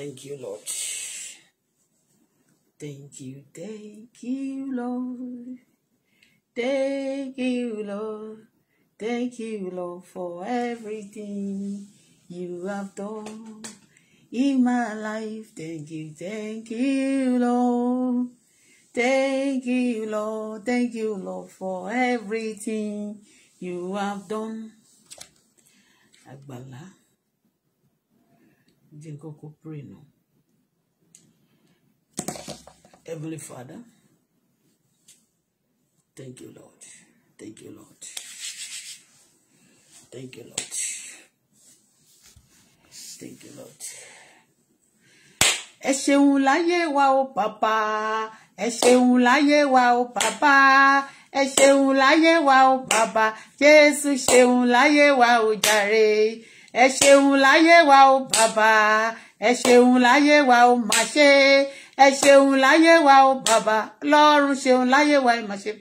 Thank you, Lord. Thank you, thank you, Lord. Thank you, Lord. Thank you, Lord, for everything you have done in my life. Thank you, thank you, Lord. Thank you, Lord. Thank you, Lord, for everything you have done. Agbala. jẹ́ kọ́kọ́ pray now. Heavenly Father, thank you, Lord. Thank you, Lord. Thank you, Lord. Thank you, Lord. Ẹ ṣeun láyé wa o bàbá, ẹ ṣeun láyé wa o bàbá, ẹ ṣeun láyé wa o bàbá, Jésù ṣeun láyé wa o jàre ẹ ṣeun láyé wa o bàbá ẹ ṣeun láyé wa o má ṣe ẹ ṣeun láyé wa o bàbá lọ́run ṣeun láyé wa ẹ má ṣe.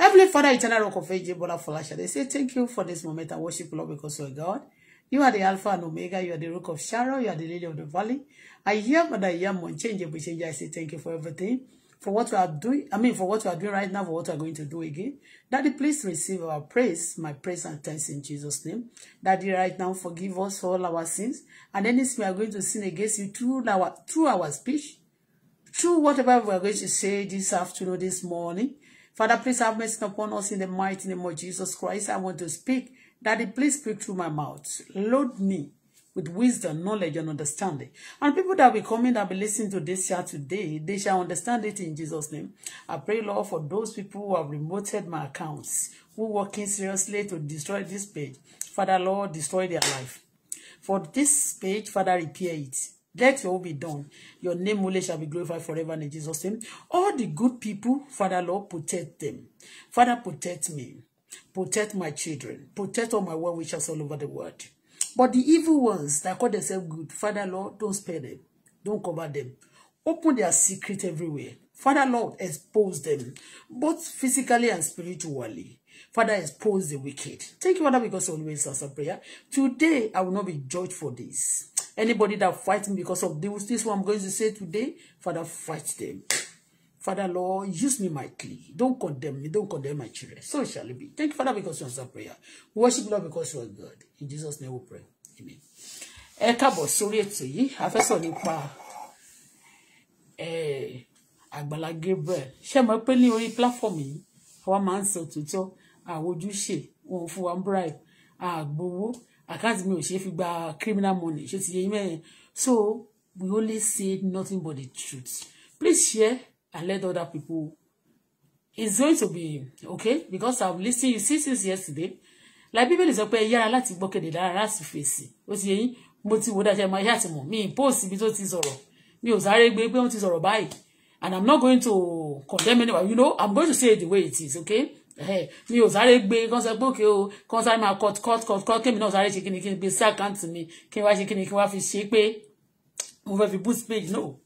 Heavenly Father, eternal rock of ages, Bola They say thank you for this moment. and worship Lord, because you are God. You are the Alpha and Omega. You are the rock of Sharon. You are the lily of the valley. I am and I am unchangeable, change. I say thank you for everything for what we are doing, I mean, for what we are doing right now, for what we are going to do again. Daddy, please receive our praise, my praise and thanks in Jesus' name. Daddy, right now, forgive us for all our sins and any sin we are going to sin against you through our, through our speech, through whatever we are going to say this afternoon, this morning. Father, please have mercy upon us in the mighty name of Jesus Christ. I want to speak. Daddy, please speak through my mouth. Load me with wisdom, knowledge, and understanding. And people that will come in and be listening to this here today, they shall understand it in Jesus' name. I pray, Lord, for those people who have remoted my accounts, who working seriously to destroy this page. Father, Lord, destroy their life. For this page, Father, repair it. Let your will be done. Your name only shall be glorified forever in Jesus' name. All the good people, Father, Lord, protect them. Father, protect me. Protect my children. Protect all my well-wishers all over the world. But the evil ones that call themselves good, Father Lord, don't spare them. Don't cover them. Open their secret everywhere. Father Lord, expose them, both physically and spiritually. Father, expose the wicked. Thank you, Father, because always answer prayer. Today, I will not be judged for this. Anybody that fights me because of this, this one I'm going to say today, Father, fight them. Father, Lord, use me mightily. Don't condemn me. Don't condemn my children. So shall it be. Thank you, Father, because you answer prayer. We worship Lord because you are God. In Jesus' name we pray. Amen. Ẹ káàbọ̀ sórí ètò yìí, a Eh, sọ nípa Àgbàlá Gabriel. Ṣé mo pé ní orí platform yìí, àwa máa ń sọ òtítọ́, àwojúṣe, wọn fún wa ń bribe, àgbowó, àkáǹtì mi ò ṣe fi gba criminal money, ṣé ti yẹ yín So we only say nothing but the truth. Please share and let other people it's going to be okay because i've listened you see since yesterday like people bíbélì sọ pé ẹ yára láti gbọ́ kéde lára láti fèsì ó ti yẹyìn mo ti wò dájẹ́ máa yàtì mọ̀ Me post ibi tó this. Or me ò sáré gbé pé wọ́n ti sọ̀rọ̀ báyìí and i'm not going to condemn anyone you know i'm going to say it the way it is okay Hey, ò sáré gbé kan sọ pé òkè o kan sáré máa cut cut cut cut kémi náà sáré ṣe kíni kíni gbé sí àkáǹtì mi kí n wá ṣe kíni kí n wá fi ṣe pé page no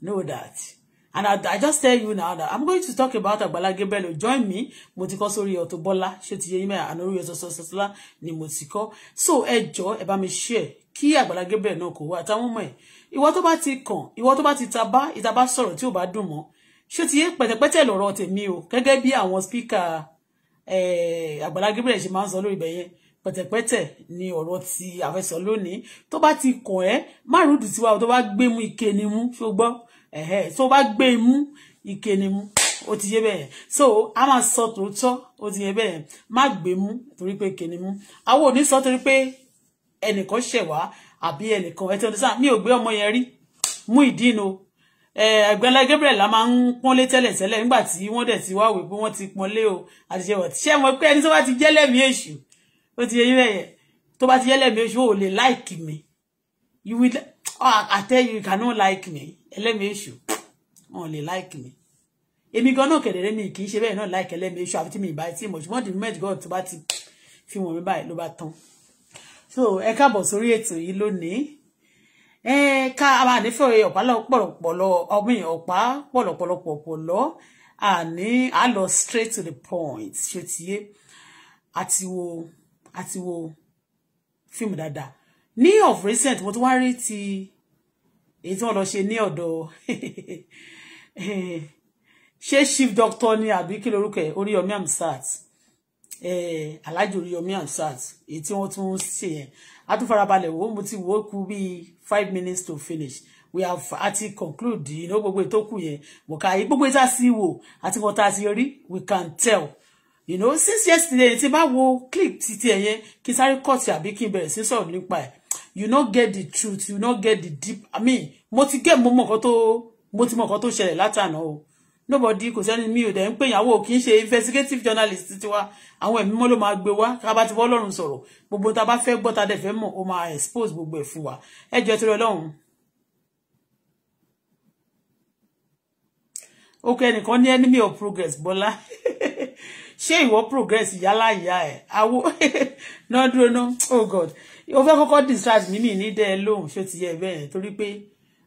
know that and I, I just tell you now that I'm going to talk about Agbala Gabriel join me mo ti kọ sórí Auto Bola ṣé ti yẹ yín mẹ́rin àná orí Auto Bola ni mo ti kọ so ẹ jọ ẹ bá mi share kí Agbala Gabriel náà kò wá àtàwọn ọmọ ẹ ìwọ tó bá ti kàn ìwọ tó bá ti tabá ìtabá sọ̀rọ̀ tí ò bá dùn mọ́ ṣé ti yẹ pẹ̀tẹ̀pẹ̀tẹ̀ lọ́rọ̀ tèmi o gẹ́gẹ́ bí àwọn spíkà Agbala Gabriel ṣe máa ń sọ lórí ibẹ̀ yẹn pẹ̀tẹ̀pẹ̀tẹ̀ ni ọ̀rọ̀ ti àfẹsọ lónìí tó bá ti kàn ẹ márùndùn tiwa tó bá gbé mú ike ni mú ṣó gbọ́ ẹ̀hẹ́ tó bá gbé imú ike ni mú ó ti yé bẹ́ẹ̀ so a máa sọ tòótọ́ ó ti yé bẹ́ẹ̀ má gbé mú torí pé ike ni mú àwọn ò ní sọ torí pé ẹnìkan ṣẹ̀ wá àbí ẹnìkan ẹ ti ọdún sáà mi ò gbé ọmọ yẹn rí mú ìdí nu ẹgbẹ́lá Gabriel la máa ń pọ́nlé tẹ́lẹ̀ tẹ́lẹ̀ nígbà tí wọ́n dẹ̀ ti wá wè pé wọ́n ti pọ́nlé o àtijọ́ wọ̀ ṣé mo pé ẹni tó bá ti jẹ́ lẹ́mìí èṣù ó ti yẹ yín bẹ́ẹ̀ yẹn tó bá ti jẹ́ lẹ́mìí èṣù ò lè láìkì mi oh, I tell you you cannot like me ẹlẹ́mìíṣù wọn ò Only like me èmi gan náà kẹ̀dẹ̀rẹ́ mi kì í ṣe bẹ́ẹ̀ náà like ẹlẹ́mìíṣù àfi tí mi ìbá tí mo ṣùgbọ́n the moment god tó bá ti fi wọ̀n mi báyìí ló bá tán so ẹ káàbọ̀ sórí ètò yìí lónìí ẹ ká àbá nífẹ̀ẹ́ ọ̀pá pọ̀lọpọ̀lọ ọmọ ọ̀pá pọ̀lọpọ̀lọpọ̀lọ àní à lọ straight to the point ṣe tiye àti wo àti wo fíìmù dáadáa ní of recent mo ti wá rí ti èyí tí wọ́n lọ ṣe ní ọ̀dọ̀ ṣé chief doctor ni àbí kí lorúkọ ẹ̀ Oríyọmí Hamzat Alhaji Oríyọmí Hamzat èyí tí wọ́n tún ṣe yẹn a tún farabalẹ̀ wò mo ti wò ó bíi five minutes to finish we have àti conclude you know gbogbo ètò kù yẹn bùkà yìí gbogbo ètò àti wò àti wọn tá a ti rí we can tell you know since yesterday tí bá wo clip títí ẹ̀yẹn kí sáré kọ́ọ̀tì àbí kí n bẹ̀rẹ̀ sí sọ̀rọ̀ nípa ẹ̀ you no get the truth you no get the deep i mean mo ti get mo mọ nǹkan tó mo ti mọ nǹkan tó ṣẹlẹ̀ látànà o nobody kò sẹ́ni mi ò dẹ̀ ń pè yàwó ò kì í ṣe investigative journalist tiwa àwọn ẹ̀mí mọ́ ló máa gbé wá ká bá ti wọ́ lọ́rùn sọ̀rọ̀ gbogbo tá bá fẹ́ gbọ́ ta dẹ̀ fẹ́ mọ̀ ó máa expose gbogbo ẹ̀ fún wa ẹ jẹ́ torí ọlọ́run. ok ẹnìkan ní enemy of progress bọ́lá ṣé ìwọ progress yálà ìyá ẹ̀ àwo náà dúró ná oh god ó fẹ́ kọ́kọ́ distract mímì ní dẹ́ lóhùn ṣó ti yẹ bẹ́ẹ̀ torí pé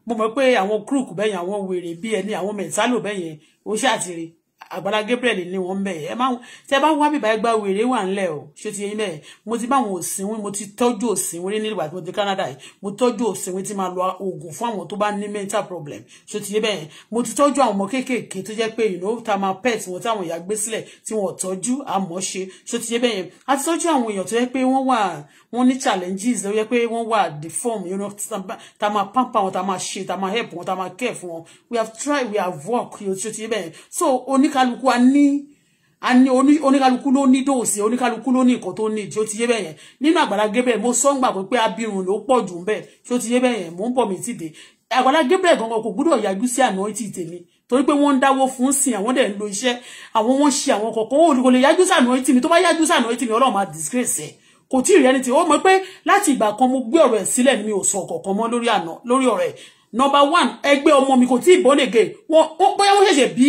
mo mọ̀ pé àwọn crook bẹ́yẹn àwọn wèrè bí ẹni àwọn mẹ̀tálò bẹ́yẹn ó ṣàtìrì àgbàlá Gabriel ni wọ́n bẹ̀ ẹ máa tẹ́ bá wá bíbá ẹgbà wèrè wà ńlẹ̀ o ṣé ti yẹn bẹ́ẹ̀ mo ti bá àwọn òsìnwín mo ti tọ́jú òsìnwín ní ìgbà tí mo dé Canada yìí mo tọ́jú òsìnwín tí máa lo oògùn fún àwọn tó bá ní mental problem ṣé ti yẹn bẹ́ẹ̀ mo ti tọ́jú àwọn ọmọ kéékèèké tó jẹ́ pé ìnáwó tá a máa pet wọn táwọn ìyá gbé sílẹ̀ tí wọ́n tọ́jú àmọ́ ṣe ṣé ti yẹn bẹ́ẹ̀ a ti tọ́jú àwọn èèyàn tó jẹ́ pé wọ́n wà wọ́n ní challenges tó jẹ́ pé wọ́n wà deform you know tá máa pamper wọn tá máa ṣe tá máa help wọn tá máa care fún wọn we have tried we have worked yóò ṣe ti yẹn bẹ́ẹ̀ so oník oníkálukú ani ní a ní oníkálukú ló ní dòsí oníkálukú ló ní nǹkan tó ní tí ó ti yé bẹ́ẹ̀ yẹn nínú Àgbàlá Gabriel mo sọ ń gbà pé abirùn ló pọ̀ jù ń bẹ̀ tí ó ti yé bẹ́ẹ̀ yẹn mò ń bọ̀ mí tìde Àgbàlá Gabriel gangan kò gbúdọ̀ yájú sí àná ètì tèmi torí pé wọ́n ń dáwó fún sìn àwọn dẹ̀ ń lo iṣẹ́ àwọn wọ́n ṣe àwọn kọ̀ọ̀kan olùkọ́ lè yájú sànà etí mi tó bá yájú sànà etí mi ọlọ́run máa disgrace ẹ̀ kò tí ì rẹ́ni tí ó mọ̀ pé láti ìgbà kan mo gbé ọ̀rọ̀ ẹ̀ sílẹ̀ mi ò sọ kọ̀ọ̀kan mọ́ lórí ọ̀rọ̀ ẹ̀ number one ẹgbẹ́ ọmọ mi kò tí ì bọ́ lè gè wọ́n bóyá wọ́n ṣẹ̀ṣẹ̀ bí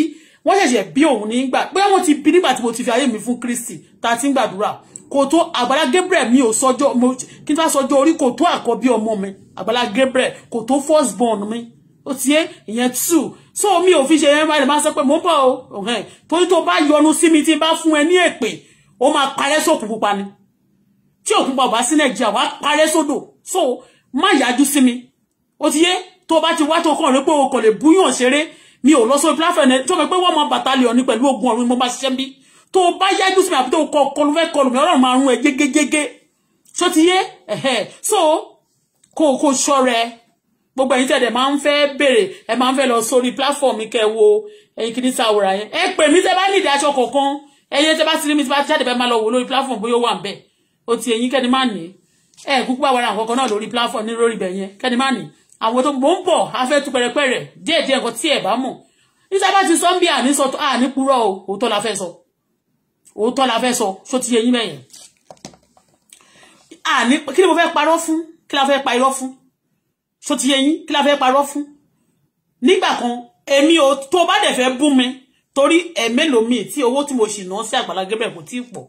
wọ́n ṣẹ̀ṣẹ̀ bí òun nígbà pé wọ́n ti bí nígbà tí mo ti fi ayé mi fún Kristi tá a ti ń gbàdúrà kò tó àgbàlá Gabriel mi ò sọjọ́ mo kí n tó sọjọ́ orí kò tó àkọ́bí ọmọ mi àgbàlá Gabriel kò tó first born mi ó ti yé ìyẹn two so mi ò fi ṣe yẹn báyìí máa sọ pé mò ń bọ̀ o torí tó bá yọnu sí mi tí bá fún ẹ ní èpè ó máa parẹ́ sókun pupa ni tí òkun pupa bá sí Nàìjíríà wàá parẹ́ sódò so má yájú sí mi ó ti yé tó bá ti wá tó kàn rí pé o kò lè búyàn ṣeré mi ò lọ sórí platform tó fẹ́ pé wọ́n mọ battalion ní pẹ̀lú ogun ọ̀run mo bá ṣiṣẹ́ bí tó bá yájú sí mi àbí tó kọ kọlu fẹ́ kọlu mi ọlọ́run máa rún ẹ gégégégé ṣó ti yé so kó o kó ṣọ́rẹ́ gbogbo ẹ̀yin tẹ̀dẹ̀ máa ń fẹ́ bèrè ẹ máa ń fẹ́ lọ sórí platform kẹ wo ẹ̀yin kìíní sàwòrán yẹn ẹ pè mí tẹ bá ní ìdájọ́ kọ̀ọ̀kan ẹ̀yin tẹ bá ti rí mi tí bá jáde bá máa lọ wò lórí platform bóyá ó wà ń bẹ̀ ó ti ẹ̀yin kẹ́ni má ní ẹ kúkú bá wàrà nǹkan kan náà lórí platform ní lórí ibẹ̀ yẹn kẹ́ni má ní àwọn tó mò ń bọ̀ a fẹ́ tú pẹ̀rẹ̀pẹ̀rẹ̀ díẹ̀ díẹ̀ nǹkan tí ẹ̀ bá mọ̀ níta bá ti sọ ń bí àníṣọ àní purọ́ o òótọ́ la fẹ́ sọ òótọ́ la fẹ́ sọ ṣó ti yẹ yín mẹ́yìn kí ni mo fẹ́ parọ́ fún kí la fẹ́ pa irọ́ fún ṣó ti yẹ yín kí la fẹ́ parọ́ fún nígbà kan èmi ò tó bá dẹ̀ fẹ́ bú mi torí ẹ̀mélòó mi tí owó tí mo ṣì ná sí Àgbàlá Gabriel kò tí ì pọ̀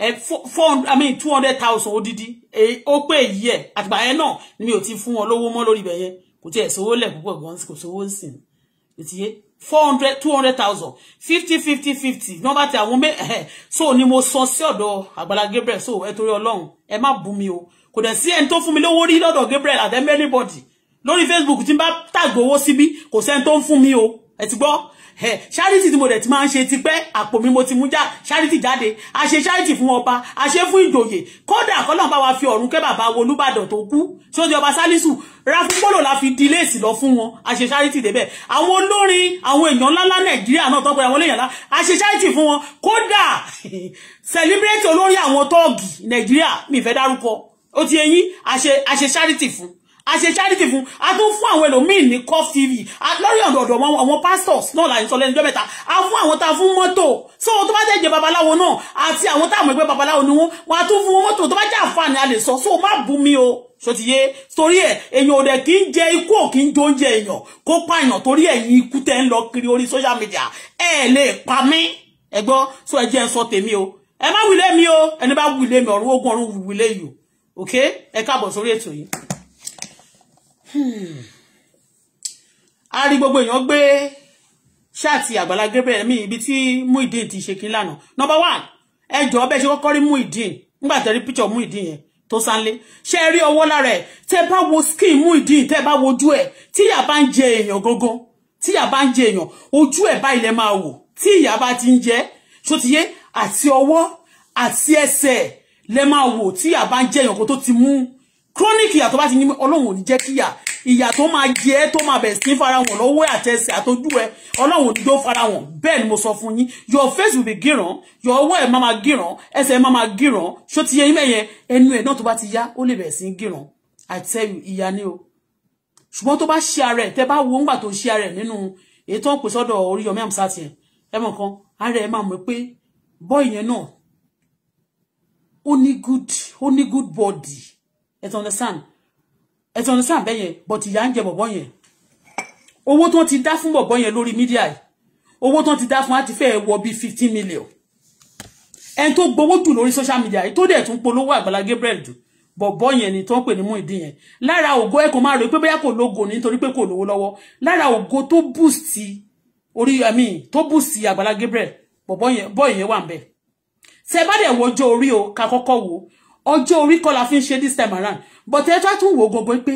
Eh, four hundred i mean two hundred thousand odidi eh, ó O èyí ẹ̀ àtìgbà yẹn náà ni mi ò ti fún wọn lówó mọ́ lórí ibẹ̀ yẹn kò tiẹ̀ sówó lẹ̀ púpọ̀ gan kò sówó sìn ètìyé four hundred two hundred thousand fifty fifty fifty nọ́mbà tí àwọn mẹ eh, so ni mo sọ sí ọ̀dọ̀ Àgbàlá Gabriel so ẹ torí Ọlọ́run ẹ má bú mi o kò dẹ̀ sí ẹni tó fún mi lówó rí lọ́dọ̀ Gabriel àtẹmẹlẹbọdì lórí Facebook tí n bá tàgbówó síbí kò sẹ́ni tó ń fún mi o ẹ ti gbọ́ ẹ charity tí mo dẹ̀ ti máa ń ṣe tipẹ́ àpò mi mo ti mú já charity jáde a ṣe charity fún ọba a ṣe fún ìjòyè kódà kọ́lọ́n bá wa fi ọ̀run kẹ́ bàbá wo olúbàdàn tó kú tí ó di ọba sálísù ra fún pọ́lò la fi di léèsì lọ fún wọn a ṣe charity débẹ̀ àwọn olórin àwọn èèyàn ńláńlá nàìjíríà náà tọ́pọ̀ àwọn èèyàn ńlá a ṣe charity fún wọn kódà celebrate olórí àwọn tọ́ọ̀gì nàìjíríà mi fẹ́ dárúkọ ó ti eyín a ṣe charity fún a ṣe charity fún a tún fún àwọn ẹlòmíì ní cough tv lórí ọ̀dọ̀ọ̀dọ̀ àwọn pastors náà là ń sọ lẹ́nu ọjọ́ mẹ́ta a fún àwọn tá a fún mọ́tò so tó bá jẹ́ babaláwo náà àti àwọn táwọn ẹgbẹ́ babaláwo ni wọ́n wọ́n a tún fún mọ́tò tó bá jẹ́ àǹfààní a lè sọ so má bú mi o so ti yé torí ẹ èèyàn ò dẹ kí ń jẹ ikú ò kí ń jó oúnjẹ èèyàn kó pààyàn torí ẹ̀yin ikú tẹ ń lọ kiri orí social media ẹ lè pa mí ẹ gbọ́ so ẹ jẹ́ sọ tèmi o ẹ má wílé mi o ẹni bá wílé mi ọ̀run ogun ọ̀run wílé yìí o ok ẹ káàbọ̀ sórí ètò yìí. Hmm. a rí gbogbo èèyàn gbé ṣáàtì àgbàlá Gabriel mi ibi tí Muideen ti ṣe kí lánàá number one ẹjọ bẹ ṣe kọ́kọ́ rí Muideen nígbà tẹ́ rí picture Muideen yẹn tó sánlé ṣe rí ọwọ́ lára ẹ̀ tẹ́ bá wo skin Muideen tẹ́ bá wojú ẹ̀ tí ìyà bá ń jẹ èèyàn gógó tí ìyà bá ń jẹ èèyàn ojú ẹ̀ báyìí lẹ máa wò tí ìyà bá ti ń jẹ ṣó ti yé àti ọwọ́ àti ẹsẹ̀ lẹ máa wò tí bá ń jẹ èèyàn kó tó ti mú chronic ìyà tó bá ti ní ọlọ́run ò ní jẹ́ kí ìyà ìyà tó máa jẹ ẹ́ tó máa bẹ̀rẹ̀ sí fara wọn lọ́wọ́ àtẹsẹ̀ àtọjú ẹ ọlọ́run ò ní jó fara wọn bẹ́ẹ̀ ni mo sọ fún yín your face will be gíran your ọwọ́ ẹ̀ máa máa gíran ẹsẹ̀ ẹ̀ máa máa gíran ṣó ti yẹ yín mẹ́yẹn ẹnu ẹ̀ náà tó bá ti yá ó lè bẹ̀rẹ̀ sí gíran I tell you ìyà ni o ṣùgbọ́n tó bá ṣe ara ẹ̀ tẹ́ bá wo ńgbà tó ṣe ara ẹ̀ nínú èyí tó ń pè sọ́dọ̀ Oríyọmí Amsat good ó good body ẹ ti understand ẹ understand bẹ́ẹ̀ yẹn but ìyá ń jẹ bọ̀bọ̀ yẹn owó tó ti dá fún bọ̀bọ̀ yẹn lórí mídíà yìí owó tó ti dá fún àti fẹ́ẹ́ wọ bíi fifteen million ẹni tó gbowó jù lórí social media yìí tó dẹ̀ tún polówó Àgbàlá Gabriel jù bọ̀bọ̀ yẹn ni tó ń pè ní Muyideen yẹn lára ògo ẹ̀ kò máa rò pé bóyá kò lógo nítorí pé kò lówó lọ́wọ́ lára ògo tó boost orí ẹ̀mí tó boost Àgbàlá Gabriel bọ̀bọ̀ yẹn bọ́ọ̀ yẹn wà ń bẹ̀ tẹ bá dẹ̀ wọjọ́ orí o ká kọ́kọ́ wo ọjọ́ orí kọ́ la fi ń ṣe this time around but ẹ tó tún wò gbogbo pé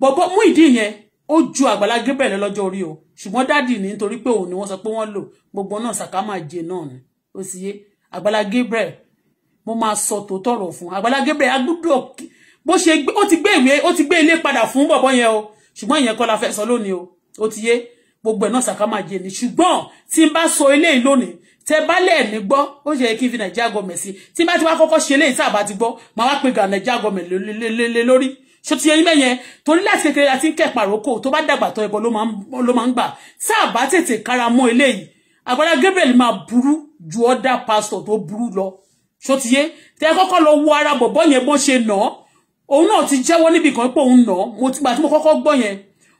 bọ̀bọ̀ mú ìdí yẹn ó ju Àgbàlá Gabriel lọ́jọ́ orí o ṣùgbọ́n dádì ní nítorí pé òun ni wọ́n sọ pé wọ́n lò gbogbo náà sàkámà jẹ náà ni ó sì yé Àgbàlá Gabriel mo máa sọ tòótọ́ ọ̀rọ̀ fún Àgbàlá Gabriel agbúdọ̀ bó ṣe ó ti gbé ìwé ó ti gbé ilé padà fún bọ̀bọ̀ yẹn o ṣùgbọ́n ìyẹn kọ́ la fẹ́ sọ lónìí o ó ti yé gbogbo ẹ̀ náà sàkámà jẹ ni ṣùgbọ́n tí n bá sọ eléyìí lónìí tẹ bá lẹ̀ ní gbọ́ ó ṣe kí n fi nàìjíríà gọọmẹ̀ sí tí bá ti wá kọ́kọ́ ṣe léyìí sábà ti gbọ́ màá wá pe gà nàìjíríà gọọmẹ̀ lé lórí ṣe ti yẹyin mẹ́yẹn torí láti kékeré àti ń kẹ̀pà rókò tó bá dàgbà tọ́ ẹbọ ló máa ń gbà sábà tètè kára mọ́ eléyìí Agbala Gabriel máa burú ju ọ́dà pásítọ̀ tó burú lọ ṣó ti yé tẹ kọ́kọ́ lọ wo ara bọ̀bọ́ yẹn bọ́n ṣe nà òun náà ti jẹ́wọ́ níbi kan pé òun nà mo ti gbà tí mo kọ́kọ́ gbọ́ yẹn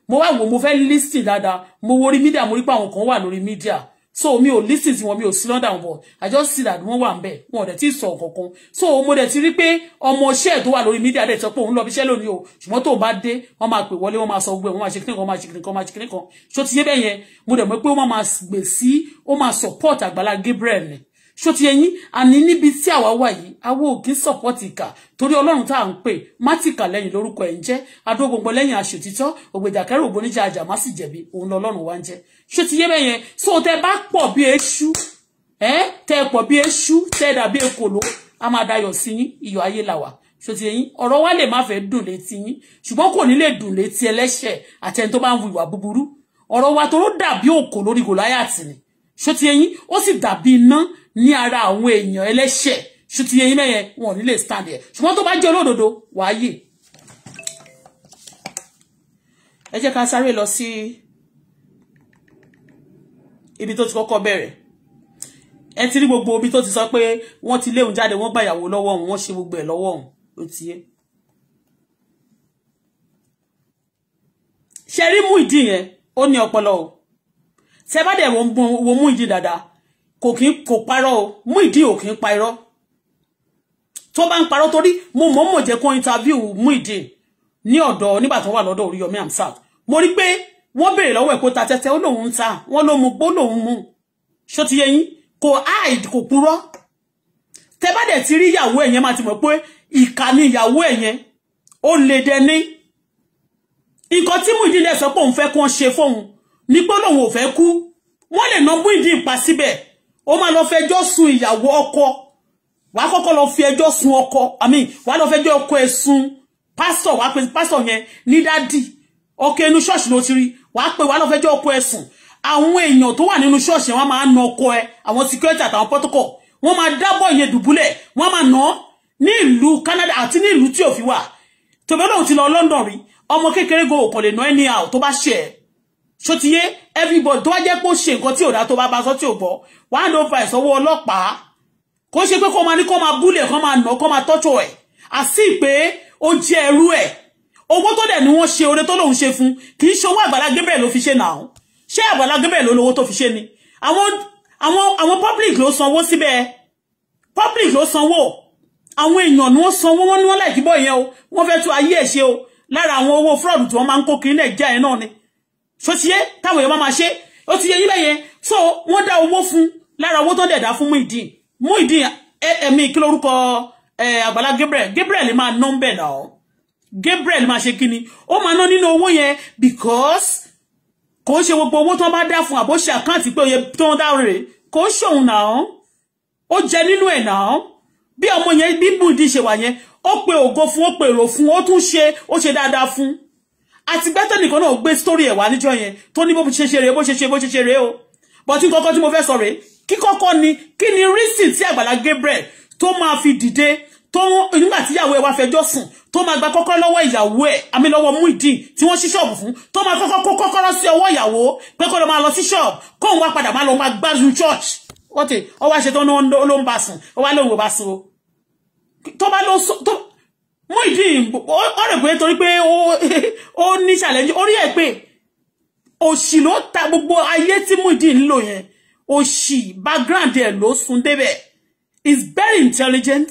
mo wá wò mo fẹ́ lísìn dáadáa mo wo orí mo rí pé àwọn kan wà lórí mídíà so mi ò listen sí wọn mi ò sí lọ́dà wọn i just see that wọ́n wà ń bẹ̀ wọn ò dẹ̀ ti So kankan so mo dẹ̀ ti rí pé ọmọ iṣẹ́ tó wà lórí media dẹ̀ sọ pé òun lọ bíṣẹ́ lónìí o ṣùgbọ́n tó bá dé wọ́n máa pè wọlé wọ́n máa sọ gbogbo ẹ̀ wọ́n máa ṣe kíní kan wọ́n máa ṣe kíní kan wọ́n máa ṣe kíní kan ṣó ti yé bẹ́ẹ̀ yẹn mo dẹ̀ mọ̀ pé wọ́n máa gbè sí ó máa support Àgbàlá Gabriel ni ṣó ti yẹyin àní níbi tí àwa wà yìí àwa ò kí sọpọ́tì ìkà torí ọlọ́run tá à ń pè mátìkà lẹ́yìn lórúkọ ẹ̀ ń jẹ́ adógbòǹgbò lẹ́yìn àṣòtítọ́ ògbèjàkẹ́rù ògbóníjà àjàmá sì jẹ̀bi òun lọ́lọ́run wa ń jẹ́ ṣó ti yé bẹ́ẹ̀ yẹn so tẹ bá pọ̀ bí eṣú ẹ tẹ pọ̀ bí eṣú tẹ dàbí ekòló a máa dayọ̀ sí yín iyọ̀ ayé làwà ṣó ti yẹyin ọ̀rọ̀ wa lè má fẹ́ dùn létí yín ṣùgbọ́n kò ní lè dùn létí ẹlẹ́ṣẹ̀ àtẹni bá ń ṣó ti eyín ó sì dàbí iná ní ara àwọn èèyàn ẹlẹ́ṣẹ̀ ṣó ti eyín mẹ́yẹn wọn ò ní lè stand ẹ̀ ṣùgbọ́n tó bá jẹ́ olódodo wàá yè ẹ jẹ́ ká sáré lọ sí ibi tó ti kọ́kọ́ bẹ̀rẹ̀ ẹ ti rí gbogbo ibi tó ti sọ pé wọ́n ti léun jáde wọ́n gbàyàwó lọ́wọ́ òun wọ́n ṣe gbogbo ẹ̀ lọ́wọ́ òun ó ti yé ṣe rí mú ìdí yẹn ó ní o se bá dẹ̀ wo mú ìdí dáadáa kò kí kò parọ́ o mú ìdí ò kí ń pa irọ́ tó bá ń parọ́ torí mo mọ̀ mọ̀ jẹ́ kó interview mú ìdí ní ọ̀dọ̀ nígbà tó wà lọ́dọ̀ Oríyọmí Hamzat mo rí pé wọ́n béèrè lọ́wọ́ ẹ̀ kó ta tẹ́tẹ́ ó lóun ta wọ́n ló mu gbó lóun mu ṣó ti yẹ yín kò áìd kò purọ́ tẹ bá dẹ̀ ti rí ìyàwó ẹ̀ yẹn máa ti mọ̀ pé ìkà ni ìyàwó ẹ̀ yẹn ó lè dẹni nǹkan tí mú ìdí dẹ̀ sọ pé òun fẹ́ kó ń ṣe nígbó lòun ò fẹ́ kú wọ́n lè nà Muyideen pa síbẹ̀ ó máa lọ fẹjọ́ sun ìyàwó ọkọ wàá kọ́kọ́ lọ fi ẹjọ́ sun ọkọ àmì wàá lọ fẹjọ́ ọkọ ẹ̀ sun pásítọ̀ wàá pe pásítọ̀ yẹn ní dádì ọkọ inú ṣọ́ọ̀ṣì ló ti rí wàá pe wàá lọ fẹjọ́ ọkọ ẹ̀ sùn àwọn èèyàn tó wà nínú ṣọ́ọ̀ṣì wọn máa na ọkọ ẹ àwọn security àtàwọn protocol wọn máa dábọ̀ ìyẹn dùbúlẹ̀ wọn máa nà án ní ìlú Canada àti ní ìlú tí ò fi wà tòbẹ́ lòun ti lọ London rí ọmọ kékeré go òkànlẹ̀ náà ẹni à tó bá ṣe ẹ̀ ṣó ti yé everybody tó wá jẹ́ pé ó ṣe nǹkan tí ò dá tó bá bá sọ tí ò gbọ́ wàá ló fa ìsọwọ́ ọlọ́pàá kó ṣe pé kó máa ní kó máa búlẹ̀ kó máa nà kó máa tọ́jọ́ ẹ̀ àsí pé ó jẹ́ ẹrú ẹ̀ owó tó dẹ̀ ni wọ́n ṣe oore tó lòun ṣe fún kì í ṣe owó Agbala Gabriel ló fi ṣe nà án ṣé Agbala Gabriel ló lówó tó fi ṣe ni àwọn àwọn àwọn public ló sanwó síbẹ̀ public ló sanwó àwọn èèyàn ni wọ́n sanwó wọ́n ní wọ́n láì kíbọ̀ yẹn o wọ́n fẹ́ tú ayé ẹ̀ ṣe o lára àwọn owó fraud tí wọ́n máa ń kó kiri Nàìjíríà yẹn náà ni ṣó ti yé táwọn èèyàn máa ṣe ó ti yé yín bẹ́yẹn so wọ́n dá owó fún lára owó tó ń dẹ̀dá fún Muideen Muideen ẹ̀mí kí lórúkọ àgbàlá Gabriel Gabriel máa ná ń bẹ̀ náà Gabriel máa ṣe kíni ó máa ná nínú owó yẹn because kò ń ṣe gbogbo owó tó bá dá fún àbóṣe àkáǹtì pé òye tó ń dá rèé kò ń ṣòun náà ó jẹ nínú ẹ̀ náà bí ọmọ yẹn bí Muideen ṣe wà yẹn ó pe ògo fún ó pe èrò fún ó tún ṣe ó ṣe dáadáa fun àti gbẹ́tẹ̀ nìkan náà gbé sórí ẹ̀ wá níjọ́ yẹn tó ní bó ṣe ṣe rèé bó ṣe ṣe bó ṣe ṣe rèé o bọ́tí kọ́kọ́ tí mo fẹ́ sọ rèé kíkọ́kọ́ ni kí ni rísì tí Àgbàlá Gabriel tó máa fi dìde tó nígbà tí ìyàwó ẹ̀ wá fẹjọ́ sùn tó máa gba kọ́kọ́ lọ́wọ́ ìyàwó ẹ̀ àmì lọ́wọ́ Muideen tí wọ́n ṣí ṣọ́ọ̀bù fún tó máa kọ́kọ́ kó kọ́kọ́rọ́ sí ọwọ́ ìyàwó pé kó lọ máa lọ sí ṣọ́ọ̀bù kóun wá padà máa lọ máa gbádùn church wọ́n ti ọwọ́ àṣetán ló ń bá sùn ọwọ́ àlọ́ òwò bá sùn tó bá lọ Muyideen ó rẹ̀ pé torí pé ó ní challenge orí ẹ̀ pé òṣì ló ta gbogbo ayé tí Muyideen ń lò yẹn òṣì background ẹ̀ ló sun débẹ̀ is very intelligent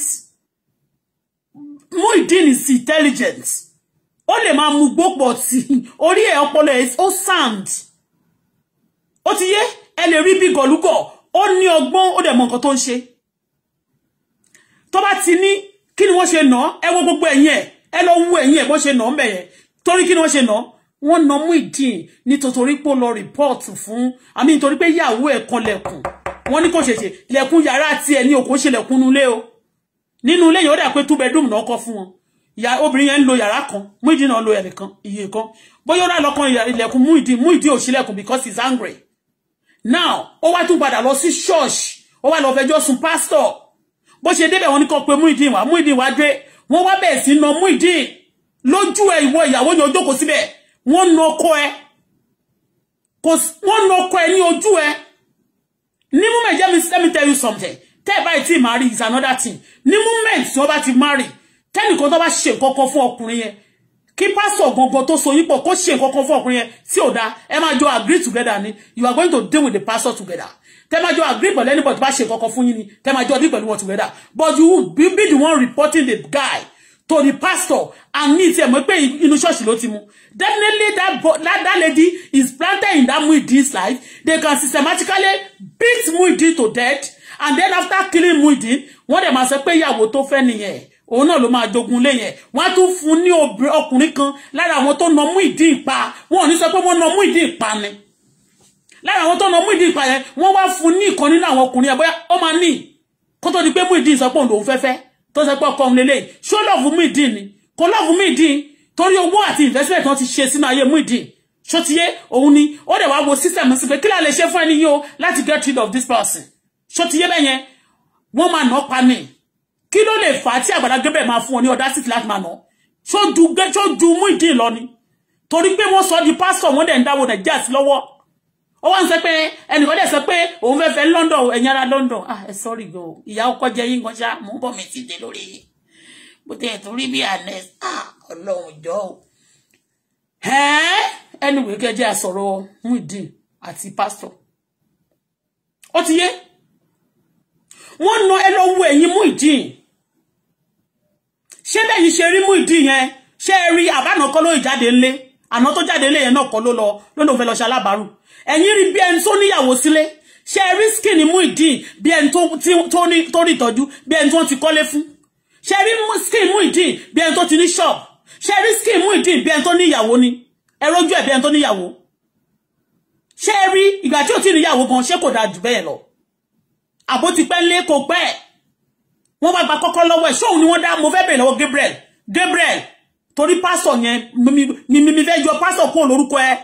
Muyideen is intelligent ó lè máa mu gbogbo tí orí ẹ̀ ọpọlọ ẹ̀ ó sound ó ti yé ẹ lè rí bí gọ̀lúgọ̀ ó ní ọgbọ́n ó dẹ̀ mọ nǹkan tó ń ṣe tó bá ti ní kí ni wọ́n ṣe nà ẹ wo gbogbo ẹ̀yìn ẹ̀ ẹ lọ wú ẹ̀yìn ẹ̀ bọ́n ṣe nà ọ́nbẹ̀ yẹn torí kí ni wọ́n ṣe nà wọ́n nà Muyideen nítorí pé ó lọ rìpọ́ọ̀tù fún àmì nítorí pé ìyàwó ẹ̀ kan lẹ̀kùn wọ́n ní kò ṣèṣe lẹ̀kùn yàrá tiẹ̀ ní òkò ṣe lẹ̀kùn nulẹ̀ o nínú ilé yẹn ó dà pé two bedroom náà kọ́ fún wọn ìyá obìnrin yẹn ń lo yàrá kan Muyideen náà lo ẹ̀rẹ̀ kan iye kan bóyá ó rà lọ́kàn ilẹ̀kùn Muyideen Muyideen ò ṣílẹ̀kùn because he's angry now ó wá tún padà lọ sí ṣọ́ọ̀ṣì ó wá lọ fẹjọ́ sùn pásítọ̀ bó ṣe débẹ̀ wọn ní kó pe Muyideen wá Muyideen wá dé wọ́n wá bẹ̀rẹ̀ sí na Muyideen lójú ẹ̀ ìwọ ìyàwó yẹn ojókòó síbẹ̀ wọ́n na ọkọ ẹ̀ kò wọ́n na ọkọ ẹ̀ ní ojú ẹ̀ ní moment jẹ́ mi let me tell you something tẹ́ ẹ̀ báyìí tí marry is another thing ní moment tí wọ́n bá ti marry tẹ́nìkan tó bá ṣe nǹkan fún ọkùnrin yẹn kí pásítọ̀ gangan tó so yín pọ̀ kó ṣe nǹkan fún ọkùnrin yẹn tí ò dáa ẹ máa jọ agree together ni you are going to deal with the pastor together tẹ́ máa jọ agree pẹ̀lú anybody tó bá ṣe kankan fún yín ni tẹ́ máa jọ agree pẹ̀lú wọn together but you be, be the one reporting the guy to the pastor and me. tiẹ̀ mọ̀ pé inú ṣọ́ọ̀ṣì ló ti mú definitely that, that, that lady is planted in that muidi's life they can systematically beat muidi to death and then after killing muidi, wọ́n dẹ̀ máa sọ pé ìyàwó tó fẹ́ nìyẹn òun náà ló máa jogun lé yẹn wọ́n á tún fún ní ọkùnrin kan lára àwọn tó nà Muideen pa wọn ò ní sọ pé wọ́n nà Muideen pa ni lára àwọn tó ń lọ mú ìdí ìpa yẹn wọ́n wá fún ní ìkan nínú àwọn ọkùnrin ẹ̀bọ́yá ó máa ní kó tó di pé mú ìdí ìsọpọ̀ òun fẹ́fẹ́ tó ṣe pé ọkọ òun lélẹ̀ ṣó lọ́ọ̀fù mú ìdí ni kò lọ́ọ̀fù mú ìdí torí owó àti investment wọn ti ṣe sínú ayé mú ìdí ṣó ti yé òun ni ó dẹ̀ wá wo system sí pé kí la lè ṣe fún ẹni yìí o láti get rid of this person ṣó ti yé bẹ́ẹ̀ yẹn wọ́n máa nà pa ni kí ló lè fà á tí Agbala Gabriel máa fún ọ ní ọ̀dá sí ti láti máa nà ṣó ju mú ìdí lọ ni torí pé wọ́n sọ di pásítọ̀ wọ́n dẹ̀ ń dáwọ́ Nàìjíríà sí lọ́wọ́ ó wá ń sọ pé ẹnìkan dẹ̀ sọ pé òun fẹ́ fẹ́ London ẹ̀yin ara London ah ẹ sọ́ọ̀rì gan o ìyá ọkọ jẹ yín gan ṣá mò ń bọ̀ mí ti dé lórí yìí bó tẹ̀ tún rí bí àná ah ọlọ́run jọ o. anyway gẹ́gẹ́ àsọ̀rọ̀ Muyideen àti pásítọ̀ ó ti yé wọ́n na ẹ lọ wo ẹ̀yin Muyideen ṣé lẹ́yìn ṣe rí Muyideen yẹn ṣé ẹ rí àbánà kọ́ ló jáde ńlé àná tó jáde ńlé yẹn náà kọ́ ló lọ lónà òun lọ ṣe alábàárù ẹ̀yin rí bí ẹni tó níyàwó sílé ṣe rí skin Muyideen bí ẹni tó rí ìtọ́jú bí ẹni tó ti kọ́lé fún ṣe rí skin Muyideen bí ẹni tó ti ní shop ṣe rí skin Muyideen bí ẹni tó níyàwó ni ẹ rójú ẹ̀ bí ẹni tó níyàwó ṣe rí ìgbà tí ò tí níyàwó gan ṣé kò dáa jù bẹ́ẹ̀ lọ àbó ti pẹ́ lé kò pẹ́ wọ́n bá gba kọ́kọ́ lọ́wọ́ ẹ̀ ṣóun ni wọ́n dá mo fẹ́ bèèrè lọ́wọ́ Gabriel Gabriel torí pásọ̀ yẹn mi mi fẹ́ yọ pásọ̀ kúrò lórúkọ ẹ̀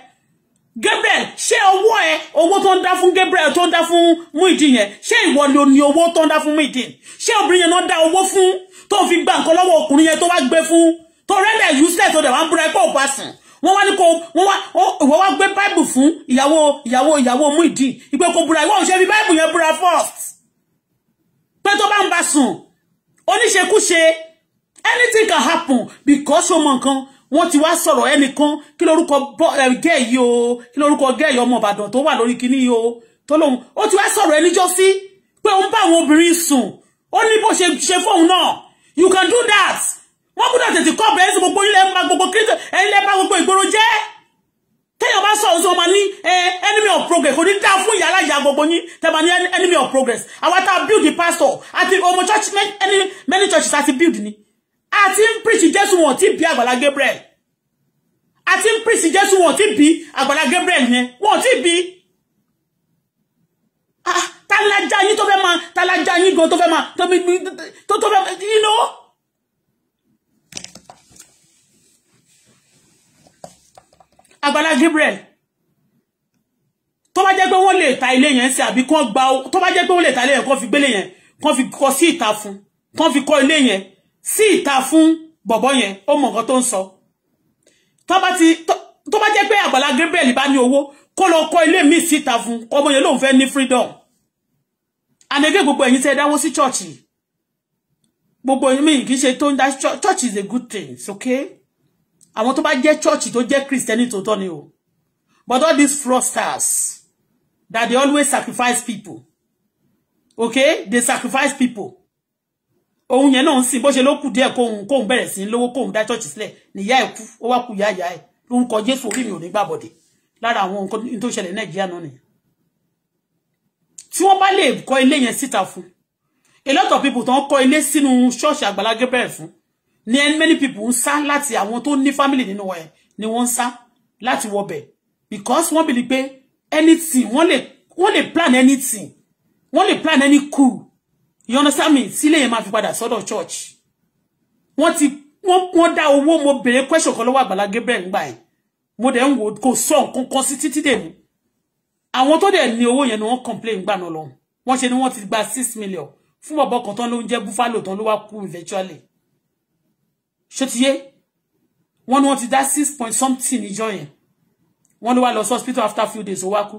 Gabriel ṣé owó ẹ owó tó ń dá fún Gabriel tó ń dá fún Muideen yẹn ṣé ìwọ ló ní owó tó ń dá fún Muideen ṣé obìnrin yẹn náà dá owó fún tó fi gba nǹkan lọ́wọ́ ọkùnrin yẹn tó wá gbé fún tó rẹ́lẹ̀ useless tó dẹ̀ wá ń búra ẹgbẹ́ òpá sùn wọ́n wá ní kó wọ́n wá ìwọ wá gbé báìbù fún ìyàwó ìyàwó ìyàwó Muideen ìpè kó búra ìwọ òṣèlú báìbù yẹn búra first pé tó bá ń bá sùn oníṣekúṣe anything can happen because ó mọ nǹkan wọ́n ti wá sọ̀rọ̀ ẹnìkan kí lórúkọ gẹ́ yìí o kí lórúkọ gẹ́ yìí ọmọ Ìbàdàn tó wà lórí kinní yìí o tó lóun ó ti wá sọ̀rọ̀ ẹníjọ́ sí pé òun bá àwọn obìnrin sùn ó ní bó ṣe ṣe fóun náà you can do that wọ́n gbọ́dọ̀ tètè kọ́ ọ̀bẹ̀rẹ̀ sí gbogbo ilẹ̀ ma gbogbo kírísítọ̀ ẹ̀yìn lẹ́ẹ̀ bá gbogbo ìgboro jẹ́ téèyàn bá sọ̀rọ̀ sọ ma ní enemy of progress kò ní dá fún ìyá aláìyá gbogbo yín tẹ́ ma ní enemy of progress àwa tá a build the pastor àti ọmọ church many many churches àti build ni àti ń píríṣì jésù wọn ti bí àgbàlá Gabriel àti ń píríṣì jésù wọn ti bí àgbàlá Gabriel yẹn wọn ti bí tálájà yín tó fẹ́ máa tálájà yín gan tó fẹ́ máa tó tó fẹ́ yín lọ. àgbàlá Gabriel tó bá jẹ́ pé wọ́n lè ta ilé yẹn sí àbí kán gba tó bá jẹ́ pé wọ́n lè ta ilé yẹn kán fi gbélé yẹn kán fi kọ́ sí ìta fún kán fi kọ́ ilé yẹn sí ìta fún bọ̀bọ́ yẹn ó mọ̀ nǹkan tó ń ti tó bá jẹ́ pé Àgbàlá Gabriel bá ní owó kó lọ kọ́ ilé mi síta fún ọmọ yẹn lóun fẹ́ ní freedom anege gbogbo ẹ̀yin tẹ́ dáwó sí church gbogbo ẹ̀yin mi kì í ṣe tó church is a good thing okay àwọn tó bá jẹ́ church tó jẹ́ Christian to ni o but all these fraudsters that they always sacrifice people okay they sacrifice people òun yẹn náà ń sìn bó ṣe ló kù díẹ̀ kóhun kóhun bẹ̀rẹ̀ sí lówó kóhun dá ṣọ́ọ̀ṣì sílẹ̀ níyà ẹ̀ kú ó wá kú yá yá ẹ̀ lórúkọ Jésù orí mi ò ní gbàbọ̀dẹ̀ lára àwọn nǹkan tó ṣẹlẹ̀ Nàìjíríà náà nìyẹn tí wọ́n bá lè kọ́ ilé yẹn síta fún a lot of people tó ń kọ́ ilé sínú ṣọ́ọ̀ṣì Àgbàlá Gabriel fún ni many people ń sá láti àwọn tó ní family nínú ẹ̀ ni wọ́n ń sá láti wọbẹ̀ because wọ́n bìlí pé anything wọ́n lè wọ́n lè plan anything wọ́n lè plan any coup you understand me sílé yẹn máa fi padà sọ́dọ̀ church wọ́n ti wọ́n wọ́n dá owó mo béèrè question kan lọ́wọ́ Àgbàlá Gabriel ńgbà yẹn mo dẹ̀ ń wò kò sọ nǹkan kan sí títí dèmú àwọn tó dẹ̀ ní owó yẹn ni wọ́n complain gbà náà lọ́hùn wọ́n ṣe ni wọ́n ti gba six million fún bọ̀bọ̀ kan tán ló ń jẹ́ buffalo tán ló wá kú eventually ṣé ti yé wọ́n ní wọ́n ti dá six point something níjọ́ yẹn wọ́n ló wá lọ hospital after few days ó wá kú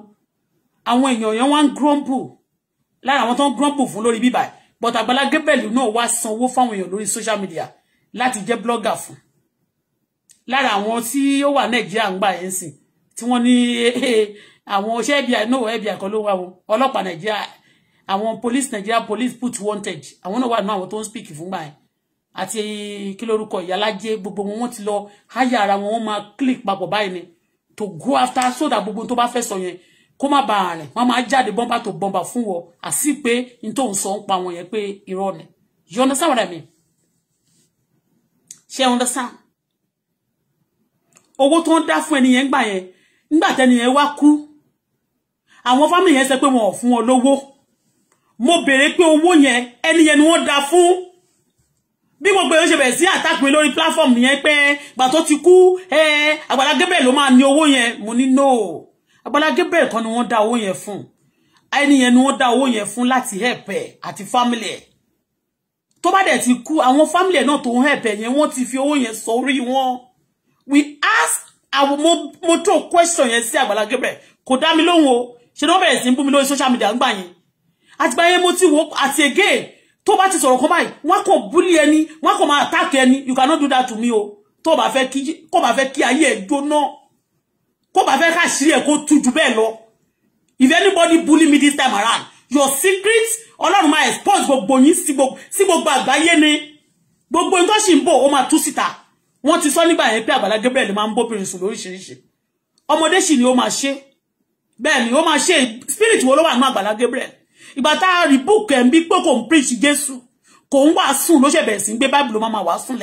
àwọn èèyàn yẹn wá grumble lára àwọn tó ń grumble fún lórí bíbáyìí but Agbala Gabriel náà wá sanwó fáwọn èèyàn lórí social media láti jẹ́ blogger fún lára àwọn tí ó wà Nàìjíríà ń gbà yẹn sìn tí wọ́n ní àwọn ṣé FBI náà FBI kan ló wà wọn ọlọ́pàá Nàìjíríà àwọn police Nigeria police put wanted àwọn náà wà nínú àwọn tó ń speak fúngbà yẹn àti kí lórúkọ ìyálájẹ gbogbo wọn wọ́n ti lọ háyà ara wọn wọ́n máa click papọ̀ báyìí ni to go after so that gbogbo to bá fẹ́ sọ yẹn kó má bàa rìn wọ́n máa jáde bọ́mbà tó bọ́mbà fún wọ àti pé n tó ń sọ ń pa wọn yẹn pé irọ́ ni you understand what I mean ṣé understand owó tó ń dá fún ẹni yẹn gbà yẹn nígbà tẹ́ni yẹn wá kú àwọn fámìlì yẹn sọ pé wọn ò fún wọn lówó mo béèrè pé owó yẹn ẹni yẹn ni wọ́n dá fún bí gbogbo èèyàn ṣe bẹ̀rẹ̀ sí àtàkùn mi lórí platform yẹn pé gbà tó ti kú ẹ àgbàlagébẹ̀ ló máa ní owó yẹn mo ní no. Agbala Gabriel kan ni wọ́n dá owó yẹn fún ẹni yẹn ni wọ́n dá owó yẹn fún láti help ẹ̀ àti family ẹ̀ tó bá dẹ̀ ti kú àwọn family ẹ̀ náà tó ń help ẹ̀ yẹn wọ́n ti fi owó yẹn sórí wọn we ask àwọn mo mo tó question yẹn sí Agbala Gabriel kò dá mi lóhùn o ṣe ni wọ́n bẹ̀rẹ̀ sí ń bú mi lórí social media ńgbà yẹn àtìgbà yẹn mo ti wò àti again tó bá ti sọ̀rọ̀ kan báyìí wọ́n kò búlí ẹni wọ́n kò máa attack ẹni you cannot do that to me o tó bá fẹ́ kí kó bá fẹ́ kí ayé ẹ̀ gbóná bó bá fẹ́ káṣírí ẹ̀ kó tú jù bẹ́ẹ̀ lọ if anybody bully me this time around your secrets, ọlọ́run máa expose gbogbo yín si gbogbo àgbáyé ni gbogbo yín tó sì ń bọ̀ ó máa tú síta wọ́n ti sọ nígbà yẹn pé Àgbàlá Gabriel máa ń bóbìnrin sùn lóríṣiríṣi ọmọdé ni ó máa ṣe bẹ́ẹ̀ ni ó máa ṣe spirit wo ló wà ní Àgbàlá Gabriel ìgbà tá a rí búùkù ẹ̀ ń bí pé kò ń preach Jésù kò ń wàásùn ló ṣe bẹ̀rẹ̀ sí ń gbé báìbù ló máa wàásùn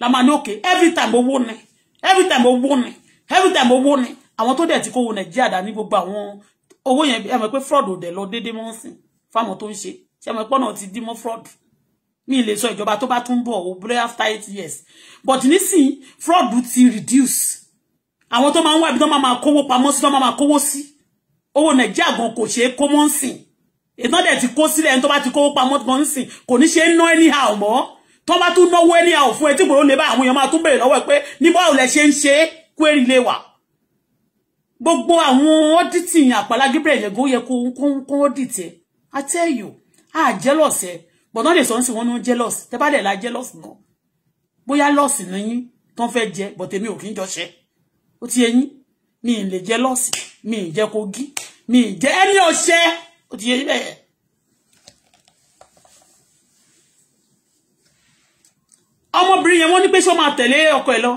la máa ní òkè every time owó ni every time owó ni every time owó ni àwọn to dẹ̀ ti kówó nàìjíríà dání gbogbo àwọn owó yẹn ẹ mọ̀ pé fraud ò dẹ̀ lọ déédéé mọ́ sí fáwọn tó ń ṣe ṣe mọ̀ pọ́nà ti dí mọ́ fraud ní ilé sọ ìjọba tó bá tún bọ̀ ó bẹ̀rẹ̀ after eight years but nísìnyí fraud ti reduce àwọn tó máa ń wá ibi tó máa máa kówó pamọ́ sí tó máa máa kówó sí owó nàìjíríà gan kò ṣeé kó mọ́ ń sìn ìtàn dẹ̀ ti kó sílẹ̀ ẹni tó bá ti kówó pamọ́ gan ń sìn kò ní ṣe ń ná anyhow mọ́ tó bá tún náwó anyhow fún etí gbòòrò lè bá àwọn èèyàn máa tún béèrè lọ́wọ́ ẹ pé níbo àwọn ẹ̀ ṣe ń query lè wà gbogbo àwọn auditing Àpàlà Gabriel yẹn gan yẹ kó kó audit ẹ i tell you a jealous ẹ but no dey sọ nsìn wọn jealous tẹ bá dẹ̀ la jealous gan bóyá lọ́ọ̀sì ní yín tán fẹ́ jẹ but èmi ò kí ń jọṣẹ́ ó ti yẹ yín mi ì lè jẹ lọ́ọ̀sì mi ì jẹ kogi mi ì jẹ ẹni ọṣẹ ó ti yẹ yín bẹ́ẹ̀. ọmọbìnrin yẹn wọ́n ní pé ṣé ó máa tẹ̀lé ọkọ ẹ̀ lọ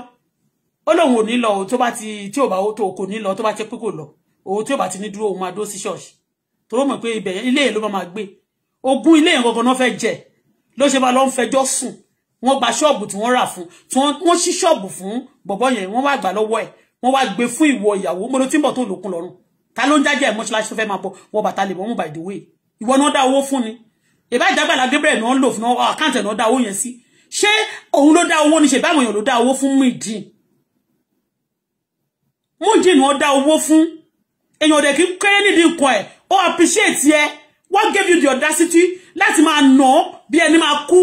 ó lóun ò ní lọ tó bá ti tí ò bá tó kò ní lọ tó bá ti pé kò lọ òun tí ò bá ti ní dúró òun máa dó sí ṣọ́ọ̀ṣì tó rò mọ̀ pé ibẹ̀ ilé yẹn ló máa gbé ogún ilé yẹn gangan náà fẹ́ jẹ ló ṣe máa lọ ń fẹjọ́ sùn wọ́n gba ṣọ́ọ̀bù tí wọ́n rà fún tí wọ́n ṣí ṣọ́ọ̀bù fún bọ̀bọ́ yẹn wọ́n wá gbà lọ́wọ́ ẹ̀ wọ́n wá gbé fún ìwọ ìyàwó mo ló tí ń bọ̀ tó lòkun ta ló ń jájẹ́ ẹ̀ mọ́ṣáláṣí tó fẹ́ máa bọ̀ wọ́n bàtà lè mọ́mú by the way ìwọ náà dá owó fún ni ìbá ìdágbàlá Gabriel náà ń lò fún àkáǹtì náà dá owó yẹn sí ṣé òun ló dá owó ni ṣe báwọn èèyàn ló dá owó fún Muyideen Mujin wọ́n dá owó fún èèyàn dẹ̀ kí n kéré nídìí nǹkan ẹ̀ ó appreciate ẹ What gave you the audacity láti máa nà ọ́ bí ẹni máa kú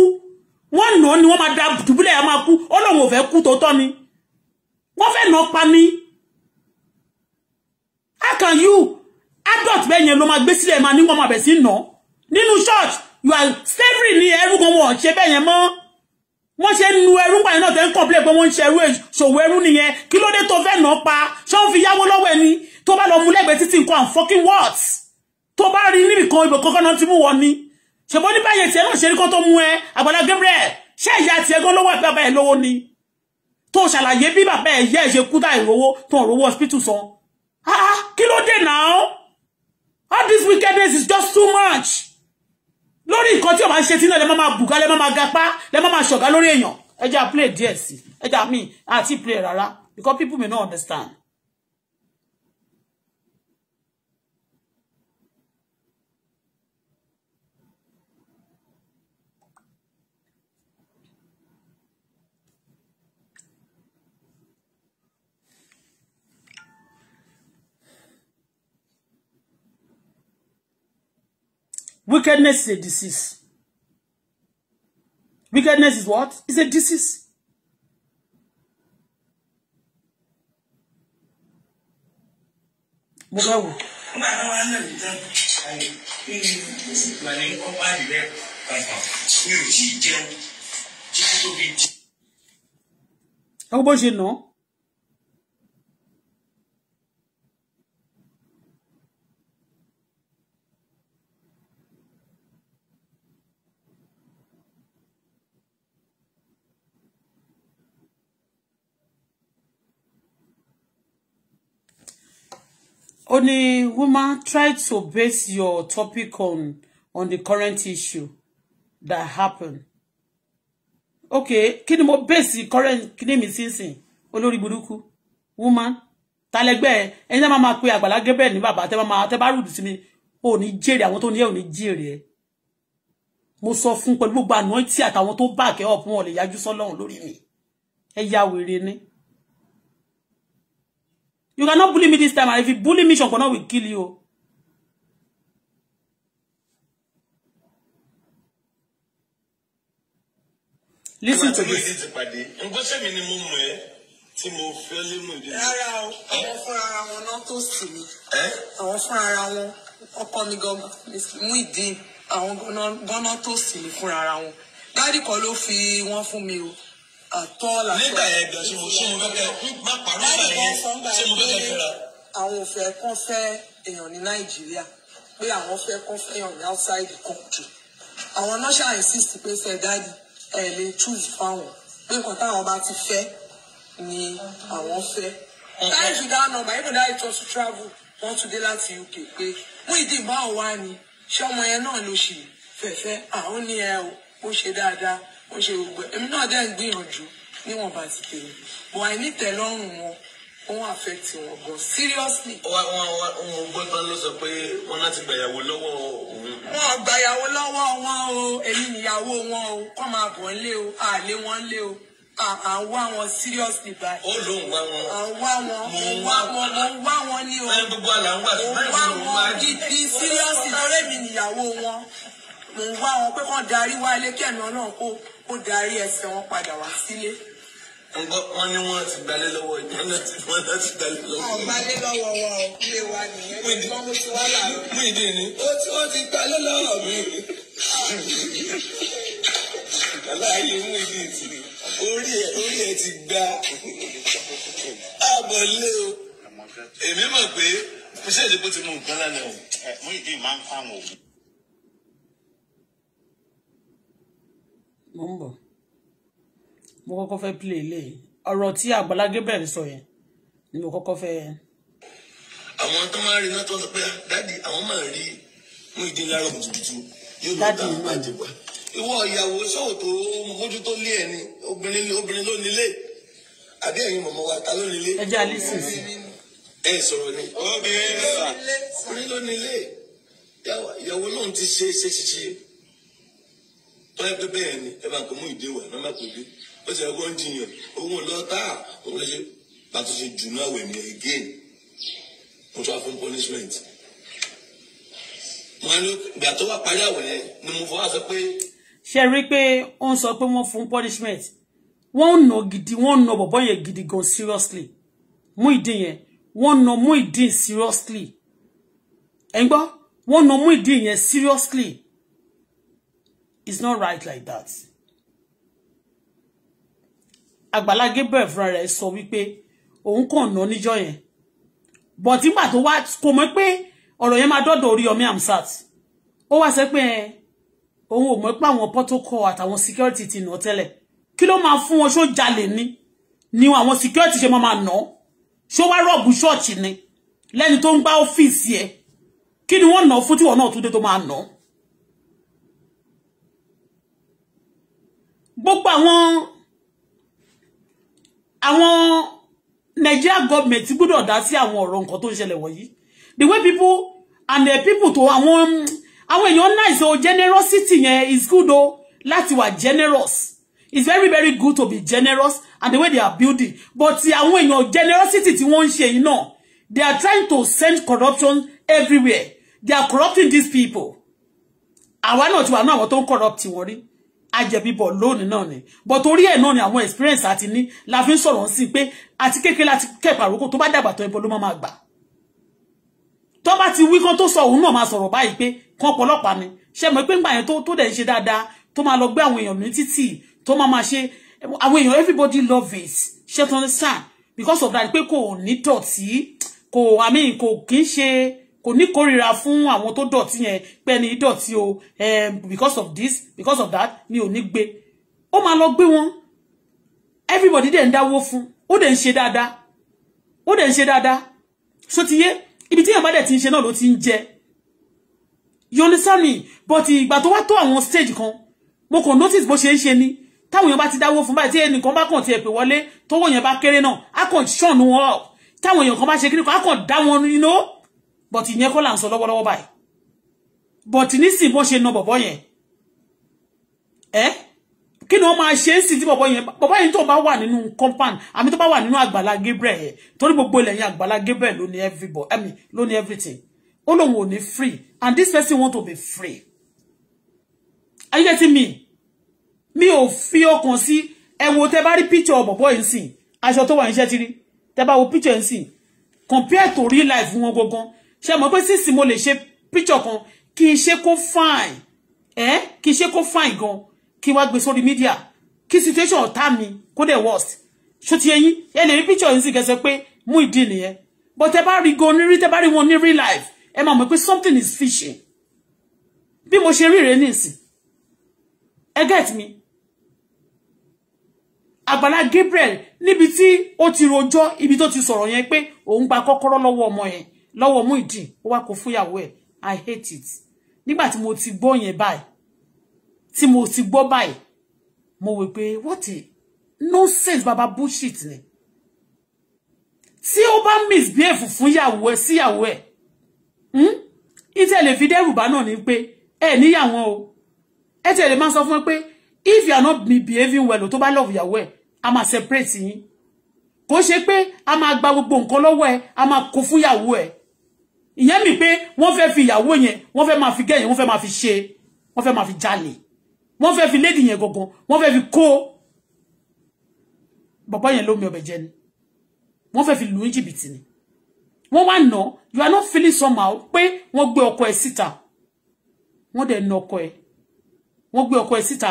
no nà ọ́ ni wọ́n máa da dùbúlẹ̀ ẹ̀ máa kú ó lóun ò fẹ́ kú tòótọ́ ni wọ́n fẹ́ nà pa ni how can you adult bẹ́ẹ̀ yẹn ló máa gbé sílẹ̀ máa ní wọ́n máa bẹ̀ sí nà nínú church you are slavery ni ẹrú gan wọn ṣe bẹ́ẹ̀ yẹn wọ́n ṣe nu ẹrú pàyẹ náà tẹ́ ń kọ̀ọ̀bílẹ̀ pé wọ́n ń ṣẹrú ṣòwò ẹrú nìyẹn kí ló dé tó fẹ́ nà pa ṣé ń fi yáwó lọ́wọ́ ẹni tó bá lọ mú lẹ́gbẹ̀ẹ́ títí nǹkan fucking words. tó bá rí níbì kan ibò kankan náà ti mú wọn ni ṣèbó ní báyẹn tiẹ̀ náà ṣe rí kan tó mú ẹ Àgbàlá Gabriel ṣé ìyá tiẹ̀ gan lówó ẹ̀fẹ́ báyẹn lówó ni tó ṣàlàyé bí bàbá ẹ̀ yẹ́ ṣe kú táì rówó tó ń ah kí ló now all this wickedness is just too much lórí nǹkan tí o máa ń ṣe tí náà lẹ máa máa bùgá lẹ máa máa gapá lẹ máa ṣọ̀gá lórí èèyàn ẹja play díẹ̀ sí ẹja mi àti play rárá because people may not understand Wickedness is a disease. Wickedness is what? It's a disease. mo bá wò. only woman try to base your topic on on the current issue that happened okay kí ni mo base current kí ni mi sínsìn olórí burúkú woman talẹgbẹ ẹni mama a máa ma ni baba. Gabriel mama bàbá tẹ máa tẹ bá rúdù sí mi ò ní jèrè àwọn tó ní ẹ ò ní jèrè ẹ mo sọ fún pẹ̀lú gbogbo àná tí àtàwọn tó bá àkẹ́ ọ̀pọ̀ wọn lè mi ẹ ya wèrè ni. You cannot bully me this time. And if you bully me, Shonkona will kill you. Listen to this. tí mo fẹ́ lé mọ̀ ìdílé. rárá o àwọn fúnra ara wọn náà tó sì mí. àwọn fúnra ara wọn ọkọ mi gangan mú ìdí àwọn ganan tó sì mí fúnra ara wọn. dádì kan ló fi wọ́n fún mi o nígbà yẹn gan ṣe mo ṣe mo fẹ́ kẹ́ má parọ́ ìgbà yẹn ṣe mo fẹ́ kẹ́ fẹ́ra. àwọn òfẹ́ kan fẹ́ èèyàn ní nàìjíríà pé àwọn fẹ́ kan fẹ́ èèyàn ní outside the country àwọn nọ́ṣà insist pé ṣe dáàdi ẹ̀ lè choose fáwọn pé nǹkan táwọn bá ti fẹ́ ni àwọn fẹ́. Mm-hmm. láì fi dá nọ́mbà even though I just travel wọ́n tún dé láti UK pé mú ìdí báwo wá ni ṣé ọmọ yẹn náà ló ṣì fẹ̀fẹ́ àwọn ní ẹ o ó ṣe dáadáa ó ṣe gbogbo èmi náà dẹ́ ń gbìyànjú níwọ̀n bá ti tèmi but àìnítẹ̀lọ́rùn wọn òun àfẹ́tì wọn gan seriously. wọn wọn wọn gbọ́dọ̀ ló sọ pé wọn láti gbàyàwó lọ́wọ́ òun. wọn gbàyàwó lọ́wọ́ wọn o èmi nìyàwó wọn o kọ́ máa bọ̀ ńlé o àlé wọn ńlé o à ń wá wọn seriously báyìí. ó lóun wá wọn. à ń wá wọn mo ń wá wọn mo ń wá wọn ní o. gbogbo àlà ń wà sí báyìí mo ń wá wọn. bíbí seriously lórí èmi nìyàwó wọn mo ń wá wọn pé kán darí wá ilé kẹ́mi ọlọ́run kó ó darí ẹsẹ̀ wọn padà wá sílé. wọ́n ní wọ́n ti gbalé lọ́wọ́ ìyá náà ti wọ́n náà ti gbalé lọ́wọ́. wọ́n gbalé lọ́wọ́ wọn ò kúlé wa nìyẹn ní wọ́n mú sí wọn làárọ̀. mú ìdí ni ó ti ó ti gbalé lọ́wọ́ mi. aláàyè mú ìdí tì ní orí ẹ orí ẹ ti gba àbọ̀ lé o èmi mọ̀ pé mo ṣèlérí bó ti mú nǹkan lánàá o. mú ìdí máa ń fáwọn òbí. mo ń bọ̀ mo kọ́kọ́ fẹ́ play eléyìí ọ̀rọ̀ tí Àgbàlá Gabriel sọ yẹn ni mo kọ́kọ́ fẹ́. àwọn tó máa ń rí iná tó sọ pé dáàdi àwọn máa rí mú ìdí lára kùtùkùtù yóò lọ dá àjẹgbà ìwọ ìyàwó sọ̀rọ̀ tó mójútó lé ẹ̀ ni obìnrin ló nílé àbí ẹ̀yin mọ̀mọ́ wa ta ló nílé. ẹ jẹ́ alison sí. ẹ sọ̀rọ̀ ni. obìnrin ló nílé ìyàwó náà ti ṣe ṣe ṣiṣẹ́ tọ́yẹ pé bẹ́ẹ̀ ni ẹ bá ń mú ìdí wà náà má pè dé ó sì ẹgbọ́n jiyàn òun lọ tá òun lọ ṣe pàtó jù náà wẹ̀ ní again mo tún fún punishment mo á ní ìgbà tó wà parí àwẹ̀ yẹn ni mo fọwọ́ sọ pé. ṣe rí i pé ó ń sọ pé wọ́n fún punishment wọ́n nà gidi wọ́n ń nà bọ̀bọ́ yẹn gidi gan seriously mú ìdí yẹn wọ́n ń nà mú ìdí seriously ẹ̀ ń gbọ́ wọ́n ń nà mú ìdí yẹn seriously it's not right like that Àgbàlá Gabriel fúnra rẹ̀ sọ wípé òun kàn ná níjọ́ yẹn but nígbà wat wá kò mọ̀ pé ọ̀rọ̀ yẹn máa dọ́dọ̀ orí Yomi Amsat ó wá sẹ́ pé òun ò mọ̀ pé àwọn protocol àtàwọn security ti nà tẹ́lẹ̀ kí ló máa fún wọn ṣó jalè ni ni àwọn security ṣe máa máa nà ṣó wá rọ̀bù ṣọ́ọ̀ṣì ni lẹ́ni tó ń gbá ọ́fíìsì ẹ̀ kí no. wọ́n nà fún tíwọ́ náà tún dé gbogbo àwọn àwọn Nigeria government gbọ́dọ̀ dá sí àwọn ọ̀rọ̀ nǹkan tó ń ṣẹlẹ̀ wọ̀nyí the way people and the people to àwọn àwọn èèyàn nice o generosity yẹn is good o láti wà generous is very very good to be generous and the way they are building but àwọn èèyàn generosity tí wọ́n ń ṣe yìí náà they are trying to send corruption everywhere they are corrupting these people àwa náà ti wà náà àwọn tó ń corrupt wọn rí ajẹ̀bi bọ̀ lónìí náà ni but torí ẹ̀ náà ni àwọn experience àti ní la fi ń sọ̀rọ̀ sí pé àti kékeré láti kẹ́ẹ̀pà àrókò tó bá dàgbà tó ẹbọ ló máa gbà tó bá ti wí kán tó sọ òun náà máa sọ̀rọ̀ báyìí pé kán pọlọ́pàá ni ṣe mọ̀ pé ńgbà yẹn tó dẹ̀ ń ṣe dáadáa tó máa lọ gbé àwọn èèyàn ní títì tó máa máa ṣe àwọn èèyàn everybody love it ṣe tó ń sàn because of that pé kò ní dọ̀tí kò àmì kò kì í ṣe kò ní kórìíra fún àwọn tó dọ̀tí yẹn pé ẹni dọ̀tí o eh, because of this because of that ni ò ní gbé ó máa lọ gbé wọn everybody dẹ̀ ń dáwó fún ó dẹ̀ ń ṣe dáadáa ó dẹ̀ ń ṣe dáadáa so ti yé ibi tí èèyàn bá dẹ̀ ti ń ṣe náà ló ti ń jẹ you understand me but ìgbà tó wá tó àwọn stage kan mo kàn notice bó ṣe ń ṣe ni táwọn èèyàn bá ti dáwó fún báyìí tí ẹnìkan bá kàn ti ẹ̀pẹ̀ wọlé tówó yẹn bá kéré náà á kàn ṣọ̀nù wọn táwọn èèyàn kan bá ṣe kíni kan á kàn dá wọn you know but ìyẹn kọ́ là ń sọ lọ́wọ́lọ́wọ́ báyìí but nísìnyí bó ṣe na bọ̀bọ̀ yẹn ẹ́ kí ni wọ́n máa ṣe é sì tí bọ̀bọ̀ yẹn bọ̀bọ̀ yẹn tó bá wà nínú compound àmì tó bá wà nínú àgbàlá Gabriel yẹn torí gbogbo ilẹ̀ yẹn àgbàlá Gabriel ló ní everybody I ló ní everything ó lóun ò ní free and this person want to be free are you getting me mi ò fi ọkàn sí ẹ tẹ bá rí picture bọ̀bọ̀ yẹn sìn aṣọ tó wà níṣẹ́ ti rí tẹ bá wo picture yẹn sìn compare to real life wọn gangan ṣe mọ̀ pé sísìn mo lè ṣe picture kan kì í ṣe kó fine ẹ kì í ṣe kó fine gan kí wá gbé sórí media kí situation ọ̀tá mi kó dẹ̀ worst ṣó ti yẹn yín ẹ lè rí picture yìí sì kẹsẹ̀ pé mú ìdí nìyẹn but ẹ bá rí gan ní rí tẹ bá rí wọn ní real life ẹ máa mọ̀ pé something is fishy bí mo ṣe rí rèé nísìn ẹ get me àgbàlá Gabriel níbi tí ó ti rojọ́ ibi tó ti sọ̀rọ̀ yẹn pé òun gba kọ́kọ́rọ́ lọ́wọ́ ọmọ yẹn lọ́wọ́ Muyideen ó wá kó fúnyàwó ẹ̀ i hate it nígbà tí mo ti gbọ́ yẹn báyìí tí mo ti gbọ́ báyìí mo wò pé what a nonsense baba bullshit ni tí ó bá misbehave fúnyàwó ẹ̀ síyàwó ẹ̀ hmm? ìtẹ̀lẹ̀ fi dẹ́rù bá náà ni pé ẹ níyàwó o ẹ tẹ̀lé máa sọ fún ẹ pé if you are not behaving well tó bá love ìyàwó ẹ̀ a máa separate yín kò ṣe pé a máa gba gbogbo nǹkan lọ́wọ́ ẹ a máa kó fúnyàwó ẹ̀ ìyẹn mi pé wọ́n fẹ́ fi ìyàwó yẹn wọ́n fẹ́ máa fi gẹ́yìn wọ́n fẹ́ máa fi ṣe wọ́n fẹ́ máa fi jalè wọ́n fẹ́ fi léèdì yẹn gangan wọ́n fẹ́ fi kó bàbá yẹn lómi ọbẹ̀ jẹ ni wọ́n fẹ́ fi lù ní jìbìtì ni wọ́n wá nà you are not feeling somehow pé wọ́n gbé ọkọ ẹ̀ síta wọ́n dẹ̀ nà ọkọ ẹ̀ wọ́n gbé ọkọ ẹ̀ síta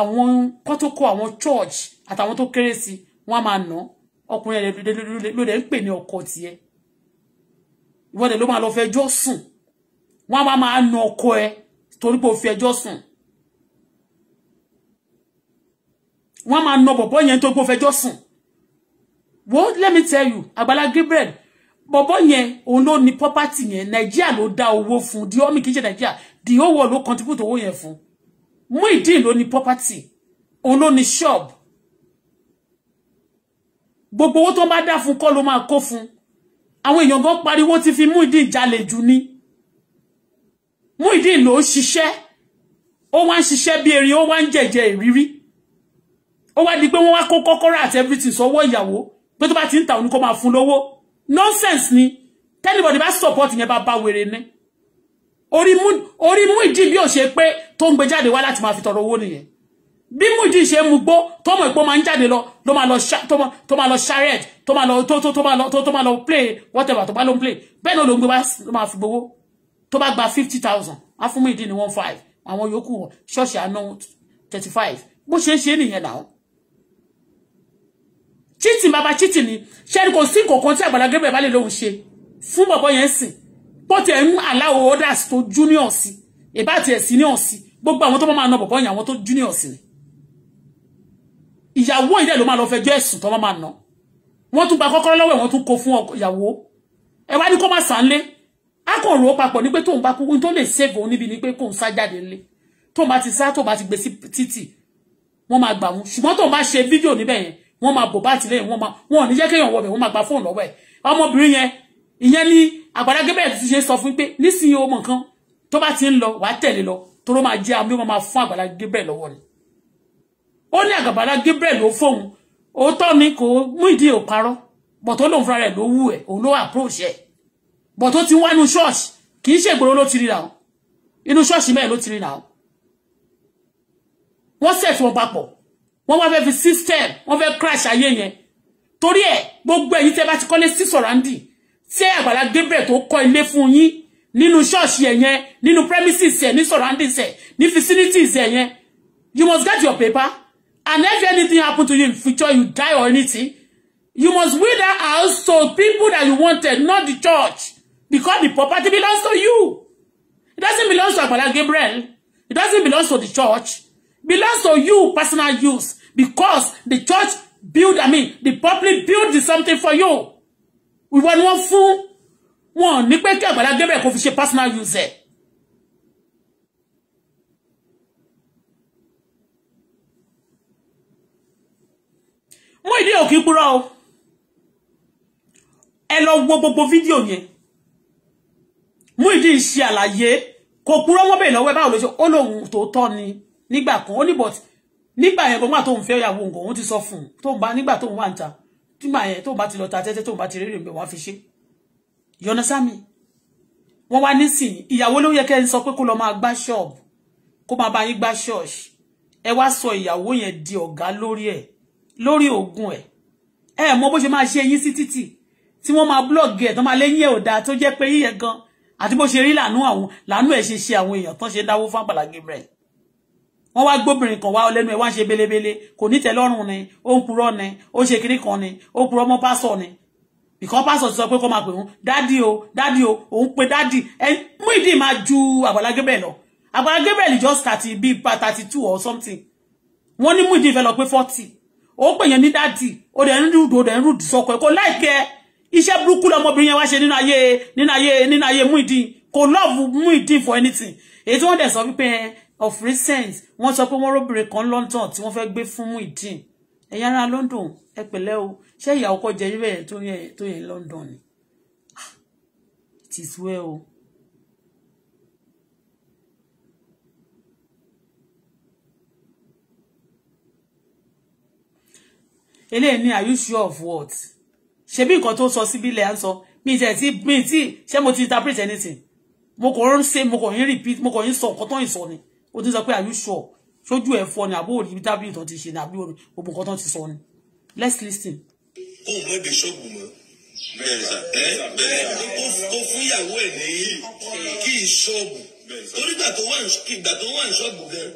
àwọn kọ́tókọ́ àwọn church àtàwọn tó kéré sí wọ́n á máa nà ọkùnrin ẹ̀ ló dẹ̀ ń pè ní ọkọ tiẹ̀ ìwọ dẹ̀ ló máa lọ fẹ́ ẹjọ́ sùn wọ́n á máa na ọkọ ẹ torí pé o fi ẹjọ́ sùn wọ́n máa na bọ̀bọ́ yẹn tó gbọ́ fẹjọ́ sùn wo let me tell you Agbala Gabriel bọ̀bọ́ yẹn òun ló ní property yẹn Nàìjíríà ló dá owó fún the omi kìí ṣe Nàìjíríà the whole world ló contribute owó yẹn fún Muideen ló ní property òun ló ní shop gbogbo owó tó ń bá dá fún kọ́ ló máa kó fún àwọn èèyàn gan pariwo ti fi Muideen jalè jù ni Muideen ló ṣiṣẹ́ ó wá ń ṣiṣẹ́ bí erin ó wá ń jẹ̀jẹ̀ ìrírí ó wá di pé wọ́n wá kó kọ́kọ́rọ́ àti everything sọ́wọ́ ìyàwó pé tó bá ti ń ta òun kó máa fún lówó nonsense ni tẹ́lifọ̀dì bá support yẹn bá bá wèrè ni orí Muideen bí ò ṣe pé tó ń gbé jáde wá láti máa fi tọrọ owó nìyẹn bí Mudi ṣe mu gbó tó mọ̀ ìpó máa ń jáde lọ tó máa lọ tó máa lọ charret tó máa lọ tó tó tó máa lọ tó tó máa lọ play whatever tó bá ló ń play bẹ́ẹ̀ náà ló ń gbé wá ló máa fi gbowó tó bá gba fifty thousand á fún Muyideen ní one five àwọn yòókù ṣọ́ọ̀ṣì àná thirty five bó ṣe ń ṣe nìyẹn náà cheating baba cheating ni ṣe kò sí nǹkan tí Agbala Gabriel bá lè lóhun ṣe fún bọ̀bọ̀ yẹn sìn bó ti ẹ̀ ń aláwọ̀ orders tó junior sí ìbá ti ẹ̀ senior sí gbogbo àwọn tó máa na bọ̀bọ̀ yẹn àwọn tó junior sí ni ìyàwó ìdẹ́ ló máa lọ fẹjọ́ ẹ̀sùn tó máa nà wọ́n tún gba kọ́kọ́rọ́ lọ́wọ́ ẹ̀ wọ́n tún kó fún ìyàwó ẹ wá ní kó má sàn lé á kàn ní pé tóun bá kúkú tó lè save níbi ni pé kóun sá jáde lé tóun bá ti sá tóun bá ti gbé sí títì wọ́n máa gbà wọn ṣùgbọ́n tóun bá ṣe fídíò níbẹ̀ yẹn wọ́n máa bò bá àtìlẹ́yìn wọ́n máa wọn ò ní jẹ́ kéèyàn wọbẹ̀ wọ́n máa gba fóònù lọ́wọ́ ẹ̀ ọmọbìnrin yẹn ìyẹn ni àgbàdá gébẹ̀ ti ṣe sọ fún pé nísìnyí ọmọ kan tó bá ti ń lọ wàá tẹ̀lé lọ tó ló máa jẹ́ àmì ó máa fún àgbàdá gébẹ̀ lọ́wọ́ ni ó ní àgàbàdà Gabriel ló fóun òótọ́ ni kò mú ìdí ò parọ́ but ó lóun fúnra rẹ̀ ló wù ẹ̀ òun ló approach ẹ̀ but ó ti wá inú ṣọ́ọ̀ṣì kì í ṣègbòrò ló ti rí ra inú ṣọ́ọ̀ṣì mẹ́ẹ̀ ló ti rí ra wọ́n set wọn papọ̀ wọ́n wá fẹ́ fi system wọ́n fẹ́ crash ayé yẹn torí ẹ̀ gbogbo ẹ̀yin tẹ́ bá ti kọ́lé sí sọ̀ráǹdì tí Àgbàlá Gabriel tó kọ́ ilé fún yín nínú ṣọ́ọ̀ṣì ẹ̀ yẹn nínú premises ẹ̀ ní sọ̀ráǹdì ẹ̀ ní facilities ẹ̀ yẹn you must get your paper And if anything happen to you in future, you die or anything, you must will that house to people that you wanted, not the church. Because the property belongs to you. It doesn't belong to Agbala Gabriel. It doesn't belong to the church. It belongs to you, personal use. Because the church built. I mean, the public build something for you. We want one fool. One, ní pé Gabriel kò fi personal use. Muyideen ò kí purọ́ o ẹ lọ wo gbogbo fídíò yẹn Muyideen ṣe àlàyé kò purọ́ wọ́n bèèrè lọ́wọ́ ẹ báwo ló ṣe ó lóun tòótọ́ ni nígbà kan ó ní but nígbà yẹn gbọ́ngbà tóun fẹ́ ìyàwó nǹkan òun ti sọ fún un tóun bá nígbà tóun wà ń ta nígbà yẹn tóun bá ti lọ ta tẹ́tẹ́ tóun bá ti rérè mbẹ̀ wá fi ṣe yọ̀nà sámi wọ́n wá nísìnyí ìyàwó ló yẹ kẹ́ ń sọ pé kó lọ máa gbá ṣọ́ọ̀bù kó máa bá yín gbá ṣọ́ọ̀ṣì ẹ wá sọ ìyàwó yẹn di ọ̀gá lórí ẹ̀ lórí oògùn ẹ̀ ẹ mọ bó ṣe máa ṣe yín sí títì tí wọ́n máa blọ́ọ̀gì ẹ̀ tó máa lẹ́yìn ẹ̀ ò dáa tó jẹ́ pé yíyẹ gan àti bó ṣe rí làánú àwọn làánú ẹ̀ ṣe ṣe àwọn èèyàn tán ṣe dáwó fún Àgbàlá Gabriel wọ́n wá gbóbìnrin kan wá lẹ́nu ẹ̀ wá ń ṣe belebele kò ní tẹ́lọ́rùn ni ó ń purọ́ ni ó ṣe kinní kan ni ó purọ́ mọ́ pásọ̀ ni ìkan pásọ̀ ti sọ pé kó máa pè wọ́n dádì o dádì o òun pe dádì ẹ mú ìdí máa ju Àgbàlá Gabriel lọ Àgbàlá Gabriel just thirty bíi thirty two or something wọ́n ní mú ìdí ìfẹ́ lọ pé forty ó pè yẹn ní dáàdì ó dẹ̀ ń rúdò ó dẹ̀ ń rúdò like, ẹ̀ kò láìkẹ́ iṣẹ́ burúkú lọmọbìnrin yẹn wá ṣe nínú ayé nínú ayé nínú ayé Muyideen kò love Muyideen for anything èyí tí wọ́n dẹ̀ sọ wípé eh, of recent wọ́n sọ pé wọ́n róbìnrin kan London tí wọ́n fẹ́ gbé fún Muyideen ẹ̀yin ará London ẹ pẹ̀lẹ́ o ṣé ìyàwó kọjá To bẹ̀rẹ̀ to yẹn London ni ah, it is well eléyìí ní are you sure of what ṣebí nǹkan tó sọ síbí lẹ́yà ń sọ mi ìtẹ̀ tí mi tí ṣé mo ti interpret anything mo kò ń ṣe mo kò ń repeat mo kò ń sọ nǹkan tó ń sọ ni ó ti sọ pé are you sure sójú ẹ̀ fọ ni àbó òní bí tábìlì tó ti ṣe ni àbí gbogbo nǹkan tó ti sọ ni let's listen. ó mọ ibi ṣọ́ọ̀bù mọ́ bẹ́ẹ̀ sà bẹ́ẹ̀ ó fún ìyàwó ẹ̀ ní kí í ṣọ́ọ̀bù torí gbà tó wà ní ṣọ́ọ̀bù gan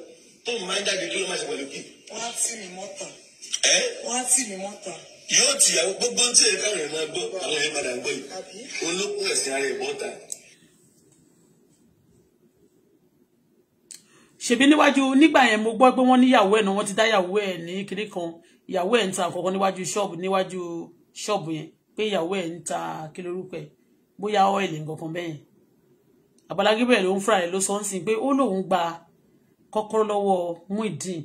tó máa ń jáde kí ló máa ṣe pẹ̀lú kí. wọ́n á tì mí mọ́tàn wọ́n á tì mí mọ́ta. yóò tì àwọn gbogbo tí èyí káwọn èèyàn máa gbọ́ àwọn èèyàn padà gbọ́ yìí òun ló kún ẹ̀sìn ara ẹ̀ bọ́ta. ṣèbí níwájú nígbà yẹn mo gbọ́ pé wọ́n níyàwó ẹ̀ náà wọ́n ti dá yàwó ẹ̀ ní kinní kan ìyàwó ẹ̀ ń ta àkọ́kọ́ níwájú ṣọ́ọ̀bù níwájú ṣọ́ọ̀bù yẹn pé ìyàwó ẹ̀ ń ta kí lorúkọ ẹ̀ bóyá ọ́ìlì nǹkan bẹ́ẹ̀ Àgbàlá Gabriel ló ń fúnra rẹ̀ ló sọ ń sìn pé ó lóun gba kọ́kọ́rọ́ lọ́wọ́ Muyideen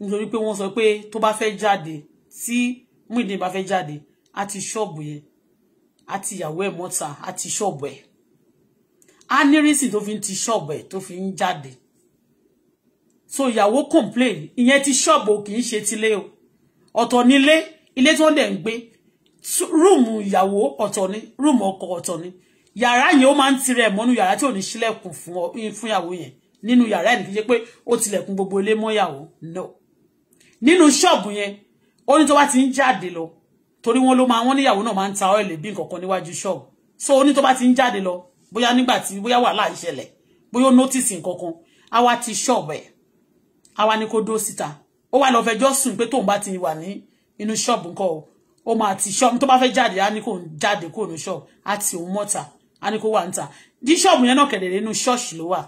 nítorí pé wọ́n sọ pé tó bá fẹ́ jáde tí Muyideen bá fẹ́ jáde á ti ṣọ́ọ̀bù yẹn á ti ìyàwó ẹ̀ mọ́ta á ti ṣọ́ọ̀bù ẹ̀ á ní tó fi ń ti ṣọ́ọ̀bù ẹ̀ tó fi ń jáde so ìyàwó complain ìyẹn ti ṣọ́ọ̀bù kì í ṣe tilé o ọ̀tọ̀ nílé ilé tí wọ́n dẹ̀ ń gbé rúùmù ìyàwó ọ̀tọ̀ ni rúùmù ọkọ ọ̀tọ̀ ni yàrá yẹn ó máa ń tirẹ̀ mọ́nú yàrá tí ò ní ṣílẹ̀kùn fún ìyàwó yẹn nínú yàrá ẹ̀ nìkí jẹ́ pé ó tilẹ̀kùn gbogbo ilé mọ́yàwó no nínú ṣọ́ọ̀bù yẹn ó ní tó bá ti ń jáde lọ torí wọn ló máa wọn níyàwó náà máa ń ta ọ́ìlì bí nǹkankan níwájú ṣọ́ọ̀bù so ó ní tó bá ti ń jáde lọ bóyá nígbà tí bóyá wàhálà ìṣẹ̀lẹ̀ bóyá ó nọ́tìsì nǹkankan á wá ti ṣọ́ọ̀bù ẹ̀ á wá ní kó dó síta ó wá lọ fẹjọ́ sùn pé tóun bá ti wà ní inú ṣọ́ọ̀bù nǹkan o ó máa ti ṣọ́ọ̀bù tó bá fẹ́ jáde á ní kó jáde kó nu ṣọ́ọ̀bù á ti òun mọ́ta á ní kó wà ń ta dí ṣọ́ọ̀bù yẹn náà kedere inú ṣọ́ọ̀ṣì ló wà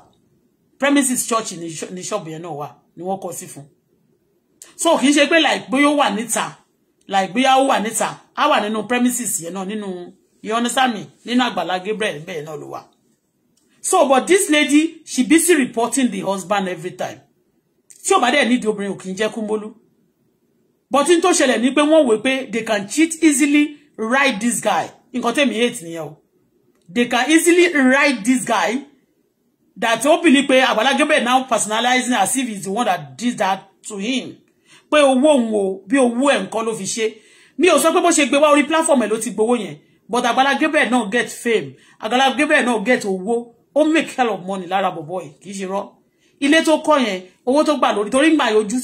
premises church ni ṣọ́ọ̀bù yẹn náà wà ni wọ́n kọ́ sí fún so kì í ṣe pé like bóyá ó wà níta like bóyá ó wà níta á wà nínú premises yẹn náà nínú you understand me nínú àgbàlá Gabriel bẹ́ẹ̀ náà ló wà so but this lady she busy reporting the husband every time tí ò bá dẹ̀ nídìí obìnrin ò kì í jẹ́ kúmbólú but n tó ṣẹlẹ̀ ni pé wọ́n wé pé they can cheat easily Ride this guy nǹkan tẹ̀mí hate nìyẹn o they can easily ride this guy that ó bìlí pé Agbala Gabriel now personalizing as if he's the one that did that to him pé owó òun o bí owó ẹ̀ nǹkan ló fi ṣe mi ò sọ pé bó ṣe gbé wá orí platform ẹ̀ ló ti gbowó yẹn but Agbala Gabriel náà get fame Agbala Gabriel náà get owó ó make hell of money lára bọ̀bọ̀ ẹ̀ kì í ṣe rọ́ ilé tó kọ́ yẹn owó tó gbà lórí torí gbà ojú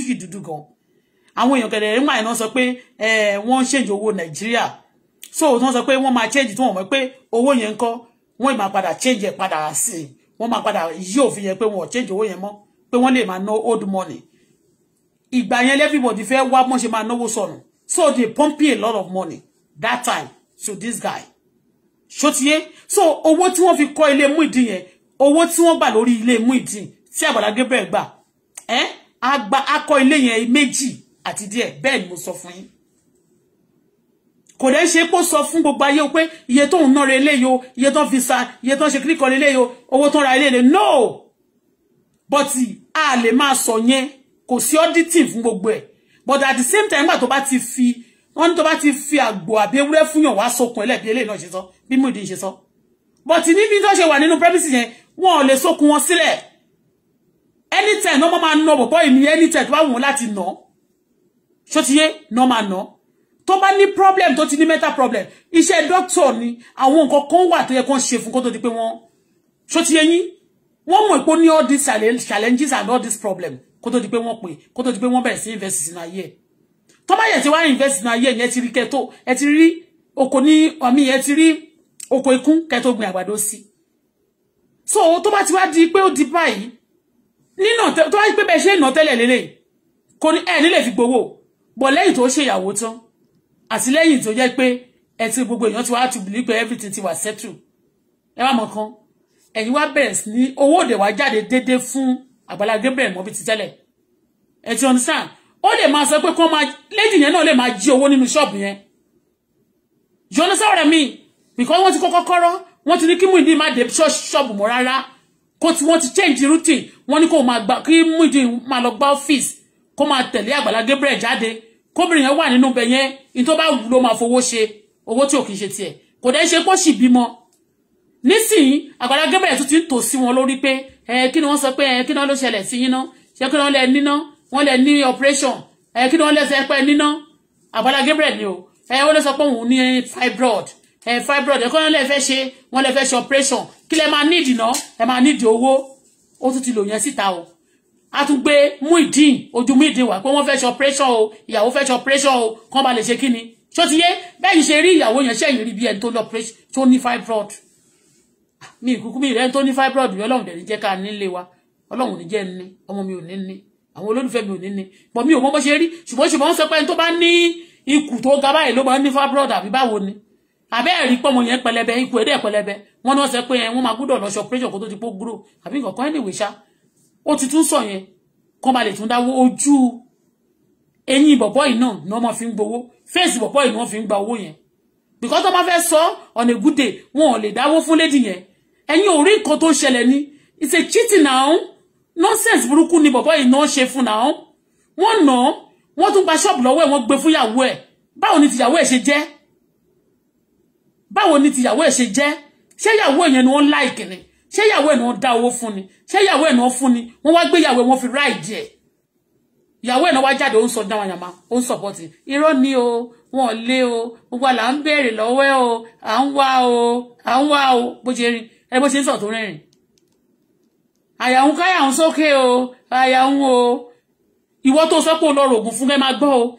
sì dúdú gan àwọn èèyàn kẹ̀lẹ̀ ńgbà yẹn náà sọ pé wọ́n ń change owó Nàìjíríà so wọ́n sọ pé wọ́n máa change tí wọ́n mọ̀ pé owó yẹn ń kọ́ wọ́n change ẹ̀ padà sí i wọ́n máa padà yí òfin yẹn pé wọ́n change owó yẹn mọ́ pé wọ́n lè máa ná old money ìgbà yẹn everybody fẹ́ wá mọ́ ṣe máa náwó sọnù so they pumping a lot of money that time to this guy ṣótiyé so owó tí wọ́n fi kọ́ ilé Muyideen yẹn owó tí wọ́n gbà lórí ilé Muyideen tí Agbala Gabriel gbà eh? Agba akọ ilé yẹn méjì àti díẹ̀ bẹ́ẹ̀ ni mo sọ fún yín kò dẹ́ ṣe kó sọ fún gbogbo ayé pé iye tó ń ná re eléyìí iye tó fi sa iye tó ń ṣe kíríkọ eléyìí o owó tó ń ra no but a lè máa sọ yẹn kò sí auditing fún gbogbo ẹ̀ but at the same time gbà tó bá ti fi wọ́n ní tó bá ti fi àgbò àbí ewúrẹ́ fún yàn wá sókun ẹlẹ́bí eléyìí náà ṣe sọ bí mo ìdí ṣe sọ but níbi tó ṣe wà nínú premises yẹn wọn ò lè sókun wọn sílẹ̀ anytime náà wọ́n máa ná bọ̀bọ́ èmi anytime tó bá wù wọ́n láti ná ṣó ti yé náà máa ná tó bá ní problem tó ti ní mental problem iṣẹ́ doctor ni àwọn nǹkan kan wà tó yẹ kán ṣe fún kó tó di pé wọ́n ṣó ti yé yín wọ́n mọ̀ pé ní all these challenges and all these problems kó tó di pé wọ́n pè kó tó di pé wọ́n bẹ̀rẹ̀ sí invest sínú na ẹ̀ tó bá yẹ ti wá invest sínú ayé yẹn ti rí kẹtó ẹ ti rí oko ní ọmí yẹn ti rí oko ikún kẹtó gbin àgbàdo sí so tó bá ti wá di pé ó di báyìí nínà tó wá pé bẹ́ẹ̀ ṣe ìnà tẹ́lẹ̀ lélẹ̀ kò ní ẹ̀ nílẹ̀ fi gbowó bọ̀ lẹ́yìn tó ṣe ìyàwó tán àti lẹ́yìn tó jẹ́ pé ẹ ti gbogbo èèyàn ti wá to believe pé everything ti wà settle ẹ wá mọ̀ kan ẹ̀yin wá bẹ̀rẹ̀ sí ní de òde wá jáde déédéé Àgbàlá Gabriel mọ́ bí ti tẹ́lẹ̀ ẹ ti understand ó lè máa sọ pé kó máa lady yẹn na lè máa jí owó nínú ṣọ́ọ̀bù yẹn you understand what I mean because wọ́n ti kọ́kọ́ kọ́rọ́ wọ́n ti ní kí Muideen má dé ṣọ́ọ̀bù mọ́ rárá kó tí wọ́n ti change routine wọ́n ní kó máa gba kí Muideen máa lọ gba ọ́fíìsì kó máa tẹ̀lé Àgbàlá Gabriel jáde kóbìnrin yẹn wà nínú bẹ̀ yẹn ní tó bá wù ló máa fowó ṣe owó tí ò kì í ṣe tiẹ̀ kò dẹ́ ṣe pọ́ sì bímọ nísìnyí Àgbàlá Gabriel tún ti ń tò sí wọn lórí ẹ eh, kí ni wọ́n sọ pé ẹ eh, kí ni wọ́n ló ṣẹlẹ̀ sí yín náà ṣé kí ni wọ́n lẹ níná wọ́n lẹ ní operation ẹ eh, kí ni wọ́n lẹ sẹ pé níná Agbala Gabriel ni o ẹ wọ́n lọ sọ pé òun ní fibroid ẹ fibroid ẹ kí wọ́n lẹ fẹ́ ṣe wọ́n lẹ fẹ́ ṣe operation kí lẹ máa nídìí náà ẹ máa nídìí owó ó tún ti lò yẹn síta o a tún gbé Muideen ojú Muideen wà pé wọ́n fẹ́ ṣe operation o ìyàwó fẹ́ ṣe operation o kán ba lè ṣe kí ni ṣó ti yé bẹ́ẹ̀ yìí ṣe rí ìyàwó yẹn ṣẹ́yìn rí bí ẹni tó ní fibroid mi ìkúkú mi ìrẹ́ni tó ní fibroid mi ọlọ́run dẹ̀ ní jẹ́ ká nílé wa ọlọ́run ní jẹ́ ní ọmọ mi ò ní ní àwọn olólùfẹ́ mi ò ní ní pọ̀ mi ò mọ́ bó ṣe rí ṣùgbọ́n ṣùgbọ́n sọ pé ẹni tó bá ní ikù tó ga báyìí ló máa ń ní fibroid àbí báwo ni àbẹ́ ẹ̀rí pọ́mọ yẹn pẹlẹbẹ ikú ẹ̀dẹ́ pẹlẹbẹ wọ́n náà sọ pé wọ́n máa gbúdọ̀ lọ ṣe operation kó tó ti pó grow àbí nǹkan kan anyway ṣá ó ti tún sọ yẹn kán ba lè tún dáwó ojú eyín bọ̀bọ́ yìí náà ni wọ́n máa fi ń gbowó fèsì bọ̀bọ́ yìí ni wọ́n fi ń gba owó yẹn because wọ́n máa fẹ́ sọ on a good day wọn ò lè dáwó fún lady yẹn ẹ̀yin ò rí nǹkan tó ṣẹlẹ̀ ni it's a cheating now nonsense burúkú ni bọ̀bọ́ yìí náà ṣe fún now wọ́n nà án wọ́n tún gba ṣọ́ọ̀bù lọ́wọ́ ẹ̀ wọ́n gbé fúnyàwó ẹ̀ báwo ni tìyàwó ẹ̀ ṣe jẹ́ báwo ni tìyàwó ẹ̀ ṣe jẹ́ ṣé ìyàwó ẹ̀ yẹn ni wọ́n láìkì ni ṣé ìyàwó ẹ̀ ni wọ́n dá owó fún ni ṣé ìyàwó ẹ̀ ni wọ́n fún ni wọ́n wá gbé ìyàwó ẹ̀ wọ́n fi ráìdì ẹ̀ ìyàwó ẹ̀ náà wá jáde ó ń sọ dáwọn yàmá ó ń sọ̀pọ̀tì irọ́ ni o wọn ò lé o gbogbo àlà ń béèrè lọ́wọ́ o à ń wá o à ń wá o bó ṣe rí ẹ bó ṣe ń sọ tó rẹ́rìn àyà ń káyà ń sókè o àyà ń o ìwọ tó sọ pé òun lọ rògùn fún kẹ máa gbọ́ o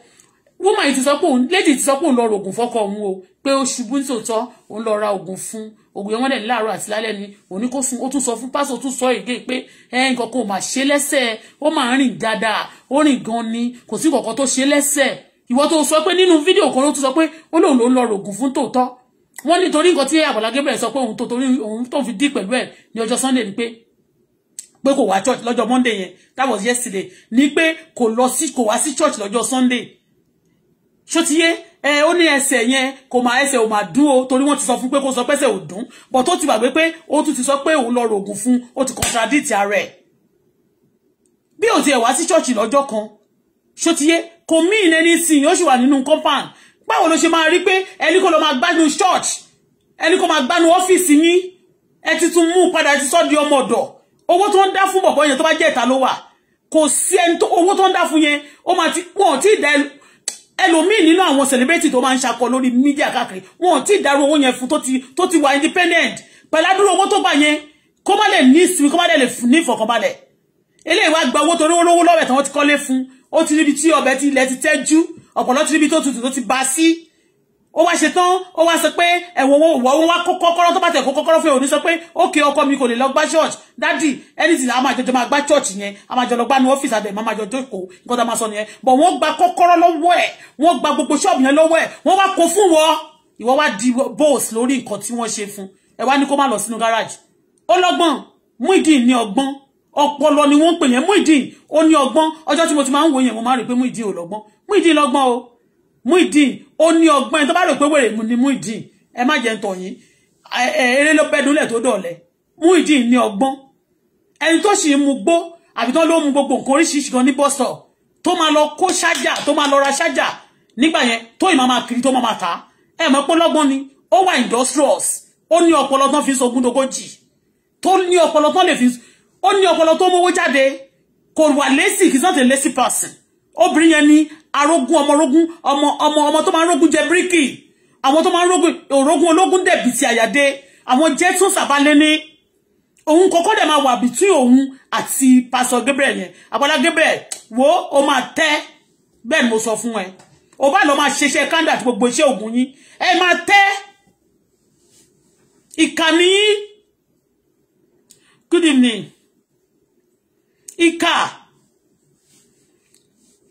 woman ti sọ pé òun lady ti sọ pé òun lọ rògùn fọkọ òun o pé ó ṣubú nítòótọ́ òun lọ ra ògùn fún ògùn yẹn wọ́n dẹ̀ láàárọ̀ àti lálẹ́ ni òun ní kó sun ó tún sọ fún pásítọ̀ tún sọ èké pé ẹ nǹkan kan ò mà ṣe lẹ́sẹ̀ ó máa rìn dáadáa ó rìn gan ni kò sí nǹkan kan tó ṣe lẹ́sẹ̀ ìwọ tó sọ pé nínú fídíò kan ló tún sọ pé ó lóun ló ń lọ rògùn fún tòótọ́ wọ́n nítorí nǹkan tí Àgbàlá Gabriel sọ pé òun tó torí òun tó fi dí pẹ̀lú ẹ̀ ní ọjọ́ Sunday ni pé pé kò wá church lọ́jọ́ Monday yẹn that was yesterday ni pé kò lọ sí kò wá sí church lọ́jọ́ Sunday ṣó ti yé ẹ ó ní ẹsẹ̀ yẹn kò máa ẹsẹ̀ ò máa dún o torí wọ́n ti sọ fún pé kó sọ pẹ́sẹ̀ ò dún but ó ti gbàgbé pé ó tún ti sọ pé òun lọ rògùn fún ó ti contradict ara ẹ̀ bí ò tiẹ̀ wá sí church lọ́jọ́ kan ṣó ti yé kò mí ìnẹni sìn ó sì wà nínú compound báwo ló ṣe máa rí pé ẹni kò lọ máa gbádùn church ẹni kò máa gbádùn ọ́fíìsì yín ẹ ti tún mú padà ti sọ́ di ọmọ ọ̀dọ̀ owó tó ń dá fún bọ̀bọ̀ yẹn tó bá jẹ́ ìta ló wà kò sí ẹni tó owó tó ń dá fún yẹn ó máa ti wọn ò dá ẹlòmíì nínú àwọn celebrity tó máa ń ṣakọ lórí mídíà káàkiri wọn ò tí ì dárú owó yẹn fún tó ti wà independent pẹ̀lú adúrú owó tó bá yẹn kó má lè ní ìsinmi kó má lè ní ìfọ̀kànbalẹ̀ eléyìí wá gba owó torí olówó lọ́wọ́ ẹ̀ tí wọ́n ti kọ́lé fún ó ti níbi tí ọbẹ̀ ti ilẹ̀ ti tẹ́jú ọ̀pọ̀lọ́ ti níbi tó tutù tó ti bá sí ó wá ṣe tán ó wá sọ pé ẹ̀wọ̀n wọn wọ́n wá kó kọ́kọ́rọ́ tó bá tẹ̀ kó kọ́kọ́rọ́ fún òní sọ pé ókè ọkọ mi kò lè lọ gbá church dádì anything a máa jọjọ máa gbá church yẹn a máa jọ lọ gbá ní ọ́fíìsì àbẹ̀ máa jọ jókòó nǹkan tá a máa sọ nìyẹn bọ̀ wọ́n gba kọ́kọ́rọ́ lọ́wọ́ ẹ̀ wọ́n gba gbogbo ṣọ́ọ̀bù yẹn lọ́wọ́ ẹ̀ wọ́n wá kó fún wọn ìwọ wá di bóòsì lórí nǹkan tí wọ́n ṣe fún ẹ wá ní kó má lọ sínú gáràjì ó lọ́gbọ́n Muideen ní ọgbọ́n ọpọlọ ni wọ́n pè yẹn Muideen ó ní ọgbọ́n ọjọ́ tí mo ti máa ń wo yẹn mo máa rí pé Muideen ò lọ́gbọ́n Muideen lọ́gbọ́n o Muideen ó ní ọgbọ́n ẹni tó bá rò pé wèrè ni Muideen ẹ má jẹ́ ń tọ̀ yín eré ló bẹ́ dúnlẹ̀ tó dọ̀lẹ́ Muideen ní ọgbọ́n ẹni tó sì ń mu gbó àbí tó ló mu gbogbo nǹkan oríṣiríṣi kan ní bọ́sọ̀ tó máa lọ kó ṣájà tó máa lọ ra ṣájà nígbà yẹn tó ìmọ̀ máa kiri tó máa máa ta ẹ mọ̀ pé lọ́gbọ́n ni ó wà industrious ó ní ọpọlọ tán fi sogun dogoji tó ní ọpọlọ tán lè fi ó ní ọpọlọ tó mówó jáde kò wà lẹ́sì kì í sọ́tẹ̀ lẹ́sì pàṣẹ obìnrin yẹn ní arógún ọmọ rógún ọmọ ọmọ ọmọ tó máa ń rógún jẹ bíríkì àwọn tó máa ń rógún òrógún ológun dẹ̀bì ti àyàdé àwọn jẹ́ tún sàbálé ní òun kọ́kọ́ dẹ̀ máa wà bìtún òun àti pásọ Gabriel yẹn Agbala Gabriel wo o máa tẹ́ bẹ́ẹ̀ ni mo sọ fún ẹ o bá lọ máa ṣeṣẹ́ kanda àti gbogbo iṣẹ́ ògùn yín ẹ máa tẹ́ ìkànnì good evening ìkà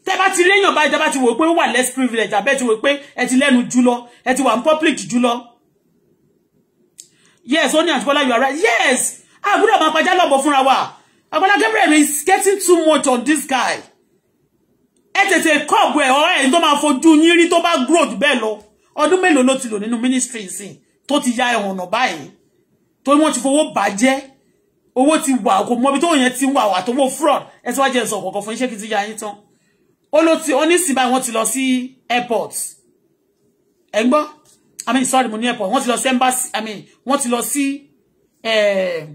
tẹ́ ba ti réyàn báyìí tẹ́ ti wò pé ó less privilege abe ti wò pé ẹ ti lẹ́nu jùlọ ẹ ti wà ní public jùlọ yes ó ní àtúbọ́lá you are right yes àbúrò máa pàjá lọ́bọ̀ fúnra wa Agbala Gabriel is getting too much on this guy ẹ tètè kọ́ọ̀bù ẹ̀ ọ̀rẹ́ ẹ̀ tó máa fojú yín rí tó bá growth bẹ́ẹ̀ lọ ọdún mélòó ló ti lò nínú ministry nsìn tó ti ya ẹ̀wọ̀n náà báyìí tó wọ́n ti fowó bàjẹ́ owó ti wà kò mọ́bi tó yẹn ti wà wà tó wọ́ fraud ẹ ti wá jẹ́ sọ̀ kọ̀ọ̀kan fún iṣẹ́ kìí ti ya yín tán ó ló ti ó ní ìsìn báyìí wọ́n ti lọ sí airport ẹ̀ i mean sorry mo ní airport wọ́n ti lọ sí embassy i mean wọ́n ti lọ sí eh,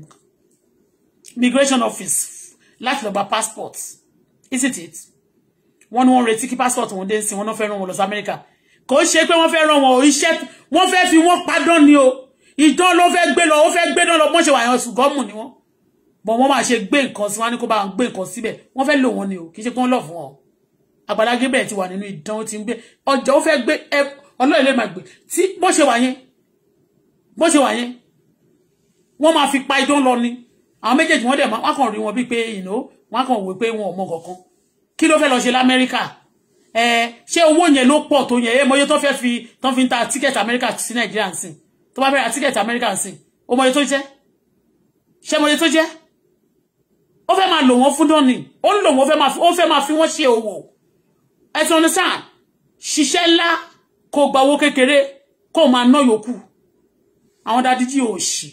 migration office láti lọ gba passport isn't it wọ́n ní wọ́n retí kí passport wọn dé ń sìn wọ́n náà fẹ́ rán wọn lọ sí America kò ṣe pé wọ́n fẹ́ rán wọn o iṣẹ́ wọ́n fẹ́ fi wọ́n padán ni o ìdán ló fẹ́ gbé lọ ó fẹ́ gbé náà lọ bọ́n ṣe wà yẹn ṣùgọ́mù ni wọ́n bọ̀ wọ́n máa ṣe gbé nǹkan sí wọn ní kó bá wọn gbé nǹkan síbẹ̀ wọ́n fẹ́ lò wọ́n ni o kì í ṣe pé wọ́n lọ fún wọn. Agbala Gabriel ti wà nínú ìdán ó ti ń gbé ọjọ́ ó fẹ́ gbé ọlọ́run lè máa gbé tí bó ṣe wà yẹn bó ṣe wà yẹn wọ́n máa fi pa idán lọ ni àwọn méjèèjì wọ́n dẹ̀ máa wọ́n kàn rí wọn bíi pé ìnáwó wọ́n kàn wò pé wọn ò mọ kankan kí ló fẹ́ lọ ṣe lamẹ́ríkà ẹ ṣé owó yẹn ló pọ̀ tó yẹn èèmọ̀ yẹn tó fẹ́ fi tó fi ń ta tíkẹ́tì amẹ́ríkà sí nàìjíríà ń sìn tó bá fẹ́ ra tíkẹ́tì amẹ́ríkà ń sìn ó mọ yẹn tó jẹ́ ṣé mọ yẹn tó jẹ́ ó fẹ́ máa lò wọ́n fún dán ni ó ń lò fi wọ́n ṣe òwò ẹ ti understand ṣiṣẹ́ ńlá kó gba owó kékeré kó máa ná yòókù àwọn dájíjí ò ṣì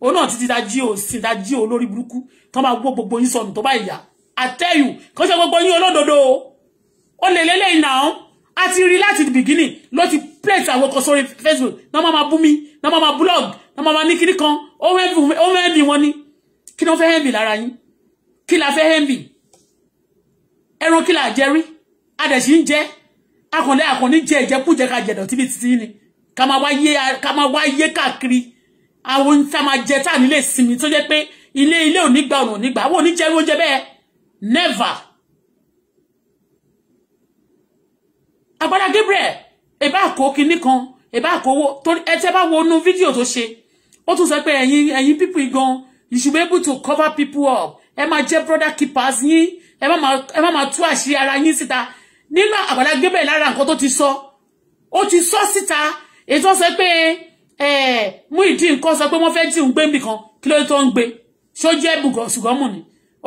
òun náà títí dájí ò sí dájí ò lórí burúkú tó máa gbó gbogbo yín sọnù tó bá ìyá àtẹ́yù kó ṣe gbogbo yín olódodo ó lè lélẹ́yìn náà a ti rí láti beginning ló ti plate àwọn kan sórí facebook náà máa máa bú mi náà máa máa blog náà máa máa ní kíní kan ó hẹ́ẹ̀bì wọn ni kí ni wọ́n fẹ́ hẹ́ẹ̀bì lára yín kí la fẹ́ hẹ́ẹ̀bì ẹran kí la jẹ adẹ̀sí ń jẹ́ akọ̀lẹ́ akọ̀ní jẹ́ ìjẹkújẹ ká jẹ̀dọ̀ tíbi títí ni ká máa wá yé káàkiri àwọn ohun tá máa jẹ táà nílé ìsinmi tó jẹ́ pé ilé ilé ò ní gba ọ̀nà ò ní gbà àwọn oníjẹ́ oúnjẹ bẹ́ẹ̀ never. Agbada Gabriel ẹ̀bá àkó kinní kan ẹ̀bá àkó owó torí ẹ tẹ́ bá wo inú fídíò tó ṣe ó tún sọ pé ẹ̀yin ẹ̀yin pípù igan you should be able to cover people up ẹ máa jẹ́ brother keepers yín ẹ má máa tú àṣírí ara yín síta nínú Àgbàlá Gabriel lára nǹkan tó ti sọ ó ti sọ síta èyí tó sọ pé ẹ mú ìdí nǹkan sọ pé wọ́n fẹ́ tí òun gbé nìkan kí ló tó ń gbé ṣó jẹ́ bùgọ̀ ṣùgbọ́mù ni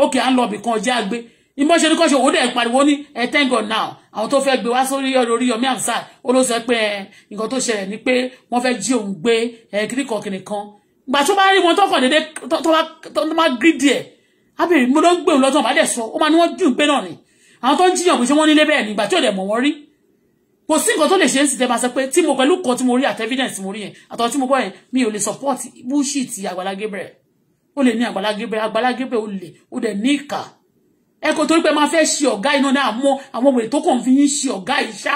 òkè à ń lọ ibìkan ọjà gbé ìmọ̀ṣẹ́ oníkọ́ṣe òwò dẹ̀ pariwo ní ẹ thank God now àwọn tó fẹ́ gbé wá sórí orí Yomi Amsat ó ló sọ pé ẹ nǹkan tó ṣẹlẹ̀ ni pé wọ́n fẹ́ jí òun gbé ẹ kíríkan kìnìkan gbà tó bá rí wọn tọkàn dédé tó bá gírídì ẹ á mo ló ń gbé òun lọ́tọ̀ bá dẹ̀ sọ ó máa ní wọ́n dùn gbé náà ni àwọn tó ń jiyàn pé ṣé wọ́n nílé bẹ́ẹ̀ nígbà tí ò dẹ̀ mọ̀ wọ́n rí kò sí nǹkan tó lè ṣe é sì tẹ́ máa sọ pé tí mo pẹ̀lú kan tí mo rí àti evidence mo rí yẹn àtọ̀ tí mo gbọ́ yẹn mi ò lè support bullshit Àgbàlá Gabriel ó lè ní Àgbàlá Gabriel Àgbàlá Gabriel ó lè ó dẹ̀ ní ìkà ẹ kò torí pé máa fẹ́ ṣe ọ̀gá iná náà mọ́ àwọn wèrè tó kàn fi ń ṣe ọ̀gá ìṣá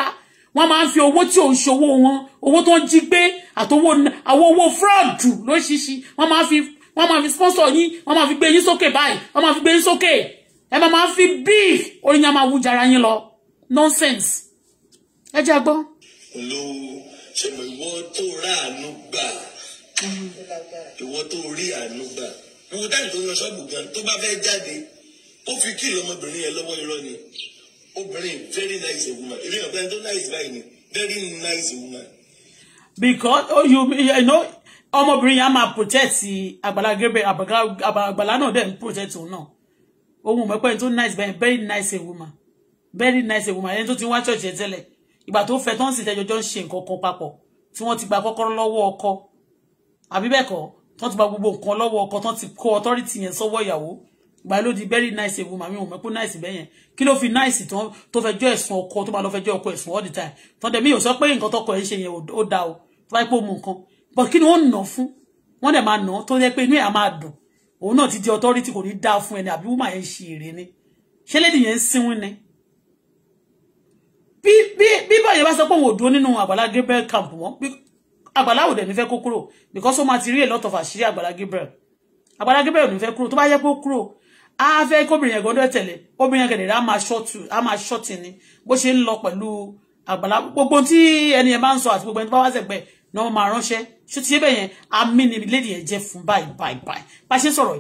wọ́n máa ń fi owó tí ò ń ṣòwò wọn owó tó ń jí gbé àtowó àwọn owó fraud lóṣìṣì wọ́n máa fi wọ́n máa fi sponsor yín wọ́n máa fi gbé yín sókè báyìí wọ́n máa fi gbé yín sókè ẹ ma máa fi big orí yẹn ma wújà ara yín lọ nonsense ẹ jẹ́ gbọ́. lo ṣe mọ ìwọ tó rà àánú gbà ìwọ tó rí àánú gbà wo dáhùn tó lọ ṣọ́ọ̀bù gan tó bá fẹ́ jáde ó fi kí ìlọmọbìnrin yẹn lọ́wọ́ irọ́ ni obìnrin very nice woman èmi ọ̀gbẹ́ni tó nice báyìí ni very nice woman. because oh, you, you know ọmọbìnrin yẹn máa protect Àgbàlá Àgbàlá náà dẹ̀ protect òun náà ohun mọ̀pẹ́ tó nice bẹ́ẹ̀ very nice woman very nice woman ẹni tó ti wá church yẹn tẹ́lẹ̀ ìgbà tó fẹ́ tó ń sì tẹ́jọ́jọ́ ń ṣe nǹkan kan papọ̀ tí wọ́n ti gba kọ́kọ́rọ́ lọ́wọ́ ọkọ àbí bẹ́ẹ̀ kọ́ tó ti gba gbogbo nǹkan lọ́wọ́ ọkọ tó ti kó authority yẹn sọ́wọ́ ìyàwó ìgbà ló di very nice woman mi ò mọ̀ pé nice bẹ́ẹ̀ yẹn kí ló fi nice tó fẹ́ jọ́ ẹ̀sùn ọkọ tó máa lọ fẹ́ jọ́ ọkọ ẹ̀sùn all the time tọ́ndẹ̀ mi ò sọ pé nǹkan tọkọ ẹ̀ ń ṣe yẹn ó da o tó bá pé ó mú nǹkan but kí ni wọ́n nà fún wọ́n dẹ̀ máa nà tó yẹ pé inú ẹ̀ á máa dùn òun náà ti di authority kò ní dáa fún ẹni àbí woman yẹn ṣe èrè ni ṣé lady yẹn ń sinwín ni bí bí bí báyẹn bá sọ pé òun ò dúró nínú àgbàlá Gabriel camp wọn àgbàlá ò dẹ̀ ní fẹ́ kó kúrò because ó máa ti rí a lot of àṣírí àgbàlá Gabriel àgbàlá Gabriel ò ní fẹ́ kúrò tó bá yẹ pé ó kúrò á fẹ́ kóbìnrin yẹn gbọ́dọ̀ tẹ̀lé obìnrin yẹn kẹ̀dẹ̀ á máa ṣọ́ọ̀tì ni bó ṣe ń lọ pẹ̀lú àgbàlá gbogbo tí ẹni yẹn bá ń sọ àti gbogbo ẹni tó bá wá sẹ̀gbẹ́ náà máa ránṣẹ́ ṣó ti ṣe bẹ́ẹ̀ yẹn amínilédè yẹn jẹ́ bye bye, báyìí báyìí bá ṣe sọ̀rọ̀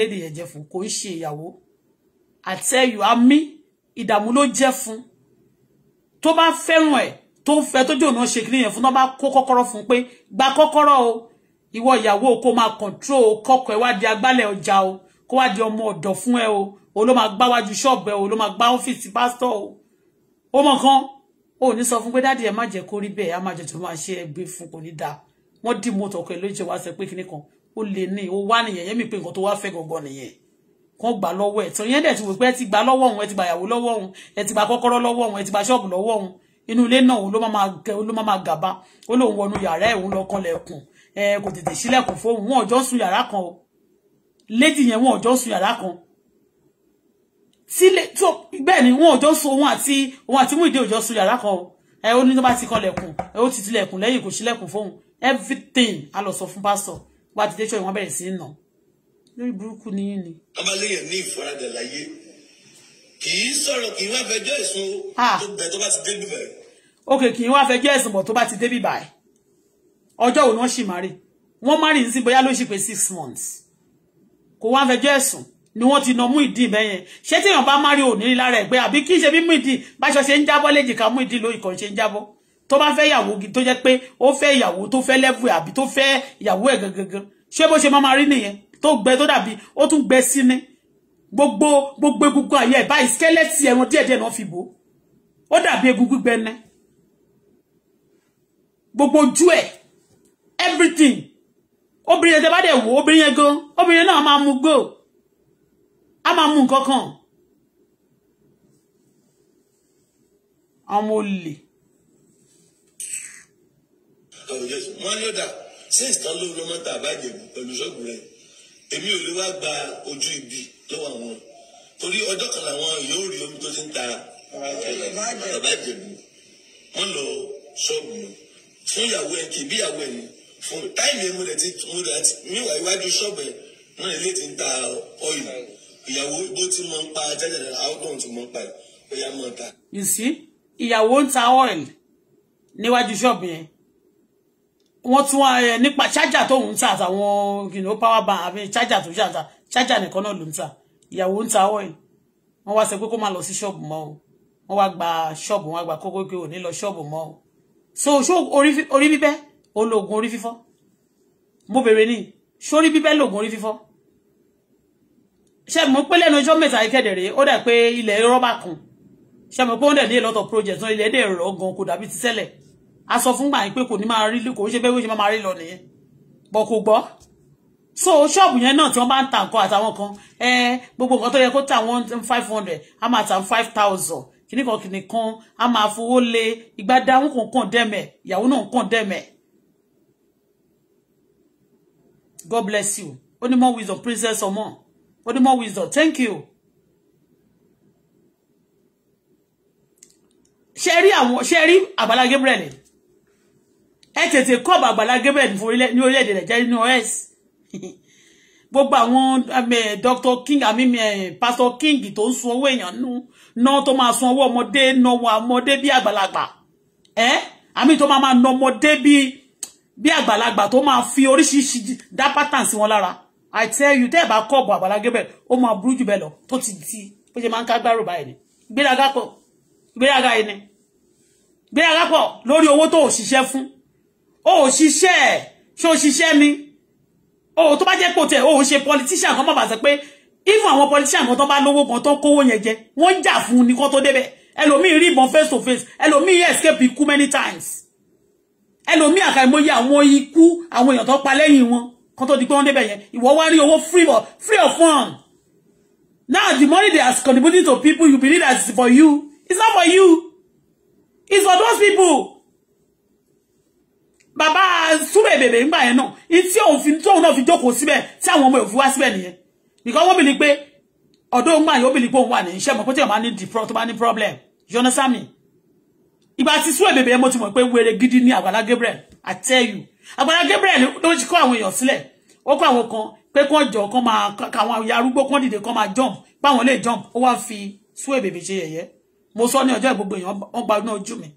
lady yẹn jẹ́ fún kò ń ṣe ìyàwó àtẹ́yù amí ìdààmú ló jẹ́ fún tó bá fẹ́ràn ẹ̀ tó ń fẹ́ tójú ònà ṣe kí nìyẹn fún náà bá kó kọ́kọ́rọ́ fún pé gba kọ́kọ́rọ́ o ìwọ ìyàwó kó máa kọ̀ǹtró kọ́kọ́ ẹ wá di agbálẹ̀ ọjà o kó wá di ọmọ ọ̀dọ̀ fún ẹ o o ló máa gbáwájú ṣọ́ọ̀bù ẹ o ló máa gbá ọ́fíìsì pásítọ̀ o ó mọ̀ kan ó ni sọ fún pé dáàdi ẹ má jẹ́ kó rí bẹ́ẹ̀ á má jẹ́ tó máa ṣe ẹgbẹ́ fún kò ní dáa wọ́n dì mọ́tò ọkọ̀ ẹ̀ ló jẹ́ wá sọ pé kíní kan ó lè ní ó wá nìyẹn yẹ́mi pé nǹkan tó wá fẹ́ gangan nìyẹn kan gbà lọ́wọ́ ẹ̀ tó yẹn dẹ̀ ti wò pé ẹ ti gbà lọ́wọ́ òun ẹ ti gbà ìyàwó lọ́wọ́ òun ẹ ti gbà kọ́kọ́rọ́ lọ́wọ́ òun ẹ ti gbà ṣọ́ọ̀bù lọ́wọ́ òun inú ilé náà ló máa ló máa gàba ó lóun wọnú yàrá ẹ̀ òun lọ kanlẹ̀kùn ẹ kò tètè sílẹ̀kùn fóun wọn ò jọ sùn yàrá kan lady yẹn wọn ò jọ sùn kan sílé tó bẹ́ẹ̀ ni wọn ò jọ so òun àti òun àti Múyìdé ò jọ so yàrá kan ẹ ó ní tó bá ti kọlẹ̀kùn ẹ ó ti tilẹ̀kùn lẹ́yìn kò sílẹ̀kùn fóun everything a lọ sọ fún pásítọ̀ wá ti dé ṣọ́ ìwọ̀n bẹ̀rẹ̀ sí í nà lórí burúkú ni ni. abaléyàn ní ìfaradà láyé kì í sọ̀rọ̀ kì í wá fẹjọ́ ẹ̀sùn ah. tó bá ti dé bíbẹ̀. ok kì í wá fẹjọ́ ẹ̀sùn bọ̀ tó bá ti dé bíbà ẹ̀ ọjọ́ òun náà ṣì má rè wọ́n má rè ní sí bóyá ló ṣì pé six months kò wá fẹjọ́ ẹ̀sùn ni wọ́n ti nà Muyideen bẹ́yẹn ṣé téèyàn bá má rí òní lára ẹ̀gbẹ́ àbí kí ṣe bí Muyideen báṣọ ṣe ń jábọ́ léjìká Muyideen lóyìn kan ṣe ń jábọ́ tó bá fẹ́ ìyàwó tó jẹ́ pé ó fẹ́ ìyàwó tó fẹ́ lẹ́fù àbí tó fẹ́ ìyàwó ẹ̀ gangan ṣé bó ṣe má má rí nìyẹn tó gbẹ tó dàbí ó tún gbẹ sí ni gbogbo gbogbo egungun ayé ẹ̀ báyìí skẹ́lẹ́tì ẹ̀wọ̀n díẹ̀díẹ̀ náà fi o ó dàbí egungun gbẹnẹ gbogbo ojú ẹ̀ everything obìnrin ẹ̀ tẹ́ ba dẹ̀ wò obìnrin yẹn gan obìnrin náà máa mú go a máa mú nǹkan kan ọmọ olè. wọ́n ní ọ̀dà ṣé ìtàn ló lọ́mọ tà bàjẹ́ pẹ̀lú ṣọ́ọ̀bù rẹ̀ èmi ò lè wá gba ojú ibi lọ́wọ́ àwọn torí ọjọ́ kan làwọn yóò rí omi tó ti ń ta bàbájẹ́ mi wọ́n lọ ṣọ́ọ̀bù mi fún ìyàwó ẹ̀ kì í bí ìyàwó ẹ̀ ni fún táìmì ẹ̀ mo rẹ̀ ti mo rẹ̀ ti mi wà iwájú ṣọ́ọ̀bù ẹ̀ wọ́n lè lè ti ń ta ọ́ìlì ìyàwó bó ti mọ̀ pa jẹ́jẹ̀rẹ̀ outdoor ti mọ̀ pa ó yá mọ̀ ta. you see ìyàwó ń ta oil níwájú ṣọ́ọ̀bù yẹn wọ́n tún eh, nípa ṣájà tó ń ta àtàwọn you know power bank àbí ṣájà tó ṣàtà ṣájà nìkan náà ló ń ta ìyàwó ń ta oil wọ́n wá sọ pé kó má lọ sí ṣọ́ọ̀bù mọ́ o wọ́n wá gba ṣọ́ọ̀bù wọ́n wá gba kókó pé ò ní lọ ṣọ́ọ̀bù mọ́ o so ṣó orí bíbẹ́ olóògùn orí fífọ́ mo bèrè ní ṣórí bíbẹ́ lóògùn orí fífọ́ ṣe mọ̀ pé lẹ́nu ọjọ́ mẹ́ta ìkẹ́dẹ̀rẹ́ ó dà pé ilẹ̀ rọ́bà kan ṣe mọ̀ pé wọ́n dẹ̀ ní èlọ́tọ̀ project náà ilẹ̀ dẹ̀ rọ̀ gan kò dàbí ti sẹ́lẹ̀ a sọ fún gbà pé kò ní máa rí kò ṣe bẹ́ẹ̀ wíṣe máa rí lọ nìyẹn bọ̀ kò gbọ́ so ṣọ́ọ̀bù yẹn náà tí wọ́n bá ń ta nǹkan àtàwọn kan ẹ gbogbo nǹkan to yẹ kó ta one five hundred a máa ta five thousand kìnnìkan kìnnìkan a máa fowó lé ìgbà dáhùn kò kàn dẹ́mẹ̀ ìyàwó náà kàn dẹ́mẹ̀ God bless you ó ní more wisdom princess ọmọ for the more wisdom. Thank you. Sherry rí àwọn ṣe rí àgbàlá Gabriel ẹ tètè kọ́ àgbàlá Gabriel ní orílẹ̀-èdè Nàìjíríà ní us gbogbo àwọn um, eh, Dr. King àmì eh, Pastor King tó ń sun owó èèyàn nú náà tó máa sun owó ọmọdé náwó ọmọdé bí àgbàlagbà ẹ àmì tó máa máa nà ọmọdé bí àgbàlagbà tó máa fi oríṣiríṣi dá pátàǹsì I tell you tẹ́ ẹ̀ bá kọ́ọ̀bù Àgbàlá Gabriel ó máa burú jù bẹ́ẹ̀ lọ tó ti di bó ṣe máa ń kágbárò báyìí ni gbéraga pọ̀ gbéraga yìí ni gbéraga pọ̀ lórí owó tó ò ṣiṣẹ́ fún ó ò ṣiṣẹ́ ẹ̀ ṣé ó ṣiṣẹ́ ni ó tó bá jẹ́ pò tẹ̀ ó ṣe politician kan má bàa sọ pé if àwọn politician kan tó bá lówó kan tó kówó yẹn jẹ wọ́n jà fún ni kó tó débẹ̀ ẹlòmíì rí ìbọn face to face ẹlòmíì escape ikú many times ẹlòmíì àkàìmọye àwọn ikú àwọn èèyàn tó pa lẹ́yìn wọn kan tó di pé wọ́n débẹ̀ yẹn ìwọ wá rí owó free for free of fun now the money they are contributing to people you believe that it's for you it's not for you it's for those people bàbá súbẹ̀ bèbè ńgbà yẹn náà tí òun fi tóun náà fi jókòó síbẹ̀ tí àwọn ọmọ òfin wá síbẹ̀ nìyẹn because wọ́n bìlí pé ọ̀dọ́ òun gbà yóò bìlí pé òun wà ní iṣẹ́ mọ̀ pé tí òun máa ní di pro tó bá problem you understand me ìgbà tí súbẹ̀ bèbè yẹn mo ti mọ̀ pé wèrè gidi ní Àgbàlá Gabriel I tell you Àgbàlá Gabriel don't you kọ́ àwọn èèyàn sílẹ̀ ó kó àwọn kan pé kán jọ kán máa káwọn ìyá arúgbó kán dìde kán máa jump páwọn lè jump ó wá fi sún èbèbè ṣe yẹ̀yẹ́ mo sọ ní ọjọ́ ìgbogbo èèyàn wọ́n gba iná ojú mi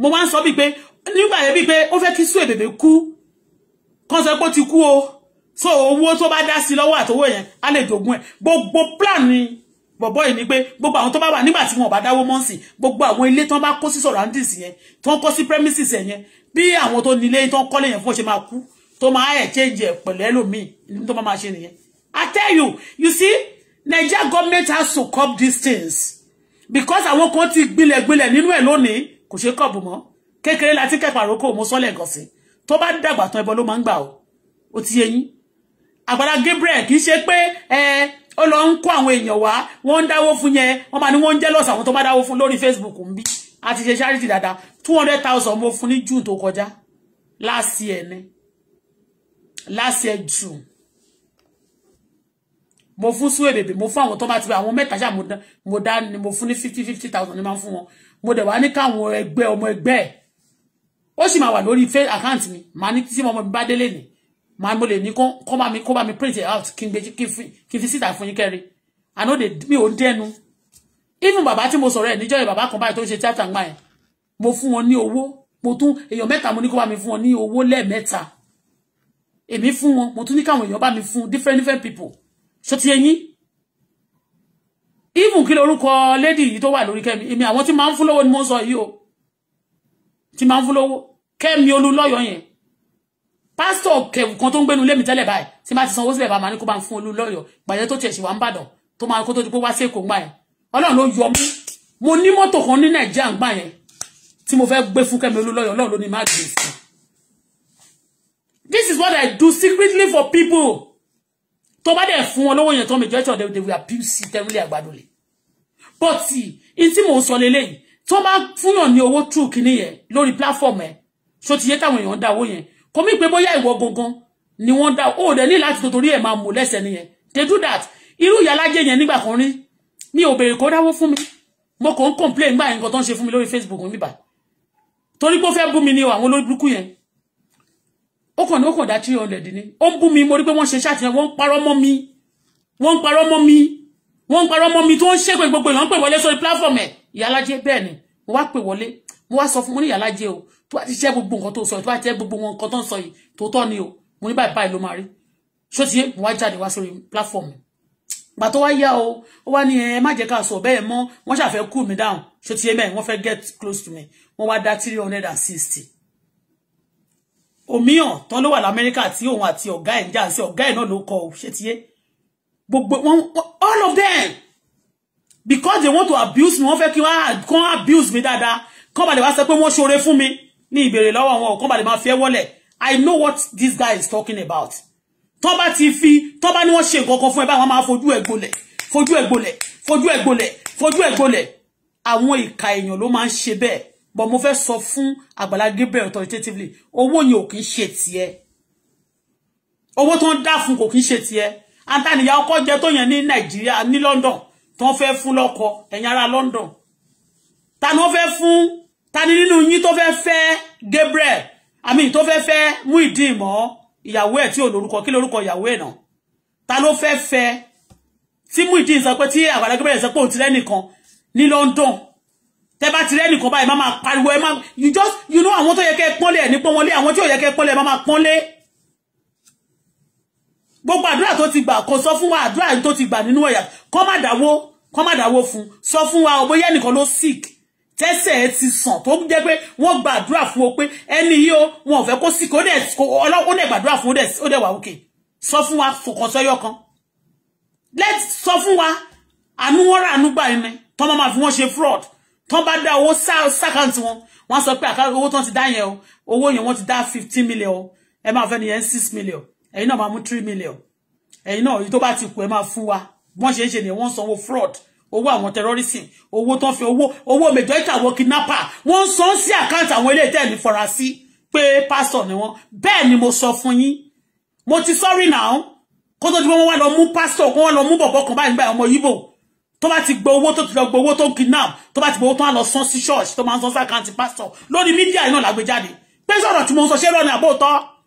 mo wá ń sọ bíi pé nígbà yẹn bíi pé ó fẹ́ kí sún èbèbè kú kán sọ pé ó ti kú o so owó tó bá dá sí lọ́wọ́ àtowó yẹn á lè dògún ẹ̀ gbogbo plan ni bọ̀bọ́ yìí ni pé gbogbo àwọn tó bá wà nígbà tí wọn ò bá dáwó mọ́ sí gbogbo àwọn ilé tó bá kó sí surroundings yẹn tó ń kó sí premises yẹn bí àwọn tó nílé tó ń kọ́lé yẹn fún ọ ṣe máa kú tó máa exchange ẹ̀ pẹ̀lú ẹlòmíì ní tó máa ṣe nìyẹn I tell you you see Nigeria government has to cop these things because àwọn kan ti gbilẹ̀gbilẹ̀ nínú ẹ̀ lónìí kò ṣe kọ́ọ̀bù mọ́ kékeré láti kẹ́pà àrókò mo sọ́lẹ̀ nǹkan sí tó bá dàgbà tán ẹbọ ló máa ń gbà ó ó ti yé yín Gabriel kì í ṣe pé ẹ ó lọ ń kó àwọn èèyàn wá wọ́n ń dáwó fún yẹn wọ́n máa ní wọ́n ń jẹ́lọ́s àwọn tó bá dáwó fún lórí Facebook ń bí a ṣe charity dáadáa two hundred thousand mo fún ní June tó kọjá last year ni láṣẹ jù mo fún súwé bèbè mo fún àwọn tó bá ti àwọn mẹ́ta ṣáà mo dá ni mo fún ní fifty fifty thousand ni máa ń fún wọn mo dẹ̀ wá ní káwọn ẹgbẹ́ ọmọ ẹgbẹ́ ẹ̀ ó sì máa wà lórí fẹ́ àkáǹtì mi ma ní tí ọmọ mi bá délé ni ma mo lè ní kó bá mi kó bá mi print it out kí n gbé kí n fi síta fún yín kẹrin àná mi ò dẹnu even bàbá tí mo sọ̀rọ̀ ẹ̀ níjọ́ yẹn bàbá kan báyìí tó ń ṣe tíátà ń gbà yẹn mo fún wọn ní owó mo tún èèyàn mẹ́ta mo ní kó bá mi fún wọn ní owó lẹ́ẹ̀mẹ́ta èmi fún wọn mo tún ní káwọn èèyàn bá mi fún different different people ṣó ti ẹyin even kí lorúkọ lady yìí tó wà lórí kẹmi èmi àwọn tí máa ń fún lówó ni mo ń sọ yìí o tí máa ń fún lówó kẹmi olúlọyọ yẹn pásítọ̀ kẹwù kan tó ń gbénu lémi tẹ́lẹ̀ báyìí tí máa ti sanwó sílẹ̀ bá máa ní kó bá ń fún olúlọyọ gbàyẹ to tiẹ̀ sì wà ń bàdàn tó máa kó tó di pé wá sí èkó ńgbà yẹn ọlọ́run ló yọ mí mo ní mọ́tò kan ní nàìjíríà ńgbà yẹn tí mo fẹ́ gbé fún kẹmi olúlọyọ ọlọ́run ló ní má gbé fún this is what I do secretly for people tó bá dẹ̀ fún wọn lọ́wọ́ yẹn tó majority of them they will abuse it terribly agbadole but see, in tí mò ń sọ lélẹ́yìí tó bá fún yàn ní owó true kìíní yẹn lórí platform ẹ̀ so ti yé táwọn èèyàn dá owó yẹn kò mí pé bóyá ìwọ gangan ni wọ́n dá ó dẹ̀ ní láti torí ẹ̀ máa mú lẹ́sẹ̀ nìyẹn they do that irú ìyálájẹ yẹn nígbà kan rí mi ò béèrè kó dáwó fún mi mo kàn ń complain gbà yẹn nǹkan tó ń ṣe fún mi lórí Facebook mi bá torí pé ó fẹ́ bú mi ni àwọn olórí burúkú yẹn ó kàn ní ó kàn dá three hundred ní ó ń bú mi mo rí pé wọ́n ṣe ṣàtìyàn wọ́n ń parọ́ mọ́ mi wọ́n ń parọ́ mọ́ mi wọ́n ń parọ́ mọ́ mi tó ń ṣépè gbogbo èèyàn ń pè wọlé sórí platform ẹ̀ ìyálájẹ́ bẹ́ẹ̀ ni mo wá pè wọlé mo wá sọ fún mo ní ìyálájẹ́ o tó bá ti ṣe gbogbo nǹkan tó sọ yìí tó bá ti ṣe gbogbo nǹkan tó ń sọ yìí tó tọ́ ni o mo ní báyìí báyìí ló máa rí ṣó ti yé mo wá jáde wá sórí platform gbà tó wá yá o ó wá ní ẹ má jẹ́ ká sọ bẹ́ẹ̀ mọ́ wọ́n ṣàfẹ́ cool me down ṣó ti yé mẹ́rin wọ́n fẹ́ get close to me wọ́n wá dá three hundred and sixty òmíhàn tán ló wà lamẹ́ríkà tí òun àti ọ̀gá ẹ̀ ń jà sí ọ̀gá ẹ̀ náà ló kọ ṣe tiẹ́ gbogbo all of them because they want to abuse me wọ́n fẹ́ kí wọ́n kàn abuse mi dáadáa kàn bá lè wá sọ pé wọ́n ṣoore fún mi ní ìbéèrè lọ́wọ́ wọn kàn bá lè máa fi ẹ́ I know what this guy is talking about tọ́ bá ti fi tọ́ bá ní wọ́n ṣe nǹkan kan fún ẹ báwọn máa fojú ẹ̀ gbolẹ̀ fojú ẹ̀ gbolẹ̀ fojú ẹ̀ gbolẹ̀ fojú ẹ̀ gbolẹ̀ àwọn ìka èèyàn ló máa ń ṣe bẹ́ẹ̀ but mo fẹ́ sọ fún Agbala Gabriel authoritatively owó yẹn ò kìí ṣe tiẹ̀ owó tó ń dá fún kò kìí ṣe tiẹ̀ antaniya ọkọ jẹ tó yẹn ní Nàìjíríà ní London tó ń fẹ́ fún lọ́kọ ẹ̀yin London ta ni wọ́n fẹ́ ta ni nínú yín tó fẹ́ fẹ́ Gabriel àmì tó fẹ́ fẹ́ Muyideen mọ́ ìyàwó ẹ̀ tí ò lórúkọ kí lórúkọ ìyàwó ẹ̀ náà ta ló fẹ́ fẹ́ tí Muyideen sọ pé tí Agbala Gabriel sọ pé òun ti rẹ́ nìkan ní London tẹ bá ti rẹ nìkan báyìí má máa pariwo ẹ má you just you know àwọn tó yẹ kẹ́ pọ́nlé ẹ ní pọ́n wọlé àwọn tí ò yẹ kẹ́ pọ́nlé ẹ má máa pọ́nlé gbogbo àdúrà tó ti gbà kò sọ fún wa àdúrà tó ti gbà nínú ẹ̀yà kọ́ má dáwó kọ́ má dáwó fun sọ fún wa bóyá ẹnìkan ló sick tẹ́sẹ̀ ẹ ti sàn tó jẹ́ pé wọ́n gba àdúrà fún o pé ẹni yìí o wọn ò fẹ́ kó sick ó dẹ̀ ó dẹ̀ gbàdúrà fún ó dẹ̀ wà òkè sọ fún wa fòkàn sọ́yọ́ kan let so fun wa àánú wọn rà àánú gbà ẹni tọ́ máa fi wọ́n ṣe fraud tán bá dá owó sákàǹtì wọn wọ́n sọ pé owó tán ti dá yẹn o owó yẹn wọ́n ti dá fifteen million o ẹ máa fẹ́ nìyẹn six million ẹ̀yin náà máa mú three million ẹ̀yin náà èyí tó bá ti kù ẹ máa fún wa wọ́n ṣe é ṣe nìyẹn wọ́n sanwó fraud owó àwọn terrorism owó tán fi owó owó majority àwọn kidnapper wọ́n san sí àkáǹtì àwọn ilé ìtẹ́ẹ̀lì fọra sí pé pásítọ̀ ni wọ́n bẹ́ẹ̀ ni mo sọ fún yín mo ti sọ́rí náà kó tó di pé wọ́n wá lọ mú pásítọ̀ kó wọ́n lọ mú bọ̀bọ̀ kan báyìí ọmọ yíbò tó bá ti gba owó tó ti lọ gba owó tó ń kidnap tó bá ti gba owó tó ń lọ san sí church tó máa ń san sí àkáǹtì pásítọ̀ lórí mídíà iná làgbé pé sọ̀rọ̀ tí mo ń sọ ṣé rọ ni àbóòtọ́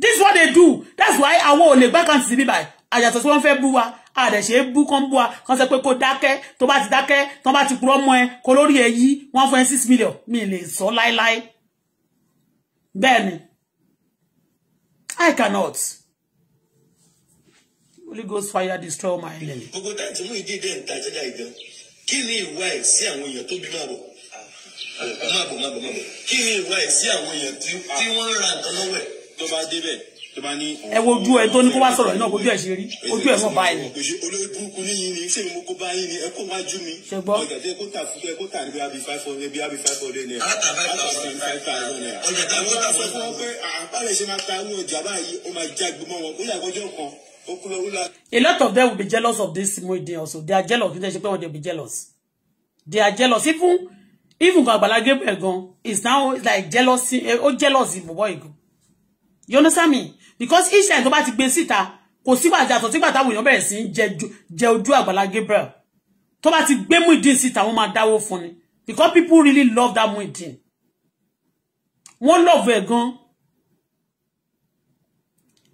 this is what they do that's why àwọn ò lè gbá àkáǹtì sí bíbáyìí àyàtọ̀ tí wọ́n fẹ́ bú wa àdẹ̀ṣe bú kán bú wa kán sọ pé kó dákẹ́ tó bá ti dákẹ́ tó bá ti purọ́ mọ́ ẹ kó lórí ẹ yí wọ́n fún ẹ six million mi lè sọ láéláé bẹ́ẹ̀ ni I cannot. Holy Ghost fire destroy my enemy. gbogbo táyà tí mú ìdí ìdẹ́ ìta jáde gan kí ni ìwà ẹ̀ sí àwọn èèyàn tó bí máa bọ̀ máa bọ̀ máa bọ̀ ẹ wo ojú ẹ tó ní kó wá sọ̀rọ̀ náà ojú ẹ ṣe rí ojú ẹ mọ̀ báyìí ni. olórí burúkú ní yín ni ṣé mo kó bá ni ẹ kó má jú mi. ṣe gbọ́ ọjà tẹ kó tà fún kẹ kó tà ní bíi five hundred bíi five hundred naira. a ta five thousand naira. ọjà tá a kó tà fún ọ pé àpárẹ̀ ah, ṣe máa ta owó ọjà báyìí ó máa jágbe mọ́ wọn ó yàgò kan. A lot of them will be jealous of this Muideen also. They are jealous. They should they'll be jealous. They are jealous. Even even Agbala Gabriel gan is now like jealousy. Eh, oh, jealousy, boy. You understand me? Because each time tó bá ti gbé síta, kò sígbà àti àtọ̀ sígbà táwọn èèyàn bẹ̀rẹ̀ sí jẹ ojú Agbala Gabriel. Tó bá ti gbé Muideen síta, wọ́n máa Because people really love that Muideen. One love ẹ̀ gan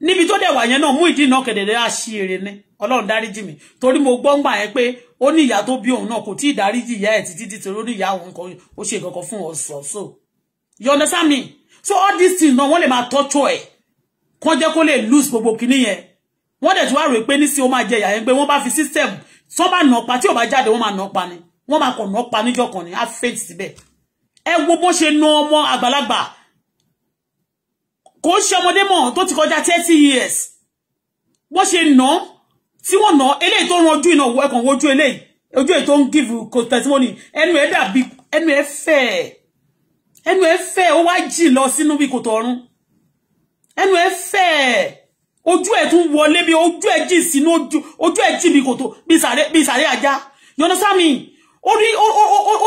níbi tó dẹ̀ wà yẹn náà mú ìdí náà kẹ̀dẹ̀dẹ̀ àṣìírí ni ọlọ́run dáríjì mi torí mo gbọ́ ngbà yẹn pé ó ní ìyá tó bí òun náà kò tí ì dáríjì ìyá ẹ̀ títí títí ó ní ìyá òun kan ó ṣe kankan fún ọ̀sọ̀ so you understand me so all these things náà wọ́n lè máa tọ́jú ẹ̀ kán jẹ́ kó lè lose gbogbo kinní yẹn wọ́n dẹ̀ tí wàá rò pé nísìnyí ó máa jẹ ìyá yẹn pé wọ́n bá fi system tó bá nà pa tí ò bá jáde wọ́n máa nà pa ni wọ́n máa kàn nà pa níjọ́ kan ni á faint síbẹ̀ ẹ wo bó ṣe na ọmọ àgbàlagbà kò ń ṣe ọmọdé mọ̀ tó ti kọjá thirty years wọ́n ṣe nà án tí wọ́n nà án eléyìí tó ń ranjú iná ẹ̀kàn wojú eléyìí ojú èyí tó ń give testimony ẹnu ẹ̀ dàbí ẹnu ẹ̀ fẹ̀ ẹnu ẹ̀ fẹ̀ ó wá jì lọ sínú bí kò tọrún ẹnu ẹ̀ fẹ̀ ojú ẹ̀ tún wọlé bí ojú ẹ̀ jì sínú ojú ẹ̀ jì bí kò tó bí sàré ajá yọ̀nà sámi ó rí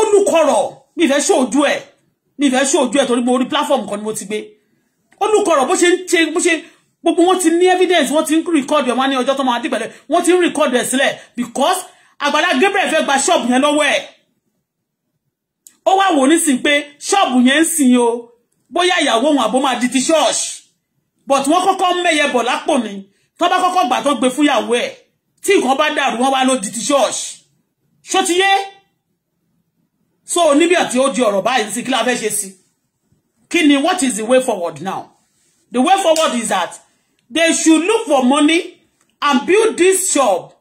ó lùkọ̀rọ̀ mi ìfẹ́ ṣe ojú ẹ̀ mi ìfẹ́ ṣe ojú ẹ̀ torí mo rí platform kan ni mo ti gbé olùkọ̀rọ̀ bó ṣe ń ṣe bó ṣe gbogbo wọn ti ní evidence wọn ti ń record ẹ̀ wọn ní ọjọ́ tó máa dìgbẹ̀lẹ̀ wọn ti ń record ẹ̀ sílẹ̀ because Àgbàlá Gabriel fẹ́ gba ṣọ́ọ̀bù yẹn lọ́wọ́ ẹ̀ ó wá wò nísìn pé ṣọ́ọ̀bù yẹn ń sìn o bóyá ìyàwó òun àbó máa di ti ṣọ́ọ̀ṣì but wọ́n kọ́kọ́ mẹ́yẹ bọ̀ lápò ni tó bá kọ́kọ́ gbà tó gbé fúyàwó ẹ̀ tí nǹkan bá dàrú wọ́n wá ló di ti ṣọ́ọ̀ṣì ṣó ti yé so níbi àti ó di ọ̀rọ̀ báyìí sí kí la sí kí ni what is the way forward now The way forward is that they should look for money and build this shop.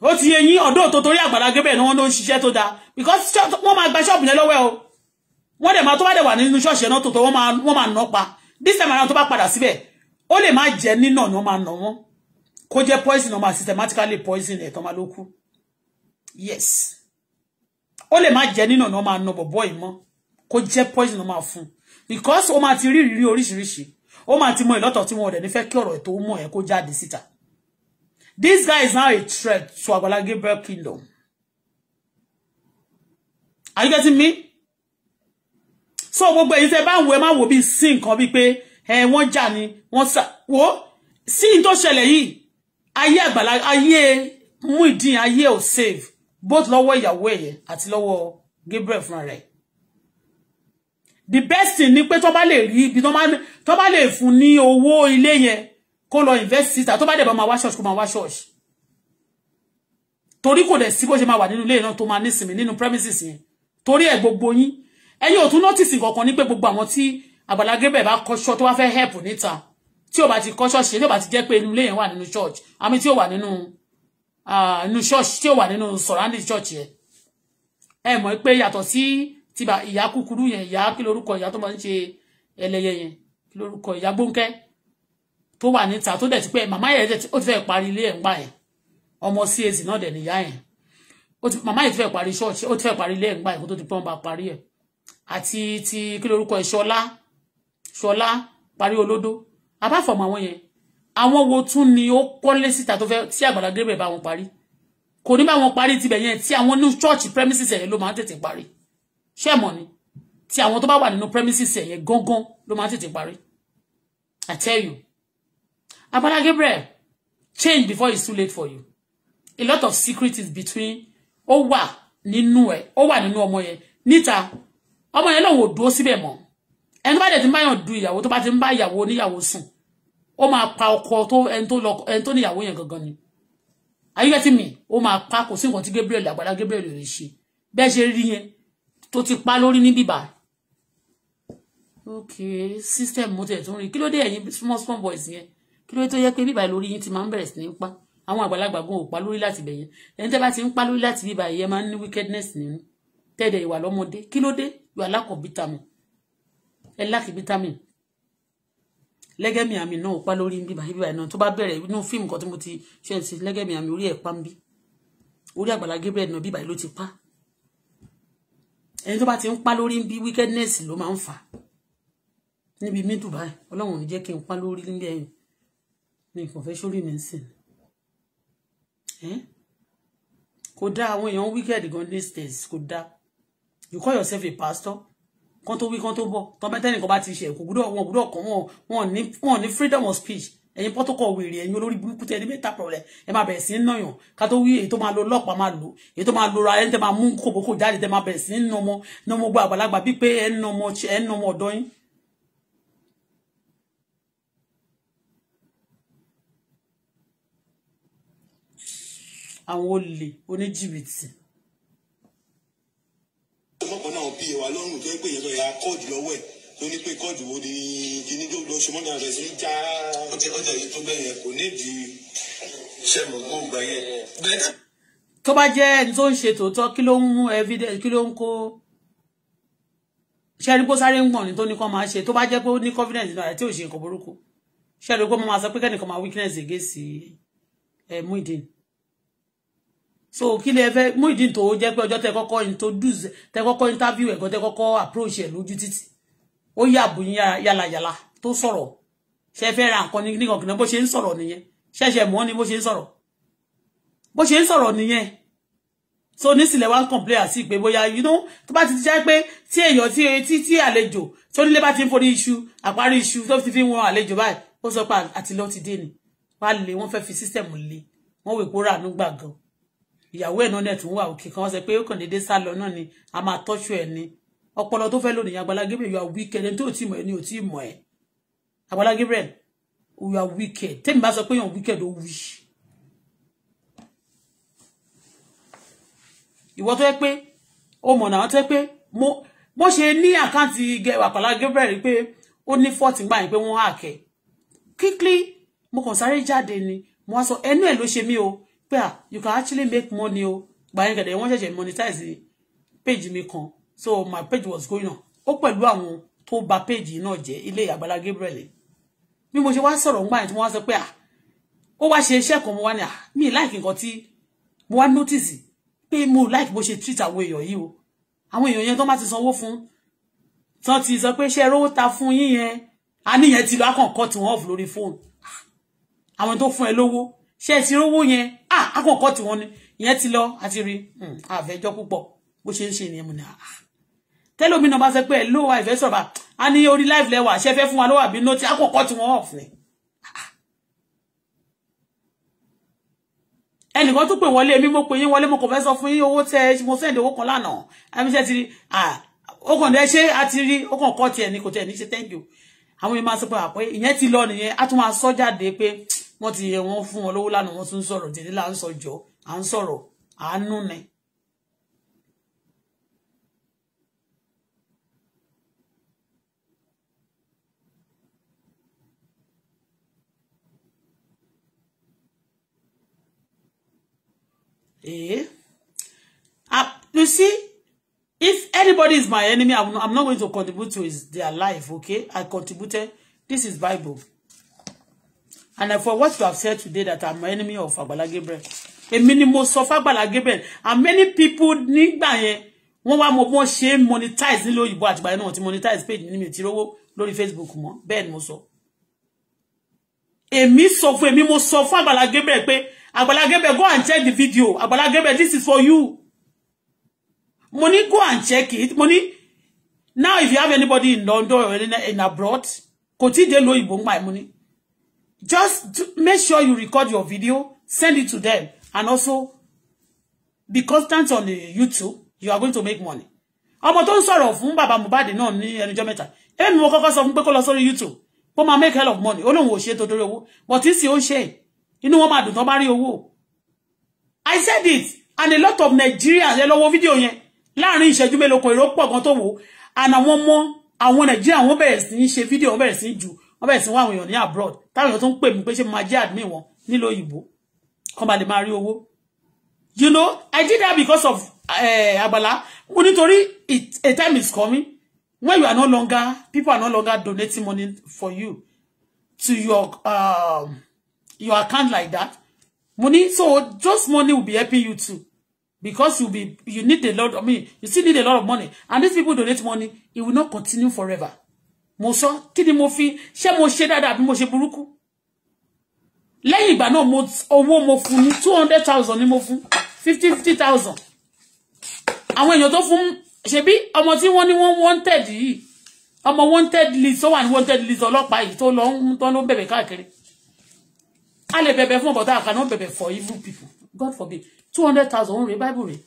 Ó ti yé yín ọ̀dọ̀ tó torí àgbàrá gẹ́bẹ̀ ni wọ́n ló ń ṣiṣẹ́ tó because wọ́n máa gba ṣọ́ọ̀bù yẹn lọ́wọ́ ẹ̀ o. Wọ́n dẹ̀ máa tó bá dẹ̀ wà nínú ṣọ́ọ̀ṣì náà tó tó wọ́n máa nà pa. This time around tó bá padà síbẹ̀ ó lè má jẹ́ nínà ni wọ́n máa nà wọ́n. Kó jẹ́ poison ọmọ systematically poison ẹ̀ tó máa ló Yes. Ó lè má jẹ́ nínà no. wọ́n máa nà bọ̀bọ́ ìmọ̀ kó jẹ́ poison ọmọ fún because ó máa ti rí ìrírí oríṣiríṣi ó máa ti mọ ìlọ́tọ̀ tí wọn ò dẹ̀ ní fẹ́ kí ọ̀rọ̀ ẹ̀ tó mọ̀ ẹ̀ kó jáde síta this guy is now a threat to Agbala Gabriel kingdom are you getting me so gbogbo èyí tẹ́ bá ń wo ẹ má wo bí sí nǹkan bíi pé ẹ wọ́n jà ni wọ́n sà wò ó sí ní tó ṣẹlẹ̀ yìí ayé Àgbàlá ayé Muyideen ayé ò save both lọ́wọ́ ìyàwó ẹ̀yẹ àti lọ́wọ́ Gabriel fúnra rẹ̀ the best thing ni pé tó bá lè rí ibi tó bá lè fún ní owó ilé yẹn kó lọ invest síta tó bá dẹ̀ bá máa wá ṣọ́ọ̀ṣì kó máa wá ṣọ́ọ̀ṣì torí kò dẹ̀ sí bó ṣe máa wà nínú ilé náà tó máa nísinmi nínú premises yẹn torí ẹ̀ gbogbo yín ẹ̀yin ò tún notice kankan ní pé gbogbo àwọn tí Agbala Gabriel bá kọ́ṣọ́ tó wá fẹ́ help níta tí ò bá ti kọ́ ṣọ́ọ̀ṣì tí ò bá ti jẹ́ pé inú ilé yẹn wà nínú church àmì tí ò wà nínú ah, inú church tí ò wà nínú surrounding church yẹn ẹ mọ̀ pé yàtọ̀ sí tí bá ìyá kúkúrú yẹn ìyá kí lorúkọ ìyá tó máa ń ṣe ẹlẹ́yẹ yẹn kí lorúkọ ìyá gbóńkẹ́ tó wà níta tó dẹ̀ ti pẹ́ màmá yẹn ó ti fẹ́ parí ilé ẹ̀ ń gbà yẹn ọmọ CAC náà dẹ̀ níyá yẹn màmá yẹn ti fẹ́ parí ṣọ́ọ̀ṣì ó ti fẹ́ parí ilé ẹ̀ ń gbà yẹn kó tó ti pọ́n bá parí ẹ̀ àti ti kí lorúkọ ẹ̀ ṣọlá ṣọlá parí olódó abáfọ̀mọ́ àwọn yẹn àwọn wo tún ni ó kọ́lé síta tó fẹ́ tí àgbàlagbé bẹ̀ bá wọn parí kò ní bá wọn parí tibẹ̀ yẹn tí àwọn ní church premises ẹ̀ ló máa ń tètè parí ṣé mọ̀ ni tí àwọn tó bá wà nínú premises ẹ̀yẹn gángan ló máa tètè parí I tell you Agbala Gabriel change before it's too late for you a lot of secret is between ó wà nínú ẹ̀ ó wà nínú ọmọ yẹn níta ọmọ yẹn lòun ò dúró síbẹ̀ mọ́ ẹni bá dẹ̀ ti ń báyàn du ìyàwó tó bá ti ń bá ìyàwó oníyàwó sùn ó máa pa ọkọ tó ẹni tó níyàwó yẹn gangan ni ayé tí mi ó máa pa kò sí nǹkan tí Gabriel Agbala Gabriel ò lè ṣe bẹ́ẹ̀ ṣe rí yẹn tó ti pa lórí ní bíbà ok system mo tẹ̀ tún rí kí ló dé ẹ̀yin small small boys yẹn kí ló dé tó yẹ pé bíbà lórí yín ti máa ń bẹ̀rẹ̀ sí ní pa àwọn àgbàlagbà gan ò pa lórí láti bẹ̀ yẹn ẹni tẹ́ bá ti ń pa lórí láti bíbà yẹn máa ń ní wickedness nínú tẹ́ẹ̀dẹ̀ ìwà lọ́mọdé kí ló dé ìwà lákọ̀ vitamin ẹ lákì vitamin lẹ́gẹ̀mí àmì náà pa lórí bíbà bíbà náà tó bá bẹ̀rẹ̀ inú fíìmù kan tí mo ti ṣe é sí lẹ́gẹ̀mí àmì orí ẹ̀ pa ń bí orí àgbàlá Gabriel náà bíbà ló ti pa ẹni tó bá ti ń pa lórí bí wickedness ló máa ń fà níbi middle báyìí ọlọ́run ò ní jẹ́ kí n pa lórí níbi ẹ̀yìn ní nǹkan fẹ́ sórí mi sìn kò dá àwọn èèyàn wicked gan these days kò dá you call yourself a pastor kan tó wí kan tó bọ̀ tọ́ bẹ́tẹ́ nìkan bá ti ṣe kò gbúdọ̀ wọn gbúdọ̀ kàn wọn ní freedom of speech ẹ̀yin protocol wèrè ẹ̀yin olórí burúkú tẹ ẹni mẹ́ta pọ̀lẹ̀ ẹ máa bẹ̀rẹ̀ sí ń nàyàn ká tó wí èyí tó máa lo ọlọ́pàá máa lò èyí tó máa lo ra ẹni tẹ máa mú kòbókò jáde tẹ máa bẹ̀rẹ̀ sí ń nọmọ nọmọ gbọ́ àgbàlagbà bíi pé ẹ ń nọmọ ọ̀dọ́ yín àwọn olè oníjìbìtì. ọ̀pọ̀lọpọ̀ náà bí ẹwà lọ́rùn tó ń pè yẹn lọ́yà akọ́ọ̀dù lọ́wọ́ ẹ̀ ló ní pé kóòdù wo ni kíní tó lọ ṣe mọ́ni àrẹ sí já ọjà ọjà yìí tó bẹ́ẹ̀ yẹn kò nídìí ṣe mọ̀ kó gbà yẹn. tó bá jẹ́ ẹni tó ń ṣe tòótọ́ kí ló ń mú evidence kí ló ń kó ṣe ẹni kó sáré ń gbọ̀n ní tó ní kọ́ máa ṣe tó bá jẹ́ pé ó ní confidence nínú àrẹ tí ò ṣe nǹkan burúkú ṣe ẹni kó máa sọ pé kẹ́nìkan máa weakness against ẹ̀ eh, Muideen so kí lè fẹ́ Muideen tó jẹ́ pé ọjọ́ tẹ kọ́kọ́ introduce tẹ kọ́kọ́ interview ẹ̀gọ́ tẹ kọ́kọ́ approach ẹ̀ lójú títì ó yàbò yàlàyàlà tó sọ̀rọ̀ ṣe fẹ́ ra nǹkan nìkan bó ṣe ń sọ̀rọ̀ nìyẹn ṣẹ̀ṣẹ̀ mọ́ ni bó ṣe ń sọ̀rọ̀ bó ṣe ń sọ̀rọ̀ nìyẹn so nísìlẹ̀ wá ń complain àti ìpè bóyá you tó bá ti jẹ́ pé tí èèyàn tí etí tí àlejò tó nílé bá ti ń forí iṣu àparí iṣu tó ti fi wọn àlejò báyìí ó sọ pé àti lọ ti dé ni wá lè wọ́n fẹ́ fi system lé wọ́n wè kó ràánú gbàgàn ìyàwó ẹ̀ náà nẹ̀ wà òkè kan sọ pé ó kàn déédéé sá lọ náà ni a máa tọ́jú ẹ̀ ni ọpọlọ tó fẹ́ lónìí Agbala Gabriel you are wicked ẹni tó ò tí mọ̀ ẹni ò tí mọ̀ ẹ Agbala Gabriel you are wicked tẹ́mi bá sọ pé yàn wicked ó wí. ìwọ tó yẹ pé ó mọ̀ náà tó yẹ pé mo bó ṣe ní àkáǹtì Agbala Gabriel pé ó ní fọ́ọ̀tì gbà yín pé wọ́n hà kẹ́ quickly mo kàn sáré jáde ni mo wá sọ ẹnu ẹ̀ ló ṣe mí o pé ah you can actually make money o gbàyẹn kẹ̀dẹ̀ wọ́n ṣẹ̀ṣẹ̀ monetize page mi kan so my page was going on ó pẹ̀lú àwọn tó bà page náà jẹ́ ilé Àgbàlá Gabriel bí mo ṣe wá sọ̀rọ̀ ńgbà yẹn tí wọ́n wá sọ pé à ó wá ṣe iṣẹ́ kan mo wá ní à mi like nǹkan tí mo wá notice pé mo like bó ṣe treat àwọn èèyàn yìí o àwọn èèyàn yẹn tó má ti sanwó fún tán ti sọ pé ṣe rówó ta fún yín yẹn a níyẹn ti lọ akọ̀ǹkọ́ tí wọ́n off lórí phone. àwọn tó fún ẹ lówó ṣe ti rówó yẹn à akọ̀ǹkọ́ tí wọ́n ní ìyẹn ti lọ àti rí àfẹjọ́ hmm, púpọ̀ bó ṣe ń ṣe ìyẹn mo ní à tẹ́lómi náà bá sọ pé ẹ̀ ló wa ìfẹ́ sọ̀rọ̀ a ní orí live lẹ́wà ṣe fẹ́ fún wa lọ́wọ́ àbí nọ́ọ̀tì àkọ́kọ́ tí wọ́n ọ̀fẹ́ ẹnìkan tún pè wọlé mi mo pè yín wọlé mo kò fẹ́ sọ fún yín owó tẹ mo sẹ́ndì owó kan lánàá àmìṣẹ́ ti rí ó kàn dẹ́ ṣé a ti rí ó kọ́ tiẹ̀ ní kò tiẹ̀ ní ṣe thank you àwọn èèyàn máa sọ pé àpẹ́ ìyẹn ti lọ nìyẹn á tún máa sọ jáde pé wọ́n ti yẹ wọ́n fún wọn lówó lánàá wọ́n tún sọ̀rọ̀ tètè là ń sọ jọ à ń sọ̀rọ̀ àánú ni Eh? Uh, you see, if anybody is my enemy, I'm, I'm not going to contribute to his, their life, okay? I contributed. This is Bible. And for what you have said today that I'm an enemy of Agbala Gabriel. Èmi ni mo sọ Gabriel. And many people nígbà yẹn one wá more wọ́n ṣe monetize nílò òyìnbó àtìgbà yẹn náà ti monetize page ní mi ti rówó Facebook mọ́ bẹ́ẹ̀ ni mo sọ. Èmi sọ fún èmi mo sọ fún Agbala Gabriel pé Agbala Gabriel, go and check the video. Agbala Gabriel, this is for you. Money, go and check it. Money, now if you have anybody in London or in, in abroad, continue to you my money. Just make sure you record your video, send it to them, and also be constant on the YouTube. You are going to make money. I'm not ń of fún bàbá Mohbad náà ní ẹnujọ́ mẹ́ta. Èmi mo kọ́kọ́ sọ fún YouTube. Kó máa make hell of money. Ó lóun ò ṣe tó But tí sì ó ń inú wọn máa dùn tán bá rí owó i said it and a lot of nigerians ẹ lọ wo fídíò yẹn láàrin ìṣẹ́jú mélòó kan èrò pọ̀ gan tó wò and àwọn ọmọ àwọn nigeria wọ́n bẹ̀rẹ̀ sí í ṣe fídíò wọ́n bẹ̀rẹ̀ sí í jù wọ́n bẹ̀rẹ̀ sí wọ́n àwọn èèyàn ní abroad táwọn èèyàn tó ń pè mí pé ṣé mo máa jẹ́ admin wọn nílò òyìnbó kan bá máa rí owó you know i did that because of uh, agbala mo nítorí a time is coming when you are no longer people are no longer donating money for you to your um, your account like that. Money, so just money will be helping you too. Because you'll be you need a lot, I mean, you still need a lot of money. And these people donate money, it will not continue forever. Mo sọ, mofi ni mo fi, ṣé mo ṣe dáadáa àbí mo ṣe burúkú. Lẹ́yìn ìgbà náà mo owó mo fún ní 200,000 ni mo fún 50 50,000. Àwọn èèyàn tó fún ṣebí ọmọ tí wọ́n ní wọ́n wanted I'm a wanted list, ó wà wanted list a lot by so long. Don't know baby. bẹ̀bẹ̀ a lè bẹ̀bẹ̀ fún ọ̀bọ̀tá àkànná bẹ̀bẹ̀ for evil people God forbid two hundred thousand rèé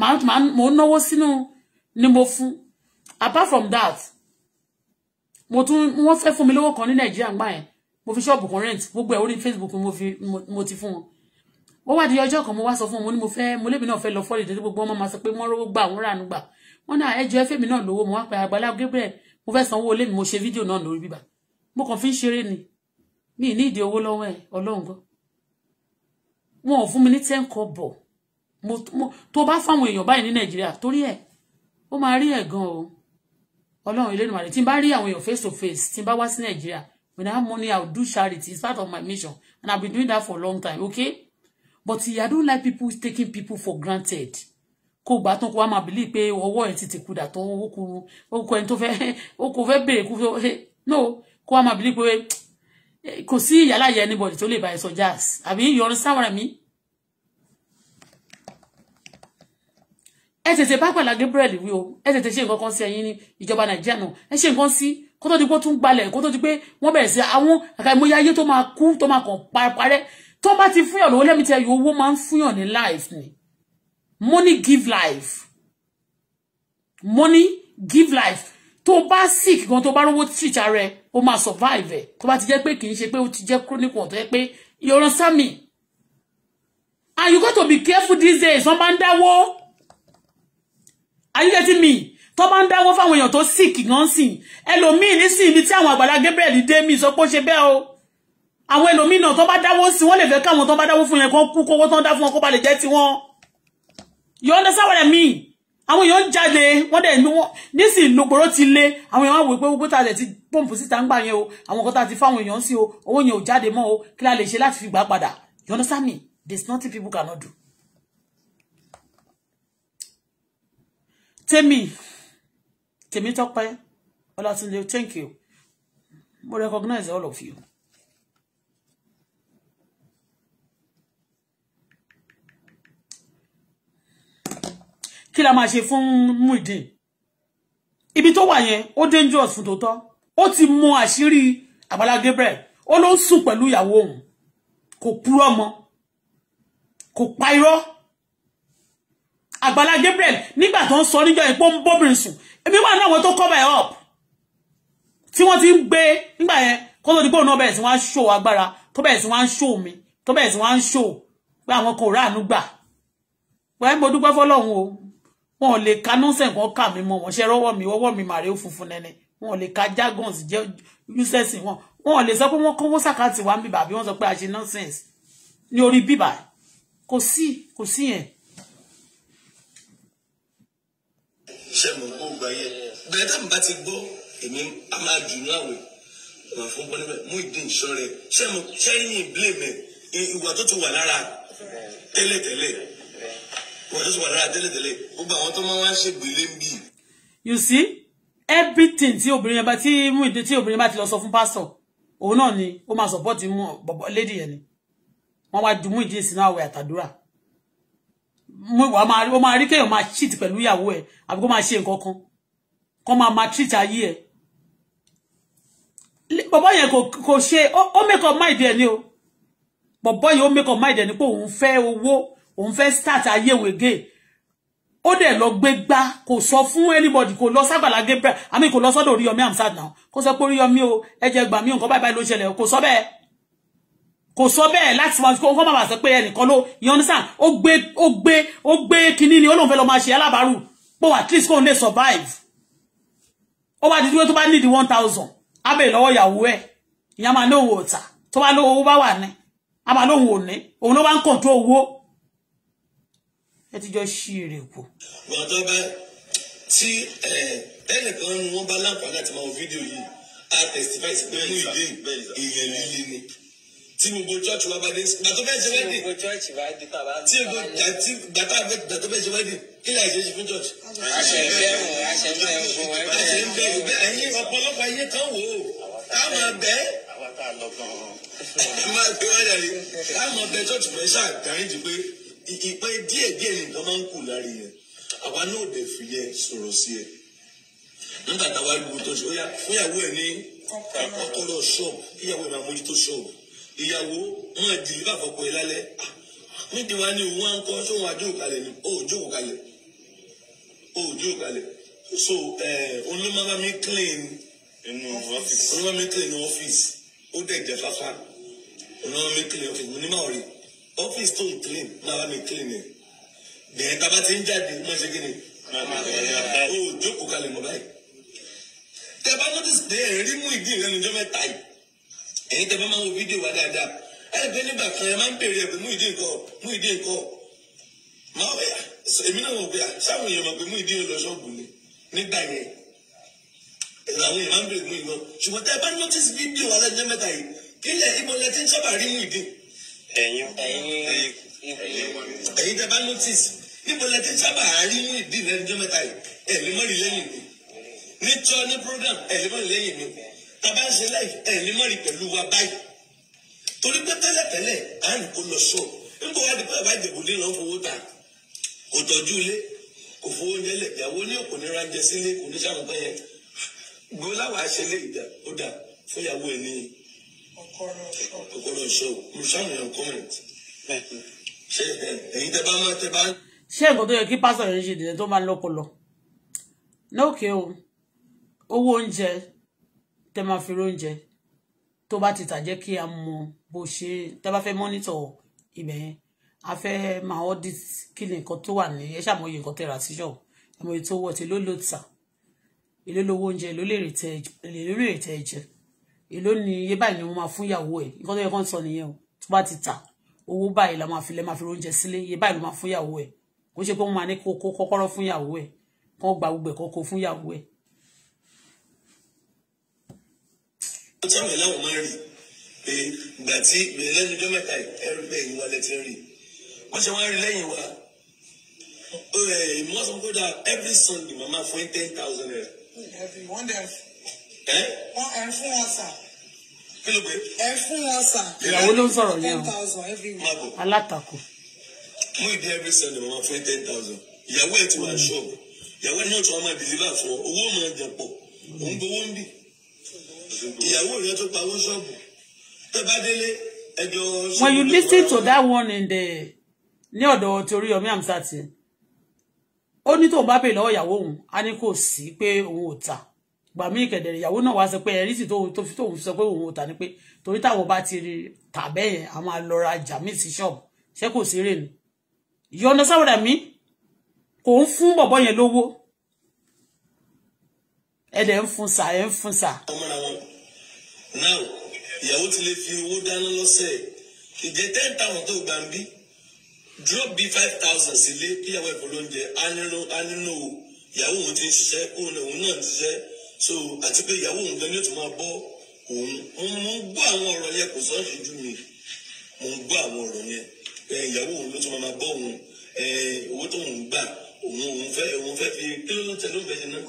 Man, man, mo ń náwó sínú ni mo fun. apart from that mo tún wọ́n fẹ́ fún mi lówó kan ní Nàìjíríà gbà yẹn mo fi ṣọ́ọ̀bù kan rent gbogbo ẹ̀ orí Facebook mo fi mo ti fún wọn ó di ọjọ́ kan mo wá sọ fún mo ní mo fẹ́ mo lébi náà fẹ́ lọ fọ́ọ̀lì dédé gbogbo ọmọ máa sọ pé wọ́n rówó gbà wọ́n ràánú gbà wọ́n náà ẹjọ́ ẹfẹ́mi náà lówó mo wá pẹ́ Àgbàlá Gabriel mo fẹ́ sanwó olé mi mo ṣe fídíò náà lórí bíbá mo kàn fi ń ṣeré ni mi ní ìdí owó lọ́wọ́ ẹ̀ ọlọ́run gbọ́ wọn ò fún mi ní ten kọ́bọ̀ tó bá fáwọn èèyàn báyìí ní nàìjíríà torí ẹ̀ ó máa rí ẹ̀ gan o ọlọ́run ilé ìnùmọ̀ rẹ̀ tí n bá rí àwọn èèyàn face to face tí n bá wá sí nàìjíríà when I have money I will do charity it's part of my mission and I have been doing that for a long time okay but I don't like people taking people for granted kó gbà tán kó wá máa bìlí pé ọwọ́ ẹ̀ ti ti kudà tán ó kú ó kú ẹni tó fẹ́ ó kú fẹ́ no kó wá máa bí pé kò sí ìyálà anybody tó lè bá ẹ sọ jazz àbí you understand what I mean. ẹ tètè bá Àgbàlá Gabriel wí o ẹ tètè ṣe nǹkan kan sí ẹ̀yin ní ìjọba nàìjíríà náà ẹ ṣe nǹkan sí kó tó di pé ó tún gbalẹ̀ kó tó di pé wọ́n bẹ̀rẹ̀ sí àwọn àkàìmọye ayé tó máa kú tó máa kàn parẹ́ tó bá ti fúnyàn lówó lẹ́mìtì ẹ̀yọ owó máa ń fúnyàn ní life ni money give life money give life tó bá sick gan tó bá rówó treat ara ẹ ó máa survive ẹ tó bá ti jẹ́ pé kì í ṣe pé ó ti jẹ́ chronic one tó jẹ́ pé ìyọràn sámì and you got to be careful these days wọ́n máa ń dáwó are you getting me tó bá ń dáwó fáwọn èèyàn tó sick gan sìn ẹlòmíì nísìn ibi tí àwọn àgbàlá Gabriel dé mi sọ pé ó ṣe bẹ́ẹ̀ o àwọn ẹlòmíì náà tó bá dáwó sí wọ́n lè fẹ́ káwọn tó bá dáwó fún yẹn kan kú kówó tó ń dá fún wọn kó ba lè jẹ́ tiwọn you understand what I mean àwọn èèyàn ń jáde wọ́n dẹ̀ ní wọ́n nísìnyí lògbòrò ti lé àwọn èèyàn wá wò pé gbogbo tá a lè ti pọ́ǹpù síta ń gbà yẹn o àwọn kan tá a ti fáwọn èèyàn sí o owó yẹn ò jáde mọ́ o kí la lè ṣe láti fi gbà padà you understand me there's nothing people cannot do. tèmi tèmi tọ́pẹ́ ọlátúndé thank you mo recognize all of you. kí la máa ṣe fún Muideen ibi tó wà yẹn ó dangerous fún tòótọ́ ó ti mọ àṣírí Agbala Gabriel ó ló ń sùn pẹ̀lú ìyàwó òun kò purọ́ mọ́ kò pa irọ́ Agbala Gabriel nígbà tó ń sọ níjọ́ yẹn pé ó ń bóbìnrin sùn èmi wà náà wọn tó cover up tí wọ́n ti ń gbé nígbà yẹn kó tó di pé òun náà bẹ̀rẹ̀ sí wọ́n á ṣò agbára tó bẹ̀rẹ̀ sí wọ́n á ṣò mi tó bẹ̀rẹ̀ sí wọ́n á ṣò pé àwọn kò ráàánú gbà wẹ́n mo dúpẹ́ fọ́lọ́run o wọn le lè ka nọ́sẹ̀ kan kà mí mọ́ wọn ṣe mi ọwọ́ mi màrí ó funfun nẹ́ni wọn ò lè ka jargons jẹ́ useless wọn wọn ò lè sọ pé wọ́n kọ́ wọ́n sàkáàtì wá ń bíbà bí wọ́n a ṣe nonsense ní orí bíbà kò sí kò sí yẹn. ṣé mo gbọ́ gbà yẹn bẹ́ẹ̀ tá n bá ti gbọ́ èmi a máa dùn láwẹ̀ wà fún bọ́ níbẹ̀ mú ìdí ìṣọ́ rẹ̀ ṣé mo ṣẹ́yìn ìbílẹ̀ mẹ́ ìwà tó ti wà lára tẹ́lẹ̀tẹ́lẹ̀ you see everything Ti obìnrin yẹn bá tí mú ìdí tí obìnrin bá ti lọ sọ fún pásítọ̀ o náà ni ó máa support mú lady yẹn ni wọ́n wá ju mú ìdí ìsìn náà wẹ̀ àtàdúrà mú ìwà ó máa rí kéèyàn máa cheat pelu ìyàwó ẹ̀ àbí kó máa ṣe nǹkan kan kó máa máa treat ayé ẹ̀ bọ̀bọ̀ yẹn kò ṣe ó make up mind ẹ̀ ni o bọ̀bọ̀ yẹn ó make up mind ẹ̀ ni pé òun fẹ́ owó òun fẹ́ start ayé wege ó dẹ̀ lọ gbé gbá kò sọ fún anybody kò lọ sábàlá Gabriel àmì kò lọ sọ́dọ̀ Oríyọmí Hamzat náà kó sọ pé Oríyọmí o ẹ̀jẹ̀ gbà mí nǹkan báyìí báyìí ló ṣẹlẹ̀ kò sọ bẹ́ẹ̀ kò sọ bẹ́ẹ̀ láti wọn kó má bàa sọ pé ẹnìkan ló yan sàn ó gbé ó gbé ó gbé kinní ni ó lóun fẹ́ lọ máa ṣe alábàárù pé at least kóun lè survive ó bá dídúró tó bá nídi one thousand abẹ́ ìlọ́wọ́ ìyàwó ẹ̀ ìyá máa ní òwò ọ̀tà tó bá lówó bá wà ní a máa lóhun òní òun ló bá ń kọ̀ǹtró owó ẹ ti jọ ṣí èrè pọ̀. wọn tó bá tí ẹnìkan nu wọn bá láǹfààní àti máa wọ fídíò yìí a testify sí pé mú ìdí ìyẹn líle ni tí gbogbo church wa bá dé gbàtọ́ bẹ́ẹ̀ ṣe wẹ́dì tí gbogbo gàtí gàtà gbàtọ́ bẹ́ẹ̀ ṣe wẹ́dì kí ni àṣẹ ṣe fún church. àṣẹ ń bẹ̀rù àṣẹ ń bẹ̀rù fún wọn. àṣẹ ń bẹ̀rù bẹ́ẹ̀ ẹ̀yin ọ̀pọ̀lọpọ̀ ẹ̀yin kan wò ó táwọn abẹ́ máa gbé wáyà yìí táwọn abẹ́ church fẹ́ ṣàkàyìn jù pé ìpẹ́ díẹ̀ díẹ̀ nìkan máa ń kù lárí yẹn àwa náà dẹ̀ fi yẹn sọ̀rọ̀ sí ẹ nígbà táwa lu tó ṣe óyá fúnyàwó ẹ ní ọkọlọ ṣọ́ọ̀bù ìyàwó ẹ máa mójútó ṣọ́ọ̀bù ìyàwó wọn dìlí bá fọpọ ẹ lálẹ́ nídìí wa ni òun á ń kọ sóhun àjókòó kalẹ̀ ni ó jókòó kalẹ̀ ó jókòó kalẹ̀ so olómọba mi clean inú ọfíìsì olómọba mi clean ọfíìsì ó dẹ̀ jẹ́ fáfá olómọba mi clean ọfíìsì mo ní máa rí i ọ́fíìsì tó ń clean máa mi clean ẹ̀ bẹ̀rẹ̀ tá a bá ti ń jáde mọ́ ṣe kí o jókòó kalẹ̀ mọ́ báyìí tẹ notice pé ẹ̀ mú ìdí ìrẹ́nu ọjọ́ mẹ́ta yìí ẹ̀yin tẹ máa wo fídíò wa dáadáa ẹ̀ bẹ́ẹ̀ nígbà kan ẹ máa ń bèèrè ẹ̀ pé mú ìdí nǹkan mú ìdí nǹkan máa wẹ̀ èmi náà wọ̀ pé sáwọn èèyàn mọ̀ pé mú ìdí lọ ṣọ́ọ̀bù ni nígbà yẹn làwọn èèyàn máa ń bèèrè mú ìdí náà ṣùgbọ́n tẹ notice fídíò wa lẹ́jọ́ mẹ́ta yìí kí ilẹ̀ ń sábà rí mú ìdí ẹ̀yin ẹ̀yin ẹ̀yin tẹ́ bá notice níbo lẹ ti sábà rí ní ìdí lẹ́nu jẹ́ mẹ́ta yìí ẹ̀mí mọ́rì lẹ́yìn mi ní tọ́ ní program ẹ̀mí mọ́rì lẹ́yìn mi tàbá ń ṣe live ẹ̀mí mọ́rì pẹ̀lú wa báyìí torí pé tẹ́lẹ̀tẹ́lẹ̀ à ń kó lọ sọ níbo wá dípẹ́ bá ìdìbò lílọ fowó ta kò tọ́jú ilé kò fowó oúnjẹ lẹ̀ ìyàwó ní òkò ní ránjẹ sílé kò ní sàmùpẹ́ yẹn gbọ́láwàá ìdá ó dà fún ìyàwó ẹ̀ kòkòrò ṣe o mo ṣàmìyàn comment ṣe èyí tẹ bá máa tẹ bá. ṣé nǹkan tó yẹ kí pásítọ̀ yẹn ṣe ìdílé tó máa ń lọ́kọ lọ lókè o owó oúnjẹ tẹ máa fi oúnjẹ tó bá ti tà kí a mọ bó ṣe tẹ bá fẹ́ mọ́nítọ̀ ibẹ̀ yẹn a fẹ́ máa audit kí ni nǹkan tó wà ní ẹ ṣàmọye nǹkan tẹ rà síṣọ́ ẹ mọ èyí tó ló lò tà èlé lówó oúnjẹ èlé lè rètè ẹ̀jẹ̀ èló ni iye báyìí ni mo máa fún ìyàwó ẹ nǹkan tó yẹ kán sọ nìyẹn o tó bá ti tà owó báyìí la máa fi lẹ máa fi oúnjẹ sílé iye báyìí ló máa fún ìyàwó ẹ kó ṣe pé wọn máa ní kó kọ́kọ́rọ́ fún ìyàwó ẹ kán gba gbogbo ẹkọ kó fún ìyàwó ẹ. ó táwọn ẹ̀láwọ̀ máa ń rí pé ìgbà tí lẹ́nu ọjọ́ mẹ́ta ẹrú pé ìwà lẹ ti rí wọ́n ṣe wá rí lẹ́yìn wa ìmọ̀ọ́sán kó every Sunday mama fún ten wọ́n ẹ̀ fún wọn sà. kí ẹ fún wọn sà. ìyàwó ló ń sọ̀rọ̀ yẹn o ten thousand every week. alátakò. mú ìdí every sunday mama fún ten thousand ìyàwó ẹ ti wà ṣọ́ọ̀bù ìyàwó ẹ náà tún máa deliver fún ọ owó máa jẹ pọ̀ òun gbowó ń bì ìyàwó rẹ tó pawó ṣọ́ọ̀bù tẹ bá délé when you listen to that one in the ní ọ̀dọ̀ torí ọmí àmì sátì ó ní tóun bá bèè lọ́wọ́ ìyàwó òun á ní kò sí pé òun ò ta gbà mí ìkẹ̀dẹ̀ na náà wá sọ pé ẹ̀rí sì tó fi tóun sọ pé òun ò tà ní pé torí táwọn bá ti rí tà bẹ́ẹ̀ yẹn a máa lọ ra ọjà míì sí ṣọ́ọ̀bù ṣé kò sí ni ìyọ̀nà sáwọ́dà mi kò ń fún bọ̀bọ̀ yẹn lówó ẹ̀dẹ̀ ń fún sà ẹ̀ ń fún sà. now ìyàwó ti lè fi owó dáná lọ́sẹ̀ ìjẹ́ ten thousand tó gbà ń bí drop bí five thousand sílé kíyàwó ẹ̀fọ́ lóúnjẹ á nínú ìyàwó òun ti ń ṣiṣẹ́ òun náà ń ṣiṣẹ́ so àti pé ìyàwó òun gan ni ó tún máa bọ́ òun mo ń gbọ́ àwọn ọ̀rọ̀ yẹn kò sọ́ọ́ ṣojú mi mo ń gbọ́ àwọn ọ̀rọ̀ yẹn ìyàwó òun ló tún máa bọ́ òun owó tó ń gbà òun òun fẹ́ òun fẹ́ fi kí ló ń tẹ ló ń bẹ náà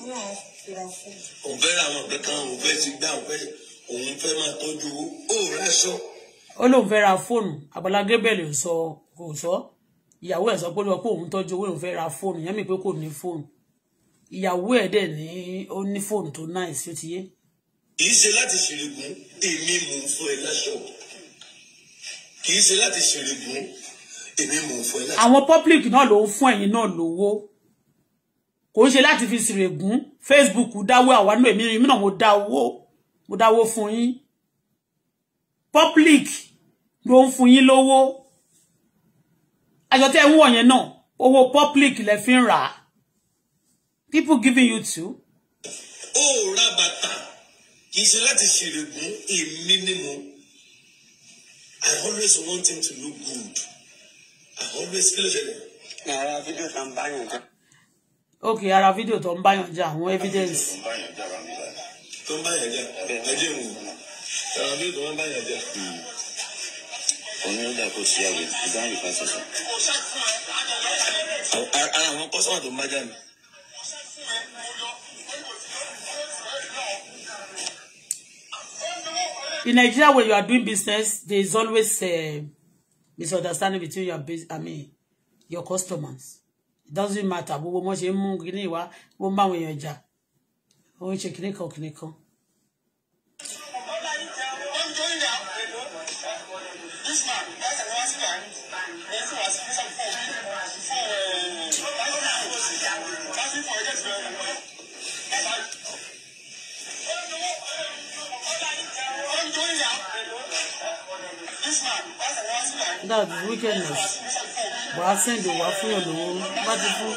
òun fẹ́ ra àwọn kankan òun fẹ́ ti gbà òun fẹ́ òun fẹ́ máa tọ́jú ó ráṣọ. ó lóun fẹ́ ra fóònù Àgbàlá Gabriel sọ kò sọ ìyàwó ẹ̀ sọ pé òun tọ́jú owó òun fẹ́ ra fóònù yẹn mi pé kò ní fóònù ìyàwó ẹ̀ dẹ̀ ní ó ní fóònù tó náà sí ti yé. kì í ṣe láti ṣèrègùn èmi mò ń fọ ẹ láṣọ kì í ṣe láti ṣèrègùn èmi mò ń fọ ẹ láṣọ. àwọn public náà ló ń fún ẹ̀yin náà lówó kò ń ṣe láti fi ṣèrègùn Facebook dáwó àwa náà èmi náà mo dá owó mo dáwó fún yín public ló ń fún yín lówó aṣọ tí ẹ ń wọ̀ náà owó public lẹ fi ń rà á people giving you two. ó ra bàtà kì í ṣe láti ṣèrègùn èmi ni mo I always want him to look good I always feel ṣẹlẹ̀. ara fídíò tó ń báyọ̀ jà. ok ara fídíò tó ń báyọ̀ jà àwọn evidence. tó ń báyọ̀ jà ẹjẹ wò ara fídíò tó ń báyọ̀ jà. Hmm. òní ló dà kó sí àgbẹ̀ ìdáhùn ìfàsọ̀sọ̀. ara àwọn kọ́sọ́mà tó ń bá jà ni. in Nigeria when you are doing business there is always uh, misunderstanding between your bus I mean your customers it doesn't matter gbogbo wọn ṣe ń mú kíní ìwá wọn bá àwọn èèyàn jà wọn ń ṣe that wickedness wà á send wà á fún olówó bá ti fún.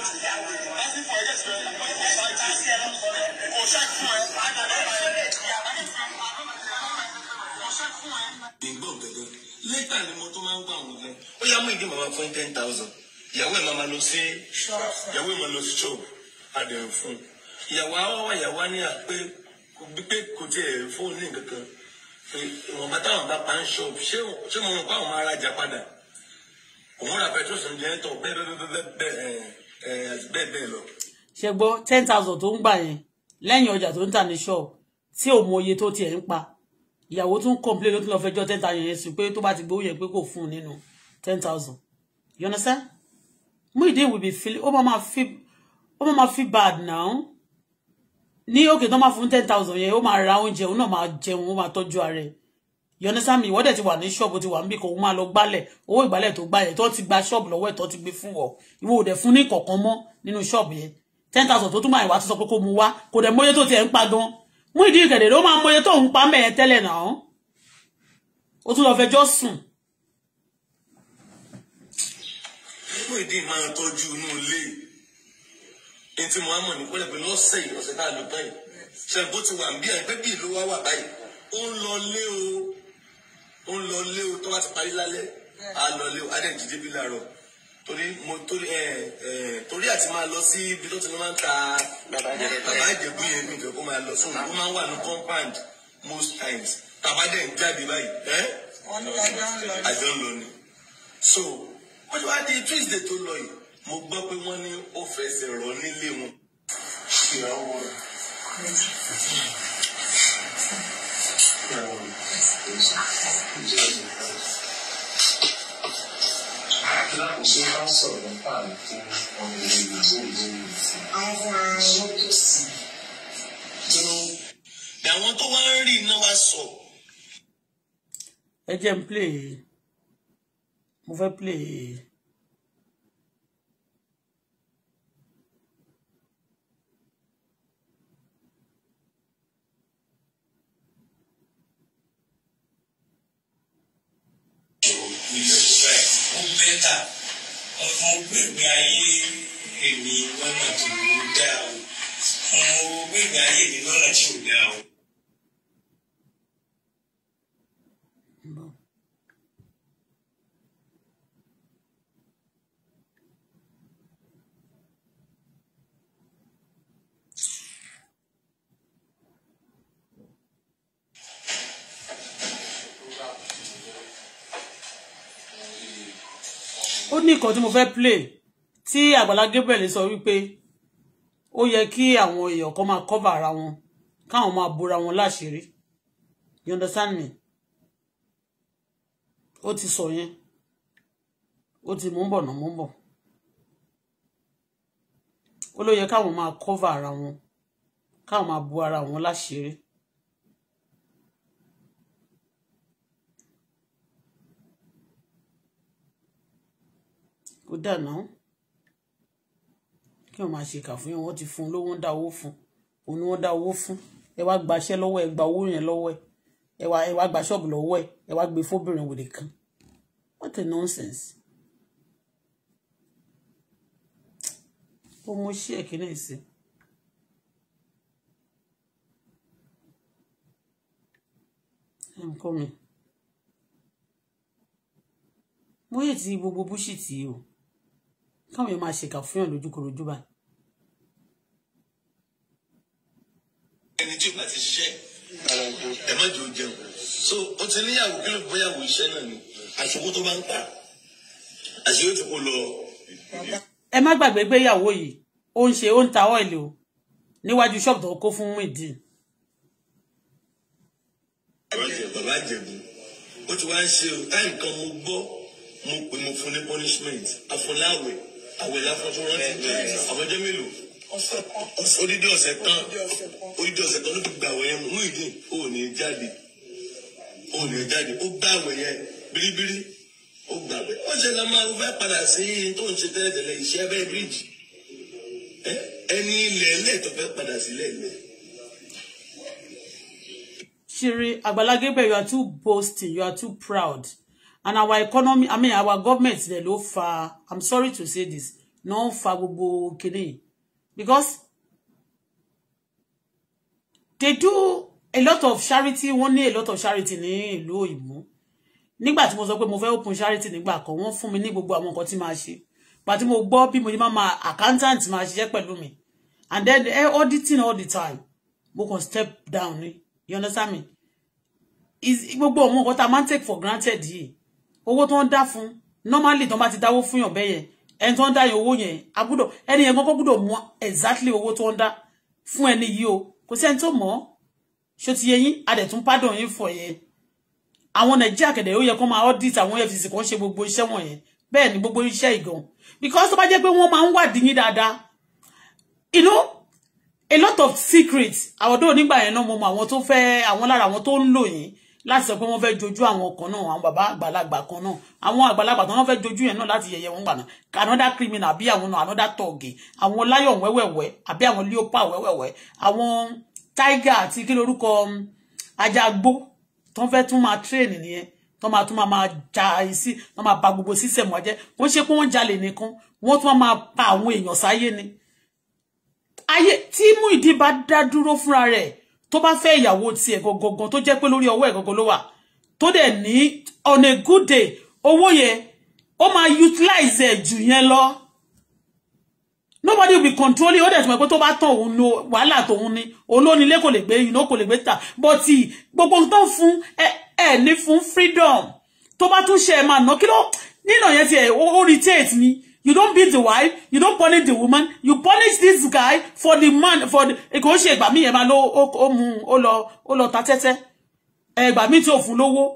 lẹ́tà ni mo tó máa ń gbà wọ́n lẹ́ ó yá mú ìdí màmá fún ten thousand ìyàwó ẹ̀ máa ma lọ sí ìyàwó ẹ̀ máa lọ sí ṣọ́ọ̀bù adẹ̀ fún ìyàwó àwọn ìyàwó á ní àpé pé kò tiẹ̀ fóònù nìkan kan ìwọ̀nba táwọn bá pa ń ṣe ṣé ṣé mo mọ̀ àwọn máa padà òun ra petrol sọ̀rọ̀ jẹ́ tó bẹ́ẹ̀ bẹ́ẹ̀ bẹ́ẹ̀ lọ. ṣe gbọ́ ten thousand tó ń gbà yẹn lẹ́yìn ọjà tó ń tà ní ṣọ́ọ̀bù tí ò mọ iye tó tiẹ̀ ń pa ìyàwó tún kọ́ńplé ló tún lọ́ọ́ fẹjọ́ ten thousand yẹn sùn pé tó bá ti gbowó yẹn pé kò fún un nínú ten thousand you understand? Muideen will be feeling ó máa ma feel ó máa ma feel bad now ní òkè tó máa fún ten thousand yẹn ó máa ra oúnjẹ òun náà máa jẹun ó máa tọ́jú ara ẹ̀ yọ̀ọ́nì sami ìwọ́dẹ̀ ti wà ní ṣọ́ọ̀bù ti wà níbí kan òun máa lọ gbálẹ̀ owó ìgbálẹ̀ tó gbá yẹn tó ti gba ṣọ́ọ̀bù lọ́wọ́ ẹ̀ tó ti gbé fún ọ ìwọ ò dẹ̀ fún ní kọ̀ọ̀kan mọ́ nínú ṣọ́ọ̀bù yẹn ten thousand tó túmọ̀ ìwà tó sọ pé kó mu wá kò dẹ̀ mọ́yé tó tiẹ̀ ń pa gan mú ìdí ìkẹ̀dẹ̀ ló máa mọ́yé tó ń pa mẹ́ẹ̀ tẹ́lẹ̀ náà ó tún lọ fẹjọ́ sùn. mú ìdí máa tọ́jú inú ilé ẹni tí mo á mọ̀ ní kó lẹ́gbẹ̀ẹ́ lọ́sẹ̀ yìí ọ̀sẹ̀ tá a lò báyìí ṣàgbó ti wà ń bí àìpẹ́ bí ìlú wa wà báyìí ó ń lọ lé o ó ń lọ lé o tó bá ti parí lálẹ́ á lọ lé o á dẹ̀ jíde bí làárọ̀ torí mo torí ẹ ẹ torí àti máa lọ sí ibi tó ti máa ń ta bàbá ìjẹ̀bú yẹn mi kò máa lọ sóhun ó máa wà ní compound most times tàbá dẹ̀ ń jáde báyìí ẹ́ àjọ ń lọ ni so wọ́n ti wá di Tuesday tó lọ yìí mo gbọ́ pé wọ́n ní ó fẹsẹ̀ rọ nílé wọn. ìyàwó rẹ̀ ìyàwó rẹ̀ alákòóso bá àwọn tó wá ń rí iná wá sọ. ẹ jẹ́ n play mo fẹ́ play. ọ̀fun gbègbè ayé èmi lọ́nà tó dá o mo gbègbè ayé mi lọ́nà tí ò dá o. ó ní nǹkan tí mo fẹ́ play tí Àgbàlá Gabriel sọ wípé ó yẹ kí àwọn èèyàn kan máa cover ara wọn káwọn máa bora wọn láṣìírí you understand me ó ti sọ yẹn ó ti mú bọ̀ náà mú bọ̀ ó ló yẹ káwọn máa cover ara wọn káwọn máa bu ara wọn láṣìírí kó dànà kí wọ́n máa ṣèkà fún yín wọ́n ti fún un lówó ń dá owó fún òun ni wọ́n dá owó fún ẹ wá gbaṣẹ́ lọ́wọ́ ẹ gba owó yẹn lọ́wọ́ ẹ wá ẹ wá gba ṣọ́ọ̀bù lọ́wọ́ ẹ ẹ wá gbé fóbìnrin wèrè kan what a nonsense. ó mú sí ẹ̀kínní ìsìn. I'm Mo yẹ ti gbogbo búṣì tí o káwọn èèyàn máa ṣèkà fún yàn lójúkorojú báyìí. ẹni tí o bá ti ṣiṣẹ́ ẹ má jẹ́ o jẹun so o ti níyàwó kí ló bóyàwó iṣẹ́ náà ni àṣòwò tó bá ń tà àṣìwé tí kò lọ. ẹ má gbàgbé pé ìyàwó yìí ó ń ṣe ó ń ta ọ́ìlì o níwájú ṣọ́ọ̀bù tó kó fún ìdí. bàbá àjẹ̀bù ó ti wá ń ṣe o táì mo gbọ́ mo pè mo fún ní punishment àfọláwẹ̀ àwẹ̀ láfọ́jú rántí àwẹ̀ jẹ́ mélòó odidi ọ̀sẹ̀ kan odidi ọ̀sẹ̀ kan ló ti gbà wẹ̀ yẹn mú ìdí ò ní jáde ò ní jáde ó gbà wẹ̀ yẹn biribiri ó gbà wẹ̀ ó ṣe la máa fẹ́ padà sí tó ń ṣe tẹ́lẹ̀tẹ́lẹ̀ iṣẹ́ abẹ́ bíríìjì ẹni ilẹ̀ ẹlẹ́ fẹ́ padà sílẹ̀ ilẹ̀. Siri Agbala you are too boasting you are too proud and our economy i mean our government dẹ̀ ló fa i'm sorry to say this no ń fa gbogbo kini, because they do a lot of charity wọ́n ní a lot of charity ní ìlú òyìnbó nígbà tí mo sọ pé mo fẹ́ open charity nígbà kan wọ́n fún mi ní gbogbo àwọn nǹkan tí màá ṣe pàtí mo gbọ́ bí mo ṣe máa ma accountant máa ṣiṣẹ́ pẹ̀lú mi and then eh, auditing all the time mo kàn step down ni you understand me is gbogbo àwọn nǹkan tá a máa ń take for granted yìí owó tó ń dá fún normally tó ń bá ti dáwó fún yàn bẹ́ẹ̀ yẹn ẹni tó ń dá yẹn owó yẹn agbúdọ̀ ẹni yẹn gbọ́n gbúdọ̀ mọ exactly owó tó ń dá fún ẹni yìí o kò sí ẹni tó mọ̀ ṣó ti yẹ yín adẹ̀tún pádàn yín fọ̀ yẹn àwọn nàìjíríà kẹ̀dẹ̀ ó yẹ kó máa audit àwọn efcc kan ṣe gbogbo iṣẹ́ wọ̀nyẹn bẹ́ẹ̀ ni gbogbo iṣẹ́ ìgàn because tó bá jẹ́ pé wọ́n máa ń wádìí yín dáadáa you know a lot of secrets àwọn tó nígbà yẹn náà mo mọ àwọn tó fẹ́ àwọn lára àwọn tó ń lò yín láti sọ pé wọ́n fẹ́ jojú àwọn kan náà àwọn bàbá àgbàlagbà kan náà àwọn àgbàlagbà kan náà fẹ́ jojú yẹn náà láti yẹ̀yẹ́ wọn gbàná another criminal àbí àwọn náà another tọ̀gì àwọn lion wẹ́wẹ̀wẹ́ àbí àwọn leopard wẹ́wẹ̀wẹ́ àwọn tiger àti kí lorúkọ um, ajagbó tó ń fẹ́ tún máa train nìyẹn tó máa tún máa ja sí tó máa ba gbogbo sísẹ̀mù ọjẹ́ wọ́n ṣe pé wọ́n jalè nìkan wọ́n tún máa pa àwọn èèyàn sáyé ni ayé tí mú ìdí bá dá dúró fúnra rẹ̀ tó bá fẹ́ ìyàwó tiẹ̀ gọgọgọ tó jẹ́ pé lórí ọwọ́ ẹ̀ gọgọ ló wà tó dẹ̀ ní on a good day owó yẹn ó máa utilize ẹ̀ jù yẹn lọ nobody will be controlling ó dẹ̀ tí mo pé tó bá tán òun lo wàhálà tòun ni olónílé kò lè gbé iná kò lè gbé tà but gbogbo tó ń fún ẹ ẹ ní fún freedom tó bá tún ṣe ẹ máa ná kí ló nínà yẹn ti ẹ ó irritate ni You don't beat the wife. You don't punish the woman. You punish this guy for the man for the. Èkó ṣe ìgbà míì yẹn máa lọ ó mu ó lọ ó lọ ta tẹ́tẹ́. Ẹgbà míì tí ò fún lówó.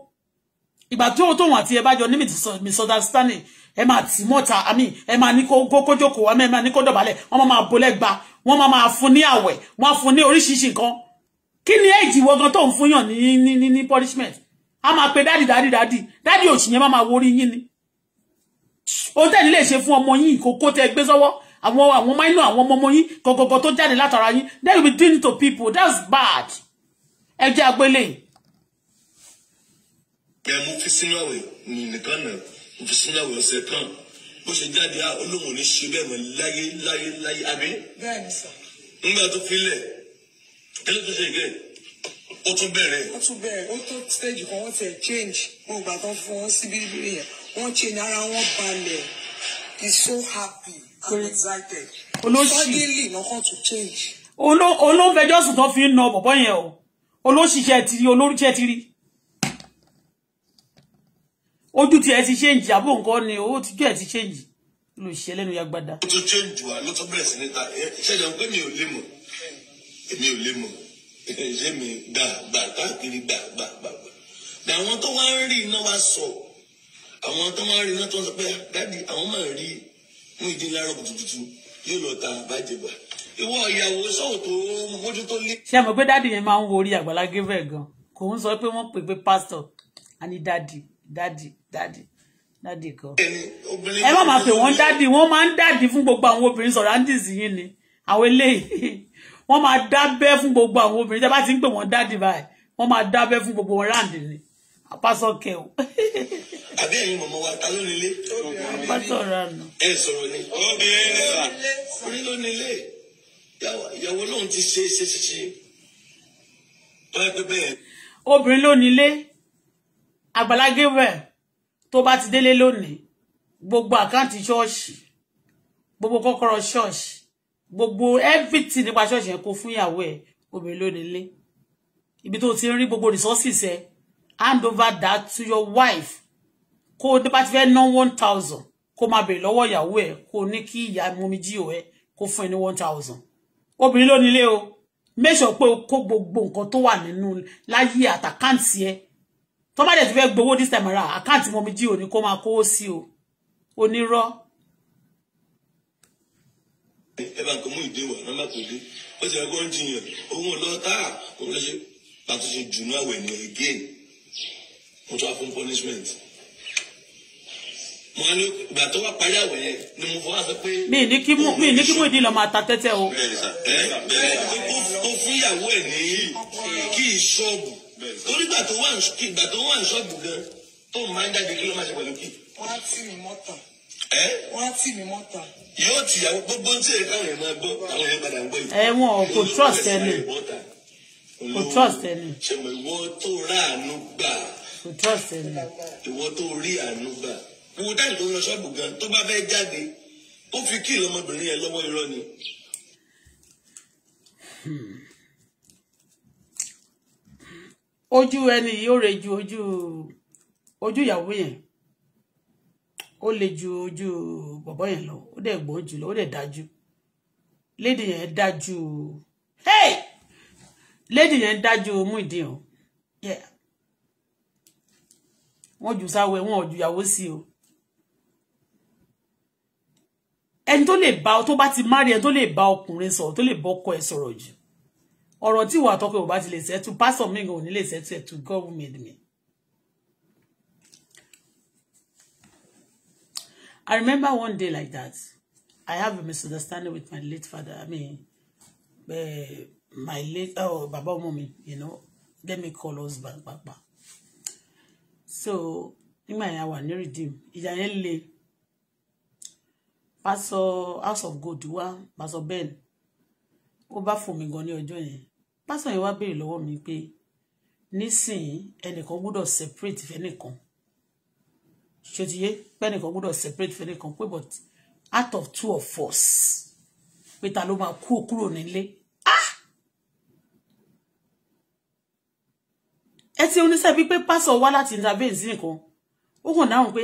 Ìgbà tí ó tóun àti ẹ bá jọ ní misunderstanding. Ẹ máa tì mọ́ta àmì ẹ máa ní kó kójókòó wá ẹ máa ní kó dọ̀bálẹ̀ wọ́n máa máa bolẹ̀ gba wọ́n máa máa fún ní àwẹ̀ wọ́n á fún ní oríṣiríṣi nǹkan. Kí ni èjì wọ́gan tó ń fún yàn ní ní ní punishment? A máa pe dádì dádì dádì dádì òṣìyẹn máa máa worí yín ni ohun tẹ́ẹ̀ nílé ṣe fún ọmọ yín ìkókó tẹ́ gbé sọ́wọ́ àwọn àwọn minor àwọn ọmọ ọmọ yín gọgọgọ tó jáde látara yín will be doing to people that's bad ẹ jẹ́ agbélé. ẹ mú fi sínú àwẹ̀ nìkan náà fi sínú àwẹ̀ ọ̀sẹ̀ kan bó ṣe jáde olóhùn ní ṣe bẹ́ẹ̀ mọ́ láyé láyé láyé abẹ́. bẹ́ẹ̀ni sọ. nígbà tó filẹ̀ kílẹ̀ tó ṣe ìgbẹ́ ó tún bẹ̀rẹ̀. ó tún bẹ̀rẹ̀ ó tó stage kan wọ́n ti change gbogbo àtọ́ fún wọn síbí bíbí yẹn wọ́n ṣe ní ara wọn balẹ̀ he's so happy and excited suddenly no come to change. olóńfẹjọ́ sùn tó fi ń na bọ̀bọ́ yẹn o olóṣìṣẹ́ tiri olórúṣẹ́ tiri ojú tiẹ̀ ti ṣéǹjì àbò nǹkan ni owó tijú ẹ̀ ti ṣéǹjì ló ṣe lẹ́nu ya gbada. ó tún ṣéǹjì wa ló tún bẹ̀rẹ̀ sí níta ṣẹ́jọ́ pé mi ò lè mọ̀ èmi ò lè mọ̀ ṣé mi gbà gbà káàkiri gbà gbà gbà àwọn tó wá ń rí iná wa sọ̀rọ̀ àwọn tó máa ń rí iná tó ń sọ pé dáàdi àwọn máa ń rí Muyideen láàárọ̀ kùtùkùtù yóò lọ ta bàjẹ́bà ìwọ ìyàwó sọ̀rọ̀ tó mójútó lé. ṣé ẹ mọ̀ pé dáàdi yẹn máa ń wo orí Àgbàlá Gabriel gan kò ń sọ pé wọ́n pè pé pásítọ̀ á ní dáàdi dáàdi dáàdi dáàdi kan. ẹ má máa pè wọ́n dáàdi wọ́n máa ń dáàdi fún gbogbo àwọn obìnrin surroundings yìí ni àwọn eléyìí wọ́n máa dábẹ́ fún gbogbo àwọn obìnrin tẹ́ bá ti ń pè wọ́n dáàdi báyìí wọ́n máa dábẹ́ fún gbogbo wọn ráǹdì ni apásọkẹ o. àbí ẹ̀yin mọ̀mọ́ wa ta ló nílé. apásọ̀rọ̀ àná. ẹ sọ̀rọ̀ ni. obìnrin ni wa orí ló nílé ìyàwó náà ti ṣe ṣe ṣe ṣe bẹ́ẹ̀ bẹ́ẹ̀ bẹ́ẹ̀. obìnrin ló nílé Àgbàlá Gabriel tó bá ti délé lónìí gbogbo àkáǹtì ṣọ́ọ̀ṣì gbogbo kọ́kọ́rọ́ ṣọ́ọ̀ṣì gbogbo everything nípa ṣọ́ọ̀ṣì yẹn kó fún ìyàwó ẹ̀ obìnrin ló nílé ibi tó ti ń rí gbogbo resources ẹ̀ hand over that to your wife kó o bá ti fẹ́ ná one thousand kó o máa bèrè lọ́wọ́ ìyàwó ẹ̀ kó o ní kí ìyá mọ́míjì ẹ̀ kó fún ẹ ní one thousand obìnrin ló nílé o make sure pé o kó gbogbo nǹkan tó wà nínú láyé àtàkáǹtì ẹ tó bá dẹ̀ ti fẹ́ gbowó this time around àkáǹtì mọ́míjì ò ni kó máa kówó sí o onírọ́. ẹ bá nǹkan mú ìdí wà nọ́mbà tó dé ó ti rẹ́ kó ń jiyàn òun ò lọ tá òun lọ ṣe pàtó ṣe again mo tún wá fún punishment mo á ní ìgbà tó wá parí àwẹ̀ yẹn ni mo fọwọ́ sọ pé. mi ní kí mú mi ní kí mú ìdí lọ́ọ́ máa ta tẹ́tẹ́ o. bẹ́ẹ̀ ó fún ìyàwó ẹ̀ ní kí í ṣọ́ọ̀bù torí ìgbà tó wà ìgbà tó wà ṣọ́ọ̀bù gan tó máa ń jáde kí ló máa ṣe pẹ̀lú kí. wọ́n á tì mí mọ́tà. wọ́n á tì mí mọ́tà. yóò ti ìyàwó gbogbo tí ẹ káwọn yẹn máa gbọ́ àwọn yẹn padà ń gbọ́ yìí. ẹ wọn kò trust ẹni kò trust ẹni. ṣe mo ìwọ tó ráàánú gbà kò trust ẹ nù. ìwọ tó rí àánú gbà wo táyì tó ń lọ ṣọ́ọ̀bù gan tó bá fẹ́ jáde ó fi kí ìlọmọbìnrin yẹn lọ́wọ́ irọ́ ni. ojú ẹni yìí ó ju ojú ojú ìyàwó yẹn ó le ju ojú bọ̀bọ̀ yẹn lọ ó dẹ̀ gbọ́n jù lọ ó dẹ̀ dájú lédi yẹn dájú lédi yẹn dájú mú ìdí hàn wọ́n jù sáwẹ́ wọn ò ìyàwó sí o ẹni tó lè bá tó bá ti márì ẹni tó lè bá ọkùnrin sọ̀rọ̀ tó lè bọ́kọ ẹ̀ sọ̀rọ̀ jù ọ̀rọ̀ tí ìwà àtọkọ ìwà ti lè sẹ́tù pásọ̀ mi ò ní lè sẹ́tù ẹ̀ to God I remember one day like that I have a misunderstanding with my late father I mean uh, my late oh, baba ọmọ mi you know let me call husband papa so nígbà yẹn wà ní redeem ìjà yẹn le pásọ house of god wá pásọ ben ó bá fò mí gan ní ọjọ́ yẹn pásọ yẹn wá béèrè lọ́wọ́ mi pé nísìnyí ẹnìkan gbọ́dọ̀ separate fẹ́nìkan ṣòtìyé pẹ́nìkan gbọ́dọ̀ separate fẹ́nìkan pé but out of two of us pé ta ló máa kú kúrò nílé ẹ oníṣẹ́ bíi pé pásọ̀ wá láti intervene sí nǹkan ó hàn dáhùn pé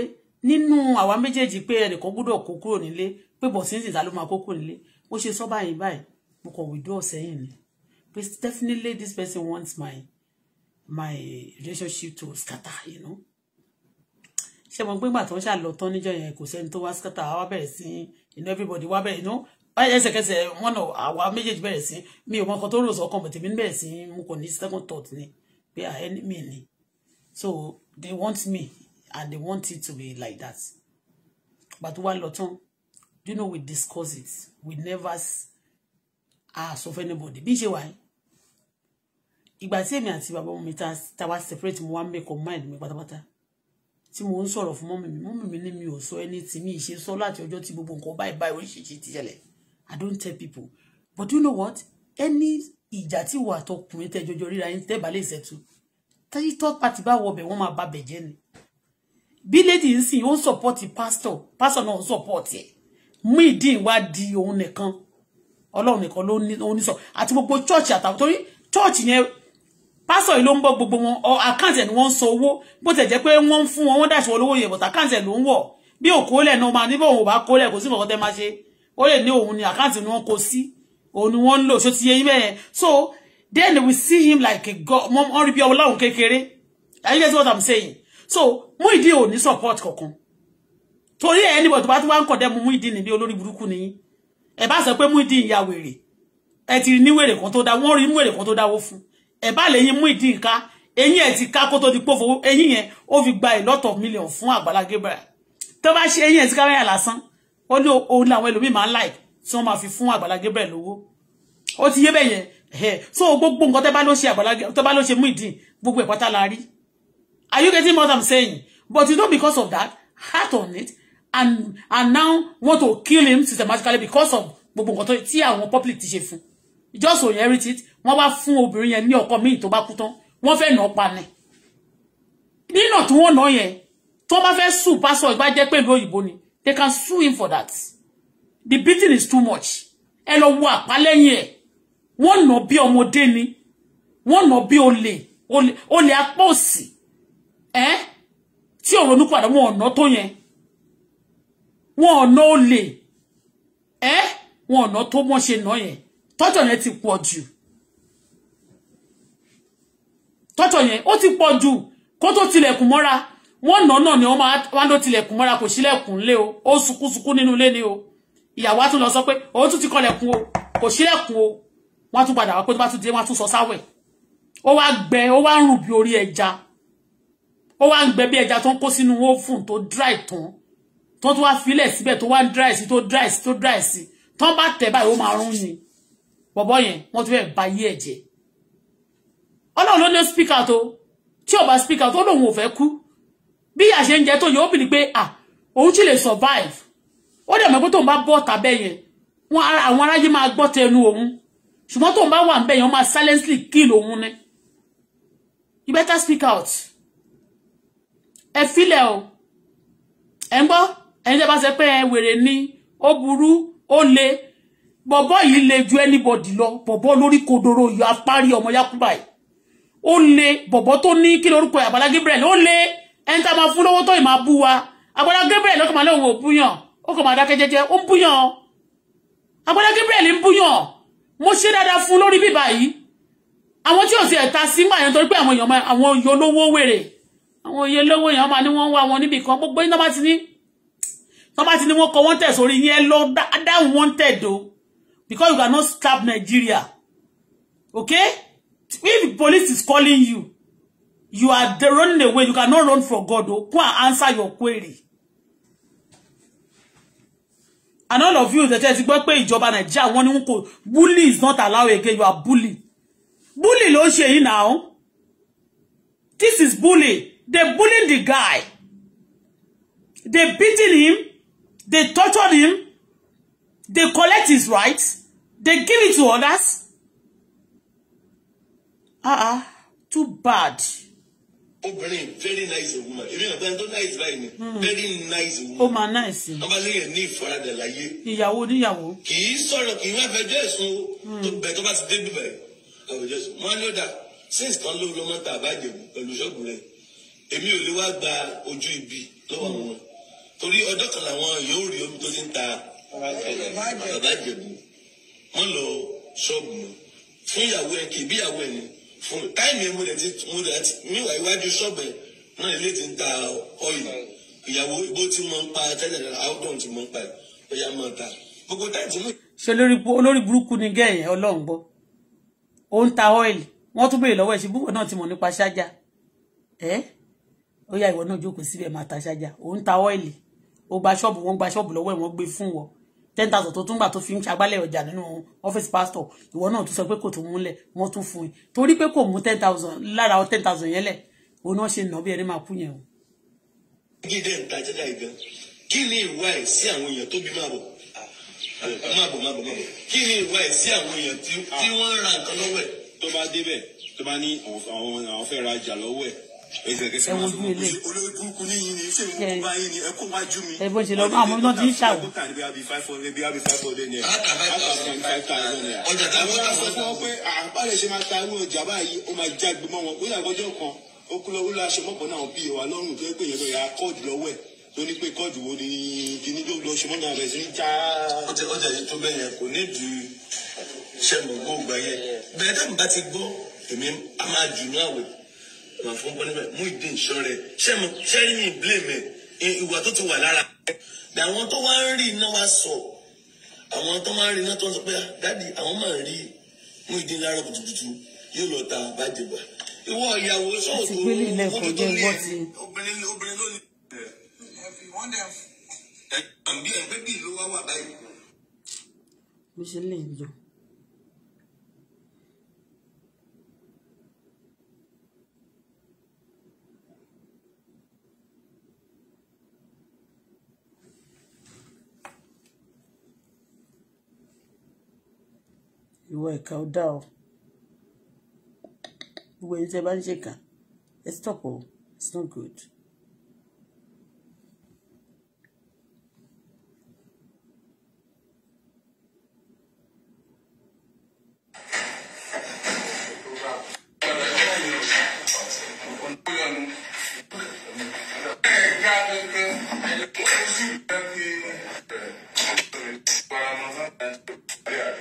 nínú àwa méjèèjì pé ẹnìkan gbúdọ̀ kó kúrò nílé pé bọ̀ sí ìta ló máa kó kúrò nílé mo ṣe sọ báyìí báyìí mo kàn withdraw sẹ́yìn ni pé definitely this person wants my my relationship to scatter you know ṣe mọ̀ pé gbàtọ́ ṣà lọ tán níjọ́ yẹn kò sẹ́ni tó wá scatter wá bẹ̀rẹ̀ sí know, everybody wá bẹ̀rẹ̀ inú ẹsẹ̀kẹsẹ̀ wọn náà àwa méjèèjì bẹ̀rẹ̀ sí mi ò mọ ọkọ tó rò sọ́kàn bọ̀tẹ̀mí bẹ̀rẹ̀ sí mo kàn ní second thought ni they are enemy ni so they want me and they want it to be like that but one lọ tán you know we discuss it we never ask of anybody bí ṣe wà yìí ìgbà tí èmi àti bàbá mi ta wá separate mo wá make up mind mi pátápátá tí mo ń sọ̀rọ̀ fún mọ́mì mi mọ́mì mi ní mi ò sọ ẹni tí mi ì ṣe sọ láti ọjọ́ tí gbogbo nǹkan báyìí báyìí oríṣiríṣi ti ṣẹlẹ̀ I don't tell people but you know what any ìjà tí wà tọkùnrin tẹjọjọ ríra yín tẹ́ bá lè ṣẹ́tù tẹ́yí third party bá wọ ọbẹ̀ wọ́n máa ba bẹ̀jẹ́ ni bí lady ń sìn ó ń sọ̀pọ́tì pásítọ̀ pásítọ̀ náà ń sọ̀pọ́tì ẹ̀ mú ìdí ìwà di òun nìkan ọlọ́run nìkan ló ní òun ní sọ àti gbogbo church àtàwọn torí church yẹn pásítọ̀ yìí ló ń bọ́ gbogbo wọn ọ àkáǹtì ẹ̀ ni wọ́n ń san owó bó tẹ̀ jẹ́ pé wọ́n ń fún wọn wọ́n dàṣọ olówó yẹn bọ̀tà àkáǹtì ẹ̀ ló ń wọ̀ bí òkólẹ̀ náà máa níbọ̀ òun ò bá kólẹ̀ kò sí nǹkan tẹ́ máa ṣe ó lè ní òun ni àkáǹtì ni wọ́n kó sí òun ni wọ́n ń ti yẹ so then we see him like a god mọ́ ọ́n rí bí ọlọ́run kékeré are what i'm saying so Muyideen ò ní support kankan torí ẹ̀ anybody tó bá tún wá ń condemn Muyideen níbi olórí burúkú nìyí ẹ̀ bá sọ pé Muyideen ya wèrè ẹ̀ ti ní wèrè kan tó dá wọ́n rí wèrè kan tó dáwó fún ẹ̀ bá lè yín Muyideen ká eyín ẹ̀ ti ká kó tó di pòfò eyín yẹn ó fi gba a lot of million fún Àgbàlá Gabriel tó bá ṣe eyín ẹ̀ ti ká mẹ́rin lásán ó ní òun làwọn ẹlòmíì máa ń like tí wọ́n máa fi fún Àgbàlá Gabriel lówó ó ti yé bẹ́ẹ̀ yẹn ẹ̀ so gbogbo nǹkan tẹ́ bá ló ṣe Àgbàlá tẹ́ bá ló ṣe Muyideen gbogbo ẹ̀ pátá la rí are you getting what I'm saying but you know because of that heart on it and and now want to kill him systematically because of gbogbo nǹkan tí àwọn public ti ṣe fún just to inherit it wọ́n wá fún obìnrin yẹn ní ọkọ míì tó bá kú tán wọ́n fẹ́ nà pa ni nínà tí wọ́n nà yẹn tó bá fẹ́ sùn pásọ̀ ìbá jẹ́ pé òyìnbó ni they can sue him for that the beating is too much ẹ lọ wo àpá lẹ́yìn ẹ̀ wọ́n no bi ọmọdé ni wọ́n nà bí olè olè apá òsì ẹ́ tí ọ̀rọ̀ nípa àdá wọn ọ̀nà tó yẹn wọn ọ̀nà olè ẹ́ wọn ọ̀nà tó wọ́n ṣe nà yẹn tọ́jọ́ yẹn ti pọ̀ jù tọ́jọ́ yẹn ti pọ̀ jù kó tó tilẹ̀kùn mọ́ra wọ́n nà náà ni wọ́n máa wá ló tilẹ̀kùn mọ́ra kò sílẹ̀kùn lé o ó sunkún sunkún nínú ilé ni o ìyàwó á tún lọ sọ pé òun tún ti kọlẹ̀kùn o kò sílẹ̀kùn o wọ́n tún padà wá pé tó bá tún dé wọ́n tún sọ sáwẹ̀ ó wá gbẹ ó wá rùn bí orí ẹja ó wá gbẹ bí ẹja tó ń kó sínú ófùn tó dry tán tó tún wá filẹ̀ síbẹ̀ tó wá ń dry sí tó dry sí tó dry sí tán bá tẹ̀ báyìí ó máa rún ni bọ̀bọ̀ yẹn wọ́n tún fẹ́ ba yé ẹ̀jẹ̀ ọlọ́run ló ní speak out o tí ọba speak out ó ò fẹ́ kú bí ìyá ń jẹ tó yẹ ó bìnrin pé ah òun sì lè survive ó dẹ̀ mọ̀ pé tóun bá bọ́ ọ̀tà bẹ́ẹ̀ yẹn wọn àwọn aráyé máa gbọ́ tẹnu òun ṣùgbọ́n tóun bá wà ń bẹ́ẹ̀ yẹn wọ́n máa silently kill òun ni you better speak out ẹ filẹ̀ o ẹ ń gbọ́ ẹni tẹ́ bá sọ pé ẹ wèrè ni ó burú ó le bọ̀bọ́ yìí le ju anybody lọ bọ̀bọ́ lórí kodoro yọ apárí ọmọ yakuba yìí ó le bọ̀bọ́ tó ní kí lórúkọ Agbala Gabriel ó le ẹni tá a máa fún lówó tó ì máa bú wa Agbala Gabriel lọ́kàn máa lóun ò ó kàn máa dákẹ́ jẹ́jẹ́ ó ń búyàn Agbala Gabriel ń búyàn mo ṣe dáadáa fún lórí bíbá yìí àwọn tí ò sí ẹ̀ta sí máa yẹn torí pé àwọn èèyàn àwọn òye olówó wèrè àwọn òye olówó èèyàn máa ní wọ́n ń wá wọn níbì kan gbogbo iná bá ti ní wọ́n bá ti ní wọ́n kọ wọ́n tẹ̀ sórí yẹn lọ dáhùn wọ́n tẹ̀ do because you cannot stab Nigeria okay if the police is calling you you are running away you cannot run for God o go and answer your query and all of you tẹ́tẹ́ ti gbọ́ pé ìjọba nàìjíríà wọ́n ní wọn kò bully is not allowed again you are bully bully ló ń ṣe yìí this is bully they bullying the guy they beating him they tortured him they collect his rights they give it to others ah uh ah -uh, too bad obìnrin very nice woman èmi náà bẹ́ẹ̀ tó nice báyìí ni hmm. very nice woman. ó máa nice. wọ́n bá léyìn ní ìfaradà láyé. ìyàwó oníyàwó. kì í sọ̀rọ̀ kì í wá fẹjọ́ ẹ̀sùn o hmm. tó bẹ̀ tó bá ti dé bíbẹ̀ àwùjọ ẹ̀sùn wọ́n ló dà since kan ló lọ́mọ tá a bá jẹ̀bù pẹ̀lú ṣọ́ọ̀bù rẹ̀ èmi ò lè wá gba ojú ibi lọ́wọ́ hmm. wọn torí ọjọ́ kan làwọn yóò rí omi tó ti ń ta bàbá jẹ̀bù wọ́n lọ ṣọ́ọ̀bù fún ìyàwó ẹ̀ kì í bí ìyàwó ẹ̀ ni fún mi táìmì mo dẹ̀ ti mo dẹ̀ ti níwà iwájú ṣọ́ọ̀bù ẹ̀ náà ilé ti ń ta ọyìn ìyàwó igbó tí mo ń pa tẹ́lẹ̀ outdoor tí mo ń pa ẹ̀ máa ta gbogbo táìtì mi. ṣe olórí burúkú ni gẹ́yìn ọlọ́run gbọ́ ó ń ta oil wọ́n tún béèrè lọ́wọ́ ẹ̀ ṣe búwọ̀ náà ti mọ̀ nípa ṣájà ẹ́ ó yá ìwọ náà jókòó síbẹ̀ máa ta ṣájà ó ń ta oil ó gba ṣọ́ọ̀bù wọ́n gba ṣọ́ọ̀bù lọ́wọ́ ẹ̀ wọ́n gbé fún wọn ten thousand tó tún gbà tó fi ń ṣagbálẹ̀ ọjà nínú office pásítọ̀ ìwọ náà tún sọ pé kò tún múlẹ̀ wọ́n tún fún un torí pé kò mú ten thousand lára ten thousand yẹn lẹ̀ òun náà ṣe nà bí ẹni máa kú yẹn o. gídé nta jẹ́dá ìgbà kí ni ìwà ẹ̀ sí àwọn èèyàn tó bí máa bọ̀ máa bọ̀ máa bọ̀ máa bọ̀ kí ni ìwà ẹ̀ sí àwọn èèyàn tí wọ́n ń ra nǹkan lọ́wọ́ ẹ̀. tó bá débẹ̀ tó bá ní àwọn fẹ́ ra ọjà lọ́wọ́ ẹ̀ ẹ wojú ilé olórí bá àwọn ọmọ tí ń ṣàwọ. ọjà náà bí ìwà lọ́rùn tó ń pè yẹn lọ́ọ́ yà á kọ́ọ̀dù lọ́wọ́ ẹ̀ tó ní pé kọ́ọ̀dù wo ni kíní tó lọ ṣe mọ́kàn rẹ̀ sí ní já. ọjà yìí tó bẹ́ẹ̀ kò ní ju ṣẹ́gun gbogbo ayẹ dáhùn bá ti gbọ́ èmi a máa jù ní àwẹ̀ wọn fún bọ́ níbẹ̀ Muyideen ṣọ́rẹ́ ṣẹ́mu ṣẹ́rí mi blame ẹ̀ ìwà tó ti wà lára ẹ̀ àwọn tó wá ń rí iná wa sọ àwọn tó máa ń rí iná tó ń sọ pé ah, dáàdi àwọn máa ń rí Muyideen lára kùtùkùtù yóò lọ ta bàjẹ́gbà ìwọ ìyàwó sọ̀tò mọ́tò tó lé obìnrin obìnrin lónìí. ẹ̀ẹ́dì bí ẹgbẹ́ bíi ló wá wà báyìí. mo ṣe lè yọ. You ìka ó dá ọ gbogbo ẹni tí ẹ bá it's not good. Yeah.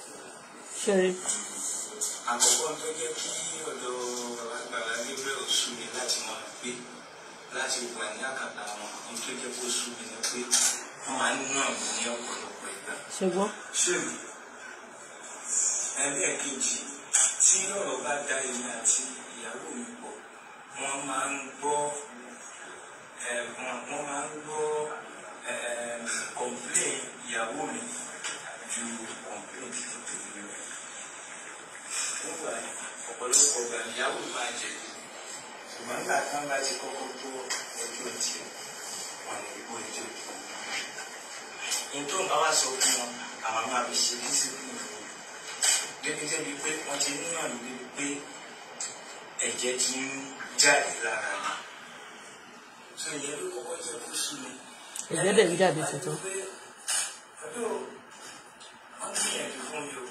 ṣeré. àkọ́kọ́ tó jẹ́ kí ọ̀dọ̀ agbára gabriel sú mi láti mọ̀ pé láti wà ní àkàtà wọn ní tó jẹ́ kó sú mi ni pé wọ́n máa ń nà mí ní ọ̀pọ̀lọpọ̀ ìgbà. ṣùgbọ́n. ṣèlú ẹlẹ́ẹ̀kejì tí ọ̀rọ̀ bá da èmi àti ìyàwó mi pọ̀ wọ́n máa ń gbọ́ wọ́n máa ń gbọ́ kọ̀ǹpléìn ìyàwó mi ju kọ̀ǹpléìn tuntun nígbà ọ̀pọ̀lọpọ̀ ọgbà níyàwó máa jẹ ṣùgbọ́n nígbà tí wọ́n bá ti kọ́kọ́ tó ẹjọ́ tiẹ̀ wọn lè gbọ́ ẹjọ́ tiẹ̀. ètò ìgbà wa sọ fún wọn àwọn máa fi ṣe bí síbí débìtẹ́ bíi pé wọ́n ti níyàn níbi pé ẹ̀jẹ̀ ti ń jáde lára mi. sọ ìyẹn ló kọ́kọ́ jẹ́ kó sú mi. ìgbẹ́bẹ̀ yìí dàbí tuntun. ọdún ọdún yẹn fi fún mi o.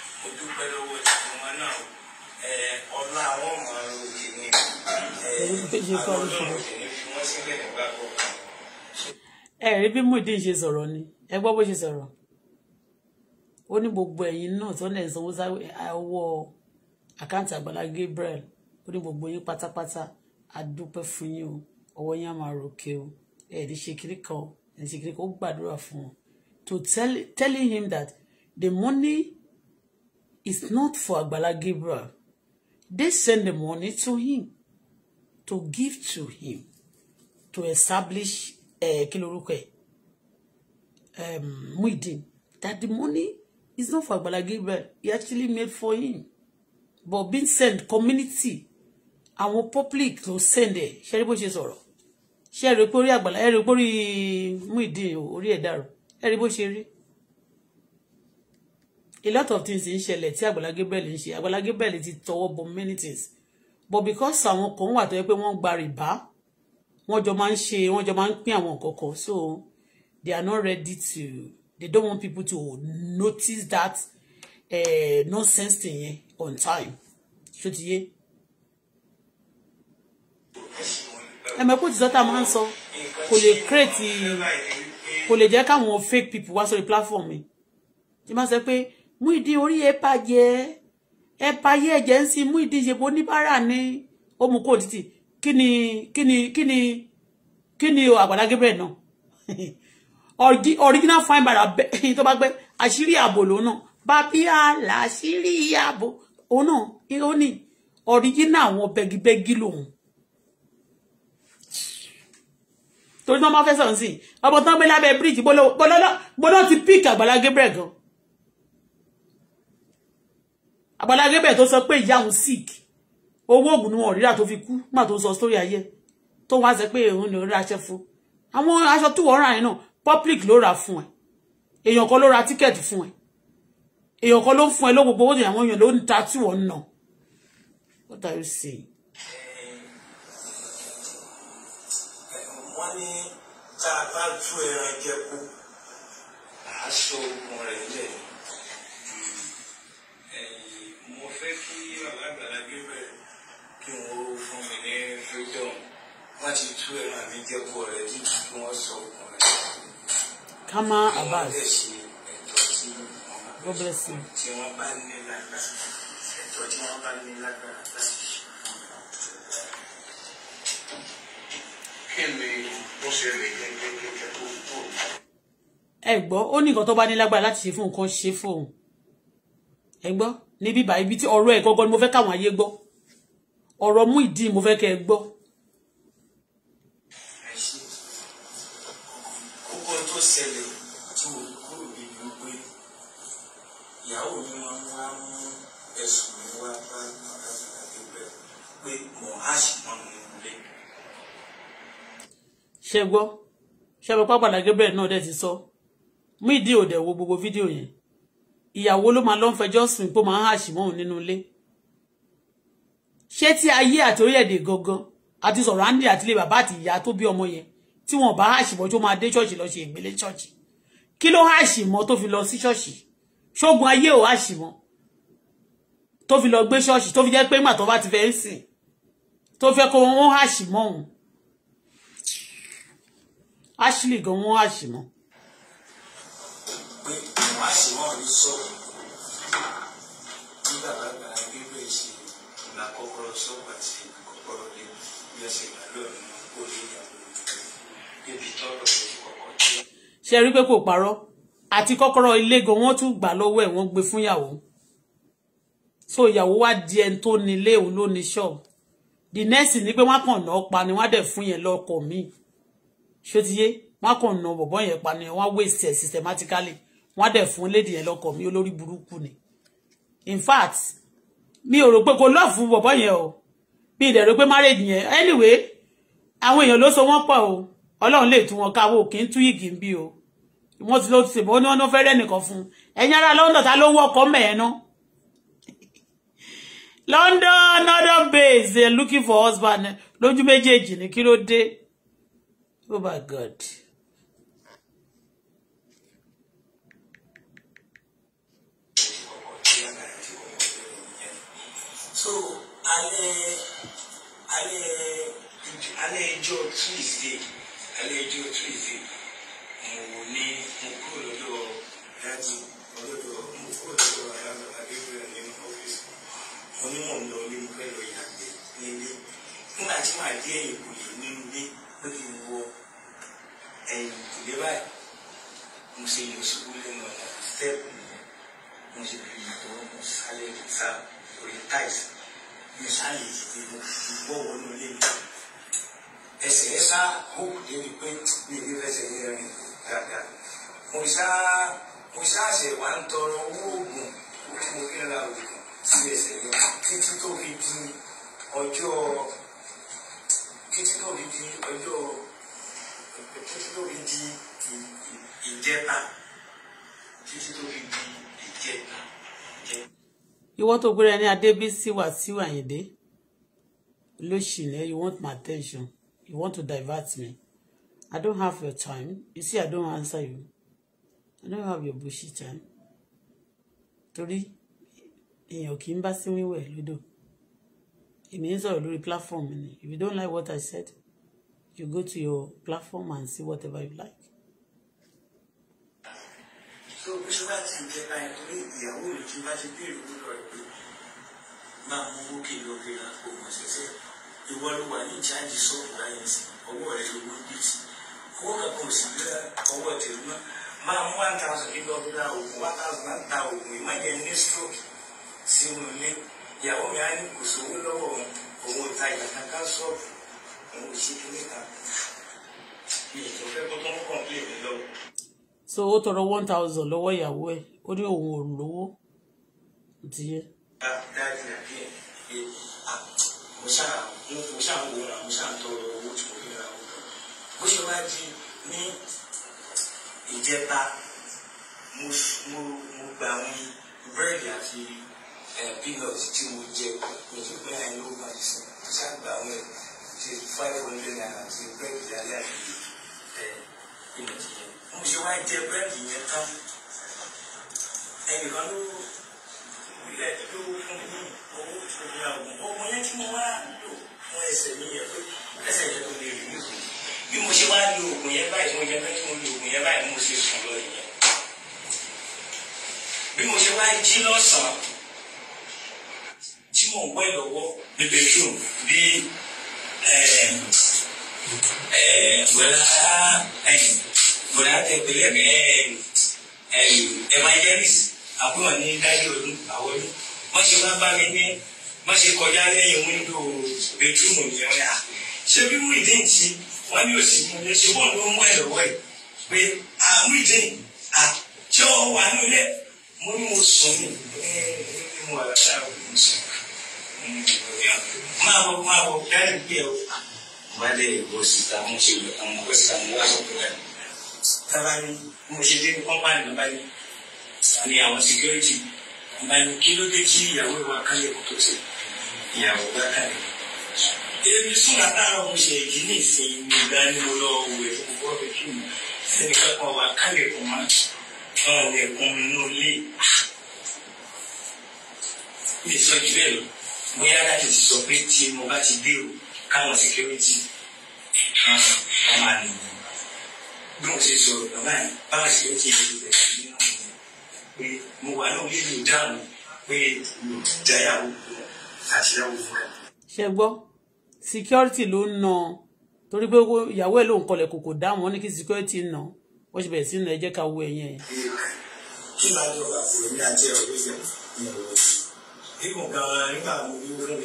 mo dúpẹ́ lọ́wọ́ ìṣẹ̀fún wọn náà ọlá wọn máa ń lòkè ní àwọn ọlọ́run òsì ní fi wọ́n sílẹ̀ nígbà kọ̀ọ̀kan. ẹ rí bí Muyideen ṣe sọ̀rọ̀ ni ẹ gbọ́ bó ṣe sọ̀rọ̀ ó ní gbogbo ẹ̀yin náà tó lè sanwó sáwọ́ àkáǹtì Àgbàlá Gabriel ó ní gbogbo yín pátápátá a dúpẹ́ fún yín o ọwọ́ yín á máa ròkè o ẹ̀ ní ṣe kiri kan ẹ̀ ní ṣe kiri kan ó gbàdúrà fún wọn to tell telling him that the money is not for Agbala Gabriel. They send the money to him, to give to him, to establish uh, eh, Kiloruke, um, Muidin. That the money is not for Agbala Gabriel. He actually made for him. But being sent community, and public to send it. share rí bó share sọ̀rọ̀. Agbala, ẹ rí Muidin, orí ẹ̀ dàrú. Ẹ a lot of things in ṣẹlẹ̀ tí Àgbàlá Gabriel ń ṣe Àgbàlá Gabriel ti tọwọ́ bọ many things but because àwọn kan wà tó yẹ pé wọ́n gba rìbá wọ́n jọ máa ń ṣe wọ́n jọ máa ń pín àwọn nǹkan kan so they are not ready to they don't want people to notice that uh, nonsense thing yẹn on time ṣó ti yé ẹ mọ̀ pé òtítọ́ tá máa ń sọ kò lè create kò lè jẹ́ káwọn fake people wá sórí platform mi tí máa sọ pé Muideen orí ẹ bàjẹ́ ẹ bàyẹ́ ẹ̀jẹ̀ ń sin Muideen ṣèpọ̀ oníbàárà ní òmùkò òtítì kí ni kí ni kí ni kí ni Àgbàlá Gabriel náà original fine bara tó bá gbẹ àṣírí ààbò lòun náà bàbíà làṣírí ààbò òun náà ó ní original àwọn bẹgibẹgi lòun torí wọn máa fẹ́ sọ̀rọ̀ sí ọmọ tán gbé lábẹ́ bíríìjì gbọ́dọ̀ ti píìkì Àgbàlá Gabriel gan-an. Agbala Gabriel tó sọ pé ìyá òun sick owó oògùn ni wọn rírà tó fi kú nígbà tó ń sọ sórí ayé tó wá sọ pé òun ló ra aṣẹ fún àwọn aṣọ tí wọ́n rà yẹn náà public ló rà fún ẹ èèyàn kan ló ra tíkẹ́ẹ̀tì fun e èèyàn kan ló ń fún ẹ lóògùn gbogbo àwọn èèyàn ló ń ta tí wọ́n ń what are you saying. wọ́n ní tá a bá tú ẹran jẹ kú aṣọ ogun rẹ̀ fẹ́ kí bàbá àgbàlá gbé bẹ̀rẹ̀ kí wọ́n fún mi ní freedom wọ́n ti tú ẹ̀rọ àmì jẹ́kù Kama Abbas. God bless you. Ẹ gbọ́, ó ní nǹkan tó bá ní lágbára láti ṣe fún nǹkan ṣe fóun. Ẹ gbọ́ níbí báyìí ibi tí ọ̀rọ̀ ẹ̀ gọ́gọ́ ni mo fẹ́ káwọn ayé gbọ́ ọ̀rọ̀ mú ìdí mo fẹ́ kẹ́ ẹ gbọ́. kókó tó ṣẹlẹ̀ tí mo kúrò níbi wípé ìyàwó mi máa ń wá mú mi wá bá àgbàlagbà pé pé mo á sì mọ mi lé. ṣé gbọ́ ṣé mo pápá làgẹ́bẹ̀rẹ̀ náà dẹ̀ ti sọ mú ìdí òdẹ̀ wo gbogbo fídíò yẹn ìyàwó ló máa lọ ń fẹjọ́ sùn pé máa ń hàṣì mọ́ òun nínú ilé ṣé tí ayé àti orílẹ̀-èdè gangan àti sọ̀rọ̀ andy àti ilé bàbá àti ìyá tó bí ọmọ yẹn tí wọ́n bá hàṣì mọ́ tó máa dé ṣọ́ọ̀ṣì lọ ṣe ìgbélé ṣọ́ọ̀ṣì kí ló hàṣì mọ́ tó fi lọ sí ṣọ́ọ̀ṣì ṣógun ayé ò hàṣì mọ́ tó fi lọ gbé ṣọ́ọ̀ṣì tó fi jẹ́ pé nígbà bá ti fẹ́ ń sìn tó fẹ́ kó wọn hàṣì mọ́ òun Ashley gan wọn hàṣì mọ́ má ṣe wọ́n ní sọ́ọ̀bù tí bàbá gbàrà gbígbé ṣe ìgbà kọ́kọ́rọ́ sọ́ọ̀bù àti kọ́kọ́rọ́ lé bí ẹsẹ̀ ìgbà lónìí ó lé ìyàwó débi tọ́lọ̀ lójú kọ́kọ́ tí. ṣe rí pé kò parọ́ àti kọ́kọ́rọ́ ilé gan wọ́n tún gbà lọ́wọ́ ẹ̀ wọ́n gbé fún ìyàwó so ìyàwó wá di ẹni tó ní ilé òun ló ní ṣọ́ọ̀bù the next ni pé wọ́n kàn náà pa ni wọ́n á dẹ̀ fún yẹn lọ́kọ̀ míì ṣó ti yé wọ́n kàn náà bọ̀bọ́ yẹn pa ni wọ́n á waste systematically wọ́n dẹ̀ fún lady yẹn lọ́kọ mi olórí burúkú ni in fact mi ò rò pé kò lọ́ọ̀fù bọ̀bọ̀ yẹn o mi ì dẹ̀ rò pé marriage yẹn anyway àwọn èèyàn ló so wọ́n pọ̀ o ọlọ́run lè tú wọn káwọ́ kì í tú yìgì ń bí o wọ́n ti ló ti ṣèbọ̀ ó ní wọ́n fẹ́rẹ́ nìkan fún un ẹ̀yin ará London ta ló wọ́kọ̀ mẹ́ẹ̀ẹ́nú London northern base they looking for husband lójú méjèèjì ni kí ló dé oh my God. so alẹ́ alẹ́ alẹ́ ẹjọ́ tuesday alẹ́ ẹjọ́ tuesday mo ní mo kúrò lọ́dọ̀ ẹ̀ẹ́dù ọlọ́dọ̀ mo kúrò lọ́dọ̀ ẹ̀ẹ́dù adébúrẹ́ nínú ọ́fíìsì onímọ̀ ń lọ ní mo fẹ́ lọ yàgbẹ́ nílé nígbà tí màá dé ẹ̀yìn kò lè nínú ilé ó lè wọ ẹ̀yìn kò lè báyìí mo ṣe yọ ṣubú lẹ́nu ọ̀nà stẹ́ẹ̀pù mo ṣe lè yàtọ̀ mo sálẹ̀ sáà orí táìsì ní sáyé ìdílé mo gbọ́ wọnú ilé mi ẹsẹ̀ ẹ sá hókù débi pé mi ò ní fẹsẹ̀ yẹ rìn dáadáa mo sá mo sá àṣẹ wà ń tọrọ owó oògùn tí mo fi ra oògùn sí ẹsẹ̀ yẹn títí tó fi di ọjọ́ títí tó fi di ọjọ́ títí tó fi di ìjẹta títí tó fi di ìjẹta ìwọ tó gbéra ní adébísí wàsíù àyìndé olóṣìlẹ̀ you want my attention you want to divert me i don't have your time you see i don't answer you i don't have your bullshit time torí èèyàn kì í bá sí wíwẹ̀ lódò èmi ń sọ̀rọ̀ lórí platform ni if you don't like what i said you go to your platform and see whatever you like tó bí sọ bá ti ń jẹ báyìí torí ìyàwó rẹ tí bá ti bí ìròyìn lọ rẹ pé máa mú owó kí lọ fi ra oògùn ṣẹṣẹ ìwọ ló wà ní chájì sọọbù láyé sí ọwọ́ rẹ lówó ń bìtì owó kankan ò sì gbé ọwọ́ tẹ̀lé mọ́ máa mú one thousand kí lọ fi ra oògùn one thousand náà ta oògùn ìmọ̀jẹ̀ ní stroke sínú ilé ìyàwó mi á ní kò sówó lọ́wọ́ òun òun ta ìyàtà ká sọọbù òun ò sí kí níta mi ò tó fẹ́ kó tó ń kọ̀ǹpléèmì so ó tọrọ one thousand lọ́wọ́ ìyàwó ẹ̀ ó ní òun òun lówó ti yẹ. bó ṣe wá di ní ìjẹta mo gba àwọn búrẹ́dì àti eh, peanuts tí mo jẹ mi ti pẹ́ àìní ó máa sùn mo gba àwọn ẹ̀ ti five hundred naira àti búrẹ́dì àti eh, peanuts yẹn mo ṣe wá jẹ búrẹ́dì yẹn tán ẹnìkan ló ilẹ̀ ló do mi owó tó ní àwọn ọmọ yẹn tí mo wá lò fún ẹsẹ̀ mi yẹn pé ẹsẹ̀ yẹn tó lè rí mi kù bí mo ṣe wá lo oògùn yẹn báyìí mo yẹ pé kí mo lo oògùn yẹn báyìí mo ṣe sùn lọ yẹn bí mo ṣe wá jí lọ́sàn-án tí mò ń wẹ̀ lọ́wọ́ ní bedroom bí ẹ̀ẹ́dẹ́gbẹ̀rẹ́ eh, eh, ah, ah, ẹ̀yìn bọ̀dá tẹ pẹ̀lẹ́ mi ẹ evangelist àbúrò ní dájú ọdún àwọn ọdún wọ́n ṣe wá bá mi ní wọ́n ṣe kọjá lẹ́yìn wíńdò bẹ́túmù yẹn wọ́n yà ṣé bí wọ́n ìdí ntí wọ́n ní òsì mú ilé ṣe wọ́n ló ń wọ́ ẹ̀ lọ́wọ́ ẹ̀ pé àwọn ìdí à ṣé ọ wà ní ilé mo ní mo sùn ní ẹ ẹ mo wà lára mo sùn máa bọ̀ máa bọ̀ dájú bí ẹ wà. wọ́n lè wọ síta mo ṣe wọ́n síta mo wá sọ̀rọ̀ ẹ̀ sábà ní mo ṣe dé ní kọ́mpáàlì bàbá ní àní àwọn security bàbá ní kí ló dé tí ìyàwó ìwà kálẹ̀ kò tó ṣe ìyàwó bá kálẹ̀. èmi sùn látàárọ̀ mo ṣe èjì ní ìsìn mi dání mo lọ wẹ̀ fún gbọ́ fẹ́ kí mi ẹnì kankan wà kálẹ̀ kò má ọ̀rọ̀ ẹ̀kún inú ilé. mi sọ ti mo bá ti dé o káwọn security àwọn ọmọ àlejò náà ṣe sọ̀rọ̀ bàbá yìí bá a ṣe ti ìlú rẹ̀ ní àwọn pé mo wà náà nínú ìdáhùn pé mo jáyàwó àtìyàwó fúnra. ṣe gbọ́ security ló ń nà torí pé ìyàwó ẹ̀ ló ń kọlẹ̀ kòkò dáhùn wọn ní kí security nà wọ́n ṣe bẹ̀rẹ̀ sí nà ẹ jẹ́ ká wo ẹ̀yìn ẹ̀. kí máa ń lọ àpò mi àti ẹ̀rọ ló fẹ́ ìyàwó ikùn kan nígbà mo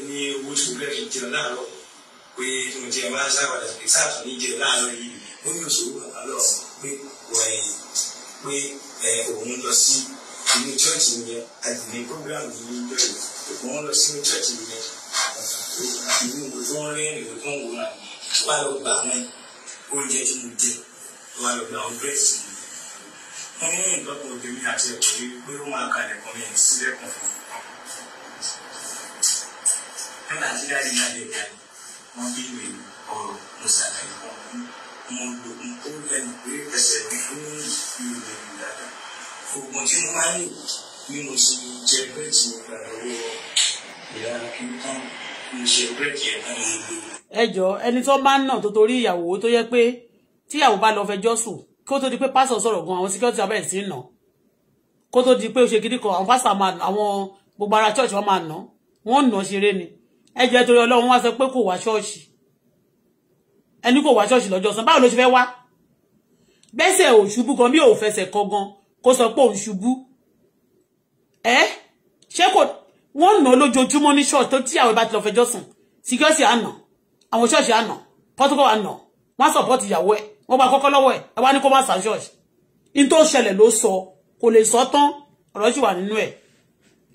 ní owó ìṣòro ẹ̀ pé tí mo jẹ máa ń ṣàwádà pé sáàtún ní jẹ láàárín yìí ó ní òṣòwò bàbá lọ pé pé òun lọ sí inú chọ́ọ̀chì yẹn àgbègbè programu yìí ń bẹ̀rẹ̀ òun lọ sínú chọ́ọ̀chì yẹn inú mo tó ń rẹ́rìn ló tó ń wò náà wà lọ gbà wọn oúnjẹ tí mo jẹ wà lọ gbà wọn bírèsì wọn ní ìgbọ́kọ̀ obìnrin àti ẹ̀kọ́ pé ó máa kalẹ̀ kan yẹn sílẹ̀kùn fún un nígbà tí dáadé náà lè dáadé wọ́n bí mi ọ̀rọ̀ mo ṣàlàyé fún un mo lò ó lẹ́nu pé ẹsẹ̀ mi fún ìròyìn ìdàgbà oògùn tí mo máa ń lò bí mo ṣe jẹ bẹ́ẹ̀tì mo gbà lọ́wọ́ ìyá kí n tán mo ṣe bẹ́ẹ̀tì ẹ̀ náà mo lò. ẹ jọ ẹni tó máa ń nà tó torí ìyàwó tó yẹ pé tíyàwó bá lọ fẹjọ́ sùn kí ó tó di pé pásítọ̀ sọ̀rọ̀ gan àwọn síkírọ́tì abẹ́rẹ́ sí nà kó tó di pé ó ṣe gidi kan àwọn pásítọ̀ àwọn gbogbo ara church wọn máa nà wọ́n nà ṣeré ni ẹjọ́ torí ọlọ́run wá sọ pé kò wá ṣọ́ọ̀ṣì ẹni kò wá ṣọ́ọ̀ṣì lọ́jọ́ sàn báwo ló ṣe fẹ́ wá bẹ́sẹ̀ ò ṣubú gan bí ò fẹsẹ̀ kọgan kó sọ pé òun ṣubú ẹ ṣé kò wọ́n nà lójoojúmọ́ ní ṣọ́ọ̀ṣì tó tí àwọn ìbá ti lọ fẹjọ́ sùn síkírọ́sì àná àwọn ṣọ́ọ̀ṣì àná pọ́tùkọ́ àná wọ́n sọ̀pọ́tì ìyàwó ẹ̀ wọ́n bá kọ́kọ́ lọ́wọ́ ẹ̀ ẹ wá ní kó má sàn ṣọ́ọ̀ṣì ní tó ṣẹlẹ̀ ló sọ kò lè sọ tán ọ̀rọ̀ sì wà nínú ẹ̀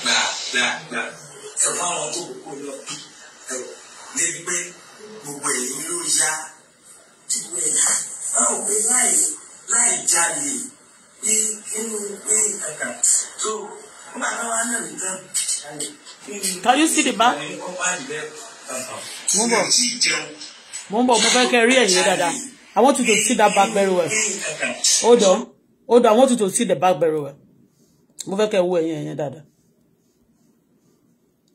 gbàgbàgbà ẹ àwọn tó kókó lọ bí ẹ lè gbé gbogbo èyí ló yá gbogbo èyí báwo pé láì láì jalè bí inú pé kàkà tó nígbà táwa náà nìkan. Can you see the back? Mo ń bọ̀. Mo ń bọ̀ mo fẹ́ kẹ́ rí ẹ̀yìn dáadáa. I want you to see that back very well. Hold on. Hold on. I want you to see the back very well. Mo fẹ́ kẹ́ wo ẹ̀yìn ẹ̀yìn dáadáa.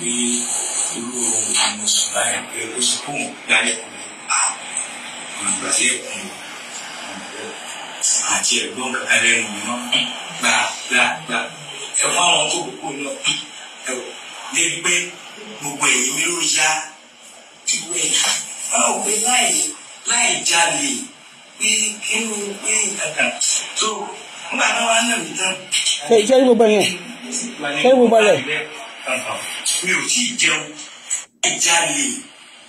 pé irú ohun tí mo sùn láyà pé ó sì kó wọn dáyé kù ní àwọn ìgbà tí ẹkùn àti ẹ̀gbọ́n ẹrẹ mi náà gbà gbà gbà ẹwọn àwọn tó kókó náà ẹwọ lè gbé gbogbo èyí mi ló yá ìwé báwo pé láì láì jalè pé kí ló pé ìdàgbà tó nígbà tó wà náà nìkan. ṣé ìṣẹ́ yìí yẹn ṣé gbogbo yẹn mi ò tí ì jẹun ẹ jalè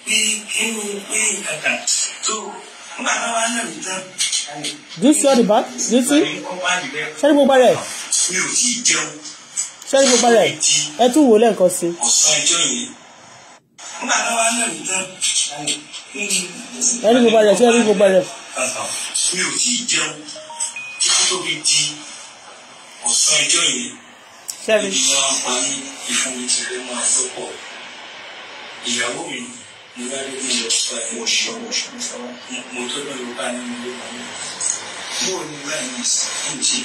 pé kí n pé kàkà tó nígbà tó wá náà mi tán. do you see all the back do you mi ò tí ì jẹun ṣé gbogbo rẹ̀ ẹ tún wò lẹ́ẹ̀kan sí. ọ̀sán ẹjọ́ yẹn nígbà tó wá náà mi tán ẹni gbogbo rẹ̀ ṣé ẹni mi ò tí ì jẹun títí tó fi di ọ̀sán ẹjọ́ yẹn seven. ìgbà pa mí ìfún mi ti lé máa tó pọ̀ ìyàwó mi mo bá rí mi lọ sọ ẹ̀ mo ṣọ́ mo ṣọ́ mo ṣọ́ mo tó lọ ló bá nínú ilé wọn lọ. bóò ni báyìí ní sẹ́yìn tí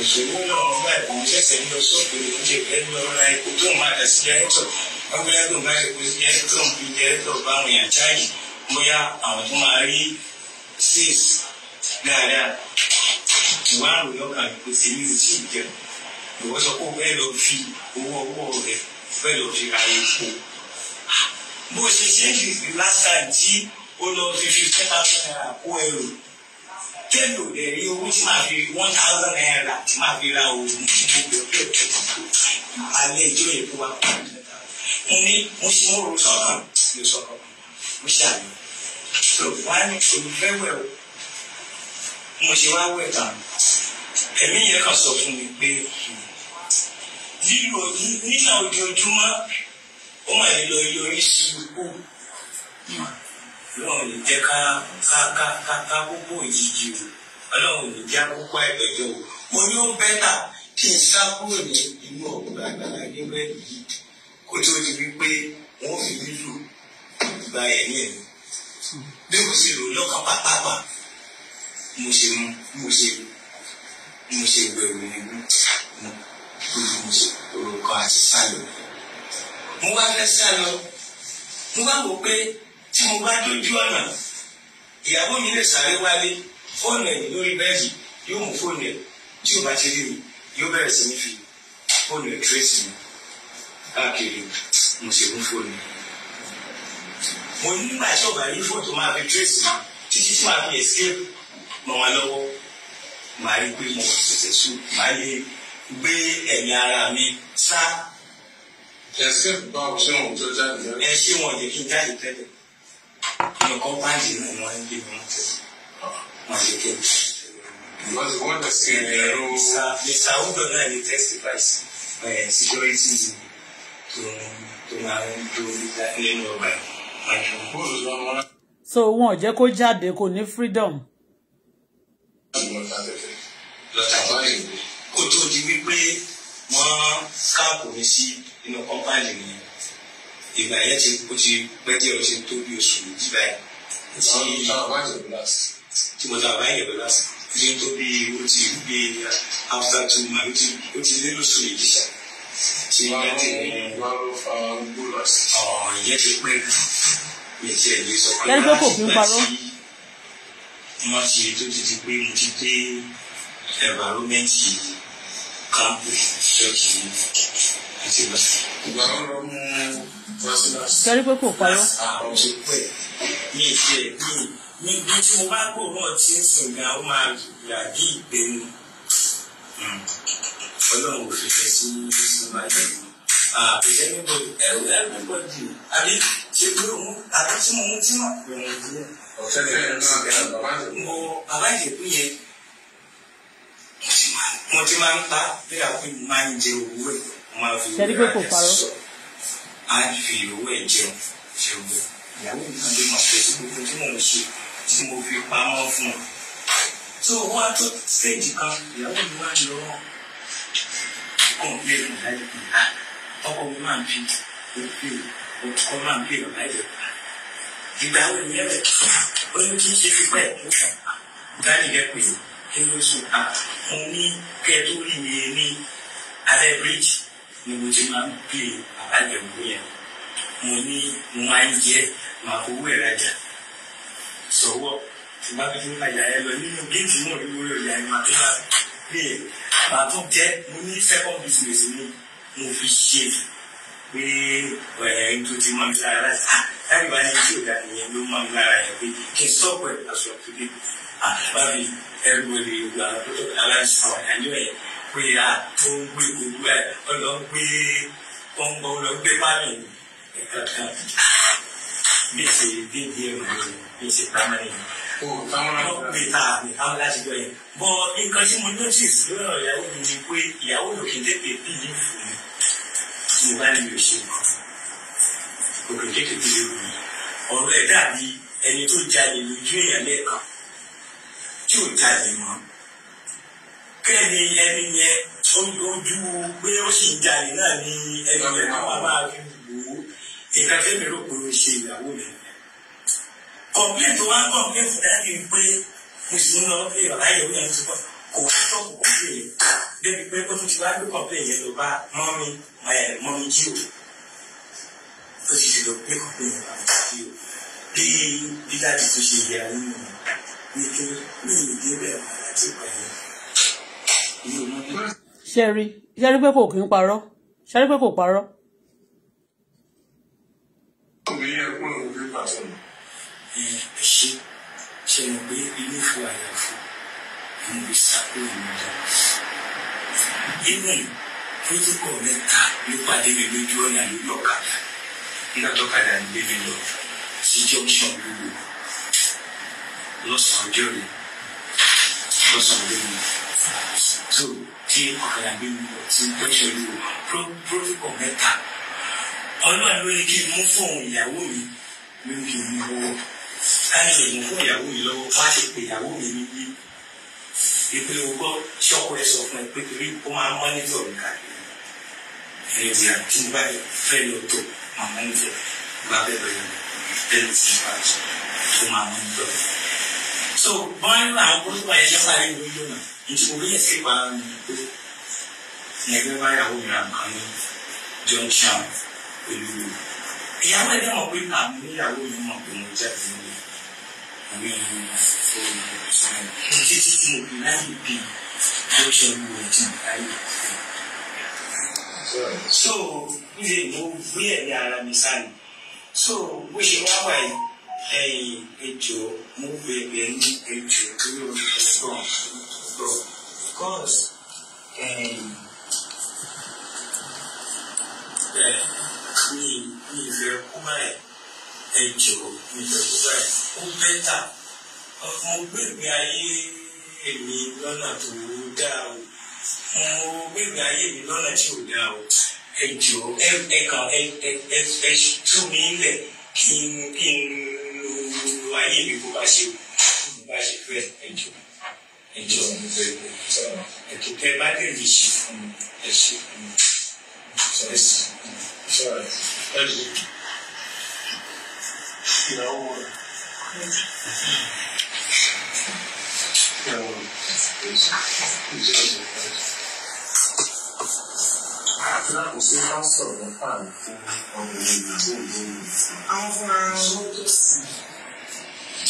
òṣèlú náà báyìí kò ṣẹ̀ṣẹ̀ ń lọ sóògùn ní oúnjẹ ìgbẹ́ni ọ̀la epo tó máa dà sí dẹ́rẹ́tọ̀ ọgbẹ́yà tó máa epo sí dẹ́rẹ́tọ̀ bí dẹ́rẹ́tọ̀ bá àwọn èèyàn chájì bóyá àwọn tó máa rí six dáadáa ìwà àrùn lọ́kàn kò sí ní ìsí ìjẹ ìwọ sọ pé bẹ́ẹ̀ lọ fi owó ọwọ́ rẹ bẹ́ẹ̀ lọ fi ra epo ah, bó ṣe ṣe é lásán tí ó lọ fi fi ten thousand kó ẹrù kéèmì ò lè rí owó tí màá fi one thousand naira tí màá fi ra oògùn tí mo gbé ọ̀pẹ̀ ọ̀pẹ̀ alẹ́ ìjọ èkó wa mo ní mo ṣe mo rò sọ́kàn mo sọ̀rọ̀ mo ṣe àmì so wọ́n á ní olùfẹ́ wẹ̀ o mo ṣe wá wẹ̀ tán ẹ̀mí yẹn kàn sọ fún mi pé lílo nínà ojoojúmọ́ ó mà lè lọ yọrí sí ikú ọlọ́run ní jẹ́ ká ká ká ká ká kókó ìjìjì o ọlọ́run ní jẹ́ kókó ẹ̀gbẹ̀jọ o mo ní ó bẹ́tà kí n sá kúrò ní inú ọ̀gbìn àgbàlá níbẹ̀ yìí kó tó di wípé wọ́n fi mí lù ìgbà ẹ̀mí ẹ̀mí bí mo ṣe rò lọ́kàn pátápá mo ṣe mo ṣe mo ṣe gbẹ̀rù mi mo gbogbo mo ṣe orúkọ àti sálọ mo wá fẹ́ sálọ mo wá wò pé tí mo bá dójú ọ̀nà ìyàwó mi lè sáré wálé fóònù ẹ̀ lórí bẹ́ẹ̀dì yóò mú fóònù ẹ̀ tí o bá ti rí mi yóò bẹ̀rẹ̀ sí ní fi fóònù ẹ̀ tírèsì mi káàkiri mo sì mú fóònù ẹ̀. mo nígbà tí ọba rí fóònù tó máa fi tírèsì mi títí tí màá fi escape mọ́ wọn lọ́wọ́ màá rí pé mo ṣẹ̀ṣẹ̀ sùn màá lè gbé ẹ̀mí ara mi sá. ẹ̀sìn bá ọ̀ṣẹ́ wọn tó jáde. ẹ̀ṣin wọn yẹ kí n jáde tẹ́lẹ̀ ọkọ̀ báyìí náà wọ́n ń gbé mi wọ́n tẹ̀lé wọ́n ṣe kéde. Because the word of sin is no. Eh, Mr. Udo náà ni testifies eh, security to to máa ń do nínú ọgbà ìwọ̀n. So wọn ò jẹ́ kó jáde kò ní freedom. Lọ́tà báyìí kó tó di wípé wọ́n káàpù mi sí inú kọ́mpáàlì nìyẹn ìgbà yẹn ti kó ti pẹ́ díẹ̀ ó ti tó bí oṣù méjì báyìí. tí mo ta bàbá yẹn pẹ̀lú àṣà ní tó bí ó ti gbé after two months ó ti lé lóṣù méjì ṣá. tí wọ́n ti wá ló fa gbó lọ sí. ọ̀hún ìyẹn ti pẹ́ mi ti ẹ̀ lè sọ pé láti ìgbà tí wọ́n ti tó ti di pé mo ti dé ẹ̀bàrómẹ́ǹtì káàpù ṣọ́ọ̀ṣì àti ìbàṣẹ. ìgbà wọn lọ mú sọrí pé kò parọ́. mi ṣe mi bí tí mo bá kó náà tí ń sùn gan ó máa yà bí ìgbé mi hmm. ọlọ́run ò fi fẹ́ sí sí máa yẹ mi àbẹ̀yẹ níbo ẹrú ẹrú níbo jù àbí ṣe pé òun àbí tí mo mú tí mà pé òun jẹ ọ̀sẹ̀ bẹ̀rẹ̀ bàbá yẹn. mo bàbá yẹn yẹn mo ti máa ń pa bí àwọn èèyàn máa ń jẹ òwúrọ̀ máa fi ìrora jẹ á fi owó ẹ̀ jẹun jẹun bẹ́ẹ̀ ìyàwó mi náà lè mọ̀ pé gbogbo tí mò ń ṣe tí mo fi pamọ́ fún un tó o wá tó stage kan ìyàwó mi wá lọ kàn bí ẹnu láyé kan á ọkọ mi máa ń bí ọkọ máa ń bí ọ̀la ẹ̀jẹ̀ pa ìgbà wo ni ẹ̀rẹ̀ ó ní kí n ṣe fi pẹ́ ẹ̀kọ́ kan gáàlì rẹ̀ pé kí ló sùn á ah, mo ní kẹ́ tó rí mi ní alẹ́ bíríìjì ni mo ti máa ń bí ẹ̀kọ́ àjẹ̀bú yẹn mo ní mo máa ń jẹ màá fowó ẹ̀ rajà sọ̀wọ́ tí bá fi ń rajà ẹ lọ nínú géètì náà ní orí ọ̀yà ẹ̀ máa tó bá pè é màá tún e. jẹ́ mo ní second business mi mo fi ṣe pé ẹ̀ ń tó ti máa ń lára láti ah, láti bá tí òdà nìyẹn ló máa ń lára ẹ̀ pé kí n sọ̀pọ̀ ẹ̀ aṣọ àkúdé àbábi ẹrù ẹ̀rẹ̀ ìlú aláṣọ àyànjọ ẹ̀ pé a ah, tó ń gbé gbogbo ẹ̀ ọlọ́ ń gbé gbogbo lọ gbé pálí kankan bí ṣe bí bí ẹ̀rọ bí ṣe primary wọ́n gbé ta àmì káwọn láti gbọ́ yẹn bọ́ nǹkan tí mo notice lọ́rọ̀ ìyàwó mi ni pé ìyàwó lòkè tètè bí ní fún mi tí mo bá ní mi ò ṣe nǹkan òkè tètè bí ní fún mi ọ̀rọ̀ ẹ̀ dàbí ẹni tó jalè lójú èèyàn lẹ́ẹ̀kan tí ò jalè mọ́ kẹ́ni ẹni yẹn ojú pé ó sì ń jalè náà ní ẹni rẹ̀ àwọn máa fi wò ó ìka tẹ́mi ló pè é ṣe ìyàwó mi. complain tó wá complain fún dáàbì pé mo sì ń lọ pé ọ̀la ìyàwó yẹn ti pọ̀ kò wá tọ́pù complain yẹn débi pé ó tún ti wá gbé complain yẹn lọ bá mọ́mí mọ́mí jí o ó sì ti lọ gbé complain yẹn bá mọ́mí jí o bí bí dáàbì tó ṣe ìyàwó mi ní kí ní ìdí bẹ́ẹ̀ máa láti pààyàn ṣe rí ṣe rí pé kò kí ń parọ́ ṣe rí pé kò parọ́. ọmọ yẹn kó ló ń gbé pàṣẹ ẹ ṣe ṣe ń gbé ilé fún àyàfo ń gbé sápò ìmọ̀jọ. inú protocol mẹ́ta ló pàdé mi lójú ọ̀nà lórí ọ̀kadà nígbà tó kadà ń gbé mi lọ sí junction gbogbo lọ́sàn-án ọjọ́ sọ̀sọ̀ lé mi so tí ọ̀kadà gbé mi lọ tí ó ṣe lu prọfíkọ mẹ́ta ọlọ́run ló ní kí n mú fóun ìyàwó mi ló ń dùn mí láti lè mú fóun ìyàwó mi lọ́wọ́ wá ti pè ìyàwó mi ní bí ìpè ògbọ́ ṣọ́kọ ẹ̀ sọ fún ẹ pé torí ó máa ń mọ́nítọ̀ mi káàkiri ẹ̀yìn ìyá tí mo bá fẹ́ lọ tó màmá ń tẹ̀ bá bẹ̀rẹ̀ ẹ̀yìn tẹ́lẹ̀ tí mo tó máa mọ́nítọ̀ mi so bọ́ọ̀lù àwọn olùkọ́ yẹn lẹ́fà yẹn ló ń dùn náà nítorí orí ẹ̀sìn ìpara mi ni pé ní ẹgbẹ́ báyàwó mi àmọ́ ní junction pẹ̀lú ìyàwó ẹ̀dá wọn pé àmì níyàwó mi mọ̀ pé mo jẹ́ àti mi àmì fún ìsìn títí tí mo fi láyé bí ó ṣe ń wọ ẹ̀jẹ̀ láyé. so ilé mo gbé ẹ̀mí ara mi sáré so bó ṣe wá wà ẹ̀yìn ẹjọ́ movie being into real strong growth. Of course, um, mi mi fẹ́ kú báyìí ẹ jọ mi fẹ́ kú báyìí ó bẹ́tà mo gbègbè ayé èmi lọ́nà tó dáa o mo gbègbè ayé mi lọ́nà tí ò dáa o ẹ ẹ ẹ kàn ẹ ẹ ẹ tú mi lẹ̀ kí n olúwa yìí mi kó bá ṣe bá ṣe fẹ́ ẹjọ́ ẹjọ́ ẹjọ́ tẹ bá dé lè ṣe fún mi ẹ ṣe fún mi ẹ sì ẹ lè ìnáwó rẹ. Náà kò sí bá sọ̀rọ̀ nípa àlùkò ọmọ ìlú ìlú ìlú. Àwọn fúnra wọn ló tó sí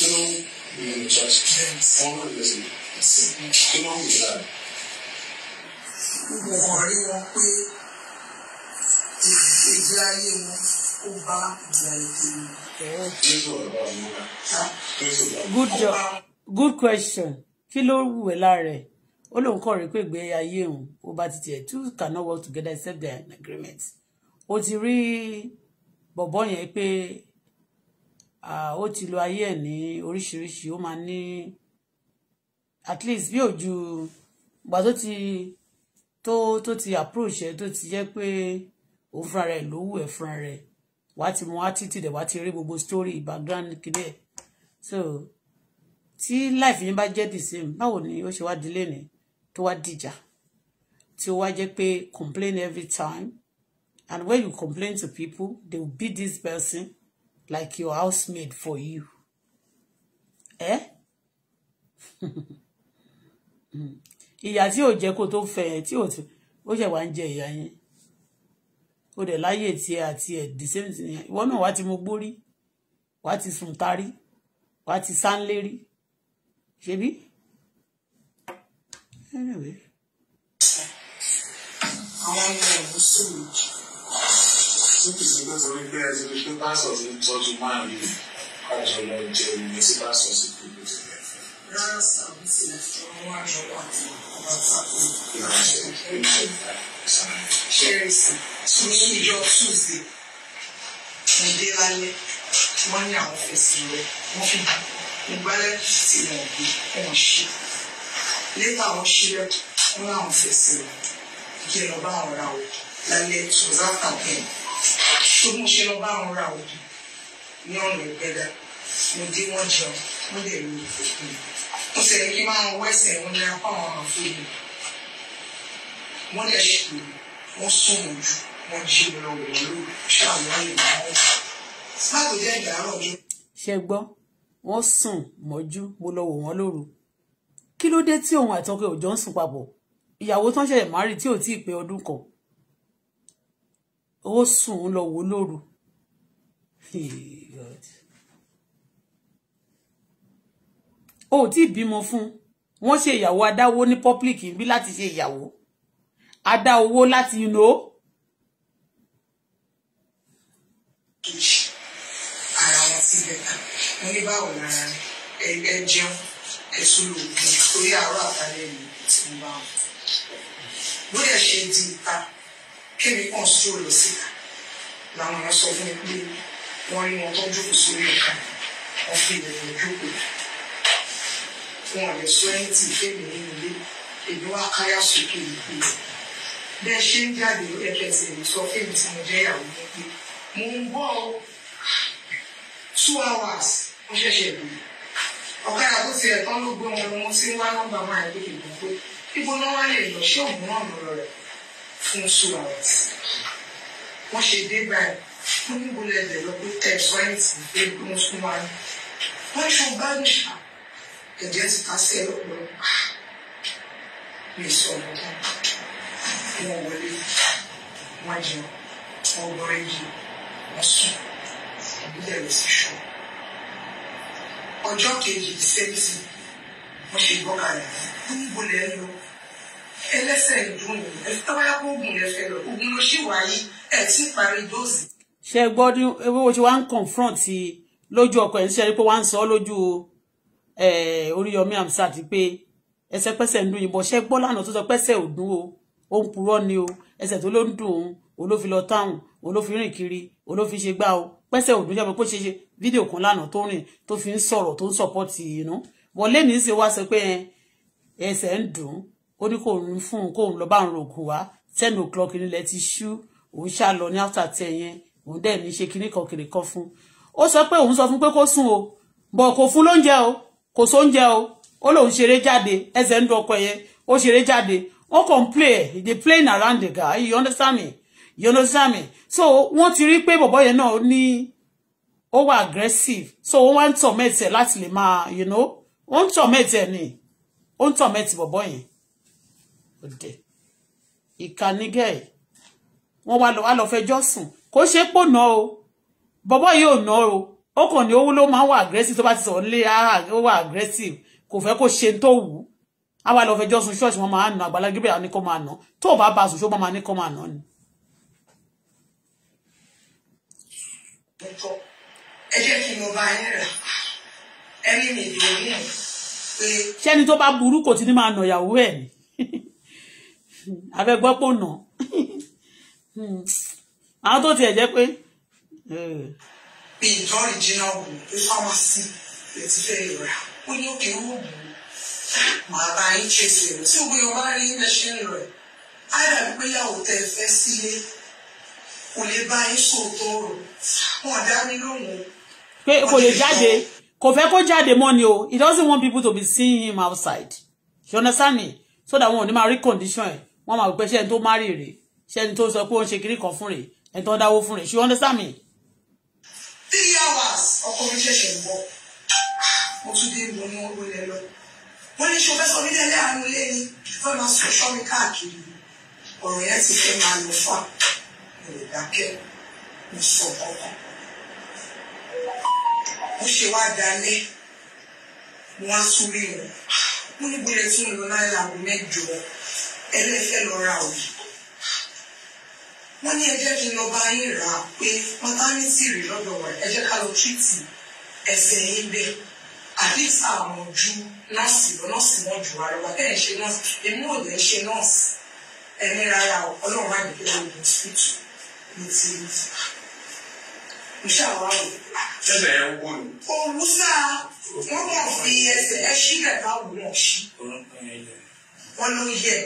kí ló ń church wọn náà lè sìn kí ló ń yẹ rí wọn pé ìdí ayé wọn ó bá ìdí ayé tèmi. good job good question kí ló wù ẹ́ lára ẹ̀ ó lóun kọ́ rí pé ìgbé ayé òun ó bá ti tiẹ̀ two cannot work together except their are in agreement ó ti rí bọ̀bọ́ yẹn pé ó ti lo ayé ẹ̀ ní oríṣiríṣi ó máa ní at least bí òjú ìgbà tó ti tó tó ti approach ẹ tó ti jẹ́ pé òun fúnra rẹ̀ ló wù ẹ́ fúnra rẹ̀ wàá ti mọ attitude ẹ̀ wàá ti rí gbogbo story background kìdẹ so tí life yẹn bá jẹ́ the same báwo ni ó ṣe wá dilé ni tó wá dìjà tí ó wá jẹ́ pé complain every time and when you complain to people they will beat this person like your housemaid for you. Eh? ìyà tí ò jẹ́ kó tó fẹ́ ẹ̀ tí ò tí ó ṣẹ̀ wá ń jẹ ìyà yẹn ó dẹ̀ láyè tiẹ̀ the same thing yẹn ìwọ náà wá ti mo gbórí wá ti sùn tarí wá ti sánlé rí ṣebí. anyway. àwọn ọmọ ẹ̀ ló tútù sí gbogbo orí pé ẹni tó bá sọ sí tọ́jú máa rí àjọ lọ jẹ omi tí bá sọ sí gbogbo ti rẹ̀. Rárá, mi ti lè fi ọmọ àjọ pàtó ọmọ pàtó. Ṣẹ́rìsì ní ìjọ Tuesday, mo dé lálẹ́, wọ́n ní àwọn fèsì rẹ̀, wọ́n fi ìgbálẹ̀ ti rẹ̀ gbé, wọ́n ṣe. Létà wọn ṣílẹ̀, wọ́n láwọn fèsì rẹ̀, kí ẹ lọ bá àwọn ra o, lálẹ́ Tuesday after ṣùgbọ́n ṣe lọ bá wọn ra òògùn ní ọ̀nà ìgbẹ́dà mo dé wọ́n jẹun mo lè lu mo sì yẹ kí máa wọ ẹsẹ̀ wọn ní apá wọn àwọn fúlù wọ́n lè ṣe wọ́n sún ojú wọ́n jí mi lọ wọ̀ lórí ṣáà lè máa wọ́n. sáàtò jẹ́ ìdárọ̀ mi. ṣe gbọ́ wọ́n sùn mọ́jú mo lọ wò wọ́n lóru kí ló dé tí òun àtọkẹ́ òjò ń sùn papọ̀ ìyàwó tán ṣẹ̀ṣẹ̀ márì tí ò tí ì pé ọdún kan ó sùn ó lọ wò lóru o ò tí ì bímọ fún wọn ṣe ìyàwó adáwó ní public bí láti ṣe ìyàwó adá owó láti inú ẹ̀sùn lòògùn torí àárọ̀ àtàlẹ́ ìlú tí ń bá wọn. bóyá ṣe di ìta kí ni kàn sí òye síta làwọn èèyàn sọ fún mi pé wọ́n rí wọn tó jókòó sórí ọ̀kan wọ́n fi ìrìn jókòó wọn àlẹ́ sọ ẹ́ ti fẹ́ mi nínú ilé èmi wá káyà sókè ìpè bẹ́ẹ̀ ṣe ń jáde ẹ̀kẹ́sì èmi sọ fún mi tí mo jẹ́ ìyàwó mi pé mo ń gbọ́ two hours wọ́n ṣẹ̀ṣẹ̀ bẹ̀rẹ̀ ọ̀kadà tó ti ẹ̀kọ́ ló gbé wọn lọ sí wá nọ́mbà máa ń gbé ìgbọ̀n pé ibo náà wá lè lọ ṣé òun náà lọ rẹ̀ insurance wọ́n ṣe dé báyìí wọ́n ní gbọ́dọ̀ ẹ̀jẹ̀ lọ pé tẹ̀sán ẹ̀ tì í dé bí wọ́n fún wa ní wọ́n ṣe ọgbà nìṣà ẹ̀jẹ̀ ti ta sí ẹlọ́pọ̀lọpọ̀ ah! mi sọ ọ̀gbọ̀n wọn wọlé wọn jẹun wọn gbọ́rọ̀ yìí wọn sùn ìbílẹ̀ rẹ̀ sì ṣọ́ ọjọ́ kejì sẹ́ńtì wọ́n ṣe gbọ́kàlẹ̀ wọ́n ní gbọ́dọ̀ ẹ̀ lọ ẹlẹ́sẹ̀ ìdún yìí ẹ fi tọ́wọ́ fẹ́ lọ oògùn ló ṣì wáyé ẹ ti parí dóòsì. ṣe gbọ́dún ewé wo ṣe wá ń confront lójú ọkọ ẹ̀ ń ṣe pé wá ń sọ ọ́ lójú Oríyọmí Hamzat pé ẹsẹ̀ pẹ́sẹ̀ ń dún yìí bọ̀ ṣe gbọ́ lánàá tó sọ pẹ́sẹ̀ ò dún o ó ń purọ́ ni o ẹsẹ̀ tó ló ń dùn òun òun ló fi lọ táwọn òun ló fi rìn kiri òun ló fi ṣe gbá o pẹ́sẹ̀ ò dún jẹ́ pé ṣe fídíò kan lánàá tó rìn tó fi ń sọ̀rọ̀ tó ń sọ̀pọ̀tì ìnú wọlé ní í ṣe wá sọ pé ẹsẹ̀ ń dùn ó ní kò ń fún un kò ń lọ bá ń ròkù wá ten o'clock nílẹ̀ ti ṣú òun ṣá lọ ní after ten yẹn òun dẹ̀ ní ṣe kinní kan kiri kan fún ó sọ pé òun sọ fún pé kó sùn o bọ̀ kò fún lóúnjẹ o kò sóúnjẹ o ó lóun ṣeré jáde ẹsẹ̀ ń dọkọ yẹn ó ṣeré jáde wọ́n kàn ń play ẹ̀ dey playing around the guy you understand me you understand me so wọ́n ti rí pé bọ̀bọ̀ yẹn náà ní ó wà aggressive so wọ́n wá ń tọ̀ mẹ́tẹ̀ láti lè máa you know ó ń tọ̀ mẹ́tẹ̀ ni ó ń tọ̀ mẹ́tẹ̀ bọ̀bọ̀ yẹn ọ̀dẹ̀ ìkànnìgẹ̀ wọ́n wá lọ wá lọ fẹjọ́ sùn kó ṣe pò ná o bọ́bọ́ yìí ò ná o ó kàn ní owó ló máa ń wà aggressive tó bá ti sọ̀rọ̀ nílé ó wà aggressive kò fẹ́ kó ṣe tó wù ú á wá lọ fẹjọ́ sùn ṣọ́ọ̀ṣì wọn máa ń nà Àgbàlá Gabriel ní kó máa nà tó o bá ba sùn ṣó máa ní kó máa nà ni. ẹ jẹ́ kí mo bá yín rà ẹni mi ìdílé pé. ṣẹ́ni tó bá burú kò ti ní máa nà ìyàwó ẹ̀ ni. abẹ́gbọ́ pò nà hmm. àwọn tó tiẹ̀ jẹ́ pé. bí ìjọ ìjìnà ògùn pé fámásì lè ti fẹ́ rà ó ní òkè ń wò màá bá yín ṣèṣe rẹ̀ tí òwe ọba rí ń lẹ́ṣẹ̀ rẹ̀ á dàbí pé yàwó tẹ́ ẹ fẹ́ sílé kò lè bá yín sòótọ́ rò wọn dá mi lóhùn. pé kò lè jáde kò fẹ́ kó jáde mọ́ ni o he doesn't want people to be seeing him outside you understand me so that wọn ò ní máa rí condition ẹ̀ wọ́n máa pẹ́ sẹ́ni tó márì rè sẹ́ni tó sọ pé ó ń ṣe kiri kan fún rè ẹni tó ń dáwó fún rè ṣé you understand me. three hours ọkọ mi ṣẹ̀ṣẹ̀ ń bọ̀ mo tún dé ìbò ní orí ilẹ̀ lọ wọ́n ní ṣe fẹ́sọ̀ nílẹ̀ láàrin ilé ni wọ́n máa sọ ṣọ́ mi káàkiri ọ̀rọ̀ yẹn ti fẹ́ máa lọ fà mo lè dákẹ́ mo sọ kọ́kọ́ mo ṣe wá dalẹ́ wọ́n á súnmí wọn mo ní gbọ́dọ̀ tí mo lọ láyé àgọ́ mẹ́jọ ẹni fẹ́ lọ ra òyì wọ́n ní ẹ jẹ́ kí n lọ bá yín rà á pé mọ́tánítì rè lọ́dọ̀ wa ẹ jẹ́ ká lọ tìrìtì ẹsẹ̀ yín bẹ́ẹ̀ àdìsá àwọn ju nọ́ọ̀sì lọ nọ́ọ̀sì wọn jù wá lọ́wọ́ bẹ́ẹ̀ ṣe nọ́ọ̀sì èmi ò lè ṣe nọ́ọ̀sì ẹni rárá ọlọ́run wà ní pẹ̀lú ogun síìtù ní ti ní ti mo ṣàwárò. ṣẹlẹ̀ ẹ wọ ni. òwú sá wọn kàn fi ẹsẹ̀ ẹ sílẹ̀ báwo wọn ṣí wọn ló yẹ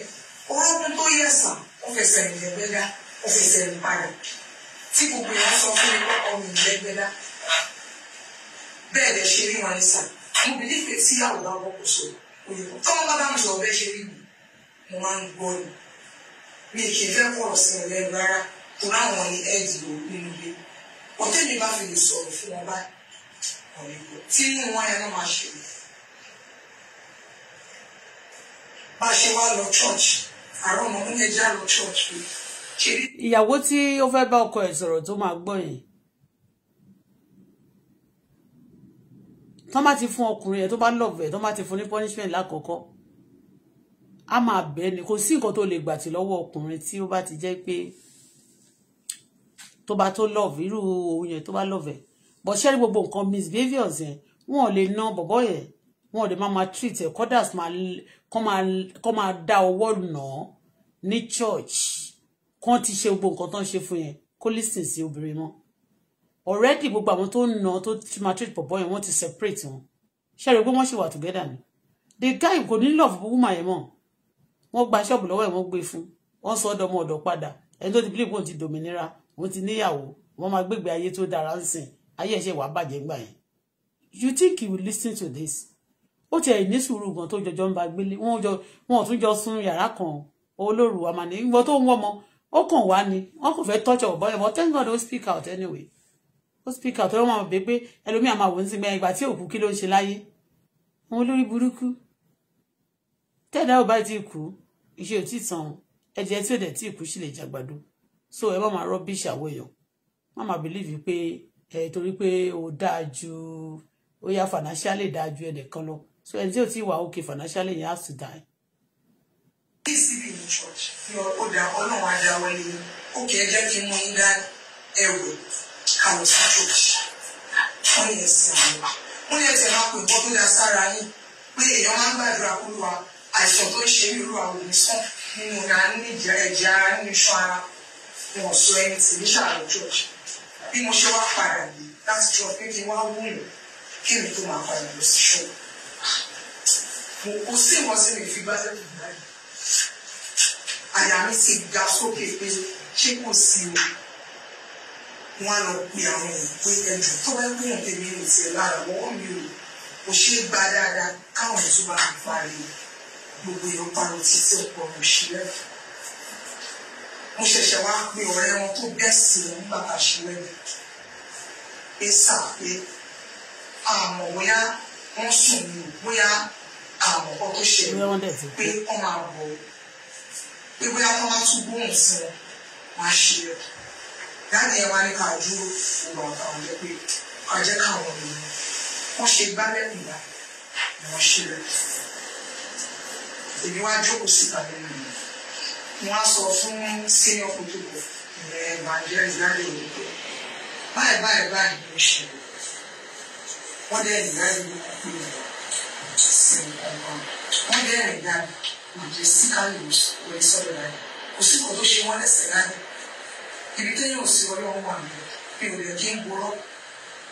orókun tó yẹ sàn ó fẹsẹ̀ rìn lẹ́gbẹ́dá ó fẹsẹ̀ rìn padà tí gbogbo yẹn sọ fún mi lọ́kọ mi lẹ́gbẹ́dá bẹ́ẹ̀ lẹ ṣe rí wọn ní sàn mo bìlí pé tíyàwó bá wọ́pọ̀ so òyìnbó tọ́wọ́ bá bá mi sọ bẹ́ẹ̀ ṣe rí mi mo máa ń gbọ́ ni mi kì í fẹ́ kọ̀rọ̀ sí ọ̀rẹ́ rárá tó bá wọn ní ẹ̀ẹ́dì lò nínú ilé ọ̀tẹ́ mi bá fi lè sọ̀rọ̀ fún wọn báyìí tí inú wọn yẹn ló máa ṣe bá ṣe wá lọ chọ́ọ̀chì àwọn ọmọ mi lè já lọ ṣọ́ọ̀ṣì. ìyàwó tí ó fẹ́ bá ọkọ ẹ̀ sọ̀rọ̀ tó máa gbọ́ yẹn tọ́ bá ti fún ọkùnrin ẹ̀ tó bá lọ́ọ̀bẹ̀ tọ́ bá ti fún ní punishment lákọ̀ọ́kọ́ a máa bẹ́ẹ̀ ni kò sí nǹkan tó lè gbàtì lọ́wọ́ ọkùnrin tí ó bá ti jẹ́ pé tó bá tó lọ́ọ̀bù irú òun yẹn tó bá lọ́ọ̀bù ẹ̀ bọ́ sẹ́rí gbogbo nǹkan misbehaviours yẹn wọn lè ná bọ̀bọ́ yẹn wọn lè máa máa treat ẹ̀ kọ́dà kọ́ máa dá ọwọ́ nà ní church kan ti ṣe gbogbo nǹkan tó ń ṣe fún yẹn kó listen sí obìnrin mọ́ already gbogbo àwọn tó ń nà tó ti máa treat pọ̀pọ̀ yẹn wọ́n ti separate wọn ṣẹ́rẹ̀ pé wọ́n ṣì wà together ni the guy kò ní love woman yẹn mọ́ wọ́n gba ṣọ́ọ̀bù lọ́wọ́ ẹ̀ wọ́n gbé e fún wọ́n sọ ọdọmọ ọ̀dọ̀ padà ẹni tó ti believe wọn ti dominira wọn ti níyàwó wọn máa gbégbé ayé tó dára ń sìn ayé ẹ̀ṣẹ̀ wàá bàjẹ́ gbà yẹn you think you will listen to this ó tiẹ̀ ní sùúrù gan tó jọjọ́ ń ba gbélé wọn ò tún jọ sùn yàrá kan olóòrùwà mà ní ìwọ tó ń wọ́n mọ́ ó kàn wá ni wọ́n kò fẹ́ tọ́jọ̀ ọ̀bọ yẹn but thank God ó speak out anyway ó speak out ọlọ́wọ́n àwọn bẹ́ẹ̀ pé ẹlòmíà máa wò ó sí gbẹ́yìn ìgbà tí òkú kí ló ń ṣe láyé wọn olórí burúkú tẹ́ẹ̀dá ò bá ti kú iṣẹ́ ò tí tàn ẹ̀jẹ̀ tí ò dẹ̀ tí kú sì lè jàgbàdo so ẹ bá máa rubbish àwọn èèyàn má máa believe pé ẹ torí pé ó dáa ju ó yá financially dáa ju ẹnìkan lọ so ẹni tí ò tí wà okay financially yẹn has to die PCB ní church lọ ó dà ọlọ́run adá wọlé yìí ó kẹ́ ẹ jẹ́ kí n mú yín dá ẹ̀wọ̀ kàlọ́ sí church wọ́n yẹ sí àwọn wọ́n yẹ tẹ̀ máa pè bọ́ tó dá sára yín pé èèyàn máa ń gbàdúrà kúlùwà àìsàn tó ń ṣe irú àwọn òmìsàn nínú ra nídìí ẹ̀jẹ̀ ara nínú iṣan ara wọn sọ ẹni tì ní ṣàlọ́ church bí mo ṣe wá padà yìí láti jọ pé kí n wá wúlò kí mi tó máa padà lọ sí ṣọ́ọ̀ mo kó sí ìwọ́sí mi fi gbásẹ́ tó gbáyìí àyà mi ti ga sókè pé ṣé kò sí o wọn á lọ pe àwọn ìwé ẹjọ́ tó bá gbé hàn tèmi ò tiẹ̀ lára wọ́n mi ò kò ṣe é gba dáadáa káwọn ètò bá ń parí gbogbo èèyàn parọ́ títí ọ̀pọ̀ ọ̀rọ̀ òṣìlẹ̀ mo ṣẹ̀ṣẹ̀ wá pe ọ̀rẹ́ wọn tó bẹ́ẹ̀sì wọn nígbà tá a ṣe wẹ́ẹ̀dì pé sà pé àmọ̀ bóyá wọ́n sùn ní bóyá àmọ̀ kan tó ṣẹlẹ̀ pé wọ́n máa bọ̀ pé bóyá kọ́ bá tún gbóhùn fún ọ wá ṣe ọ dáàdì ẹ wá ní ká dúró fún ọgbà ọ̀hún jẹ́ pé ká jẹ́ káwọn èèyàn wọ́n ṣe gbálẹ̀ nìgbà ni wọ́n ṣe rẹ̀ èmi wá jókòó síta lẹ́nu mi wọ́n á sọ fún senior kutubọ ìyẹn bàjẹ́ ìdájọ́ òwúrọ̀ báyìí báyìí báyìí ló ṣe wọ́n dẹ́ ìdájọ́ òwúrọ̀ sí nǹkan kan wọ́n dẹ́ ìdájọ́ òjì sí kálí òye sọ́dọ̀ náà kò sí kò tó ṣe wọ́n lẹ́sẹ̀ náà ibi téèyàn ò sí ọlọ́run wà mí mi ò lè kí n gbọ́rọ́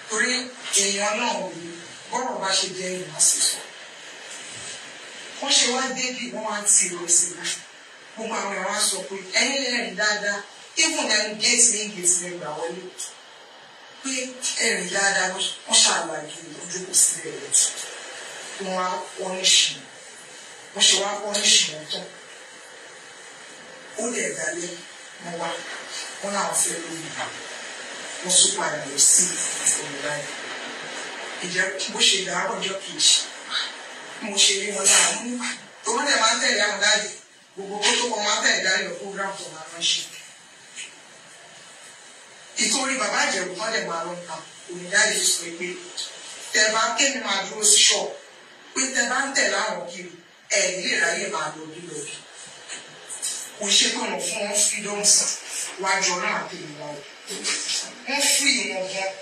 torí èèyàn náà ò ní bọ́rọ̀ bá ṣe jẹ́ ìwà sí sọ. wọ́n ṣe wá débì wọ́n wá ti rọ sí i gbogbo àwọn ẹ̀rọ á sọ pé ẹ̀yin lè rìn dáadáa even ẹni géètì ní géètì ní ìgbà wọlé pé ẹ̀rìn dáadáa wọ́n ṣàlàyé ojú kò sílẹ̀ rẹ̀ wọ́n á wọ́n ń ṣe wọ́n ṣe wá pọ́níṣì wọn tán ó lè dalẹ̀ wọn wá wọn làwọn fẹ́ lóyún wọn tún padà lọ sí ìfòmìnira yẹn ìjẹ́ bó ṣe dàárọ̀ ọjọ́ kejì mo ṣe rí wọn láàánú tòun náà máa ń tẹ̀lé àwọn dáàdì gbogbo kó tó kọ́ máa ń tẹ̀lé dáàdì ọ̀pọ̀ gíráàmù tó máa ń ṣe ìtorí bàbá ìjẹ̀bù kan lè máa lọ ta onídàájú sọ pé tẹ bá kéwìn máa dúró sí ṣọ́ọ̀ pé tẹ bá ń tẹ̀lé àwọn kiri ẹ̀mí ìráyè máa lọ lọ bí kò ṣe pé wọn fún wọn freedoms wájú ọlọ́run àti ìwà o wọn free wọn gan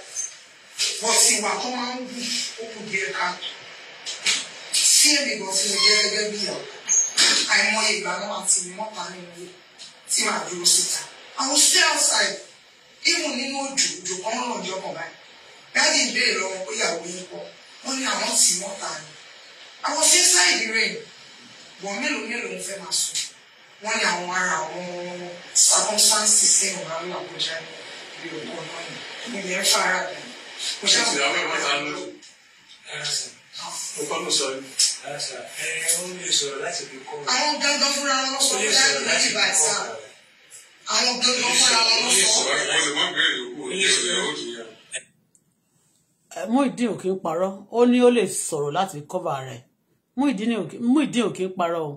wọn sì wà tó máa ń wù ó díẹ̀ ká sí èmi gan tí mo jẹ́ gẹ́gẹ́ bí ìyàwó àìmọye ìgbà náà àti ìmọ̀ta nínú tí màá dúró síta àwọn sí outside even nínú òjò òjò kan ràn ní ọkàn báyìí dáàdì ìbéèrè lọ́wọ́ ó yín pọ̀ wọ́n ní àwọn tì mọ́ta ni àwọn sí inside the rain wọn mélòó mélòó ń fẹ́ máa sùn wọ́n ní àwọn ara àwọn circumstances ní ọ̀gá ló àkọjá ní òkú ọ̀nà yìí ilẹ̀ ń fara dà ní. mo ṣe àti àwọn ẹ̀wọ̀n ta ló mo kọ́ ló sọ ẹ ó lè sọ̀rọ̀ láti fi kọ́. àwọn gangan fúnra wọn sọ fún láti láti bá ẹ sá àwọn gangan fúnra wọn sọ. Muyideen ò kí ń parọ́ ó ní ó lè sọ̀rọ̀ láti kọ́ba rẹ̀. Muyideen ò kí ń parọ́ o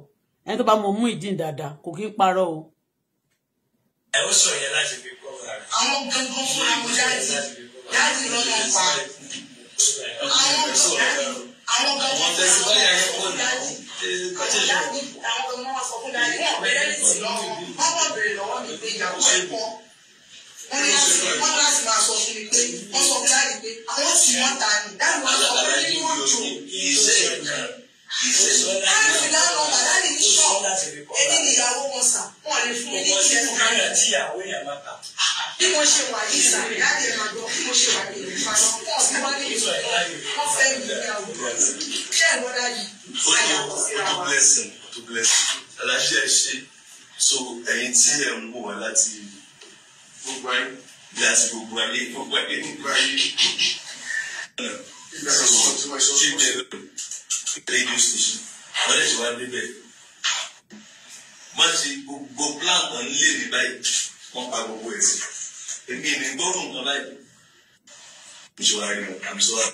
ẹni tó bá mọ Muyideen dáadáa kò kí ń parọ́ o. ẹ ó sọ yẹn láti fi kọ́ ra àwọn gangan fúnra wọn dáàdì dáàdì lọ́nà pa àwọn dáàdì àwọn gangan fúnra wọn dáàdì dáàdì àwọn gangan wọn sọ fún dáàdì wọn bẹ̀rẹ̀ ní ti lọ́wọ́ wọn bọ̀ bẹ̀rẹ̀ lọ́wọ́ mi pé ìyàwó ẹ̀ pọ̀ wọ́n láti máa sọ fún mi pé wọ́n sọ fún dáàdì pé àwọn sì wọ́n ta ni dáàdì wọn sọ fún mi wọ́n jò láti lánà bàbá ní kíkọ èmi nìyàwó wọn sà wọn lè fún mi ní kíkẹ fún mi. bí mo ṣe wà yìí sà láti máa gbọ́ bí mo ṣe wà yìí ìfarọ wọn sì wá ní ìfọ wọn fẹ́ mi níyàwó ṣé ẹ gbọ́dọ̀ yìí. ní ó tó blessing ó tó blessing aláṣẹ ṣe so ẹ̀yin tí ẹ ń wò wá láti gbogbo ayé láti gbogbo ayé gbogbo ayé gbogbo ayé radio station wọ́n lè ṣe wá débẹ̀ má ṣe gbogbo plan kan lé ní báyìí wọ́n pa gbogbo ẹ̀ sí èmi ní gbọ́dún kan báyìí ìṣòro àìmọ̀ àmì sọ́ra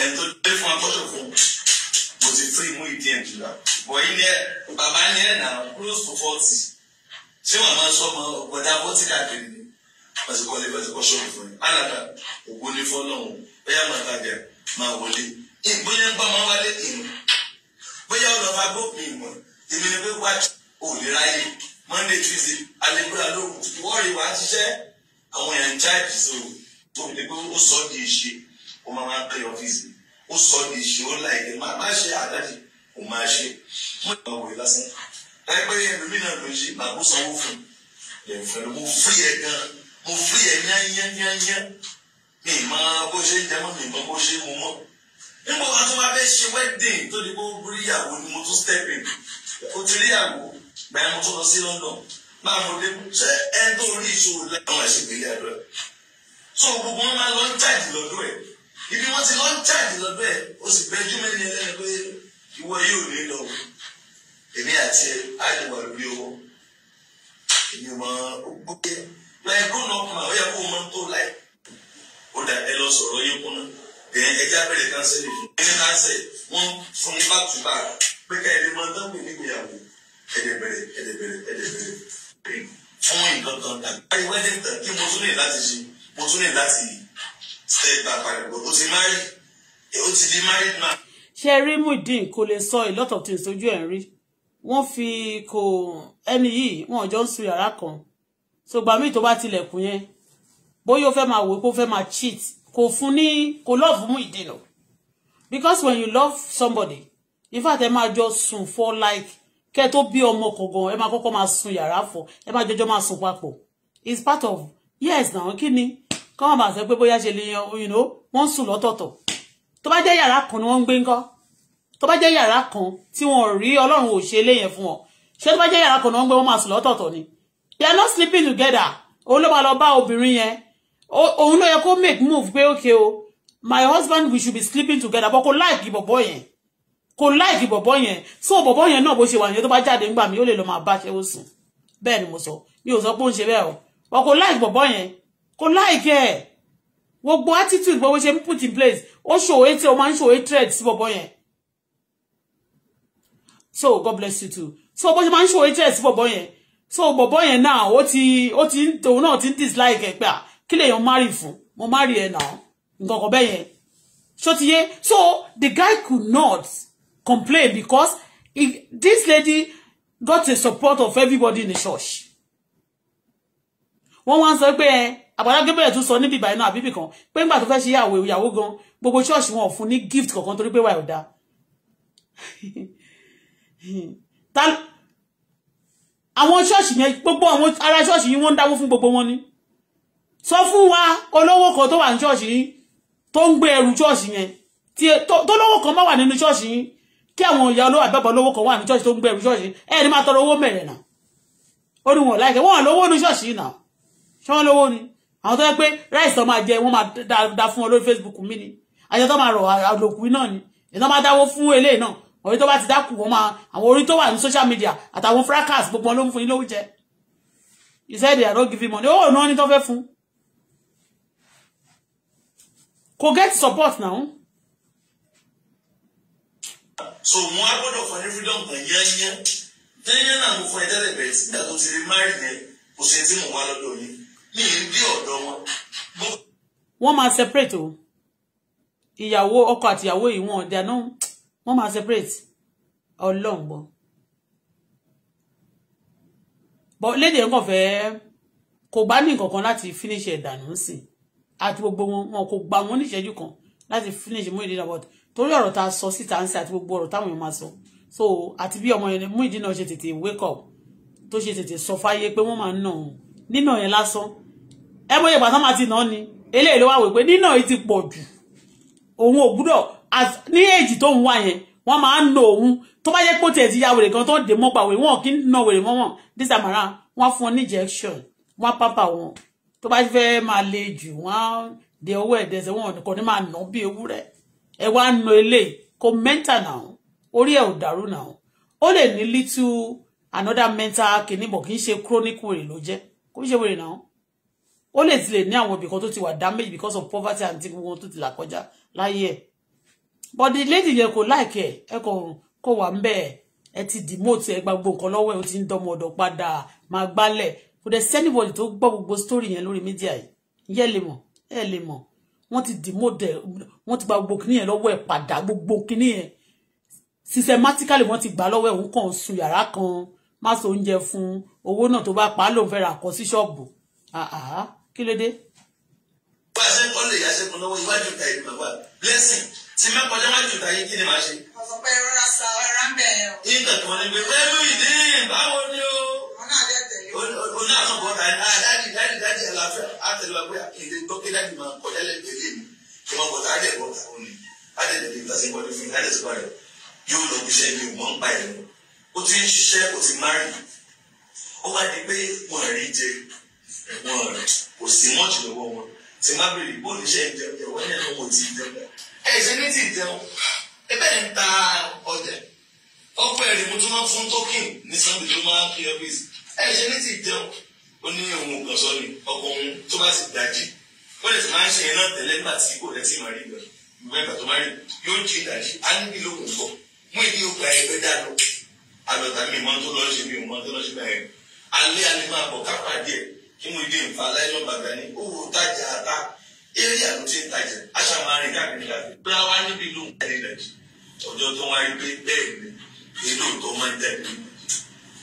ẹni tó dé fún akọ́ṣọ́ fún mo ti fún ìmú ìdí ẹ̀ jùlọ bọ̀ yín ni ẹ bàbá ni ẹ nà close to forty ṣé wàá máa sọ ọmọ ọ̀gbọ̀dá bọ́tí káàkiri ni pàṣípọ̀ lè pàṣípọ̀ ṣọ́ọ̀bù fún mi alàgbà ògbóni fọlọ́hún bẹ́ẹ̀ máa tàgẹ̀ máa wọlé ìgbóyè ń bá máa wálé ìmú bóyá ọlọ́fà gbópin ìmọ̀ èmi ni pé wájú òòlì ráyè monday tuesday alẹ́kúrà lóhùn ìwọ́ọ̀rì wàá ṣiṣẹ́ àwọn èèyàn jáde so tó fi lè pé ó sọ di ìṣe ó máa máa pay ọ́fíìsì ó sọ di ìṣe ó láì lè máa máa ṣe àdájì ó máa ṣe mo ìgbà wòye lásán láìpẹ́ ẹ̀mí mi náà ló ń ṣe màgbó sanwó fún mi lè fẹ́ mo fún yẹ gan mo fún yẹ yányányányá mi máa bó ṣe ń jẹ mọ́ mi máa bó ṣe ń mu mọ́ nígbà wọn tún wá ṣe wedding tó di pé ìyàwó ni mo tún step in ó ti rí ìyàwó gbà mo tún lọ sí London máa mo dé ṣé ẹni tó rí ìṣòro lẹ́yìn ẹ̀sìn ìgbéyà rẹ̀ so gbogbo wọn máa lọ ń charge lọ́dọ̀ ẹ̀ ibi wọn ti lọ ń charge lọ́dọ̀ ẹ̀ ó sì bẹ́jú mẹ́rin ẹlẹ́ni pé ìwọ yóò ní lọ èmi àti ẹ àìwà lórí owó èmi mọ gbogbo ẹ láì gbóná ọkùnrin àwọn yẹ kó o mọ tó láì ó dà ẹ lọ sọ̀rọ̀ yẹ kó ẹ̀yẹn ẹja bẹ̀rẹ̀ kánsẹ́lì fún ẹni kánsẹ́ wọ́n fún un back to back pé ká ẹni máa dánwò nígbìyàwó ẹ̀dẹ̀ bẹ̀rẹ̀ ẹ̀dẹ̀ bẹ̀rẹ̀ ẹ̀dẹ̀ bẹ̀rẹ̀ fún nǹkan kan tàbí. báyìí wọ́n ní kí mo tún lè láti ṣe mo tún lè láti step back padà bọ̀ ó ti marry ó ti di married man. ṣe rí Muyideen kò lè sọ a lot of things ojú ẹ̀ ń rí wọ́n fi kò ẹni yìí wọ́n jọ ń sun yàrá kan so gbàmí tó bá tilẹ̀kùn yẹn bóyá ó fẹ́ máa wò ó pé ó fẹ́ máa cheat kò fún ní kò love Muyideen o because when you love somebody in fact ẹ máa jọ sùn for like kẹ́ tó bí ọmọ kọ̀ọ̀kan ẹ máa kọ́kọ́ máa sun yàrá fọ̀ ẹ máa jọjọ́ máa sùn papọ̀ it's part of yes náà kí ni kọ́ wọn bá sọ pé bóyá ṣe lè yan you know wọ́n sùn lọ́tọ̀ọ̀tọ̀ tó bá jẹ́ yàrá kan ni wọ́n ń gbé ńkọ́ tó bá jẹ́ yàrá kan tí wọ́n rí ọlọ́run ò ṣe léyẹn fún wọn ṣé tó bá jẹ́ yàrá kan ni wọ́n ń gbé wọ́n máa sùn lọ́tọ̀ọ̀tọ̀ ni they are not sleeping together òun ló máa lọ obìnrin yẹn òun ló yẹ kó make move pé okay o my husband we should be sleeping together but kò like bọ̀bọ̀ yẹn kò like bọ̀bọ̀ yẹn so bọ̀bọ̀ yẹn náà bó ṣe wà yẹn tó bá jáde ńgbà mi ó lè lọ máa bá ṣẹ́wó sùn bẹ́ẹ̀ ni mo sọ mi ò sọ pé ó ń ṣe bẹ́ẹ̀ o but kò láìkì bọ̀bọ̀ yẹn kò láìkì ẹ̀ gbogbo attitude gbogbo ṣe ń put in place ó ṣòwò ètè ó máa ń ṣòwò hatred sí bọ̀bọ̀ yẹn so God bless you too so bó ṣe máa ń ṣòwò hatred sí bọ̀bọ̀ yẹn so bọ̀bọ̀ yẹn náà ó ti ó ti tòun náà ti ń dislike ẹ̀ pé à ah, kí lèèyàn marry fún mo marry e náà Ngoko kan bẹ́ẹ̀ yẹn ṣó so the guy could not complain because if this lady got the support of everybody in the church One one ń sọ pé ẹ eh, àbára gébẹ̀rẹ̀ tún sọ níbi ìbàyẹ̀ náà àbíbì kan pé ńgbà to fẹ́ ṣe ìyàwó we gan gbogbo ṣọ́ọ̀ṣì church ò fún ní gift kankan torí pé wà ò dáa àwọn church yẹn gbogbo àwọn ará ṣọ́ọ̀ṣì yìí wọ́n ń dáwó fún gbogbo wọn ni sọ fún wa olówó kan tó wà ní ṣọ́ọ̀ṣì yín tó ń gbé ẹrù ṣọ́ọ̀ṣì yẹn tó lówó kan má wà nínú ṣọ́ọ̀ṣì yín kí àwọn ìyá olówó àbẹ́bọ̀ olówó kan wà ní ṣọ́ọ̀ṣì tó ń gbé ẹrù ṣọ́ọ̀ṣì ẹ̀ ní máa tọrọ owó mẹ̀rẹ̀ náà ó ní wọn láìkẹ́ wọn lówó ní ṣọ́ọ̀ṣì yìí náà ṣé wọn lówó ni àwọn tó yẹ pé rice tó máa jẹ wọn máa da fún wọn lórí Facebook mi ni àjọ tó máa rọ àlòkù náà ni ìná máa dáwó fún eléyìí náà orí tó bá ti dákù wọn máa àwọn orí tó wà ní social media àtàwọn fracas gbogbo ló ń fún yín lówó jẹ he said they are not giving money owó náà ni tó fẹ́ fún kò get support now. so wọn á gbọ́dọ̀ fún ní freedom kan yẹnyẹn yẹnyẹn náà mo fún ẹ tẹ́lẹ̀ bẹ́ẹ̀ sígbà tó ti rí márì yẹn kò sí tí mo wá lọ́dọ̀ yìí mi ì ń dí ọ̀dọ̀ wọn. wọ́n máa separate o ìyàwó ọkọ àti ìyàwó yìí wọn ọ̀dà náà wọ́n máa separate ọlọ́run gbọ́. but lédè ń kàn fẹ́ kò bá ní nǹkan kan láti finish ẹ̀ dànù sí i àti gbogbo wọn wọn kò gbà wọn níṣẹ́jú kan láti finish Muyideen about torí ọ̀rọ̀ tá a sọ síta ń sẹ àti gbogbo ọ̀rọ̀ táwọn èèyàn máa sọ so àti bí ọmọ yẹn Muyideen náà ṣe tètè wake up tó ṣe tètè sọ fáyé pé wọ́n máa ń nà òun nínà yẹn lásán ẹ mọ̀ yẹn bàtà máa ti nà ni eléyìí ló wà wí pé nínà yìí ti pọ̀ jù òun ò gbúdọ̀ ní èjì tó ń wá yẹn wọ́n máa ń nà òun tó bá yẹ pé tiẹ̀ ti ya wèrè kan tó dé mọ́gbà wèrè wọn kì í nà wèrè mọ́ wọn dísàmàrà wọ́n fún wọn ní injection wọ́n pápá wọn tó bá fẹ́ máa le jù wọ́n de owó ẹ̀dẹ́sẹ̀ wọn kò ní máa nà bí ewúrẹ́ ẹ wá na eléyìí kò mẹ́ńtà náà orí ẹ̀ ò dàrú náà ó lè ní little another mental kìnnìbọ̀ kì í ṣe chronic wèrè ló jẹ́ kò í ṣe wèrè náà ó lè ti lè ní àwọn ibìkan tó ti wà damage because of poverty and things wọn tó ti là kọjá láyé ẹ̀ but the lady yẹn kò láìkẹ ẹ kò kò wà ń bẹ ẹ ti demote ẹ gba gbogbo nǹkan lọ́wọ́ ẹ ó ti ń dọmọ ọ̀dọ̀ padà máa gbálẹ̀ kò dẹ̀ sẹ́nìbọ̀dì tó gbọ́ gbogbo story yẹn lórí mídíà yìí yẹ́ lè mọ̀ ẹ lè mọ̀ wọ́n ti dì mọ́dẹ̀ wọ́n ti gba gbogbo kinní yẹn lọ́wọ́ ẹ̀ padà gbogbo kinní yẹn systematically wọ́n ti gbà lọ́wọ́ ẹ̀ òun kàn sun yàrá kan má so oúnjẹ fún owó náà tó bá pa á lòun fẹ́ ra kọ́ sí ṣọ́ọ̀bù kí ló dé. wọ́n ṣe kọ́ lè yá ṣe kún lọ́wọ́ iwájú ìta ìlú bàbá blessing ti mẹ́kọ̀ọ́jà iwájú ìta yìí kí ni màá ṣe. ọ̀sán pé rọra sa ọ̀rá ń bẹ̀ ẹ̀. ìgbà tó wọn pé pẹ́ẹ́lú ìdí báwo ni o. wọn náà jẹ́ oní àtúbọ̀ ta ni dáàdì dáàdì dáàdì àlàáfíà àtẹlẹwà pé èdè tọ́kí dáàdì máa kọjá lẹ́gbẹ̀ẹ́ mi kí wọ́n bọ̀tà àdẹ̀ bọ̀tà òun ni àdẹ̀ lè fi tàṣí wọlé fún mi àdẹ̀ tó bá rẹ̀ yóò lọ bí iṣẹ́ mi ò mọ̀ ń pa ẹ̀ lọ o ti ń ṣiṣẹ́ o ti márì ó bá di pé wọ́n rí jẹ wọ́n rí kò sí mọ́ọ̀tì lọ́wọ́ wọn tí má bèrè bó ní iṣẹ́ ìjẹun jẹ wọ́n yẹn lọ́wọ́ ti jẹun ẹ̀ ṣe ní ti jẹun ẹbẹ̀ ń ta ọjà ọ̀pẹ̀ rẹ̀ mo tún máa fún tókìn ní sunday tó máa ń fi ọ́ ẹ ṣe ní ti jẹun ó ní ohun kan sọ ni ọkọ ohun tó bá sì dájì wọ́n lè ti máa ń ṣe yẹn náà tẹ́lẹ̀ nígbà tí kò lẹ́tí máa rí ìgbà mẹ́ta tó máa rí yóò jí ìdájí á ń bí lókun bọ̀ mú ìdí òkú ẹgbẹ́ dànù àgbàtà mi mọ́ tó lọ́ ṣe mi mọ́ tó lọ́ ṣe báyẹn alẹ́ alẹ́ máa bọ̀ kápá díẹ̀ kí mo dé nfa aláìlọ́ bàtà ní owó tajà ata eré àlọ́ tí ń tajà aṣá máa rìn káàkiri káàkiri bí a wá níbi lóhùn ẹni dàjí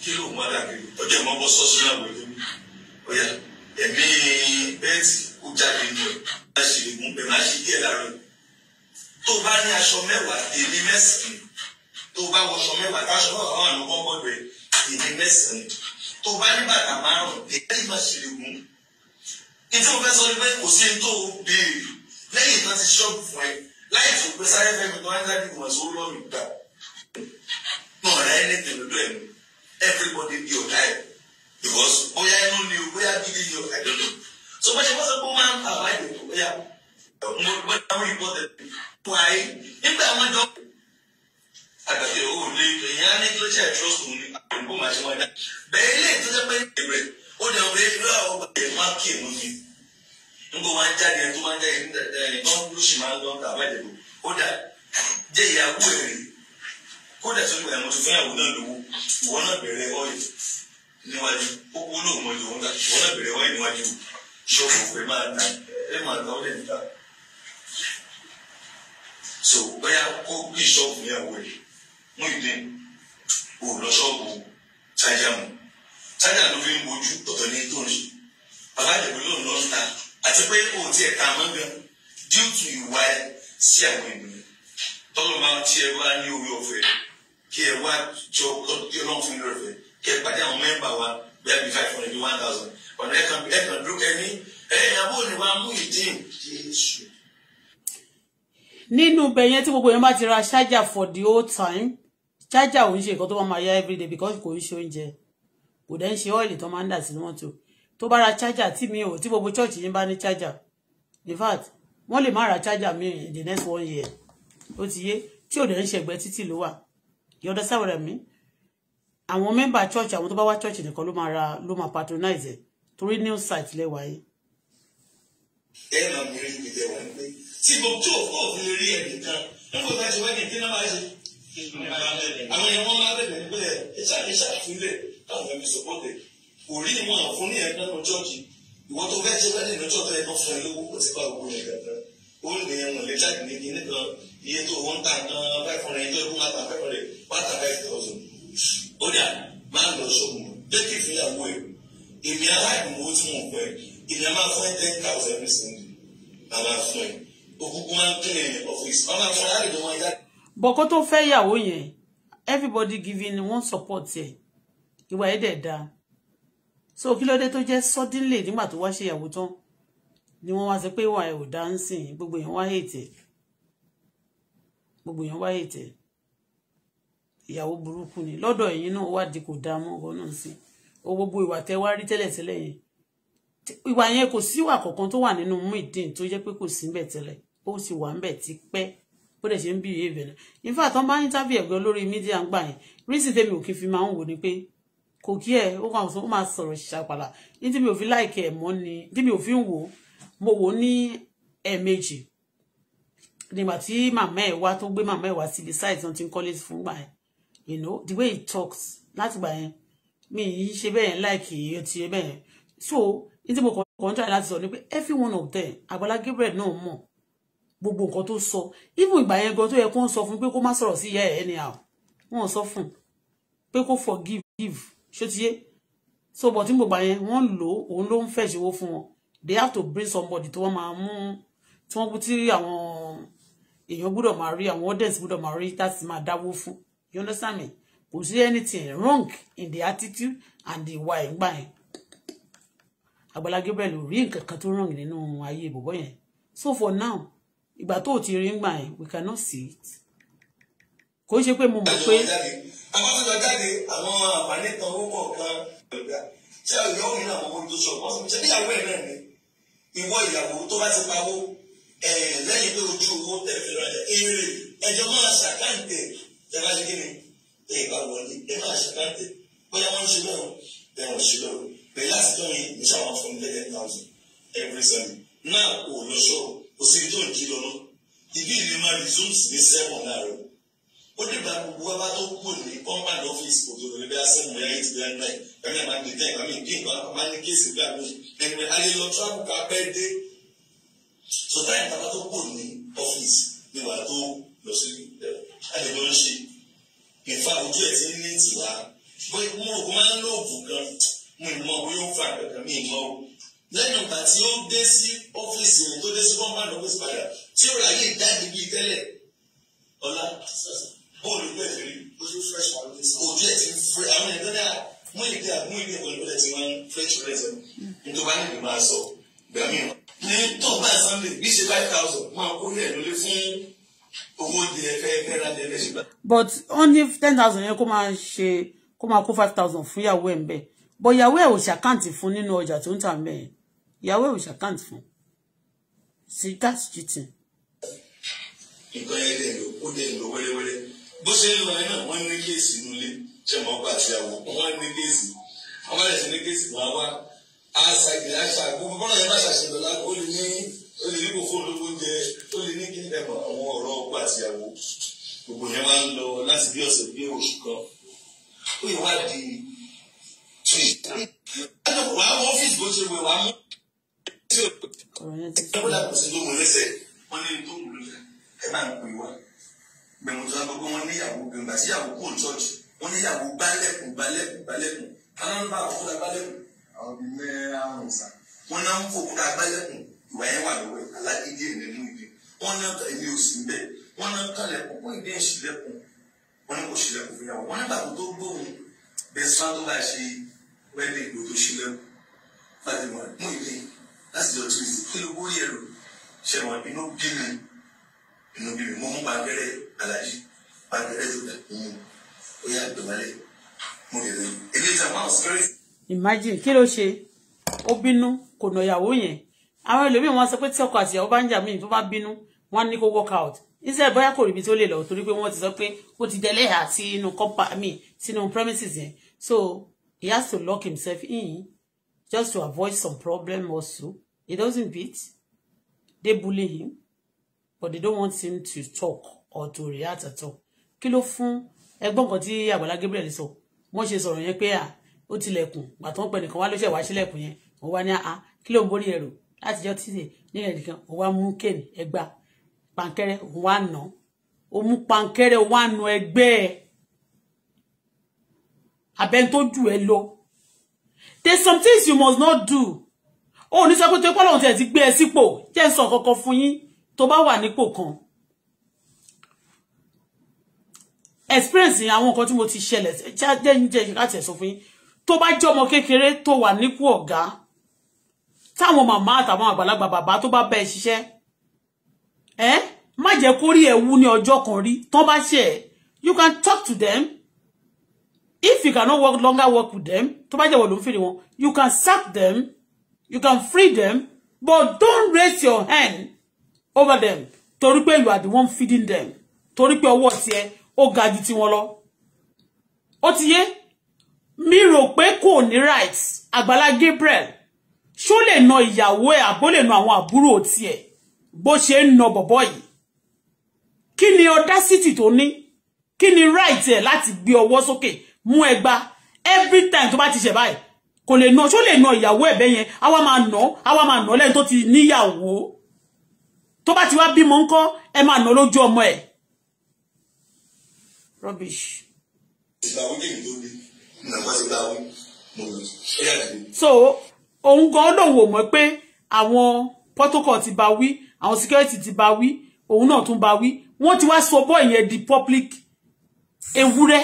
kí ló mú alágbèrè ọjọ́ ìmọ̀ bọ́ sọ́sọ́ náà wọlé mi ọ̀yà ẹ̀mí bẹ́ẹ̀tì kó jáde nù ẹ̀ má ṣe lè gún bẹ́ẹ̀ má ṣe díẹ̀ láàárọ̀ tó bá ní aṣọ mẹ́wàá èmi mẹ́sàn-án tó bá wọṣọ mẹ́wàá aṣọ náà wà ní ọgbọ́n gbọ́dọ̀ èmi mẹ́sàn-án tó bá ní bàtà márùn-ún èmi má ṣe lè gún ìtí mo fẹ́ sọ ni pé kò sí tó béèrè lẹ́yìn tó ti ṣọ́ọ̀bù fún ẹ láì tó gbé sáré fẹ́mi tó wá ń dájú ìwọ̀n sórí everybody ní ọ̀gá ẹ̀ because bóyá inú ni o bóyá bíbí ni o I don't know so bó ṣe wọ́n sọ pé ó máa ń ta àwáyé tó bóyá mo gbọ́dọ̀ àwọn ìbọn tẹ̀ tó ayé nígbà wọn jọ àgbàdo ò lè èèyàn á ní kí ló ṣe trust òun ní àgbègbè máa ṣe wọn dá bẹ́ẹ̀ ilé ìtọ́jú pé ìrẹ̀ ó dẹ̀ ọ̀rẹ́ ìlú àwọn ọgbà ẹ̀ máa kí èmi ni nígbà wọn jáde ẹni tó máa ń jáde ẹni tó ń lóṣì máa ń lọ́ọ́ tàbá ìdìbò ó kódà sọ́jú padà mo ti fún náà lówó ìwọ náà bẹ̀rẹ̀ ọ̀yẹ̀ níwájú ó kú lóò mọ ìjọba ńlá ìwọ náà bẹ̀rẹ̀ ọ̀yẹ̀ níwájú ṣọ́ọ̀bù pé máa ta ẹ máa ta ọ̀lẹ́ níta. so bóyá kó bí ṣọ́ọ̀bù ìyàwó rẹ̀ mú ìdí ò lọ ṣọ́ọ̀bù tájà mu tájà ló fi ń bójú ọ̀tọ̀ ní tó ń ṣe bàbá ìdìbò lóun lọ ta àti pé òun ti ẹ̀ka mọ́ gan due to ìwà sí àwọn ènìyàn tọ́lọ́ máa ń tiẹ̀ wá ní orí ọ̀fẹ́ kí ẹ wá jọ kí ọlọ́run fún yín lọ́fẹ̀ẹ́ kí ẹ pàdé àwọn mẹ́mbà wa bẹ́ẹ̀ bí five hundred one thousand ọ̀nà ẹ̀ kan ẹ̀ kan dúró kẹ́ni ni wàá mú ìdín Jésù. nínú bẹ̀yẹn tí gbogbo yẹn bá ti ra ṣájà for the whole time ṣájà ò ń ṣe nǹkan tó máa every day because kò ń ṣe oúnjẹ kò dẹ́ ń ṣe ọ́ìlì tó máa ń dà sí mọ́tò tó bá ra ṣájà tí mi ò tí gbogbo chọ́ọ̀chì yín bá ní ṣájà in fact wọ́n lè má ra ṣájà mi in the next one year ó ti yé tí ò dẹ́ ń ṣẹ̀gbẹ́ títì ló wà you understand what I mean àwọn mẹ́mbà church àwọn tó bá wá church nìkan ló máa ra ló máa patronize ẹ̀ torí new site lẹ́wàá yìí. ẹ máa mú rí mi tẹ̀wọ̀n pé tí mo tó ọ̀ fi rí ẹ̀mí kan nígbà tá a ṣe wẹ́ẹ̀dì kí náà máa ṣe àwọn èèyàn wọn máa bẹ̀rẹ̀ pé ẹ ṣáà ṣàfilẹ̀ káwọn ẹbí sọpọ́tẹ̀ kò rí ìmọ̀ fún ní ẹ̀ka náà chọ́ọ̀chì ìwọ tó fẹ́ ṣe wẹ́ẹ̀dì náà chọ́ọ̀tẹ̀ ẹ̀kọ́ fún ẹ lówó kò iye tó wọ́n ń ta gan five hundred ẹjọ́ ìkún máa ta five hundred wá ta five thousand. ó dà máa lọ sóhun dékì fúnyàwó ẹ̀ èmi aláìmọ̀ ó tún wọ̀ pẹ́ èmi a máa fún ẹ ten thousand every sunday a máa fún ẹ òkùnkùn máa ń kílẹ̀ ọ̀fíìsì wọ́n máa fún ẹ láti lọ́ wọn yá. bọ̀kọ́ tó fẹ́ yàwó yẹn everybody giving one support ẹ̀ ìwà ẹ̀ dẹ̀ dáa so kí ló dé tó jẹ́ suddenly nígbà tó wá ṣèyàwó tán ni wọ́n wá sí pé ìwà ẹ̀ ò dáa ń sìn gbogbo yẹn wá hate gbogbo èèyàn wáyé tẹ ìyàwó burúkú ni lọ́dọ̀ ẹ̀yin náà wá di kò dáa mọ́ ọ̀rọ̀ náà sí o gbogbo ìwà tẹ wá rí tẹ́lẹ̀tẹ́lẹ̀ yẹn ìwà yẹn kò sí ìwà kankan tó wà nínú Muyideen tó jẹ́ pé kò sí ńbẹ̀ tẹ́lẹ̀ ó sì wà ńbẹ̀ tipẹ́ bó dẹ̀ ṣe ń bí ìyè bẹ̀rẹ̀ in fact tán bá ń tábì ẹ̀gbẹ́ lórí mídíà ń gbà yẹn rísì tèmi ò fi máa ń wò ni pé kò kí ẹ ó kàn ó máa sọ̀rọ̀ ṣàpàlà ní tí mi ò fi láìkẹ́ ẹ̀ mọ́ ni tí mi ò fi ń wò mo wò ní ẹ̀ẹ̀mejì nígbà tí màmá ẹ̀ wá tó gbé màmá ẹ̀ wá sí besides wọn ti ń kọ́lé you know the way he talks láti gbà yẹn mi ì ṣe bẹ́ẹ̀ láìkì ti ṣe so ní tí mo kàn ń try láti sọ ni pé every one of them Agbala Gabriel náà mọ̀ gbogbo nǹkan tó sọ even ìgbà yẹn gan tó yẹ kó ń sọ fún pé kó má sọ̀rọ̀ sí ìyá anyhow wọ́n sọ fún pé kó forgive give ṣó ti yé so but tí mo gbà yẹn wọ́n lò ó òun ló ń fẹ̀ṣẹ̀wó they have to bring somebody To wọ́n máa mú tí wọ́n kú tí àwọn èèyàn gbọ́dọ̀ máa rí àwọn audience gbọ́dọ̀ máa rí láti máa dáwó fún you understand me kò sí anything wrong in the attitude and the way ìgbà yẹn Agbala Gabriel ò rí nǹkan kan tó wrong nínú ayé bọ̀bọ̀ yẹn so for now ìgbà tó ti rí ngbà yẹn we cannot see it kò ṣe pé mo mọ̀ pé. àwọn tó lọ jáde àwọn àǹfààní kan ó mọ̀ kan ṣé ìyá òun ní àwọn ọmọ tó sọ wọ́n sọ bí ìyàwó ẹ̀ náà ni ìwọ ìyàwó tó bá ti pawó lẹ́yìn pé ojú owó tẹ̀lé rẹ̀ èrè ẹjọ́ máa ṣàkáǹtẹ̀ tẹ̀lá ṣe kíni ẹ̀ bá wọlé ẹ máa ṣàkáǹtẹ̀ bóyá wọ́n ń ṣe bẹ́ẹ̀ bẹ́ẹ̀ wọ́n ṣe bẹ́ẹ̀ bẹ́ẹ̀ láti tó yin mo ṣàwọn fún mi ten thousand every Sunday náà kò lọ sọ kò sí ibi tó ń jí lọ lọ ibi ìlú máa resumes ní seven láàárọ̀ ó dìgbà gbogbo wa bá tó kú ní compound office kò tó lórí bí asẹ́mu ẹ̀yà eight nine nine ẹ̀mí àmà dìtẹ́ ẹ̀mí ìdí ìgbà máa ní kéèsì gbà mí ẹ̀mí alẹ́ lọ travel so táyà bàbá tó kù ní ọ́fíìsì ni wàá tó lọ sí àdìgbò eh, ń ṣe ìfà ojú ẹ̀ ti ń ní tiwa bó mo rò kó máa ń lo oògùn gan mo ìmọ̀ bóyá ó fa àgbẹ̀kan mi ìmọ̀ o lẹ́yìn ìgbà tí ó dé sí ọ́fíìsì rẹ̀ tó dé sí kọ́ńpáàdì ọ́fíìsì padà tí ó ráyè jáde bíi tẹ́lẹ̀ ọ̀la bóòlù pẹ̀ fèrè ojú fresh holidays ojú ẹ̀ ti fẹ́ àwọn ẹ̀dọ́ náà ah, mú ìdí àmú ìdí ìwọ̀n ìwọ̀n ẹ̀ ti máa ń fresh holidays ẹ̀ nítorí wọ́n á nílùú máa sọ gbàmí wọn ní tó sunday bí ṣe five thousand máa kó lẹ̀ lólé fún owó ìdílé fẹ́ fẹ́ ra dẹ̀lẹ́ ṣùgbọ́n. but only ten thousand yẹn kó máa ṣe kó máa kó five thousand fún ìyàwó ẹ̀ ń bẹ̀ but ìyàwó ẹ̀ ò ṣàkáǹtì fún nínú ọjà tó ń tà mẹ́ẹ̀ ìyàwó ẹ̀ ò ṣàkáǹtì fún sí that's cheating. nǹkan yẹn dẹ̀ ló kó dẹ̀ ló wẹ́lẹ́wẹ́lẹ́ bó ṣe ń lọ ẹ náà wọ́n ní kéèsì nílé ṣẹ̀ pàṣẹ àwọn wọ́n ní kéèsì wọ́n bá àṣà ìgbìlẹ̀ àṣà gbogbo bọ́lá yẹn bá ṣàṣìlò lá ó lè ní ó lè ní kò fún olówó oúnjẹ ó lè ní kí ẹ mọ àwọn ọ̀rọ̀ ọkọ àtìyàwó gbogbo yẹn máa ń lọ láti bí ọ̀sẹ̀ bí oṣù kan ó yẹ wá di tù wà á wọ ọ́fíìsì bó ṣe wẹ̀ wà á mú tí o ẹgbẹ́ dàgbà sí ló mú lẹ́sẹ̀ wọ́n ní tó wù lọ́jà ẹ máa ń pè wá gbẹ̀mú tó agbó pé wọ́n níyàwó gbẹ̀mú àti ìyàwó kó chọ́ọ̀chì wọ́n níyàwó gbálẹ̀kùn gbálẹ̀kùn gbálẹ̀kùn kanáà ń bá àwọn fúnra gbálẹ̀kùn wọ́n náà ń fòkúta agbálẹ́kùn ìwà yẹn wà lọ́wọ́ alágídí ìrẹ́nu ìdí wọ́n náà ka èmi ò sí ń bẹ̀ náà kalẹ̀kùn wọ́n ìdí ìṣílẹ̀kùn wọ́n náà kò ṣílẹ̀kùn fún yàwó wọ́n nígbà tó gbóhùn bẹ́ẹ̀ sọ́n tó bá ṣe wẹ́ẹ̀dì ìgbò tó ṣílẹ̀kùn Fatima mú ìdí láti lọ tún ìdí kí ló bó yẹ lò ṣẹ̀wọ̀n inú bí mi inú bí mi mo mú pàgẹ́rẹ́ alájí pàgẹ́rẹ́ tó dà mú ó yà gbẹ̀wálẹ̀ imagine kí ló ṣe ó bínú kò nà ìyàwó yẹn àwọn ẹlòmíì wọn sọ pé tí ọkọ àti ìyàwó bá ń jà míì tó bá bínú wọn ní kó work out iṣẹ́ bóyá kò ríbi tó lè lọ torí pé wọ́n ti sọ pé ó ti dẹ́lẹ̀ hà sínú kọ́pà mi sínú premises yẹn so he has to lock himself in just to avoid some problem also he doesn't beat they bully him but they don't want him to talk or to react at all kí ló fún ẹgbọ́n kan tí Àgbàlá Gabriel sọ wọ́n ṣe sọ̀rọ̀ yẹn pé à ó tilẹ̀kùn gbà tó ń nìkan wá ló wá sílẹ̀kùn yẹn òun wá ní àá kí ló ń borí ẹrù láti jọ títì nílẹ̀ nìkan òun wá mú kéènì ẹgbà pankẹ́rẹ́ wá nà ó mú pankẹ́rẹ́ wá nà ẹgbẹ́ ẹ abẹ́ni ẹ lọ there's some things you must not do ó ní sọ tó pọ́lọ́hún tiẹ̀ ti gbé ẹ sípò jẹ́ ń sọ kankan fún yín tó bá wà nípò kan experience àwọn nǹkan tí mo ti ṣẹlẹ̀ jẹ́ ń jẹ́ ká tẹ̀ sọ fún yín tó bá jọmọ kékeré tó wà nípò ọ̀gá táwọn màmá àtàwọn àgbàlagbà bàbá tó bá bẹ́ẹ̀ ṣiṣẹ́ ẹ́ má jẹ́ kó rí ẹ̀wú ní ọjọ́ kan rí tán bá ṣe ẹ̀ you can talk to them if you cannot work longer work with them To bá jẹ́ wọ̀ ló ń fìdí you can sack them you can free them but don't raise your hand over them torí pé you are the one feeding them torí pé ọwọ́ tiẹ̀ ó ga ju tiwọn lọ ó ti yé mi rò pé kò ní right Àgbàlá Gabriel ṣó lè na ìyàwó ẹ̀ àbó lè na àwọn àbúrò tiẹ̀ bó ṣe ń na bọ̀bọ̀ yìí kí ni audacity tó ní kí ni right ẹ̀ láti gbé ọwọ́ sókè mú ẹgba every time tó bá ti ṣe báyìí kò lè na ṣó lè na ìyàwó ẹ̀ bẹ́yẹn àwa máa nà àwa máa nà lẹ́yìn tó ti níyàwó tó bá ti wá bímọ ńkọ́ ẹ máa nà lójú ọmọ ẹ̀ rubbish so òun gan lòun ò mọ̀ pé àwọn protocol ti bá wí àwọn security ti bá wí òun náà tún bá wí wọ́n ti wá sọ bọ́ ìyẹn di public ewúrẹ́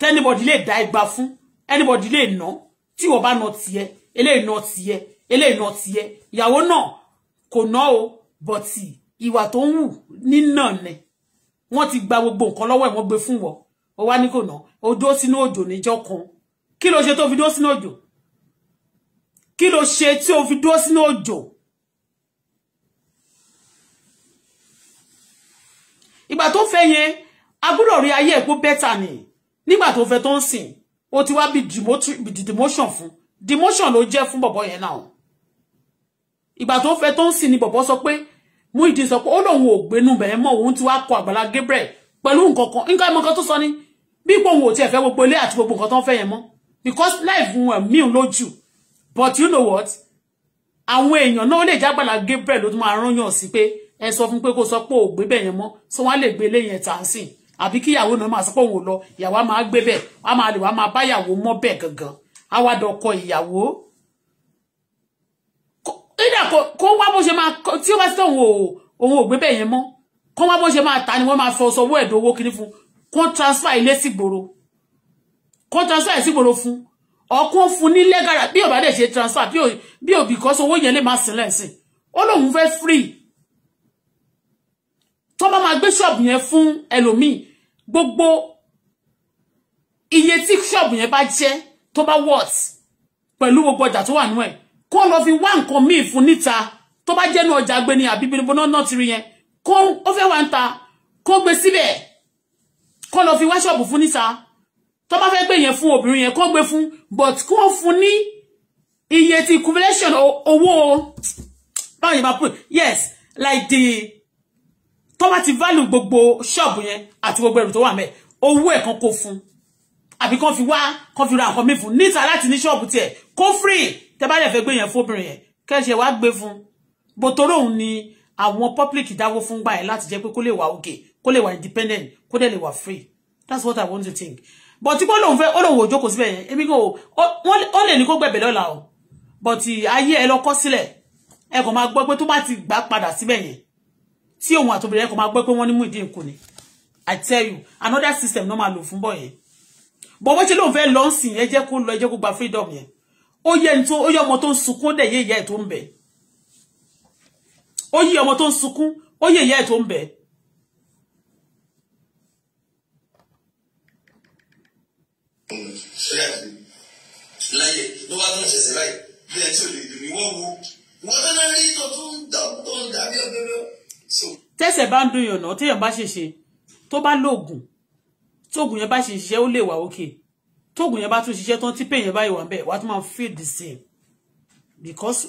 tẹ́nibọ̀dì lè dá igba fún anybody lè nà tí wọ́n bá nà tiẹ̀ eléyìí nà tiẹ̀ eléyìí nà tiẹ̀ ìyàwó náà kò ná o bọ̀tì ìwà tó ń wù nínà nẹ wọ́n ti gba gbogbo nǹkan lọ́wọ́ ẹ̀ wọ́n gbé fún wọ́n ó wá ní kò ná ó dó sínú òjò níjọ́ kan kí ló ṣe tó fi dó sínú òjò kí ló ṣe tí ó fi dó sínú òjò ìgbà tó fẹ́ yẹn a gbọ́dọ̀ rí ayé ẹ̀kọ́ bẹ́tà ni nígbà tó fẹ́ tó ń sìn ó ti wá bí demotion fún demotion ló jẹ́ fún bọ̀bọ̀ yẹn náà ìgbà tó fẹ́ tó ń sìn ni bọ̀bọ̀ sọ pé Muyideen sọ pé ó lóun ò gbénú bẹ̀rẹ̀ mọ́ òun ti wá kọ Àgbàlá Gabriel pẹ̀lú nǹkan kan nǹkan ẹ̀mọ́ kan tó sọ ni bí ipò òun ò tiẹ̀ fẹ́ gbogbo ilé àti gbogbo nǹkan tó ń fẹ́ yẹn mọ́ because life wọn mí lójú but you know what àwọn èèyàn náà lè jágbàlá Gabriel ló tún máa rán yàn sí pé ẹ sọ fún pé kó sọ pé ò gbé bẹ́ẹ̀ yẹn mọ́ so wọ́n á lè gbé ilé yẹn tà sí àbí kí ìyàwó náà máa sọ pé òun ò lọ ìyàwó á máa gbé bẹ́ẹ̀ á máa lè wá máa bá ìyàwó mọ́ bẹ́ẹ̀ gangan á wá dọkọ ìyàwó ìdá kó wá bó ṣe máa tí ó bá sí òun ò gbé bẹ́ẹ̀ yẹn mọ́ kó wá bó ṣe máa ta ni wọ́n máa sọ sọ owó ẹ̀dọ́ owó kiri kó transfer ilé sígboro kó transfer ilé sígboro fún ọkùn fún ní lẹ́gàrà bí ò bá dẹ̀ ṣe transfer bí ò because owó yẹn lè máa sílẹ̀ sí ó lóun fẹ́ free tó bá máa gbé ṣọ́ọ̀bù yẹn fún ẹlòmíì gbogbo iye tí ṣọ́ọ̀bù yẹn bá jẹ́ tó bá wọ́t pẹ̀lú gbogbo ọjà tó wà nú ẹ̀ kó lọ fi wá nǹkan míì fún níta tó bá jẹ́nu ọjà gbé ni àbí bíbí náà ti rí yẹn kó ó fẹ́ wá ń ta kó gbé síbẹ̀ kó lọ fi wá ṣọ́ọ̀bù fún níta tó bá fẹ́ gbé yẹn fún obìnrin yẹn kó gbé fún but kó fún ní iye ti accumulation owó báwo yẹn bá yes like the tó bá ti value gbogbo ṣọ́ọ̀bù yẹn àti gbogbo ẹrù tó wà mẹ́ owó ẹ̀ kan kó fún àbí kan fi wá kan fi ra nǹkan mi fún níta láti ní ṣọ́ọ̀bù tiẹ̀ kó free tẹ́ bá dẹ̀ fẹ́ gbé yẹn fún obìnrin yẹn kẹ́ṣẹ̀ wá gbé fún bòtóró òun ni àwọn public dáwó fún gbà ẹ̀ láti jẹ́ pé kó lè wà òkè okay kó lè wà independent kó dẹ̀ lè wà free that's what i want to think but tí kò lóun fẹ́ ó lóun ò jókòó síbẹ̀ yẹn èmi kò ó lè ní kó gbẹ̀bẹ̀ lọ́la o but ayé ẹ lọ kọ́ sílẹ̀ ẹ kàn máa gbọ́ pé tó bá ti gbà padà síbẹ̀ yẹn tí òun àtòbìnrin ẹ kàn máa gbọ́ pé wọ́n ní mú ìdí nǹkan ni i tell you another system náà máa lò fún bọ̀ yẹn bọ̀ bó ṣe lóun fẹ́ lọ sìn ẹ jẹ́ kó lọ ẹ jẹ́ kó gba freedom yẹn ó yẹ ní tó ó yẹ ọmọ tó ń sunkún dẹ̀ yé ìyá ẹ̀ tó ń bẹ̀ ó yẹ ọmọ tó ń sunkún ṣẹlẹ̀ àgbẹ̀ láyè ló bá tún ṣẹ̀ṣẹ̀ láyè bí ẹ tí ò lè dùn ní wọ́n wo wọ́n dáná rí tó tún dà tó ń dà bí ọ̀bẹ̀rẹ̀ tẹ́sẹ̀ bá ń dùn yàn náà téèyàn bá ṣèṣe tó bá lóògùn tóògùn yẹn bá ṣe ṣiṣẹ́ ó lè wà òkè tóògùn yẹn bá tún ṣiṣẹ́ tán tí pain bá yìí wà bẹ́ẹ̀ wà á tún máa feel the same because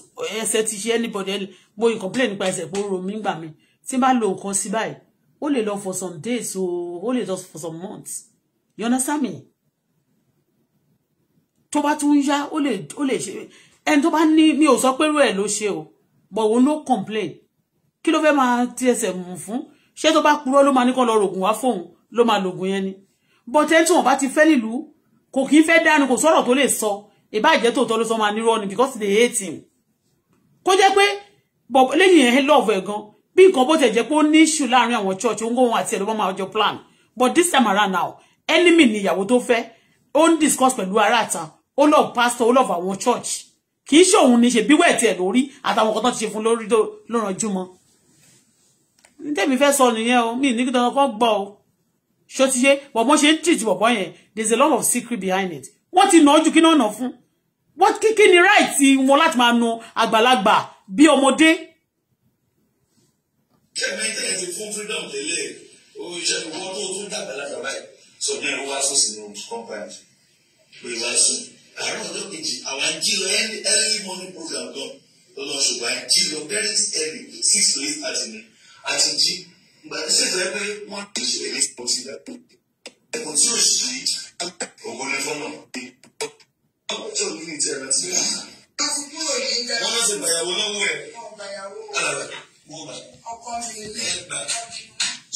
ẹsẹ̀ ti ṣe anybody mo yìí complain nípa ẹsẹ̀ pé ó ro mí gbà mí tí bá lo nǹkan sí báyìí ó lè lọ for some days o ó lè lọ for some months you understand me tó bá tún yá ó lè ó lè ṣe ẹni tó bá ní mi ò sọ pé irú ẹ̀ ló ṣe o but òun ló complain kí ló fẹ́ máa ti ẹsẹ̀ mú fún ṣé tó bá purọ́ ló máa ní kó lọ rògùn wá fóun ló máa lògùn yẹn ni but ẹni tí wọ́n bá ti fẹ́ nílùú kò kì í fẹ́ dànù kò sọ̀rọ̀ tó lè sọ ìbáàjẹ́ tòótọ́ ló sọ máa nírọ́ ni because they hate him kó jẹ́ pé bọ̀ lẹ́yìn ẹ̀ love ẹ̀ gan bí nǹkan bó tẹ̀ jẹ́ pé ó ní issue láàrin àwọn church òun góhun àti ẹ̀ ló bá máa jọ plan but this time around now enemy ni ìyàwó tó fẹ́ ó ń discuss pẹ̀lú aráàta ó love pastor ó love àwọn church kì í ṣe òun ní ṣe bíwẹ̀ tiẹ̀ lórí àtàwọn kan tó ti ṣe fún lórí lọ́rànjúmọ́ ní tèmi fẹ́ sọ nìyẹn o mi ní kí dandan kan o ṣó ti yé bọ̀ mo ṣe ń tìtì bọ̀bọ̀ yẹn a lot of secret behind it What ti nà ọ́ ju kí What nà fún wọ́n kíkí ni right wọn láti máa nu àgbàlagbà bi ọmọdé. ṣé ẹ̀mí tẹ̀lé ti fún freedom délé o iṣẹ́ ìwọ́n tó tún dàgbàlagbà báyìí sọ bí ẹ̀rọ wá sùn sínú compound àárọ̀ ọjọ́ kejì àwọn ají lọ early morning program náà lọ́nà ṣùgbọ́n ají lọ very early six to eight thirty ni àti jí ìgbà tí ṣètò ẹ pé wọ́n ti ṣe èyí tó ti dà tó ẹ̀kọ́ tí ó sì ògo ní fọ́nà ọjọ́ mi ní tẹ̀rẹ̀ tí ó wọ́n lọ́sẹ̀ gbàyàwó lọ́wọ́ ẹ̀ ọkọ mi ilé ìgbà.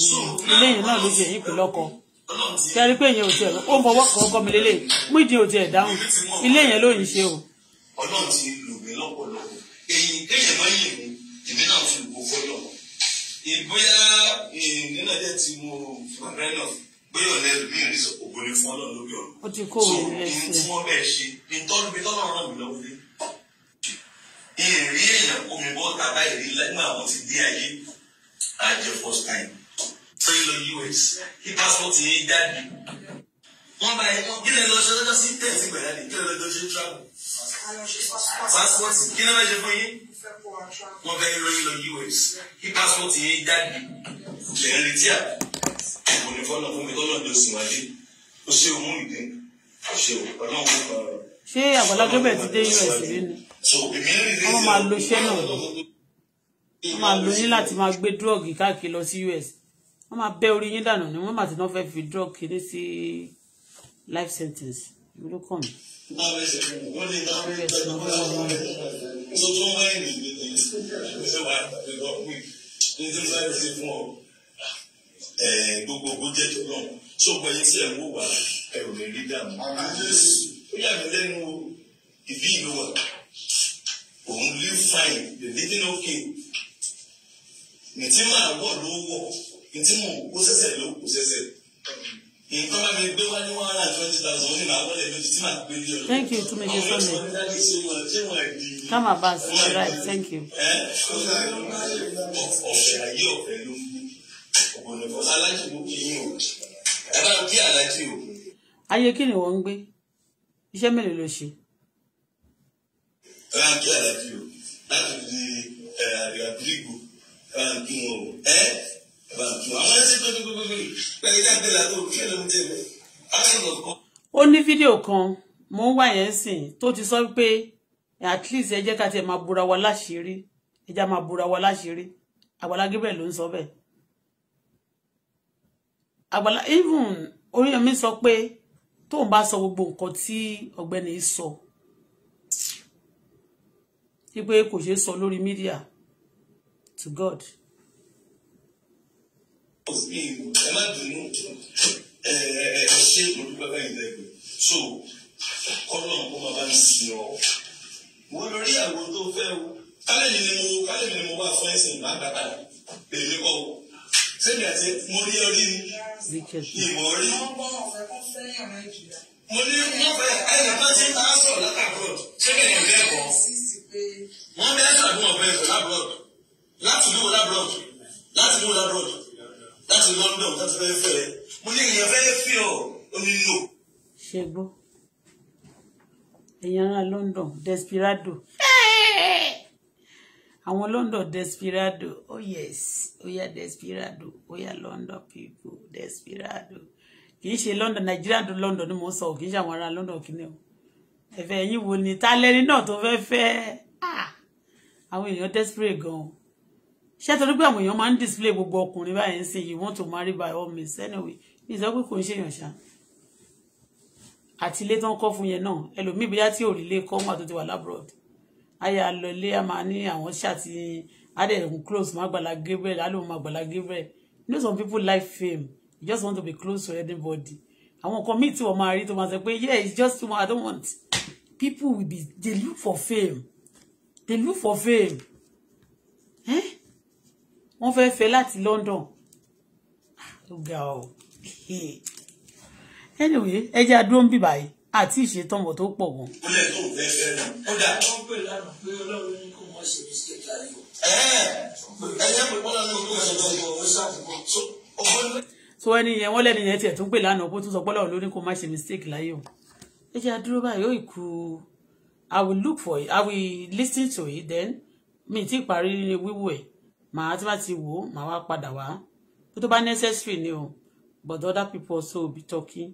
ilé yìí náà ló ṣe yí pẹ̀lú ọkọ ṣe rí pé ìyẹn ò tiẹ̀ ó fọwọ́ kọ́ ọkọ mi lélẹ̀ Muyideen ò tiẹ̀ dáhùn ilé yẹn ló ń ṣe o. ọlọ́run ti lò mí lọ́pọ̀lọpọ̀ èyí kéèyàn máa yè mí èmi náà fi wò fọlọ́ ìbóyá nínú ẹ̀jẹ̀ tí mo fẹ́ náà bóyá ọ̀lẹ́ mi ò ní sọ ògo ni fún ọlọ́run lórí ọ̀rọ̀ ó ti kó òun rẹ̀ sí ẹ̀ tí wọ́n bẹ́ẹ̀ ṣe ìtọ́jú mi tọ́lọ́run ràn sọyìn lọ us kí passport yẹn jáde wọn bá yẹ kí lè lọ ṣe sí tẹ̀sí gbẹ̀rẹ́ ni kí lè lọ́jọ́ ṣe travel passport kí lè lọ́jọ́ fún yín wọn bẹ lóyún lọ us kí passport yẹn jáde lẹ́yìn retí à kò ní fọ́nà fún mi lọ́nà ló sì wáyé ó ṣe òun ìdí ó ṣe ọ̀nà òun kan rẹ̀. ṣé àgbàlagbé bẹ̀ ti dé us rí ni wọ́n máa lo iṣẹ́ náà wọ́n máa lo ní láti máa gbé dúrọ̀gì káàkiri lọ sí us wọ́n máa bẹ́ orí yín dànù ni wọ́n máa ti náà fẹ́ẹ́ fi drug kiri sí life sentence ìlú ló kàn mí. gbogbo ogun jẹ́ tó lọ sọgbọn yìí sí ẹwọ wà ẹ ò lè rí dààmú ó yà mí lẹ́nu ìbí ìlú wa òun live fine the living okay nìtí máa wọ̀ ló wọ̀ ntí mo kó sẹsẹ ló mi gbé wá ní one hundred and twenty thousand ó ní màá wọlé méjì tí màá gbé ní ọdún. thank you tún méjì sọ mi come about all right thank you. ọ̀fẹ́ ayé ọ̀fẹ́ ló ń bọ̀ alájí mo kì í o ẹ bá ń kí o. ayé kí ni wọ́n ń gbé iṣẹ́ mélòó ló ṣe. ẹ bá o láti di àríwá bírígù ẹ wọn o ó ní fídíò kan mò ń wà yẹn sìn tó ti sọ pé at least ẹ jẹ́ ká tiẹ̀ máa bora wa láṣìírí ẹ jẹ́ máa bora wa láṣìírí Àgbàlá Gabriel ló ń sọ bẹ́ẹ̀ Àgbàlá even Oríyọmí sọ pé tóun bá sọ gbogbo nǹkan tí ọ̀gbẹ́ni sọ wípé kò ṣeé sọ lórí mídíà to God òfin ẹ má bínú ẹ ẹ ṣé olùkọ́ báyìí lẹ́gbẹ̀ẹ́ so kọ́lọ́ kó máa bá mi sìn ọ́ wọ́n lórí àwọn tó fẹ́ o kálẹ̀ mi ni mo kálẹ̀ mi ni mo wà fún ẹ̀sìn má gbàgbà èmi kọ́ o sẹ́mi àti mo rí ọ rí mi ìwọ rí mo ní wọ́n fẹ́ ẹnì kan ti ń bá sọ̀rọ̀ látàbọ̀d sẹ́mi ni ọ̀gá ẹ̀kọ́ wọ́n bẹ́ẹ̀ sọ̀rọ̀ bí wọ́n fẹ́ sọ̀rọ̀ lábọ̀d láti lówó lábọ̀d láti lówó lábọ̀d láti London láti fẹ́ fẹ́ rẹ mo ní èèyàn fẹ́ fẹ́ ọ ó ní lò. ṣe gbọ́ ẹ̀yin ará London desperado àwọn London desperado oh yes oya oh yeah, desperado oya oh London people desperado kì í ṣe London Nigeria do London ni mo sọ kì í ṣe àwọn ará London kìíní o ẹ̀fẹ̀ yín wo ni ta lẹ́ni náà tó fẹ́ fẹ́ ah! àwọn èèyàn desperate gan-an ṣé torí pé àwọn èèyàn máa ń display gbogbo ọkùnrin báyìí ń sìn you want to marry by all means anyway ní ìsọ pé kò ń ṣèyàn ṣá àti ilé tó ń kọ́ fún yẹn náà ẹlòmíì bóyá tí òrìlé kọ́ wà tó ti wà lábúròd ayé alọ́lé a máa ní àwọn ṣáàtì adẹ̀hùn close mọ́ Agbala Gabriel alóhùn mọ́ Agbala Gabriel you know some people like fame you just want to be close to anybody àwọn nǹkan míì tí wọ́n máa rí tó máa sọ pé yeah it's just too much I don't want people will be they look for fame they look for fame. Eh? wọ́n fẹ́ fẹ́ láti London ó ga ọ anyway ẹ jẹ́ adúró ń bì báyìí àti ìṣètọ́mọ̀ tó pọ̀ gan. ó lè tó fẹ́ fẹ́ rẹ̀ ó dà. wọ́n pè lánàá pé ọlọ́run ní kó wọ́n ṣe mistake láyé. ẹ ẹ jẹ́ pé bọ́lá ní ojú ẹ̀sìn tó ń bọ̀ ó ṣàkóso. so ẹni yẹn wọ́n lẹ́ni yẹn tiẹ̀ tún pè lánàá kó tún sọ pọ́lá ló ní kó má ṣe mistake láyé o. ẹ jẹ́ adúró báyìí ó ìkú I will look for it I will listen to it then mi ti parí wíwò ẹ̀ màá tí bá ti wò ó màá wá padà wá tó bá necessary ni o but other people also be talking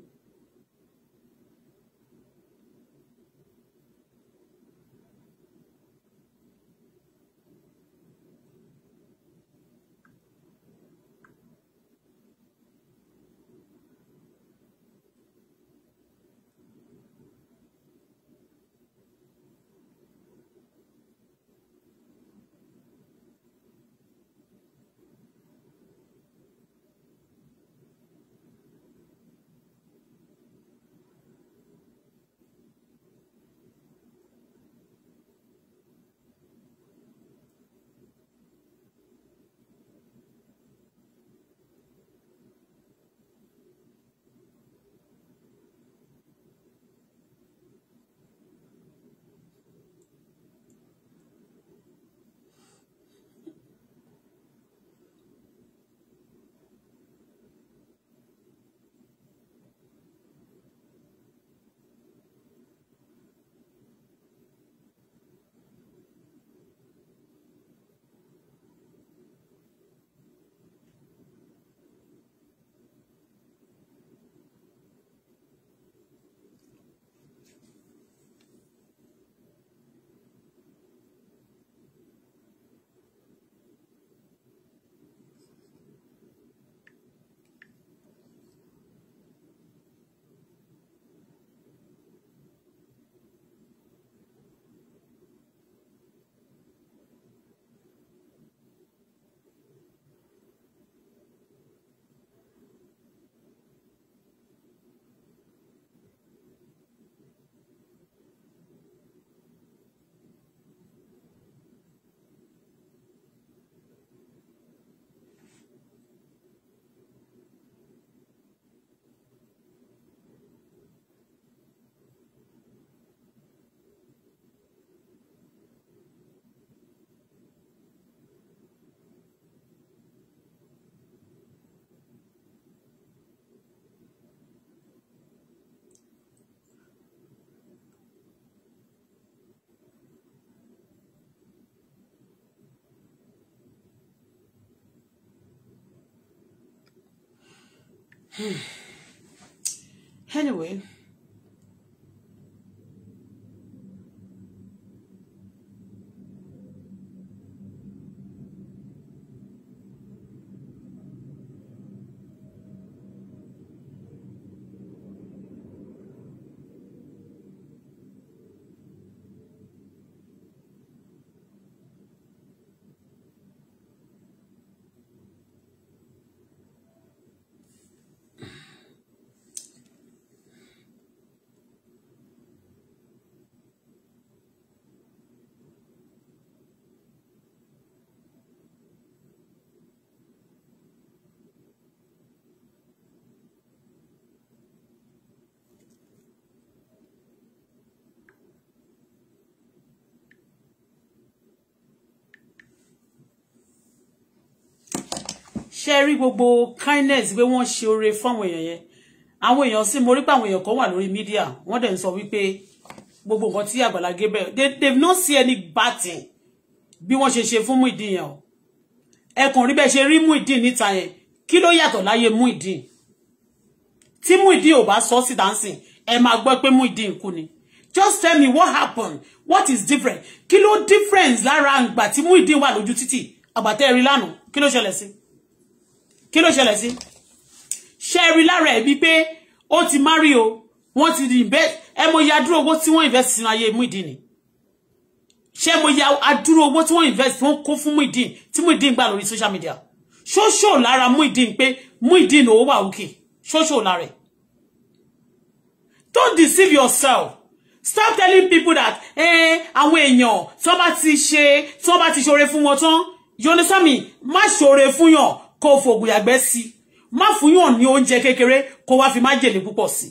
anyway, ṣe rí gbogbo kindness pé wọ́n ṣe oore fáwọn èèyàn yẹn àwọn èèyàn sì mo rí pé àwọn èèyàn kan wà lórí mídíà wọ́n dẹ̀ ń sọ wípé gbogbo nǹkan tí Àgbàlá Gabriel they they've not see any bad thing bí wọ́n ṣe ṣe fún Muyideen yẹn o ẹkùn rí bẹ́ẹ̀ ṣe rí Muyideen níta yẹn kí ló yàtọ̀ láyé Muyideen tí Muyideen ò bá sọ síta ń sìn ẹ máa gbọ́ pé Muyideen kú ni just tell me what happened what is different kí ló difference lára àgbà tí Muyideen wà lójú títì àgbàtẹ́ rí lánàá kí ló ṣẹlẹ̀ sí i kí ló ṣẹlẹ̀ sí ṣe rí lára ẹ̀ pé ó ti márì o wọ́n ti invest ẹ mo ya dúró owó tí wọ́n invest sínú ayé Muyideen ni ṣe mo ya adúró owó tí wọ́n invest wọ́n kó fún Muyideen tí Muyideen gbà lórí social media ṣóṣó lára Muyideen pé Muyideen owó wà òkè ṣóṣó lára ẹ̀ don't deceive yourself stop telling people that eh àwọn èèyàn tó bá ti ṣe tó bá ti ṣore fún wọn tán you me má ṣore fún yàn kó fògùn yàgbẹ́ sí má fún yàn ní oúnjẹ kékeré kó wá fi májèlé púpọ̀ sí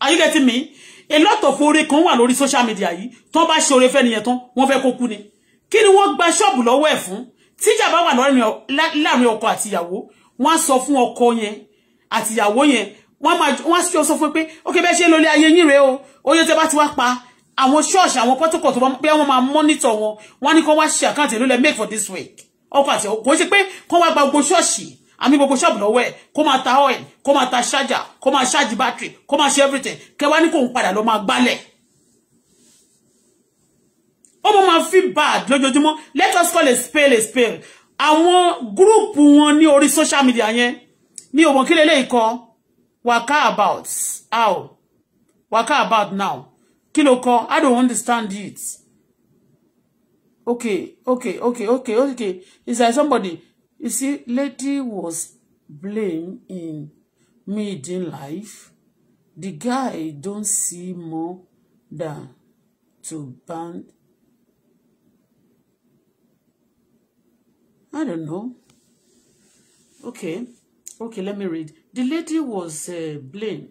are you getting me a lot of oore kan wà lórí social media yìí tán bá ṣe oore fẹ́niyẹn tán wọ́n fẹ́ kó kú ni kí ni wọ́n gba ṣọ́ọ̀bù lọ́wọ́ ẹ̀ fún tíjà bá wà láàrin ọkọ àti ìyàwó wọ́n á sọ fún ọkọ yẹn àti ìyàwó yẹn wọ́n máa wọ́n sọ sọ fún pé Okay, bẹ́ẹ̀ ṣe ń lólé ayé yín rèé o oyè tẹ́ bá ti wá pa àwọn ṣọ́ọ̀ṣì àwọn pọ́tòkọ̀ tó bá pé wọ́n máa mọ́nítọ̀ wọn wọ́n ní kó wá ṣe àkáǹtì lólẹ̀ make for this week ọkọ àti ọkọ ṣe pé kó wá gba gbogbo ṣọ́ọ̀ṣì àmì gbogbo ṣọ́ọ̀bù lọ́wọ́ ẹ̀ kó máa ta oil kó máa ta ṣájà kó máa ṣáàjì bátìrì kó máa ṣe everything kẹwa ní kò ń padà lọ máa gbálẹ̀ ó mọ̀ máa feel bad lójoojúmọ́ let us call a spade a spade àwọn gúrùpù wọn ní orí social media yẹn ní òmò kí lélẹ́yìí kan waka about how waka about now kí ló kọ I don't understand it okay okay okay okay okay it's like somebody you see lady was blamed in mid in life the guy don't see more than to ban I don't know okay okay let me read the lady was uh, blamed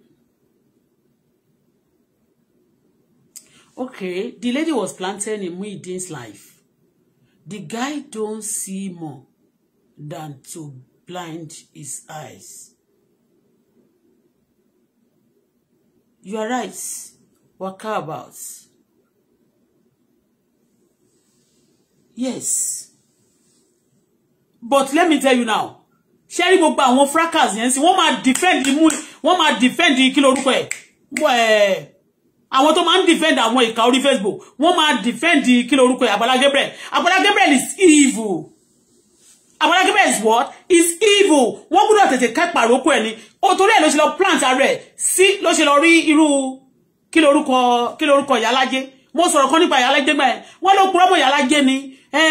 okay the lady was planted in Muideen's life The guy don't see more than to blind his eyes. You are right. Waka about. Yes. But let me tell you now. Sherry go gbogbo one fracas yẹn sí, wọ́n máa defend imú, wọ́n máa defend kí lorúkọ boy àwọn tó máa ń defend àwọn ìka orí Facebook wọ́n máa defend kí ló orúkọ Agbala Gabriel Abala Gabriel is evil Abala Gabriel is what is evil wọ́n gbọ́dọ̀ tètè ká pàrókò ẹ̀ ni ó torí ẹ̀ ló ṣe lọ plant rẹ̀ sí ló ṣe lọ rí irú kí ló orúkọ kí ló orúkọ ìyálájé mo sọ̀rọ̀ kan nípa ìyálájé gbà ẹ̀ wọ́n ló purọ́ mọ́ ìyálájé ni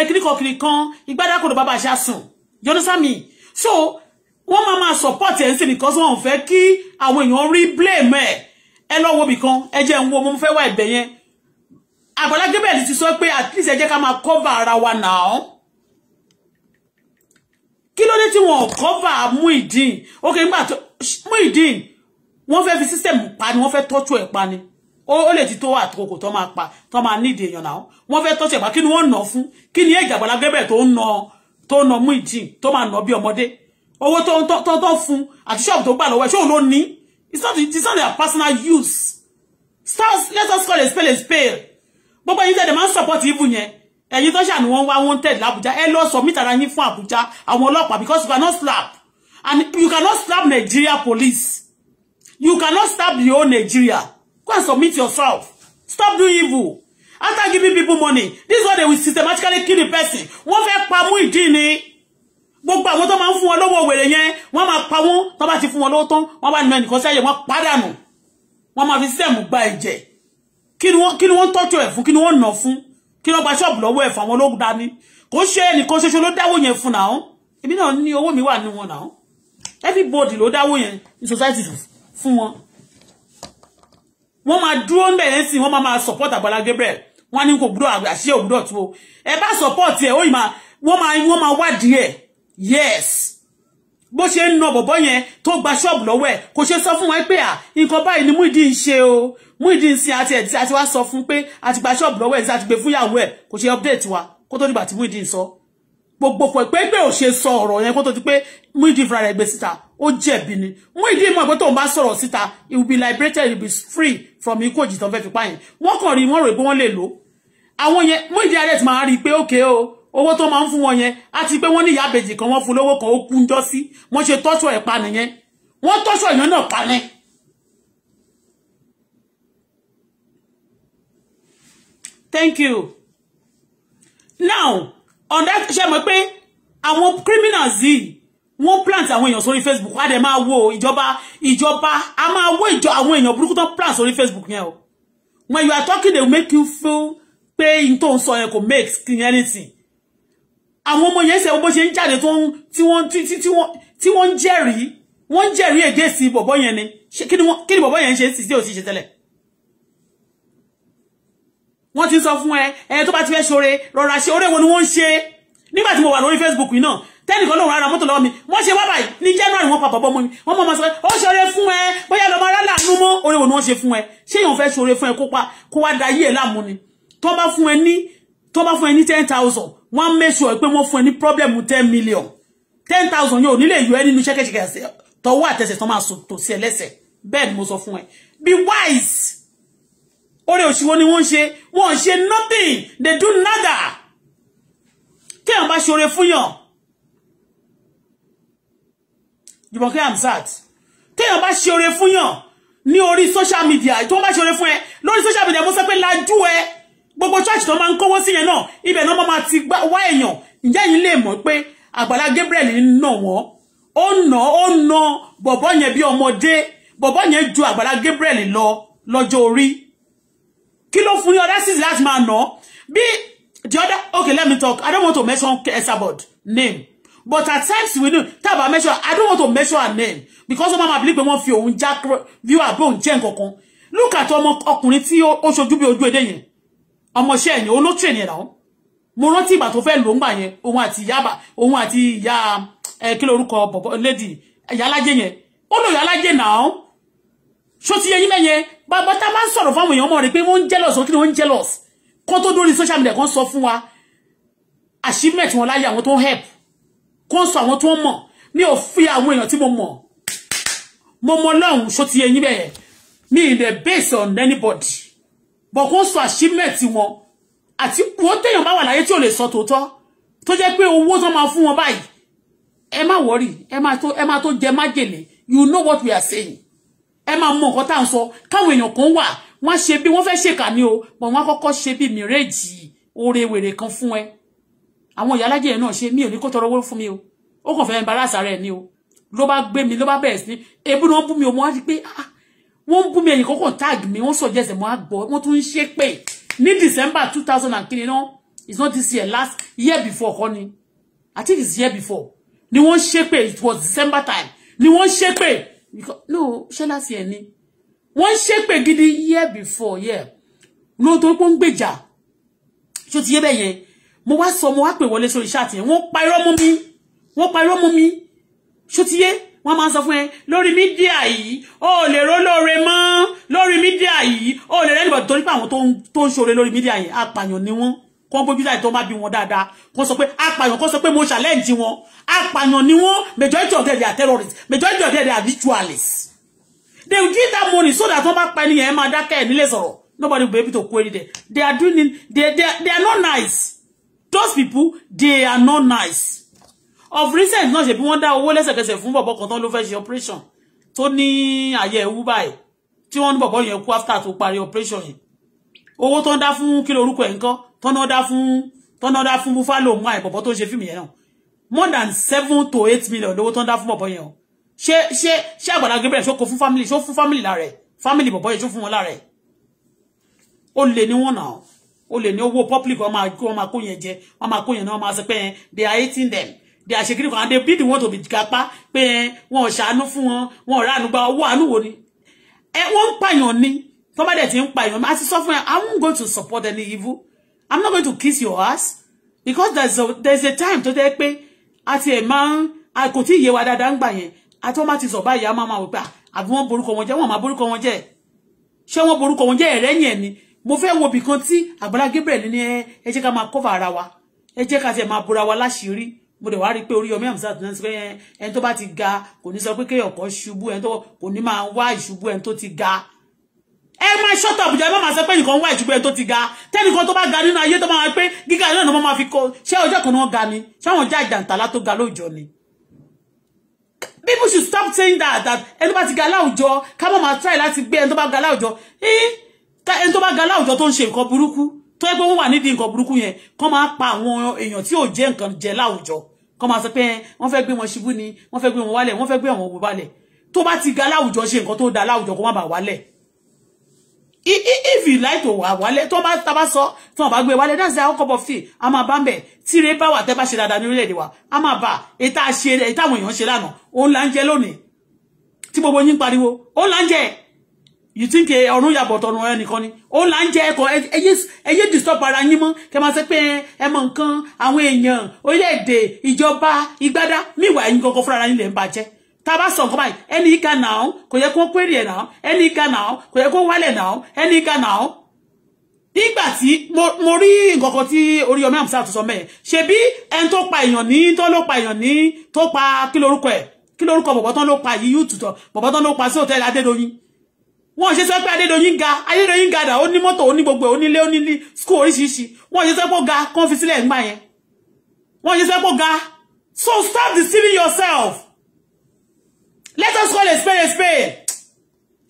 kíríkọ̀kiri kan ìgbádàkọ̀dọ̀ bàbá àṣà sùn you understand me so wọ́n máa máa support ẹ̀ ń sìn nìkan sọ́wọ́n fẹ́ kí àwọn èèyàn rí blame ẹ̀ ẹ lọ wo bìkan ẹ jẹ́ ń wo mo fẹ́ wá ibẹ̀ yẹn Àgbàlá Gabriel ti sọ pé at least ẹ jẹ́ ká máa cover ara wa náà kí ló dé tí wọn cover Muyideen ok nígbà tó Muyideen wọ́n fẹ́ fi system pa ni wọ́n fẹ́ tọ́jú ẹ̀ pa ni ó lè ti tó wà àtòkò tó máa pa tó máa nídìí èèyàn náà wọ́n fẹ́ tọ́jú ẹ̀ pa kí ni wọ́n nà fún kí ni ẹ̀jẹ̀ Àgbàlá Gabriel tó ń nà tó nà Muyideen tó máa nà bí ọmọdé owó tó ń tọ́ fún àti ṣọ́ọ̀bù tó gbà lọ́wọ́ ẹ̀ ṣóun It's not, it's not their personal use. Stars, let us call a spell a spell. But when you ẹ the man support even yẹn. Ẹ̀yin tó ṣà ni one, wá wanted l'Abuja. Ẹ lọ submit ara yín fún Abuja àwọn ọlọ́pàá because you cannot slap. And you cannot slap Nigeria police. You cannot slap your own Nigeria. Go and submit yourself. Stop doing evil. After giving people money, this is what they will systematically kill the person. Wọ́n fẹ́ pa Muyideen ni gbogbo àwọn tó máa ń fún wọn lọ́wọ́ wèrè yẹn wọ́n máa pa wọ́n tó bá ti fún wọn lọ́wọ́ tán wọ́n bá nà nìkan sáyẹ̀ wọ́n pàdánù wọ́n máa fi sẹ́ẹ̀mù gba ẹ̀jẹ̀ kí ni wọ́n tọ́jú ẹ̀ fún kí ni wọ́n nà fún kí ni wọ́n gba ṣọ́ọ̀bù lọ́wọ́ ẹ̀ fáwọn ológun dání kò ṣe ẹnìkan ṣoṣo ló dáwó yẹn fún náà èmi náà ní owó mi wà ní wọn náà everybody ló dáwó yẹn ní society fún wọn wọ́n máa dúró ńbẹ̀ yẹn sì wọ́n máa máa support Agbala Gabriel wọ́n ní kò gbúdọ̀ àṣìṣe ògbúdọ̀ tó ẹ bá support ẹ̀ ó ì máa wọ́n máa wádìí ẹ̀ yes bó ṣe ń na bọ̀bọ̀ yẹn tó gba ṣọ́ọ̀bù lọ́wọ́ ẹ̀ kò ṣe sọ fún wọn pé à nǹkan báyìí ni Muyideen ń ṣe o Muyideen ń sin àti ẹ̀dí àti wá sọ fún pé a ti gba ṣọ́ọ̀bù lọ́wọ́ ẹ̀ ní àti gbé fúnyàwó ẹ̀ kò ṣe update wa kó tó dìgbà tí Muyideen ń sọ gbogbo pẹ̀ pé pé ò ṣe sọ ọ̀rọ̀ yẹn kó tó di pé Muyideen fúnra rẹ̀ gbé síta ó jẹ̀bi ni Muyideen mọ̀ pé tóun bá sọ̀rọ̀ síta he will be liberated It will be free from ikú òjì tán fẹ́ fi pààyàn wọ́n kàn rí wọ́n rò pé wọ́n lè lò àwọn yẹn Muyideen arrest máa rí i pé ókè o owó tó máa ń fún wọn yẹn àti pé wọ́n ní ìyá àbèjì kan wọ́n fún lówó kan ó kú sí wọ́n ṣe tọ́ṣọ̀ ẹ̀ pa nìyẹn wọ́n tọ́ṣọ̀ èèyàn náà pa ní. thank you now on that ṣe mọ̀ pé àwọn criminals yìí wọ́n plant àwọn èèyàn sórí facebook wá dẹ̀ máa wo ìjọba ìjọba a máa wo ìjọ àwọn èèyàn burúkú tó plant sórí facebook yẹn o when you are talking they make you feel pé n tó ń sọ yẹn kò make anything àwọn ọmọ yẹn ṣe bó ṣe ń jáde tí wọ́n tí wọ́n ń jẹ́rìí wọ́n ń jẹ́rìí èdè sí bọ̀bọ̀ yẹn ni kí ni bọ̀bọ̀ yẹn ń ṣe sí tí ò sì ṣe tẹ́lẹ̀ wọ́n ti sọ fún ẹ ẹ tó bá ti fẹ́ ṣore rọra ṣe oore wo ni wọ́n ń ṣe nígbà tí mo wà lórí Facebook yìí náà tẹ́nìkan lòun ara mọ́tò lọ́wọ́ mi wọ́n ṣe wá báyìí ní January wọ́n papọ̀ bọ́mọ mi wọ́n mọ̀ máa sọ pé ó ṣoore fún ẹ bóyá lọ́mọ ara láàánú mọ́ oore wo ni wọ́n ṣe fún ẹ ṣé èèyàn fẹ́ ṣoore fún ẹ kó wá da yí ẹ láàmú ni tó bá fún ẹ ní tó bá fún ẹ ní ten thousand wọ́n make sure pé wọ́n fún ẹ ní problem ten million ten thousand yóò nílé ìyọ ẹ nínú ṣẹ́kẹ́ṣẹ́kẹ́ tọwọ́ àtẹsẹ̀ tán máa tò sí ẹ lẹ́sẹ̀ bẹ́ẹ̀ ni mo sọ fún ẹ be wise orí òṣìwò ni wọ́n ń ṣe wọ́n ṣe nothing they do nada kéèyàn bá ṣoore fún yàn Jùmọ̀kẹ́ Hamzat téèyàn bá ṣoore fún yàn ní orí social media tí wọ́n bá ṣoore fún ẹ lórí social media mo sọ pé lajú ẹ gbogbo church tó máa ń kówó sí yẹn náà ibẹ̀ náà máa ti wá èèyàn ǹjẹ́ yìí lè mọ̀ pé Àgbàlá Gabriel ń nà wọ́n ó nà ó nà bọ̀bọ́ yẹn bí ọmọdé bọ̀bọ́ yẹn ju Àgbàlá Gabriel lọ lọ́jọ́ orí kí ló fún ní is last man no. nà the other okay let me talk I don't want to mention Esabod name but at times we do. taba mention I don't want to mention her name because ó máa believe pé wọ́n fi òun Jack viewer bóun jẹ́ nǹkan kan look at ọmọ ọkùnrin tí ó ṣojú bí ojú èdè yẹn ọmọọṣẹ́ ẹ̀yìn olóṣèlú ẹ̀yìn náà mo rántí ìgbà tó fẹ́ lò ń gbà yẹn òun àti ìyá òun àti ìyá ẹ kí lorúkọ bọ̀bọ̀ lady ìyálájẹ yẹn ó lò ìyálájẹ náà ṣó ti yẹ yín mẹ́yẹn bàbá tá a máa ń sọ̀rọ̀ fáwọn èèyàn mọ̀ rẹ̀ pé wọ́n ń jealous kí ni wọ́n ń jealous kó tó dórí social media kan sọ fún wa achievement wọn láyé àwọn tó ń help kó ń sọ àwọn tó ń mọ̀ ní òfin àwọn èèyàn tí mo mọ̀ mo mọ lọ́hùn ṣó ti yẹ yín bẹ́ẹ̀ mi ì on anybody bọ̀ kó sọ achievement wọn àti wọ́n téèyàn bá wà láyé tí ò lè sọ tòótọ́ tó jẹ́ pé owó tó máa fún wọn báyìí ẹ má wọ́rì ẹ má tó ẹ má tó jẹ májèlé you know what we are saying ẹ má mọ nǹkan tá à ń sọ káwọn èèyàn kan wà wọ́n ṣe bí wọ́n fẹ́ ṣèkà ni o bọ̀ wọ́n kọ́kọ́ ṣe bí mìírèjì oore wèrè kan fún ẹ àwọn ìyálájẹ yẹn náà ṣe mí ò ní kó tọrọ owó fún mi o ó kàn fẹ́ embarrass ara ẹ̀ ni o ló bá gbé mi ló bá bẹ̀rẹ̀ sí ebú náà bú mi o mo wá di pé ah wọ́n ń bú mi ẹ̀yìn kọ́kọ́ tag mi wọ́n suggest mo àgbọ̀ wọ́n tún ń ṣe pé ní december two thousand and three náà it's not this year last year before honey. i think it's year before ni wọ́n ṣe pé it was december time ni wọ́n ṣe pé no ṣé last year ni wọ́n ṣe pé gidi year before yeah. No, tó pọ́n gbèjà ṣó ti yé bẹ́ẹ̀ yẹn mo wa so mo wá pè wọlé sórí ṣáàtì yẹn wọ́n pa irọ́ mú mi wọ́n pa irọ́ mú mi ṣó ti yé wọ́n máa sọ fún ẹ lórí mídíà yìí o lè rólóore mọ́ lórí mídíà yìí o lè rẹ́nìbọ̀ torí pé àwọn tó ń ṣoore lórí mídíà yìí apààyàn ni wọ́n kọ́ gbójú láì tó má bí wọn dáadáa kọ́ sọ pé apààyàn kọ́ sọ pé mo challenge wọn apààyàn ni wọ́n majority of them they are terrorists majority of them they are ritualists they will give that money so that wọ́n bá pa ẹni yẹn máa dákẹ́ ẹ̀ nílé sọ̀rọ̀ nobody will be able to query them they are doing it they, they, they are not nice those people they are not nice of recent náà ṣe bí wọ́n dá owó lẹ́sẹ̀kẹsẹ̀ fún bọ̀bọ̀ kan tán ló fẹ́ ṣe operation tó ní àyẹ̀ ewu báyìí tí wọ́n ní bọ̀bọ̀ yẹn kú after tó parí operation yẹn owó tó ń dá fún kí lorúkọ ẹ̀ ń kọ́ tó ń dá fún tó ń dá fún buffalo mú àìbọ̀bọ̀ tó ń ṣe fíìmù yẹn náà more than seven to eight million lówó tó ń dá fún bọ̀bọ̀ yẹn o ṣé ṣé ṣé Àgbàlá Gabriel ṣó kó fún family ṣó fún family lára ẹ̀ family bọ̀bọ̀ yẹn ṣó fún wọn lára ẹ̀ ó lè ní wọn náà ó lè ní owó public wọn máa kó yẹn jẹ wọn máa kó yẹn náà wọn máa sọ pé they are hating them they are ṣèkìrì kan and they be the one to be gapá pé wọn ò ṣàánú fún wọn wọn ò ráàánú gba owó àánú wò ni ẹ wọn ń pààyàn ni tó bá dẹ̀ ti ń pààyàn a ti sọ fún ẹ i won't go to support any evil i'm not going to kiss your ass because there's a there's a time tó jẹ́ pé àti ẹ̀ máa ń kò tí ì yé wa dáadáa ń gbà yẹn àti wọn bá ti sọ báyìí a máa máa wò pé àbí wọn borúkọ wọn jẹ wọn máa borúkọ wọn jẹ ṣé wọn borúkọ wọn jẹ ẹrẹ yẹn ni mo fẹ́ wo bìkan tí Agbala Gabriel ní ẹ ẹ jẹ́ ká máa cover ara wa ẹ jẹ́ ká tiẹ̀ máa bora wa láṣìírí mo dẹ̀ wá rí i pé orí ọmọ ẹ̀mùsá tó ń sọ yẹn ẹni ti ga kò ní sọ pé kéèyàn kan ṣubú ẹni tó kò ní máa wá ìṣubú ẹni ti ga ẹ máa shut up jẹ́ ẹ má máa sọ pé nìkan wá ìṣubú ẹni tó ti ga tẹ́nìkan tó bá ga nínú ayé to máa wá pé gíga náà ni wọ́n fi kọ́ ṣé ọjọ́ kan ni ga ni ṣé àwọn já ìjàntàlá tó ga lóòjọ́ ni. people should stop saying that that ẹni tó bá ti ga láwùjọ ká má máa try láti gbé ẹni tó bá ga láwùjọ ẹni tó bá ga láwùjọ tó ń ṣe nǹkan tó yẹ pé wọ́n wà nídìí nǹkan burúkú yẹn kọ́ máa pa àwọn èèyàn tí ò jẹ́ nǹkan jẹ láwùjọ kọ́ máa sọ pé wọ́n fẹ́ gbé wọn ṣubú ni wọ́n fẹ́ gbé wọn wálẹ̀ wọ́n fẹ́ gbé wọn wálẹ̀ tó bá ti ga láwùjọ ṣe nǹkan tó da láwùjọ kó má bàa wálẹ̀ if you like to wà wálẹ̀ tó bá tá bá sọ tí wọ́n bá gbé wálẹ̀ that's their cup of tea a máa bá ń bẹ̀ tí ire bá wà tẹ́ bá ṣe dáadáa ní orílẹ̀-èdè wa a máa bà ètà àwọn èèyàn ṣe lánàá òun là ń jẹ lónìí tí gbogbo yín pariwo òun là ń jẹ you think eh, ọ̀run yàbọ̀ tọ̀run ọ̀rẹ́ nìkan ni ó là ń jẹ ẹ̀kọ́ ẹyẹ disturb ara yín mọ́ kẹ máa ṣe pé ẹ mọ nǹkan àwọn èèyàn orílẹ̀-èdè ìjọba ìgbádá míwà ẹ̀yin gangan fúnra ara yín lè ń bàjẹ́ tá a bá sọ nǹkan báyìí ẹni ìka náà kò yẹ kó péré ẹ̀ náà ẹni ìka náà kò yẹ kó wálẹ̀ náà ẹni ìka náà nígbà tí mo rí nǹkan kan tí orí ọmọ àmì sàtúnṣọ mẹ́ẹ̀ ṣe bí ẹni tó pa èèyàn ní tó ló pa èèyàn ní tó pa kí lorúkọ ẹ̀ kí lorúkọ bọ̀bọ̀ ló pa yìí yóò tutọ̀ bọ̀bọ̀ ló pa sí òtẹ́ẹ̀lì adédọ́yìn wọ́n ṣe sọ pé Adédoyin ga Adédoyin ga dà ó ní mọ́tò ó ní gbogbo ó nílé ó nílé school oríṣiríṣi wọ́n ṣe sọ pé ó ga kán fi sílẹ̀ ńgbà yẹn wọ́n ṣe sọ pé ó ga so stop deceiving yourself let us call a spade a spade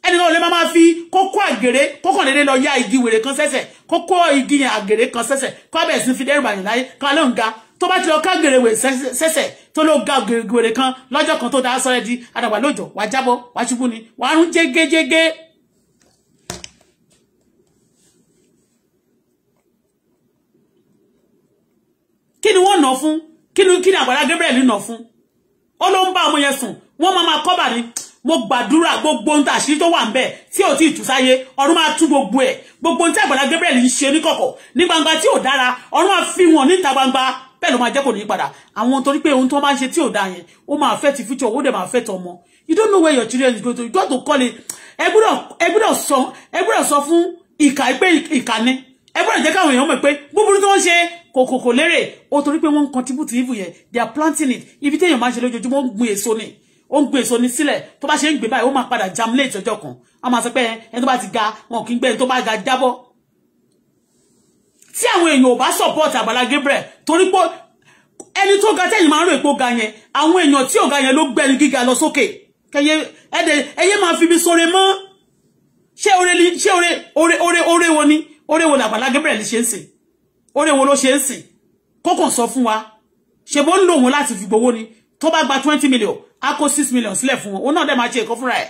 ẹni náà lè máa fi kókó àgèrè kókó lédè lọ ya igi wèrè kan sẹ́sẹ̀ kókó igi yẹn àgèrè kan sẹ́sẹ̀ kó abẹ́ sí fi dẹ́rù bàyàn láyé kan ló ń ga tó bá ti lọ ká gèrè sẹ́sẹ̀ tó ló ga gèrè kan lọ́jọ́ kan tó dá sọ́rẹ́ di àdàgbà lójọ́ wàá jábọ́ wàá ṣubú ni wàá rún jégéjégé. Kini ni wọ́n fun. Kini kini ni Gabriel nà fun. ó ló ń bá ọmọ yẹn sùn wọ́n máa ni mo gbàdúrà gbogbo ohun tàṣírí tó wà ń bẹ tí ò tí ì tú sáyé ọ̀run máa tú gbogbo ẹ̀ gbogbo ohun tí Àgbàlá Gabriel ń ṣe níkọ̀kọ̀ ní gbangba tí ò dára ọ̀run máa fi wọn níta gbangba bẹ́ẹ̀ ló máa jẹ́ kò ní padà àwọn torí pé ohun tó máa ń ṣe tí ò dáa yẹn ó affect future owó dẹ̀ máa affect ọmọ you don't know where your children is going to you got to call it ẹ gbọ́dọ̀ sọ fún ìkà pé ìkà ni ẹ gbọ́dọ̀ jẹ́ káwọn èèyàn Mo pé búburú tó ń ṣe kòkòkò lérè ó torí pé wọ́n ń contribute evil yẹn they are planting it ibi téèyàn máa ń ṣe lójoojúmọ́ ń gbin èso ni ó ń gbin èso ni sílẹ̀ tó bá ṣe ń gbé báyìí ó máa padà germinate ọjọ́ kan a máa sọ pé ẹni tó bá ti ga wọn kì í gbé ẹni tó bá ga jábọ́ tí àwọn èèyàn ò bá support Àgbàlá Gabriel torí pé ẹni tó ga tẹ́yìn máa ń rò èpo ga yẹn àwọn èèyàn tí ò ga yẹn ló gbẹ́ni gíga lọ sókè kẹyẹ ẹyẹ máa fi mi sore mọ́ ṣé ore ṣé ore ore ore ore wo ni ore wo ni Àgbàlá Gabriel ṣe ń sìn oore wo ló ṣe ń sìn kókàn sọ fún wa ṣe bó ń lò wọn láti fi gbowó ni tó bá gba twenty million á kó six million sílẹ̀ fun. wọn òun náà dẹ̀ máa ṣe ẹ̀kọ́ fúnra ẹ̀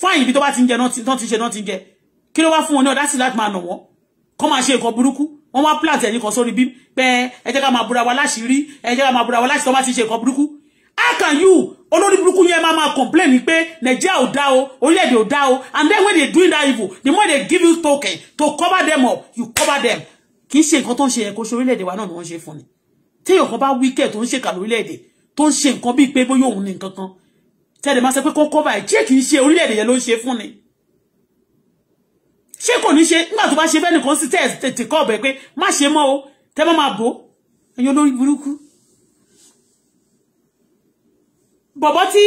fún àyìn ibi tó bá ti ń jẹ náà ti ṣe náà ti ń jẹ kí ló wá fún wọn ní ọ̀dá sí láti máa nà wọ́n kọ́ máa ṣe nǹkan burúkú wọ́n wá plant ẹ̀yìn kan sórí bí pẹ́ ẹ jẹ́ ká máa búra wa láṣìírí ẹ jẹ́ ká máa búra wa láṣìírí tó bá ti ṣe nǹkan burúkú how can you olórí burúkú yẹn máa máa complain pé Nigeria ò dá o orílẹ̀-èdè ò dá o and then when they doing that evil the more they give you token to cover them up you cover them kì í ṣe nǹkan tó ń ṣe yẹn kó ṣe orílẹ̀-èdè wa náà ni wọ́n ṣe fún ni téèyàn kan bá wíkẹ̀ tó ń ṣèkà lórílẹ̀-èdè tó ń ṣe nǹkan bíi pé bóyá òun ni nǹkan kan tẹ́lẹ̀ máa sọ pé kó kọ́ báyìí ṣé kì í ṣe orílẹ̀-èdè yẹn ló ń ṣe fún ni ṣé kò ní ṣe nígbà tó bá ṣe fẹ́ẹ́ nìkan sí tẹ̀tẹ̀ kọ́ ọ̀bẹ pé má ṣe mọ́ o tẹ́ bá máa bò ó ẹ̀yin olórí burúkú. bọ̀bọ̀ tí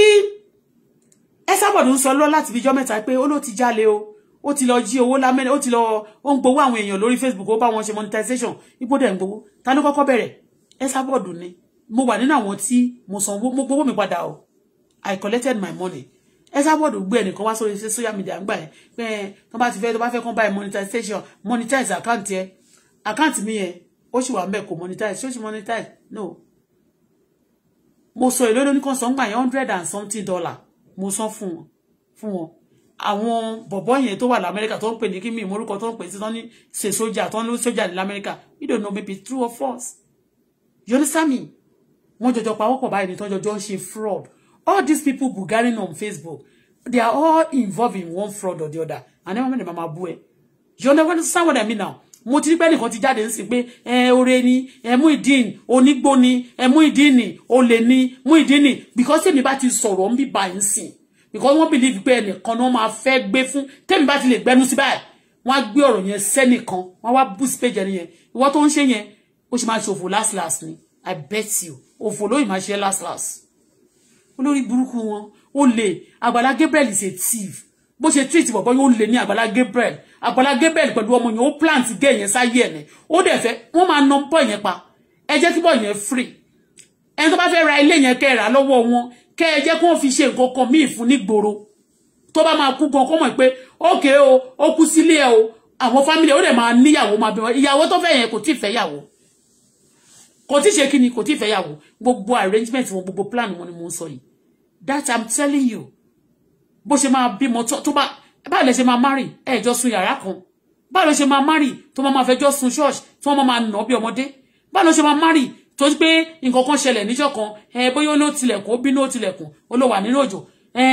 ẹ sábọ̀dù sọ lọ láti fi jọ́ mẹ́ta pé ó ló ti jalè o ó ti lọ jí owó lámẹ́lẹ́ ó ti lọ ó ń gbowó àwọn èèyàn lórí Facebook ó bá wọn ṣe monetization ipò dẹ̀ ń gbowó ta ló kọ́kọ́ bẹ̀rẹ̀ Esabod ni mo wà nínú àwọn tí mo san owó mo gbowó mi padà o I collected my money Esabod gbé ẹnìkan wá sórí social media ńgbà yẹn pé tó bá ti fẹ́ tó bá fẹ́ kán báyìí monetization monetize account yẹn account mi yẹn ó sì wà ń bẹ̀ kò monetize ṣó sì monetize no mo sọ èlò lóníkan sọ ńgbà yẹn hundred and something dollar mo san fún wọn fún wọn àwọn bọ̀bọ́ yẹn tó wà lamẹ́ríkà tó ń pè ní kí mi ìmọ̀rúkọ tó ń pè sí tán ní ṣe sójà tán ní sójà ní lamẹ́ríkà you don't know maybe true or false you understand me wọ́n jọjọ pawọ́pọ̀ báyìí ni tán jọjọ ń ṣe fraud all these people bulgarin on facebook they are all involved in one fraud or the other and then wọ́n mẹ́rin máa bú ẹ you understand what I mean now mo ti rí pé ẹnìkan ti jáde ń sìn pé ẹ ore ni ẹ Muyideen onígbó ni ẹ Muyideen olè ni Muyideen because èmi bá ti sọ̀rọ̀ ń bíbá ń sìn because wọ́n believe pé ẹnìkan náà máa fẹ́ gbé fún tẹ́mi bá ti lè gbẹnu sí báyìí wọ́n á gbé ọ̀rọ̀ yẹn sẹ́nìkan wọ́n wá boost page ẹni yẹn ìwọ tó ń ṣe yẹn ó ṣe máa last last ni i bet you òfò lóyìn máa ṣe last last olórí burúkú wọn ó lè àgbàlá Gabriel is a thief bó ṣe treat bọ̀bọ̀ yóò lè ní àgbàlá Gabriel àgbàlá Gabriel pẹ̀lú ọmọ yẹn ó plant gay yẹn sáyé ẹ̀ ní ó dẹ̀ fẹ́ wọ́n máa nà bọ̀ yẹn pa ẹ jẹ́ kí bọ̀ free ẹni tó bá fẹ́ ra ilé yẹn kẹ́ ra lọ́wọ́ wọn kẹ́ ẹ jẹ́ kó fi ṣe nǹkan kan míì fún nígboro tó bá máa kú gan kó mọ̀ pé ókè o ó kú sílé ẹ o àwọn fámìlì ó dẹ̀ máa níyàwó máa bímọ ìyàwó tó fẹ́ yẹn kò tí ì fẹ́ yàwó kò tí ì ṣe kí ni kò tí ì fẹ́ yàwó gbogbo arrangement wọn gbogbo plan wọn ni mo ń sọ that i'm telling you bó ṣe máa bímọ tó bá Ba lè ṣe ma marry. ẹ jọ sun yàrá kan báyìí lè ma marry. márì ma máa máa fẹjọ́ sun ṣọ́ọ̀ṣì tí wọ́n máa máa nà bí ọmọdé báyìí lè ṣe máa tó ti pé nǹkan kan ṣẹlẹ̀ níjọ́ kan ẹ bóyá ó ló tilẹ̀kùn ó bínú ó tilẹ̀kùn ó lọ wà nínú òjò ẹ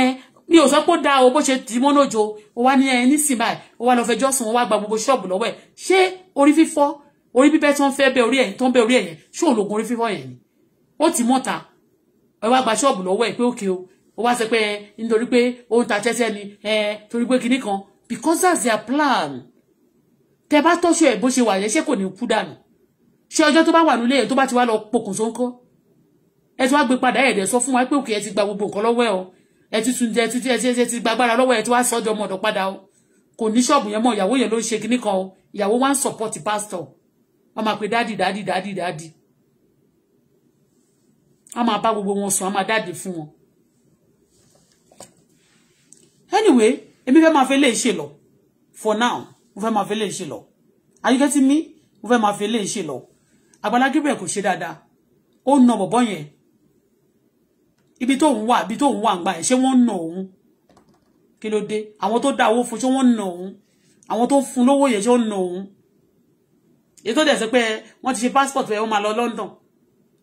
mi ò sọ pé ó da o bó ṣe tì í mọ́nà òjò ó wá ní ẹni sìn báyìí ó wá lọ fẹjọ́ sùn ó wá gba gbogbo ṣọ́ọ̀bù lọ́wọ́ ẹ̀ ṣé orí fífọ́ orí bíbẹ́ tó ń fẹ́ bẹ orí ẹ̀yìn tó ń bẹ orí ẹ̀yìn ṣé òǹlògùn orí fífọ́ yẹn ni ó ti mọ́ta ẹ wá gba ṣọ́ọ̀bù lọ́wọ́ ẹ̀ pé òkè o ó wá sọ pé nítorí pé ó ń ta tẹ́tẹ́ ni ẹ torí pé kinní kan because that's their plan tẹ bá tọ́ṣọ ẹ̀ bó ṣe wà yẹn ṣé kò ní kú dànù ṣé ọjọ́ tó bá wà nílé ẹ̀ tó bá ti wá lọ pokùnso ńkọ́ ẹ ti wá gbé padà ẹ̀ẹ́dẹ̀ sọ fún wa pé òkè ẹ ti gba gbogbo nǹkan lọ́wọ́ ẹ̀ o ẹ ti tún jẹ títí ẹ ti ẹ ti gba agbára lọ́wọ́ ẹ ti wá sọ́jọ́ ọmọ ọ̀dọ̀ padà o kò ní ṣọ́ọ̀bù yẹn mọ́ ìyàwó yẹn ló ń ṣe kinní kan o ìyàwó wá ń support pastor wọ́n máa pe dádì dádì dádì dádì wọ́n máa bá gbogbo wọn sùn wọ́n máa dáàdì fún wọn. anyway èmi fẹ́ máa fẹ́ lè ṣe lọ for now mo fẹ́ máa fẹ́ lè ṣe lọ are you getting me mo fẹ́ máa fẹ́ lè ṣe lọ. Agbala Gabriel kò ṣe dáadáa ó na bọ̀bọ́ yẹn ibi tó ń wà ibi tó ń wà ń gbà ẹ̀ ṣé wọ́n ń na òun kí ló dé àwọn tó dá owó fún ṣé wọ́n na òun àwọn tó fún lówó yẹn ṣé wọ́n na òun èyí tó dẹ̀ sọ pé wọ́n ti ṣe passport rẹ̀ wọ́n máa lọ London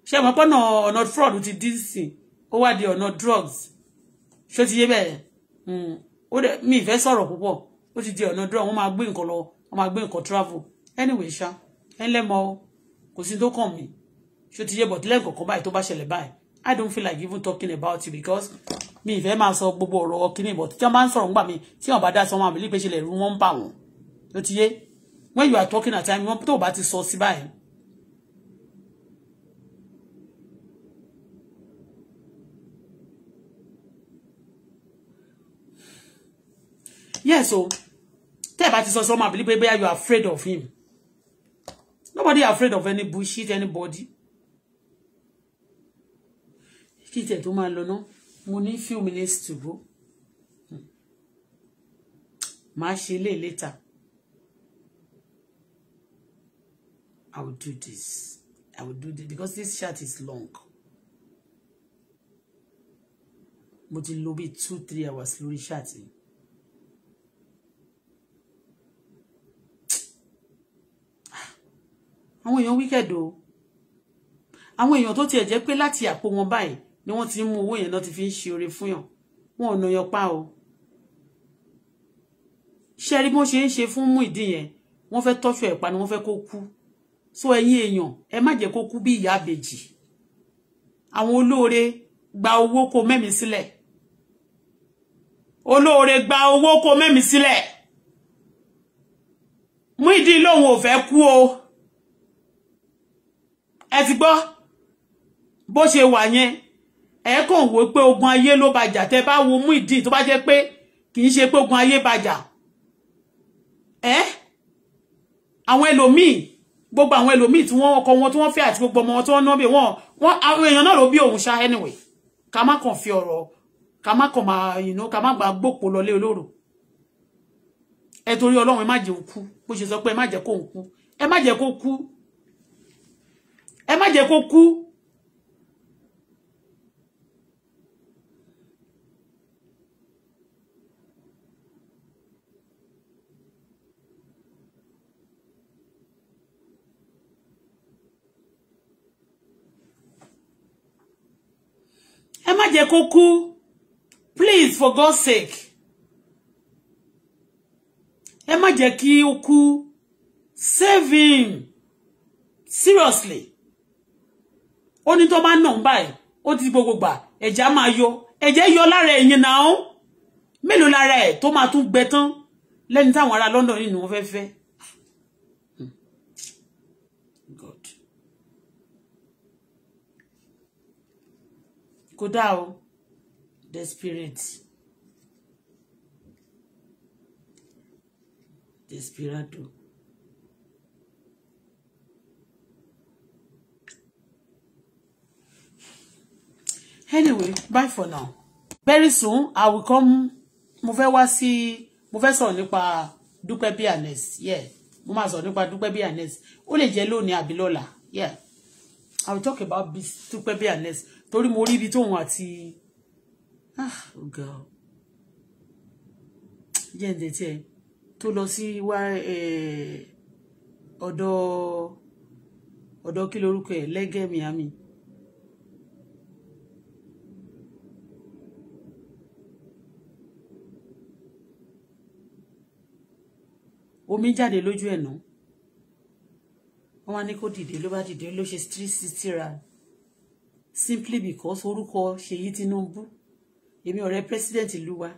ṣé ẹ̀ pọ́nà ọ̀nà fraud ti dín sí ó wá di ọ̀nà drugs ṣó ti yé bẹ́ẹ̀ hmm. ó dẹ̀ mi ìfẹ́ sọ̀rọ̀ púpọ̀ ó ti di ọ̀nà drugs wọ́n máa gbé nǹkan lọ wọ́n máa gbé nǹkan travel anyway ṣá ẹ̀ ń lẹ́mọ̀ọ́ kò sí tó kàn mí ṣó ti yé bọ̀ tílẹ̀ kọ̀ọ̀kan báyìí tó bá ṣẹlẹ̀ báyìí I don't feel like even talking about it because mi ìfẹ́ máa sọ gbogbo ọ̀rọ̀ kíní ìbọ̀ tí wọ́n máa ń sọ̀rọ̀ ńgbà mi tí wọ́n bá dá sọ wọn àbílí pé ṣẹlẹ̀ rú wọn ń bà wọ́n ṣó ti yé when you are talking at time wọn tó bá ti sọ sí báyìí yes o tẹ́ ẹ̀ bá ti sọ sọ́mọ́ àbílí pé bóyá you are afraid of him nobody afraid of any bullshit anybody kí tẹ̀ tó máa lọ mo ní few minutes to go hmm. màá ṣe ilé later I will do this I will do this because this shirt is long But it will be two three hours lórí chat àwọn èèyàn wíkẹ̀dù o àwọn èèyàn tó tiẹ̀ jẹ́ pé láti àpò wọn báyìí ni wọ́n ti ń mú owó yẹn náà ti fi ń ṣe oore fún yàn wọn ò nà yan pa o ṣe rí bó ṣe ń ṣe fún mú ìdí yẹn wọ́n fẹ́ tọ́ṣọ ẹ̀pá ni wọ́n fẹ́ kó kú so ẹ̀yin èèyàn ẹ má jẹ́ kó kú bí ìyá àbèjì àwọn olóore gba owó kó mẹ́mìí sílẹ̀ olóore gba owó kó mẹ́mìí sílẹ̀ mú ìdí lòun ò fẹ́ kú o ẹ ti gbọ́ bó ṣe wà yẹn ẹ kàn wò pé ogun ayé ló bàjà tẹ bá wo mú ìdí tó bá jẹ́ pé kì í ṣe pé ogun ayé bàjà ẹ àwọn ẹlòmíì gbogbo àwọn ẹlòmíì tí wọ́n ọkọ wọn tí wọ́n fẹ́ àti gbogbo ọmọ wọn tí wọ́n ná bí wọn wọn àwọn èèyàn náà ló bí òun ṣá anyway ká má kàn fi ọ̀rọ̀ ká má kàn máa yìnbọn ká má gbà gbòpò lọlé olóró ẹ torí Ọlọ́run ẹ má jẹ́ òkú bó ṣe sọ pé ẹ má jẹ́ kó òun kú ẹ má jẹ́ kó kú ẹ má jẹ́ kó kú ẹ má jẹ́ kó kú please for God's sake ẹ má jẹ́ kí ó kú save him seriously ó ní tó bá nà báyìí ó ti gbogbo gbà ẹ̀jẹ̀ máa yọ ẹ̀jẹ̀ yọ lára ẹ̀yìn náà mélòó lára ẹ̀ tó máa tún gbẹ tán lẹ́ni táwọn ará London nínú wọn fẹ́ fẹ́ hmm. God kò dáa o desperate desperado. anyway bye for now very soon i will come mo fẹ́ wá sí mo fẹ́ sọ̀rọ̀ nípa Dúpẹ́ Bianes yeah mo máa sọ̀rọ̀ nípa Dúpẹ́ Bianes ó lè jẹ́ lónìí àbí lọ́la yeah i will talk about Dúpẹ́ Bianes torí mo rí ibi tóun àti ah oh girl. jẹ́ ǹdẹ̀ tiẹ̀ tó lọ sí wá ọ̀dọ̀ ọ̀dọ̀ kí lorúkọ ẹ̀ lẹ́gẹ́ miami omi jáde lójú ẹ̀ nù wọ́n wá ní kó dìde ló bá dìde ló ṣe three sixty rand simply because orúkọ Ṣèyí Tinubu èmi ọ̀rẹ́ president ìlú wa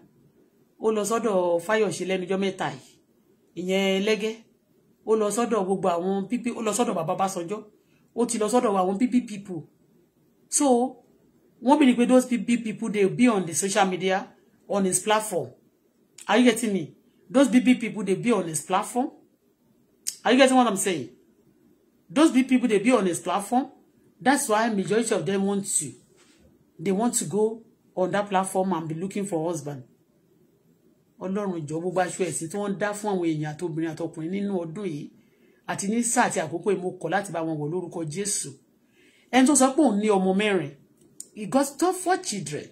ó lọ sọ́dọ̀ Fáyọ̀ṣe lẹ́nujọ́ mẹ́ta yìí ìyẹn lẹ́gẹ́ ó lọ sọ́dọ̀ gbogbo àwọn pípí ó lọ sọ́dọ̀ bàbá Básanjọ́ ó ti lọ sọ́dọ̀ àwọn pípí people so wọ́n bìrì pé those pípí people dey be on the social media on his platform are you getting me Those big people, they be on his platform. Are you getting what I'm saying? Those big people, they be on his platform. That's why majority of them want to. They want to go on that platform and be looking for husband. Ọlọ́run ìjọ gbogbo aṣọ ẹ̀sìn tí wọ́n dá fún àwọn èèyàn àtobìnrin àtọkùnrin nínú ọdún yìí àti ní sáà àti àkókò yìí mo kọ̀ láti bá wọn wọ̀ lórúkọ Jésù. Ẹni tó sọ pé òun ní ọmọ mẹ́rin. He got four children.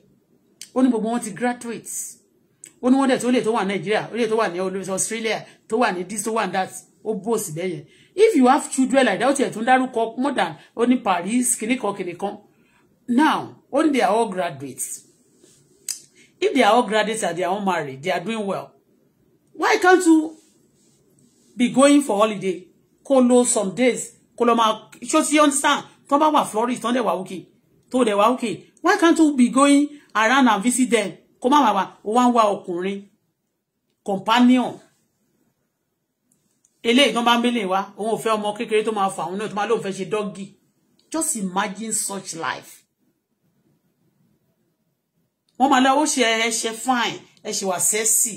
Oni ní gbogbo wọn ti graduate ó ní wọ́n dẹ̀ tó lè tó wà nàìjíríà ó lè tó wà ní australia tó wà ní this tó wà ní that ó bò sí bẹ́ẹ̀ yẹn if you have children like that ó tiẹ̀ tún dárúkọ more than ó ní paris kìnnìkan kìnnìkan now ó they are all graduates if they are all graduates and they are all married they are doing well why can't you be going for holiday kó lọ some days kó lọ máa ṣó ti understand tó bá wà florist tó ń dẹ̀ wà òkè tó dẹ̀ wà òkè why can't you be going around and visit them kó má wà wá ó wá ń wá ọkùnrin companion eléyìí tó bá ń bílẹ̀ wá òun ò fẹ́ ọmọ kékeré tó máa fà òun náà tó máa lóun fẹ́ ṣe just imagine such life wọ́n máa lọ ó ṣe ẹṣẹ fine ẹṣẹ sexy.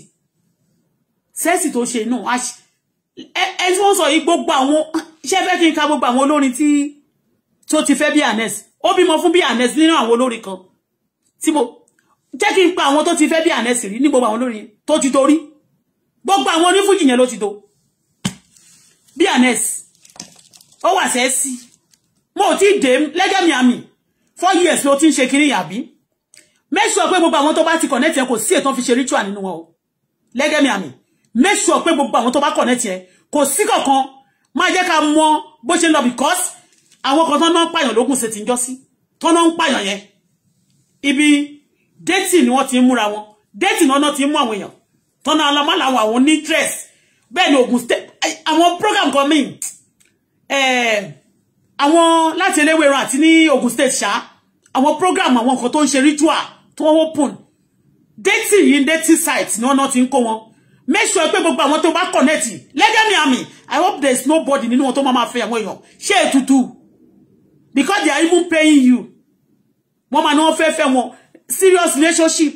Sexy to tó ṣe inú ẹ tí wọ́n sọ yìí gbogbo àwọn iṣẹ́ fẹ́ kí n ka gbogbo àwọn olórin tí tó ti fẹ́ bí anes ó bímọ fún bí anes nínú àwọn olórin kan tí mo jẹ́ kí n pa àwọn tó ti fẹ́ bí ànẹ́sì rí ní gbogbo àwọn olórin tó ti torí gbogbo àwọn onífújì yẹn ló ti to bí ànẹ́sì ó wà sẹ́ẹ̀sì mo ti dé lẹ́gẹ̀mí àmì four years ló ti ń ṣe kiri yàbí make sure pé gbogbo àwọn tó bá ti connect yẹn kò sí ètò fi ṣe ritual nínú wọn o lẹ́gẹ̀mí àmì make sure pé gbogbo àwọn tó bá connect yẹn kò sí kankan máa jẹ́ ká mọ bó ṣe lọ because àwọn kan tó ń pààyàn lókun ṣe ti ń jọ sí tó ń pààyàn yẹn ibi Dating ni wọ́n ti ń múra wọn dẹ́tì náà ti ń mú àwọn èèyàn tọ́nà alamálàwọ̀ àwọn ní dress bẹ́ẹ̀ ni Ògùn state àwọn program kan Eh, àwọn láti eléwéran àti ní Ògùn state ṣá àwọn program àwọn nǹkan to ń ṣe ritual to open Dating in dating sites, ni wọ́n ti ń make sure pé gbogbo àwọn tó bá connect lẹ́gẹ̀mí àmì I hope there is nobody nínú wọn tó máa fẹ́ àwọn èèyàn ṣé ètùtù because they are even paying you wọ́n máa ní wọ́n fẹ́ fẹ́ serious relationship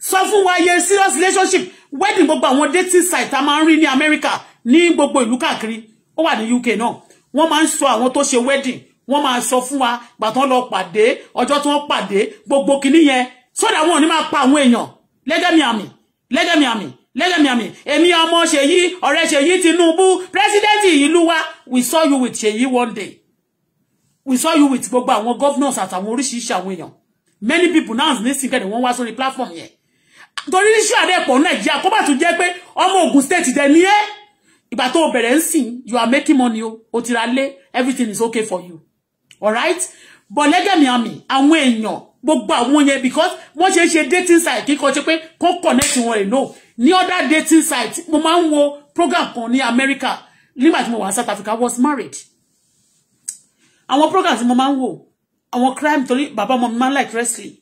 sọ fún wa iye serious relationship wedding gbogbo àwọn dating site a máa ń rí ní America ní gbogbo ìlú káàkiri ó wà ní UK náà wọ́n máa ń sọ àwọn tó ṣe wedding wọ́n máa sọ fún wa gbàtán lọ pàdé ọjọ́ tí wọ́n pàdé gbogbo kìíní yẹn sódà wọn ò ní máa pa àwọn èèyàn lẹ́gẹ̀mí àmì lẹ́gẹ̀mí àmì lẹ́gẹ̀mí àmì èmi ọmọ ṣèyí ọ̀rẹ́ ṣèyí Tinubu president ìlú wa we saw you with ṣèyí one day we saw you with gbogbo àwọn governors àtàwọn oríṣiríṣi àwọn èèyàn many people now nísìnyí kẹ́ni wọ́n wá sórí platform yẹn torí ní ṣíàdẹ́ pọ̀ nàìjíríà kó bá tún jẹ́ pé ọmọ Ògùn state dẹ̀ ní ẹ́ ìgbà tó bẹ̀rẹ̀ ń sìn you are making money o o everything is okay for you all right. but let me lẹ́gẹ̀mí àmì àwọn èèyàn gbogbo àwọn yẹn because wọ́n ṣe ń ṣe dating site kíkọ́ ṣe pé connect wọn rè no ní other dating site mo máa ń program kan ní America limit tí mo South Africa was married àwọn program tí mo máa ń àwọn crime torí bàbá ọmọ mi máa ń like wrestling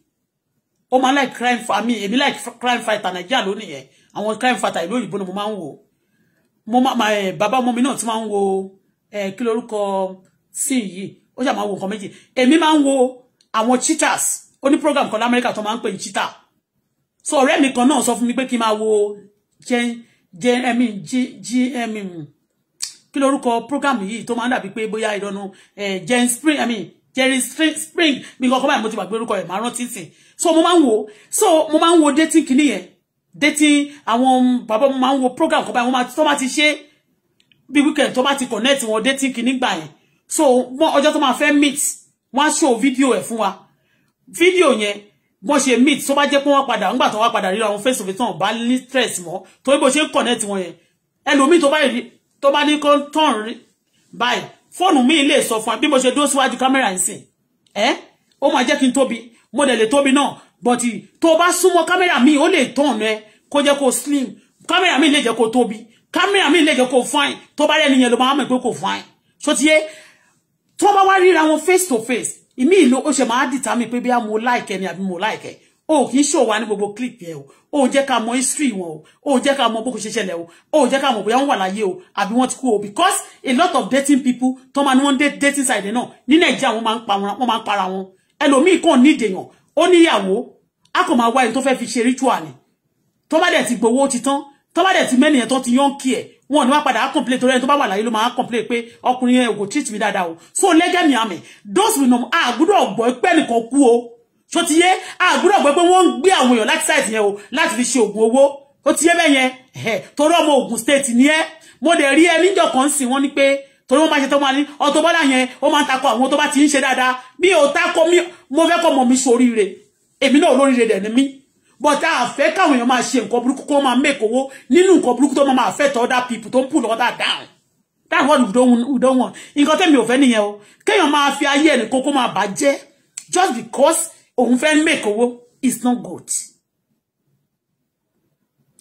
ó máa ń like crime I mean èmi like crime fighter nàìjíríà lónìí yẹn àwọn crime fighter ìlú òyìnbó ni mo máa ń wò mo máa bàbá ọmọ mi náà ti máa ń wo eh, kí lorúkọ sí yìí ó ṣàmà wo nǹkan méjì èmi máa ń wo àwọn cheaters ó ní program kan lamẹ́ríkà tó máa ń pè ní cheater so ọ̀rẹ́ mi kan náà sọ fún mi pé kí n máa wo jmi gmi kí lorúkọ program yìí tó máa ń dàbí pé bóyá ìdọ́nu eh, jen spring i mean jerry spring mi kọ́kọ́ báyìí mo ti wà pé orúkọ rẹ̀ máa rántí so mo máa wo so mo máa wo dating kini yẹn dating àwọn bàbá mo máa wo program kan báyìí wọ́n máa ti ṣe bí weekend tó bá ti connect wọn dating kini gbà yẹn so ọjọ́ tó máa fẹ́ meet wọ́n show video e fún wa fídíò yẹn bọ́n ṣe meet tó bá jẹ́ pé wọ́n pada ńgbà tó wá padà ríra wọn face to face tán bá ní stress mọ́ torí bó ṣe ń connect wọn yẹn ẹlòmíì tó bá ni kó tán báyìí fóònù mi lè sọ fún ẹ bí mo ṣe dó síwájú kámẹ́rà ń sìn ẹ́ ó máa jẹ́ kí n tóbi mo dẹ̀ lè tóbi náà but tó bá súnmọ́ kámẹ́rà mi ó lè tàn ẹ kó jẹ́ kó slim kámẹ́rà mi lè jẹ́ kó tóbi kámẹ́rà mi lè jẹ́ kó fine tó bá rẹ̀ nìyẹn ló máa mọ̀ pé kò fine so tiye tó bá wá ríra wọn face to face ìmí ìlò ó ṣe máa dìtà mi pé bí a mo like ẹni àbí mo like ẹ o kì í ṣò wá ní gbogbo clip yẹn o o jẹ́ ká mọ history wọn o o jẹ́ ká mọ bó kò ṣe ṣẹlẹ̀ o o jẹ́ ká mọ bóyá wọ́n wà láyé o àbí wọ́n ti kú o because a lot of dating people tó máa ní wọ́n date dating side náà ní nàìjíríà wọ́n máa ń pa wọn máa ń para wọn ẹlòmíì kàn ní ìdèyàn ó níyàwó a kò máa wá ẹni tó fẹ́ fi ṣe ritual ni tó bá dẹ̀ ti gbowó ti tán tó bá dẹ̀ ti mẹ́nìyàn tán ti yán kí ẹ̀ wọn ni wá padà á complain torí ẹni tó bá wà láyé ló máa complain pé ọkùnrin ẹ̀ kò treat mi dáadáa o so lẹ́gẹ̀mí àmì those will know àgùdọ̀ ọ̀gbọ́ pẹ́ẹ́nìkan kú o tó ti yé àgbúrò pé pé wọ́n ń gbé àwọn èèyàn láti sáìtì yẹn o láti fi ṣe oògùn owó ó ti yé bẹ́ẹ̀ yẹn torí ọmọ Ògùn state ni ẹ́ mo dẹ̀ rí ẹni jọ kan sì wọ́n ní pé torí wọ́n máa ṣe tó máa ní Auto Bola yẹn ó máa ń takọ àwọn tó bá ti ń ṣe dáadáa mi ò takọ mi mo fẹ́ kọ́ mọ̀ mi ṣoríire èmi náà olóríire dẹ̀ ni mí but a fẹ́ káwọn èèyàn máa ṣe nǹkan burúkú kó máa make owó nínú nǹkan to tó máa máa affect other people tó ń pull other down that's what we don't, we don't want nǹkan tẹ́mi ò fẹ́ nìyẹn o kéèyàn máa fi ayé ẹnìkan kó máa bàjẹ́ just because òun fẹ́ make owó is not good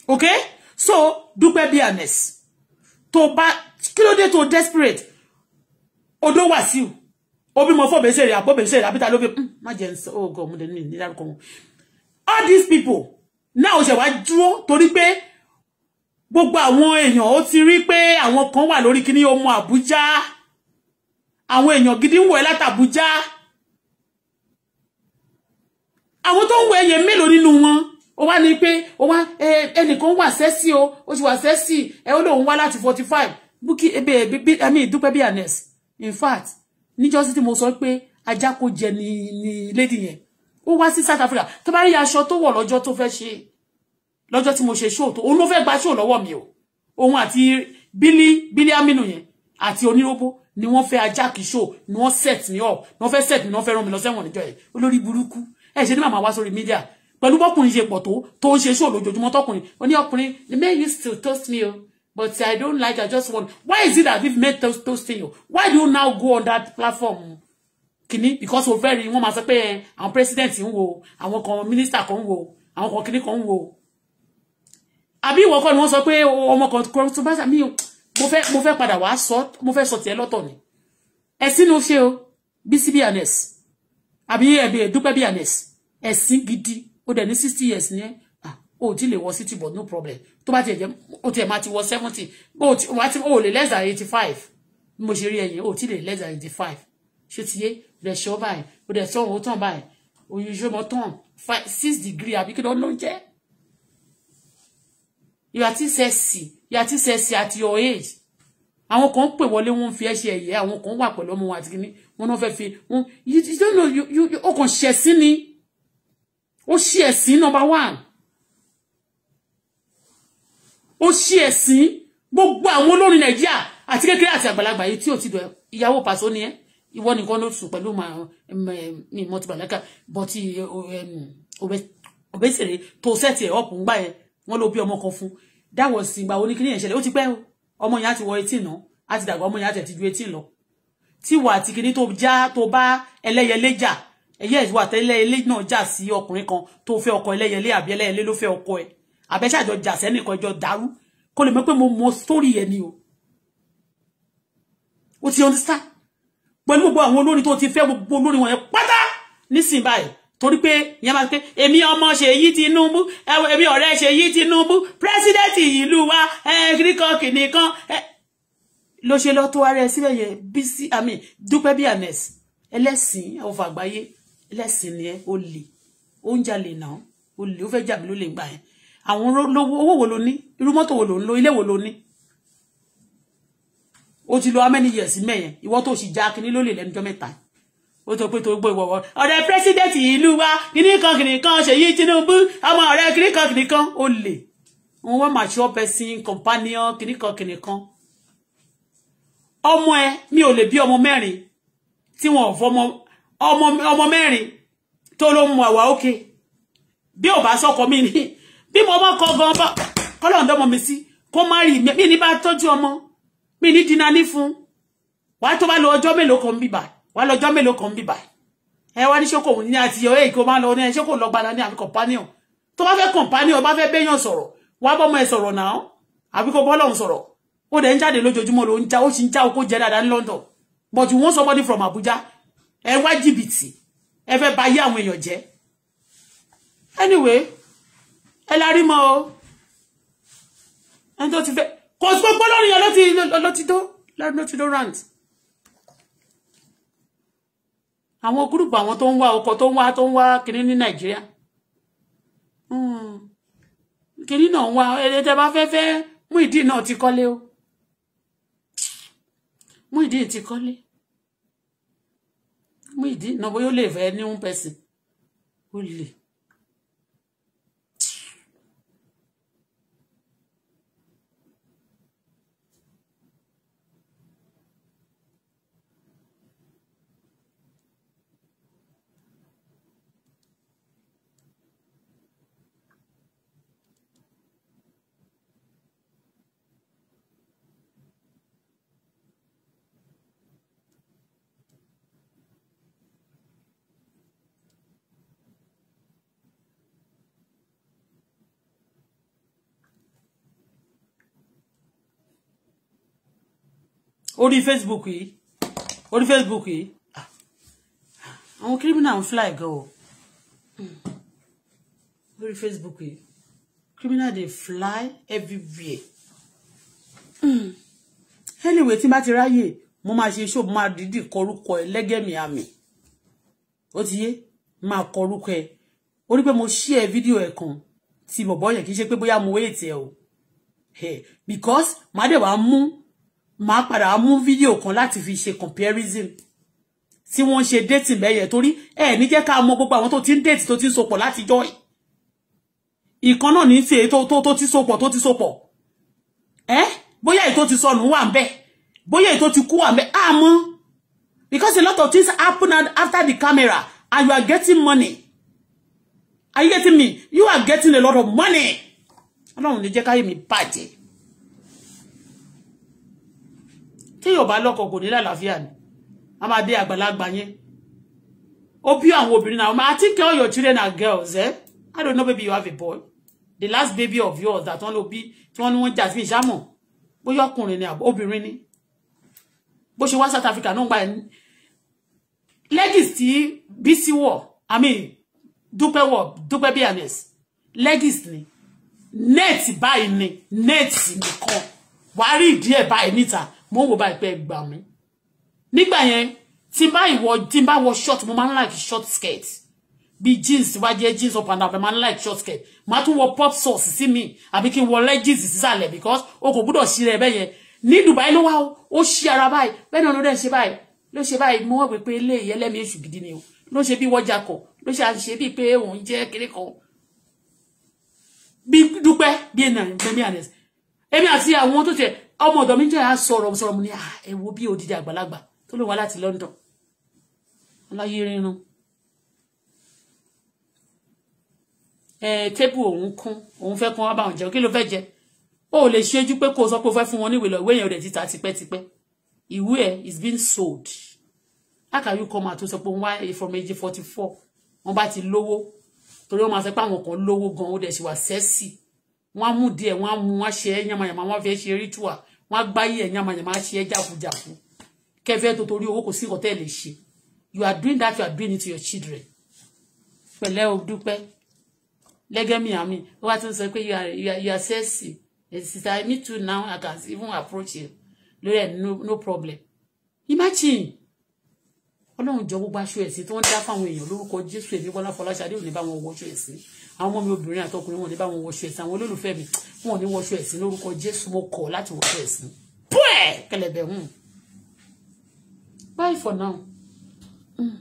okay so dúpẹ́ be honest tó bá kí ló dé tó desperate odó Wàsíù obi mo fo besere abo besere abita lo fi ma je nso oh god mo de ni ni all these people now ṣe wá dúró torí pé gbogbo àwọn èèyàn ó ti rí pé àwọn kan wà lórí kíní ọmọ Àbújá àwọn èèyàn gidi ń wò ẹ́ láti àwọn tó ń wo ẹyẹ mélòó nínú wọn ó wá ní pé ó wá ẹnìkan wà sẹ́sì o ó ti wà sẹ́sì ẹ ó lóun wá láti forty five bukki ebe eh, ebi ẹmi ìdúpẹ́ bí anes in fact níjọ́ sí tí mo sọ pé ajá kò jẹ ní ní lady yẹn ó wá sí South Africa tó bá rí aṣọ tó wọ̀ lọ́jọ́ tó fẹ́ ṣe lọ́jọ́ tí mo ṣe ṣóò tó òun ló fẹ́ gba ṣóò lọ́wọ́ mi o òun àti bílí bílí aminu yẹn àti oníròbó ni wọ́n fẹ́ ajá kìí ṣóò ni wọ́n set me up ni wọ́n fẹ́ set me ni wọ́n fẹ́ rán mi lọ sẹ́wọ̀n níjọ́ yẹn olórí burúkú ẹ ṣe ní màmá wá sórí mídíà pẹ̀lú bọ́kùnrin ṣe pọ̀ tó tó ń ṣe ṣó lójoojúmọ́ tọkùnrin ó ní ọkùnrin the men used to toast me oh. but I don't like I just want why is it that if men toast toasting you why do you now go on that platform kìíní because o fẹ́ rí wọ́n máa sọ pé eh, àwọn president ń wo àwọn kan minister kan ń wo àwọn kan kìíní kan ń wo àbí ìwọ kọ́ ni wọ́n sọ pé oh, ọmọ kan kọ́ tó bá ṣàmì mo fẹ́ padà wá sọ mo fẹ́ sọ tiẹ̀ lọ́tọ̀ ni ẹ̀ sínú ṣe o be serious àbí ẹ̀bí ẹ̀dúpẹ́ bí ànẹ́s ẹ̀sìn gidi ó dẹ̀ sixty years ní ẹ́ ah, o ti lè wọ sixty but no problem tó bá tiẹ̀ jẹ́ o tiẹ̀ máa ti wọ seventy o ti wá ti o lè less than eighty five bí mo ṣe rí ẹ̀yìn o ti lè less than eighty five ṣé ti yé rẹ̀ ṣọ́ báyìí o dẹ̀ sọ̀rọ̀ o tàn báyìí oyin ṣe mọ́ tàn six degree àbí kí ló ló ń jẹ́ you are still sexy you at your age àwọn kan pè wọlé wọn fi ẹṣẹ ẹyẹ àwọn kan wà pẹ̀lú ọmọ wọn àti kìíní wọn náà fẹ́ fi wọn you don't know you you ó kàn ṣẹ̀ sí ni ó ṣí ẹ̀sìn number one ó ṣí ẹ̀sìn gbogbo àwọn olórin nàìjíríà àti kékeré àti àgbàlagbà yìí tí ò ti dọ̀ ìyàwó pàṣọ ni ẹ́ ìwọ nìkan ló sùn pẹ̀lú mi mọ́tìbàlákà bọ́tì òbẹ́sẹ̀rẹ̀ eh, tó sẹ́ẹ̀tì ẹ̀ ọ̀pọ̀ ń gbà yẹn wọ́n ló bí ọmọ kan fún dáwọ̀ sí ìgbà oníkíní ẹ̀ṣẹ̀lẹ̀ ó ti pẹ́ o ọmọ yẹn á ti wọ eighteen náà á ti dàgbà ọmọ yẹn á tẹ̀ ti ju eighteen lọ tí wà àti kinní tó já tó bá ẹlẹ́yẹlé jà ẹyẹ ìwà tẹ́lẹ́yẹlé náà jà sí ọkùnrin kan tó fẹ́ ọkọ ẹlẹ́yẹlé àbí ẹlẹ́yẹlé ló fẹ́ ọkọ ẹ àbẹ́sàjọ jà sẹ́nìkan ẹjọ́ dàrú kó lè mọ̀ pé mo mọ sórí ẹ ni o o ti understand pẹ̀lú gbogbo àwọn olórin tó ti fẹ́ gbogbo olórin wọn yẹn pátá nísìnyí báyìí torí pé yẹn máa pé èmi ọmọ Ṣèyí Tinubu èmi ọ̀rẹ́ Ṣèyí Tinubu pírẹsidẹ́ǹtì ìlú wa kíríkan kìnìkan ló ṣe lọ tó ara ẹ sílẹ̀ yẹn Bísí àmì Dúpẹ́ Bíànẹ́s ẹlẹ́sìn ọ̀fọ̀ àgbáyé ẹlẹ́sìn ni ẹ ó lè oúnjẹ lè nà ó ó lè ó fẹ́ jàbí ló lè gbà yẹn àwọn owó wo ló ní irú mọ́tò wo ló ń lo ilé wo ló ní ó ti lo amẹ́niyẹ̀sí mẹ́yẹn ìwọ́ tó sì já kínní ló lè lẹ́nu jọ́ mẹ́ta yìí ó tó pé tó gbó ìwọ̀wọ́ ọ̀rẹ́ pírẹ́sídẹ̀ntì ìlú wa kìnnìkan kìnnìkan ṣèyí Tinubu ọmọ ọ̀rẹ́ kìnnìkan kìnnìkan ó lè wọn wọ́n mature person companion kìnnìkan kìnnìkan ọmọ ẹ mi ò lè bí ọmọ mẹ́rin tí wọn ò fọmọ ọmọ mẹ́rin tó ló mú àwa òkè bí ò bá sọkọ mi ni bí mo bá kọ gan kọlọ̀ ń dọ́mọ mi sí kó má rí mi ní bá tọ́jú ọmọ mi ní dínání fún wàá tó bá lọ ọjọ́ mélòó kan bíbà wà lọ́jọ́ mélòó kan bíbà ẹ wá ní ṣókò ní àti ìyọ̀ èyí kó máa lọ ní ẹ ṣókò lọ gbada ní àbí companion tó bá fẹ́ companion bá fẹ́ béèyàn sọ̀rọ̀ wá bọ́mọ ẹ sọ̀rọ̀ náà àbí kó bọ́lọ̀ ń sọ̀rọ̀ ó dẹ̀ ń jáde lójoojúmọ́ ló ń já ó sì ń já okó jẹ́ dáadáa ní London but you want somebody from Abuja ẹ wá jìbìtì ẹ fẹ́ ba ayé àwọn èèyàn jẹ́ anyway ẹ la rí mọ́ o ẹni tó ti fẹ́ kò sí gbogbo lórí yẹn ló ti do, ló ti do, rant. àwọn gúrùpù àwọn tó ń wá ọkọ tó ń wá tó ń wá kiri ní nàìjíríà hmm. kiri náà ń wá eré tẹ bá fẹ́ fẹ́ Muyideen náà ti kọ́lé o Muyideen ti kọ́lé Muyideen náà bóyá ó lè fẹ́ ní one person ó lè orí facebook yìí orí facebook yìí àwọn criminal ń fly gan o lórí facebook yìí criminal dey fly everywhere anyway tí bá ti ráyè mo máa ṣe iṣẹ́ mo máa dídì kọrúkọ ẹ lẹ́gẹ̀mí àmì ó ti yé máa kọrúkọ ẹ ó pé mo ṣí ẹ fídíò ẹ kan ti bọ̀bọ̀ yẹn kì í ṣe pé bóyá mo wéètì ẹ o because màá dẹ̀ wá mú màá para mú video kan láti fi ṣe comparison Si wọ́n ṣe dating bẹ́yẹ torí ẹ̀ ní jẹ́ ká mọ gbogbo àwọn tó tin ń date tó ti ń sopọ̀ láti jọ́ ìkan náà ní tiẹ̀ tó ti sopọ̀ tó ti sopọ̀ ẹ́ bóyá èyí tó ti sọnù wà ń bẹ̀ bóyá èyí tó ti kú wà ń bẹ̀ á because a lot of things happen after the camera and you are getting money are you getting me you are getting a lot of money ọlọ́run lè jẹ́ káyé mi bàjẹ́ tí yóò bá lọ́kọ kò ní lálàáfíà ni a máa dé àgbàlagbà yẹn ó bí àwọn obìnrin náà máa take all your children are girls eh? I don't know baby you have a boy the last baby of yours that wọ́n ló bí tí wọ́n ní wọ́n jà sí ìṣámọ̀ bóyá ọkùnrin ni obìnrin ni bó ṣe wá South Africa náà gba ẹni legis tí Bísí wọ̀ I mean Dúpẹ́ wọ̀ Dúpẹ́ bí anes legis ni net báyìí ni net nìkan wàá rí ìdí ẹ̀ báyìí níta mo wò báyìí pé gbà mí nígbà yẹn tí n bá ìwọ tí n short mo máa like short skirt bí jeans tí bá jeans up and down mo máa like short skirt màá tún wọ pop sauce sí mi àbí kí n wọ leggings sísàlẹ̀ because o kò gbúdọ̀ sí rẹ̀ bẹ́yẹn ní Dubai ló wá ó ṣí ara báyìí bẹ́ẹ̀ náà ló dẹ̀ ṣe báyìí ló ṣe báyìí mo wọ́n pé pé Ye ẹlẹ́mìí èṣù gidi ni o ló ṣe bí wọ́jà kọ̀ ló ṣe àṣe bíi pé òun jẹ́ kéré kan bí dúpẹ́ bí ẹnà ìgbẹ́mí àdẹ́sì èmi àti àwọn tó tẹ̀ ọmọ ọ̀dọ̀ mi jẹ́ à sọ̀rọ̀ sọ̀rọ̀ mo ní à ah, ẹ wo bí odidi àgbàlagbà tó lè wá láti London ọláyé rírun ẹ tébù òun kún òun fẹ́ kún wá bá òun jẹun kí ló fẹ́ jẹ ó lè ṣẹ́jú pé kó o sọ pé o fẹ́ fún wọn níwèé lọ ìwé yẹn ò dẹ̀ ti tà tipẹ́tipẹ́ ìwé ẹ̀ is being sold how can you come out to sọ pé wá from age forty four wọn bá ti lówó torí wọn máa sọ pé àwọn kan lówó gan ó dẹ̀ ṣe wà sẹ́sì wọn á mú díẹ̀ wọn á mú wọn á ṣe é yànmàyànmà wọn á fi ṣe ritual wọ́n á gbáyé ẹ̀ yamayama ṣe ẹ́ jákujàku kẹfẹ́ tó torí owó kò sí ọ̀tẹ́ ṣe you are doing that you are doing it to your children pẹ̀lẹ́ o dúpẹ́ lẹ́gẹ́mì àmì ó wá tún sọ pé you are you are, you are sexy sister me too now I can even approach you lórí ẹ̀ no, no problem imagine ọlọ́run jọ gbogbo aṣọ ẹ̀sìn tí wọ́n dá fáwọn èèyàn lórúkọ jésù èmi bọ́lá fọláṣadé ò ní bá wọn wọṣọ ẹ̀sìn àwọn ọmọ mi obìnrin àtọkùnrin wọn ní bá wọn wọṣọ ẹ̀sìn àwọn olólùfẹ́ mi wọn ò ní wọṣọ ẹ̀sìn lórúkọ Jésù mo kọ̀ láti wọṣọ ẹ̀sìn pẹ́ẹ́ kẹlẹ̀bẹ̀ hùn hmm. bye for now. Hmm.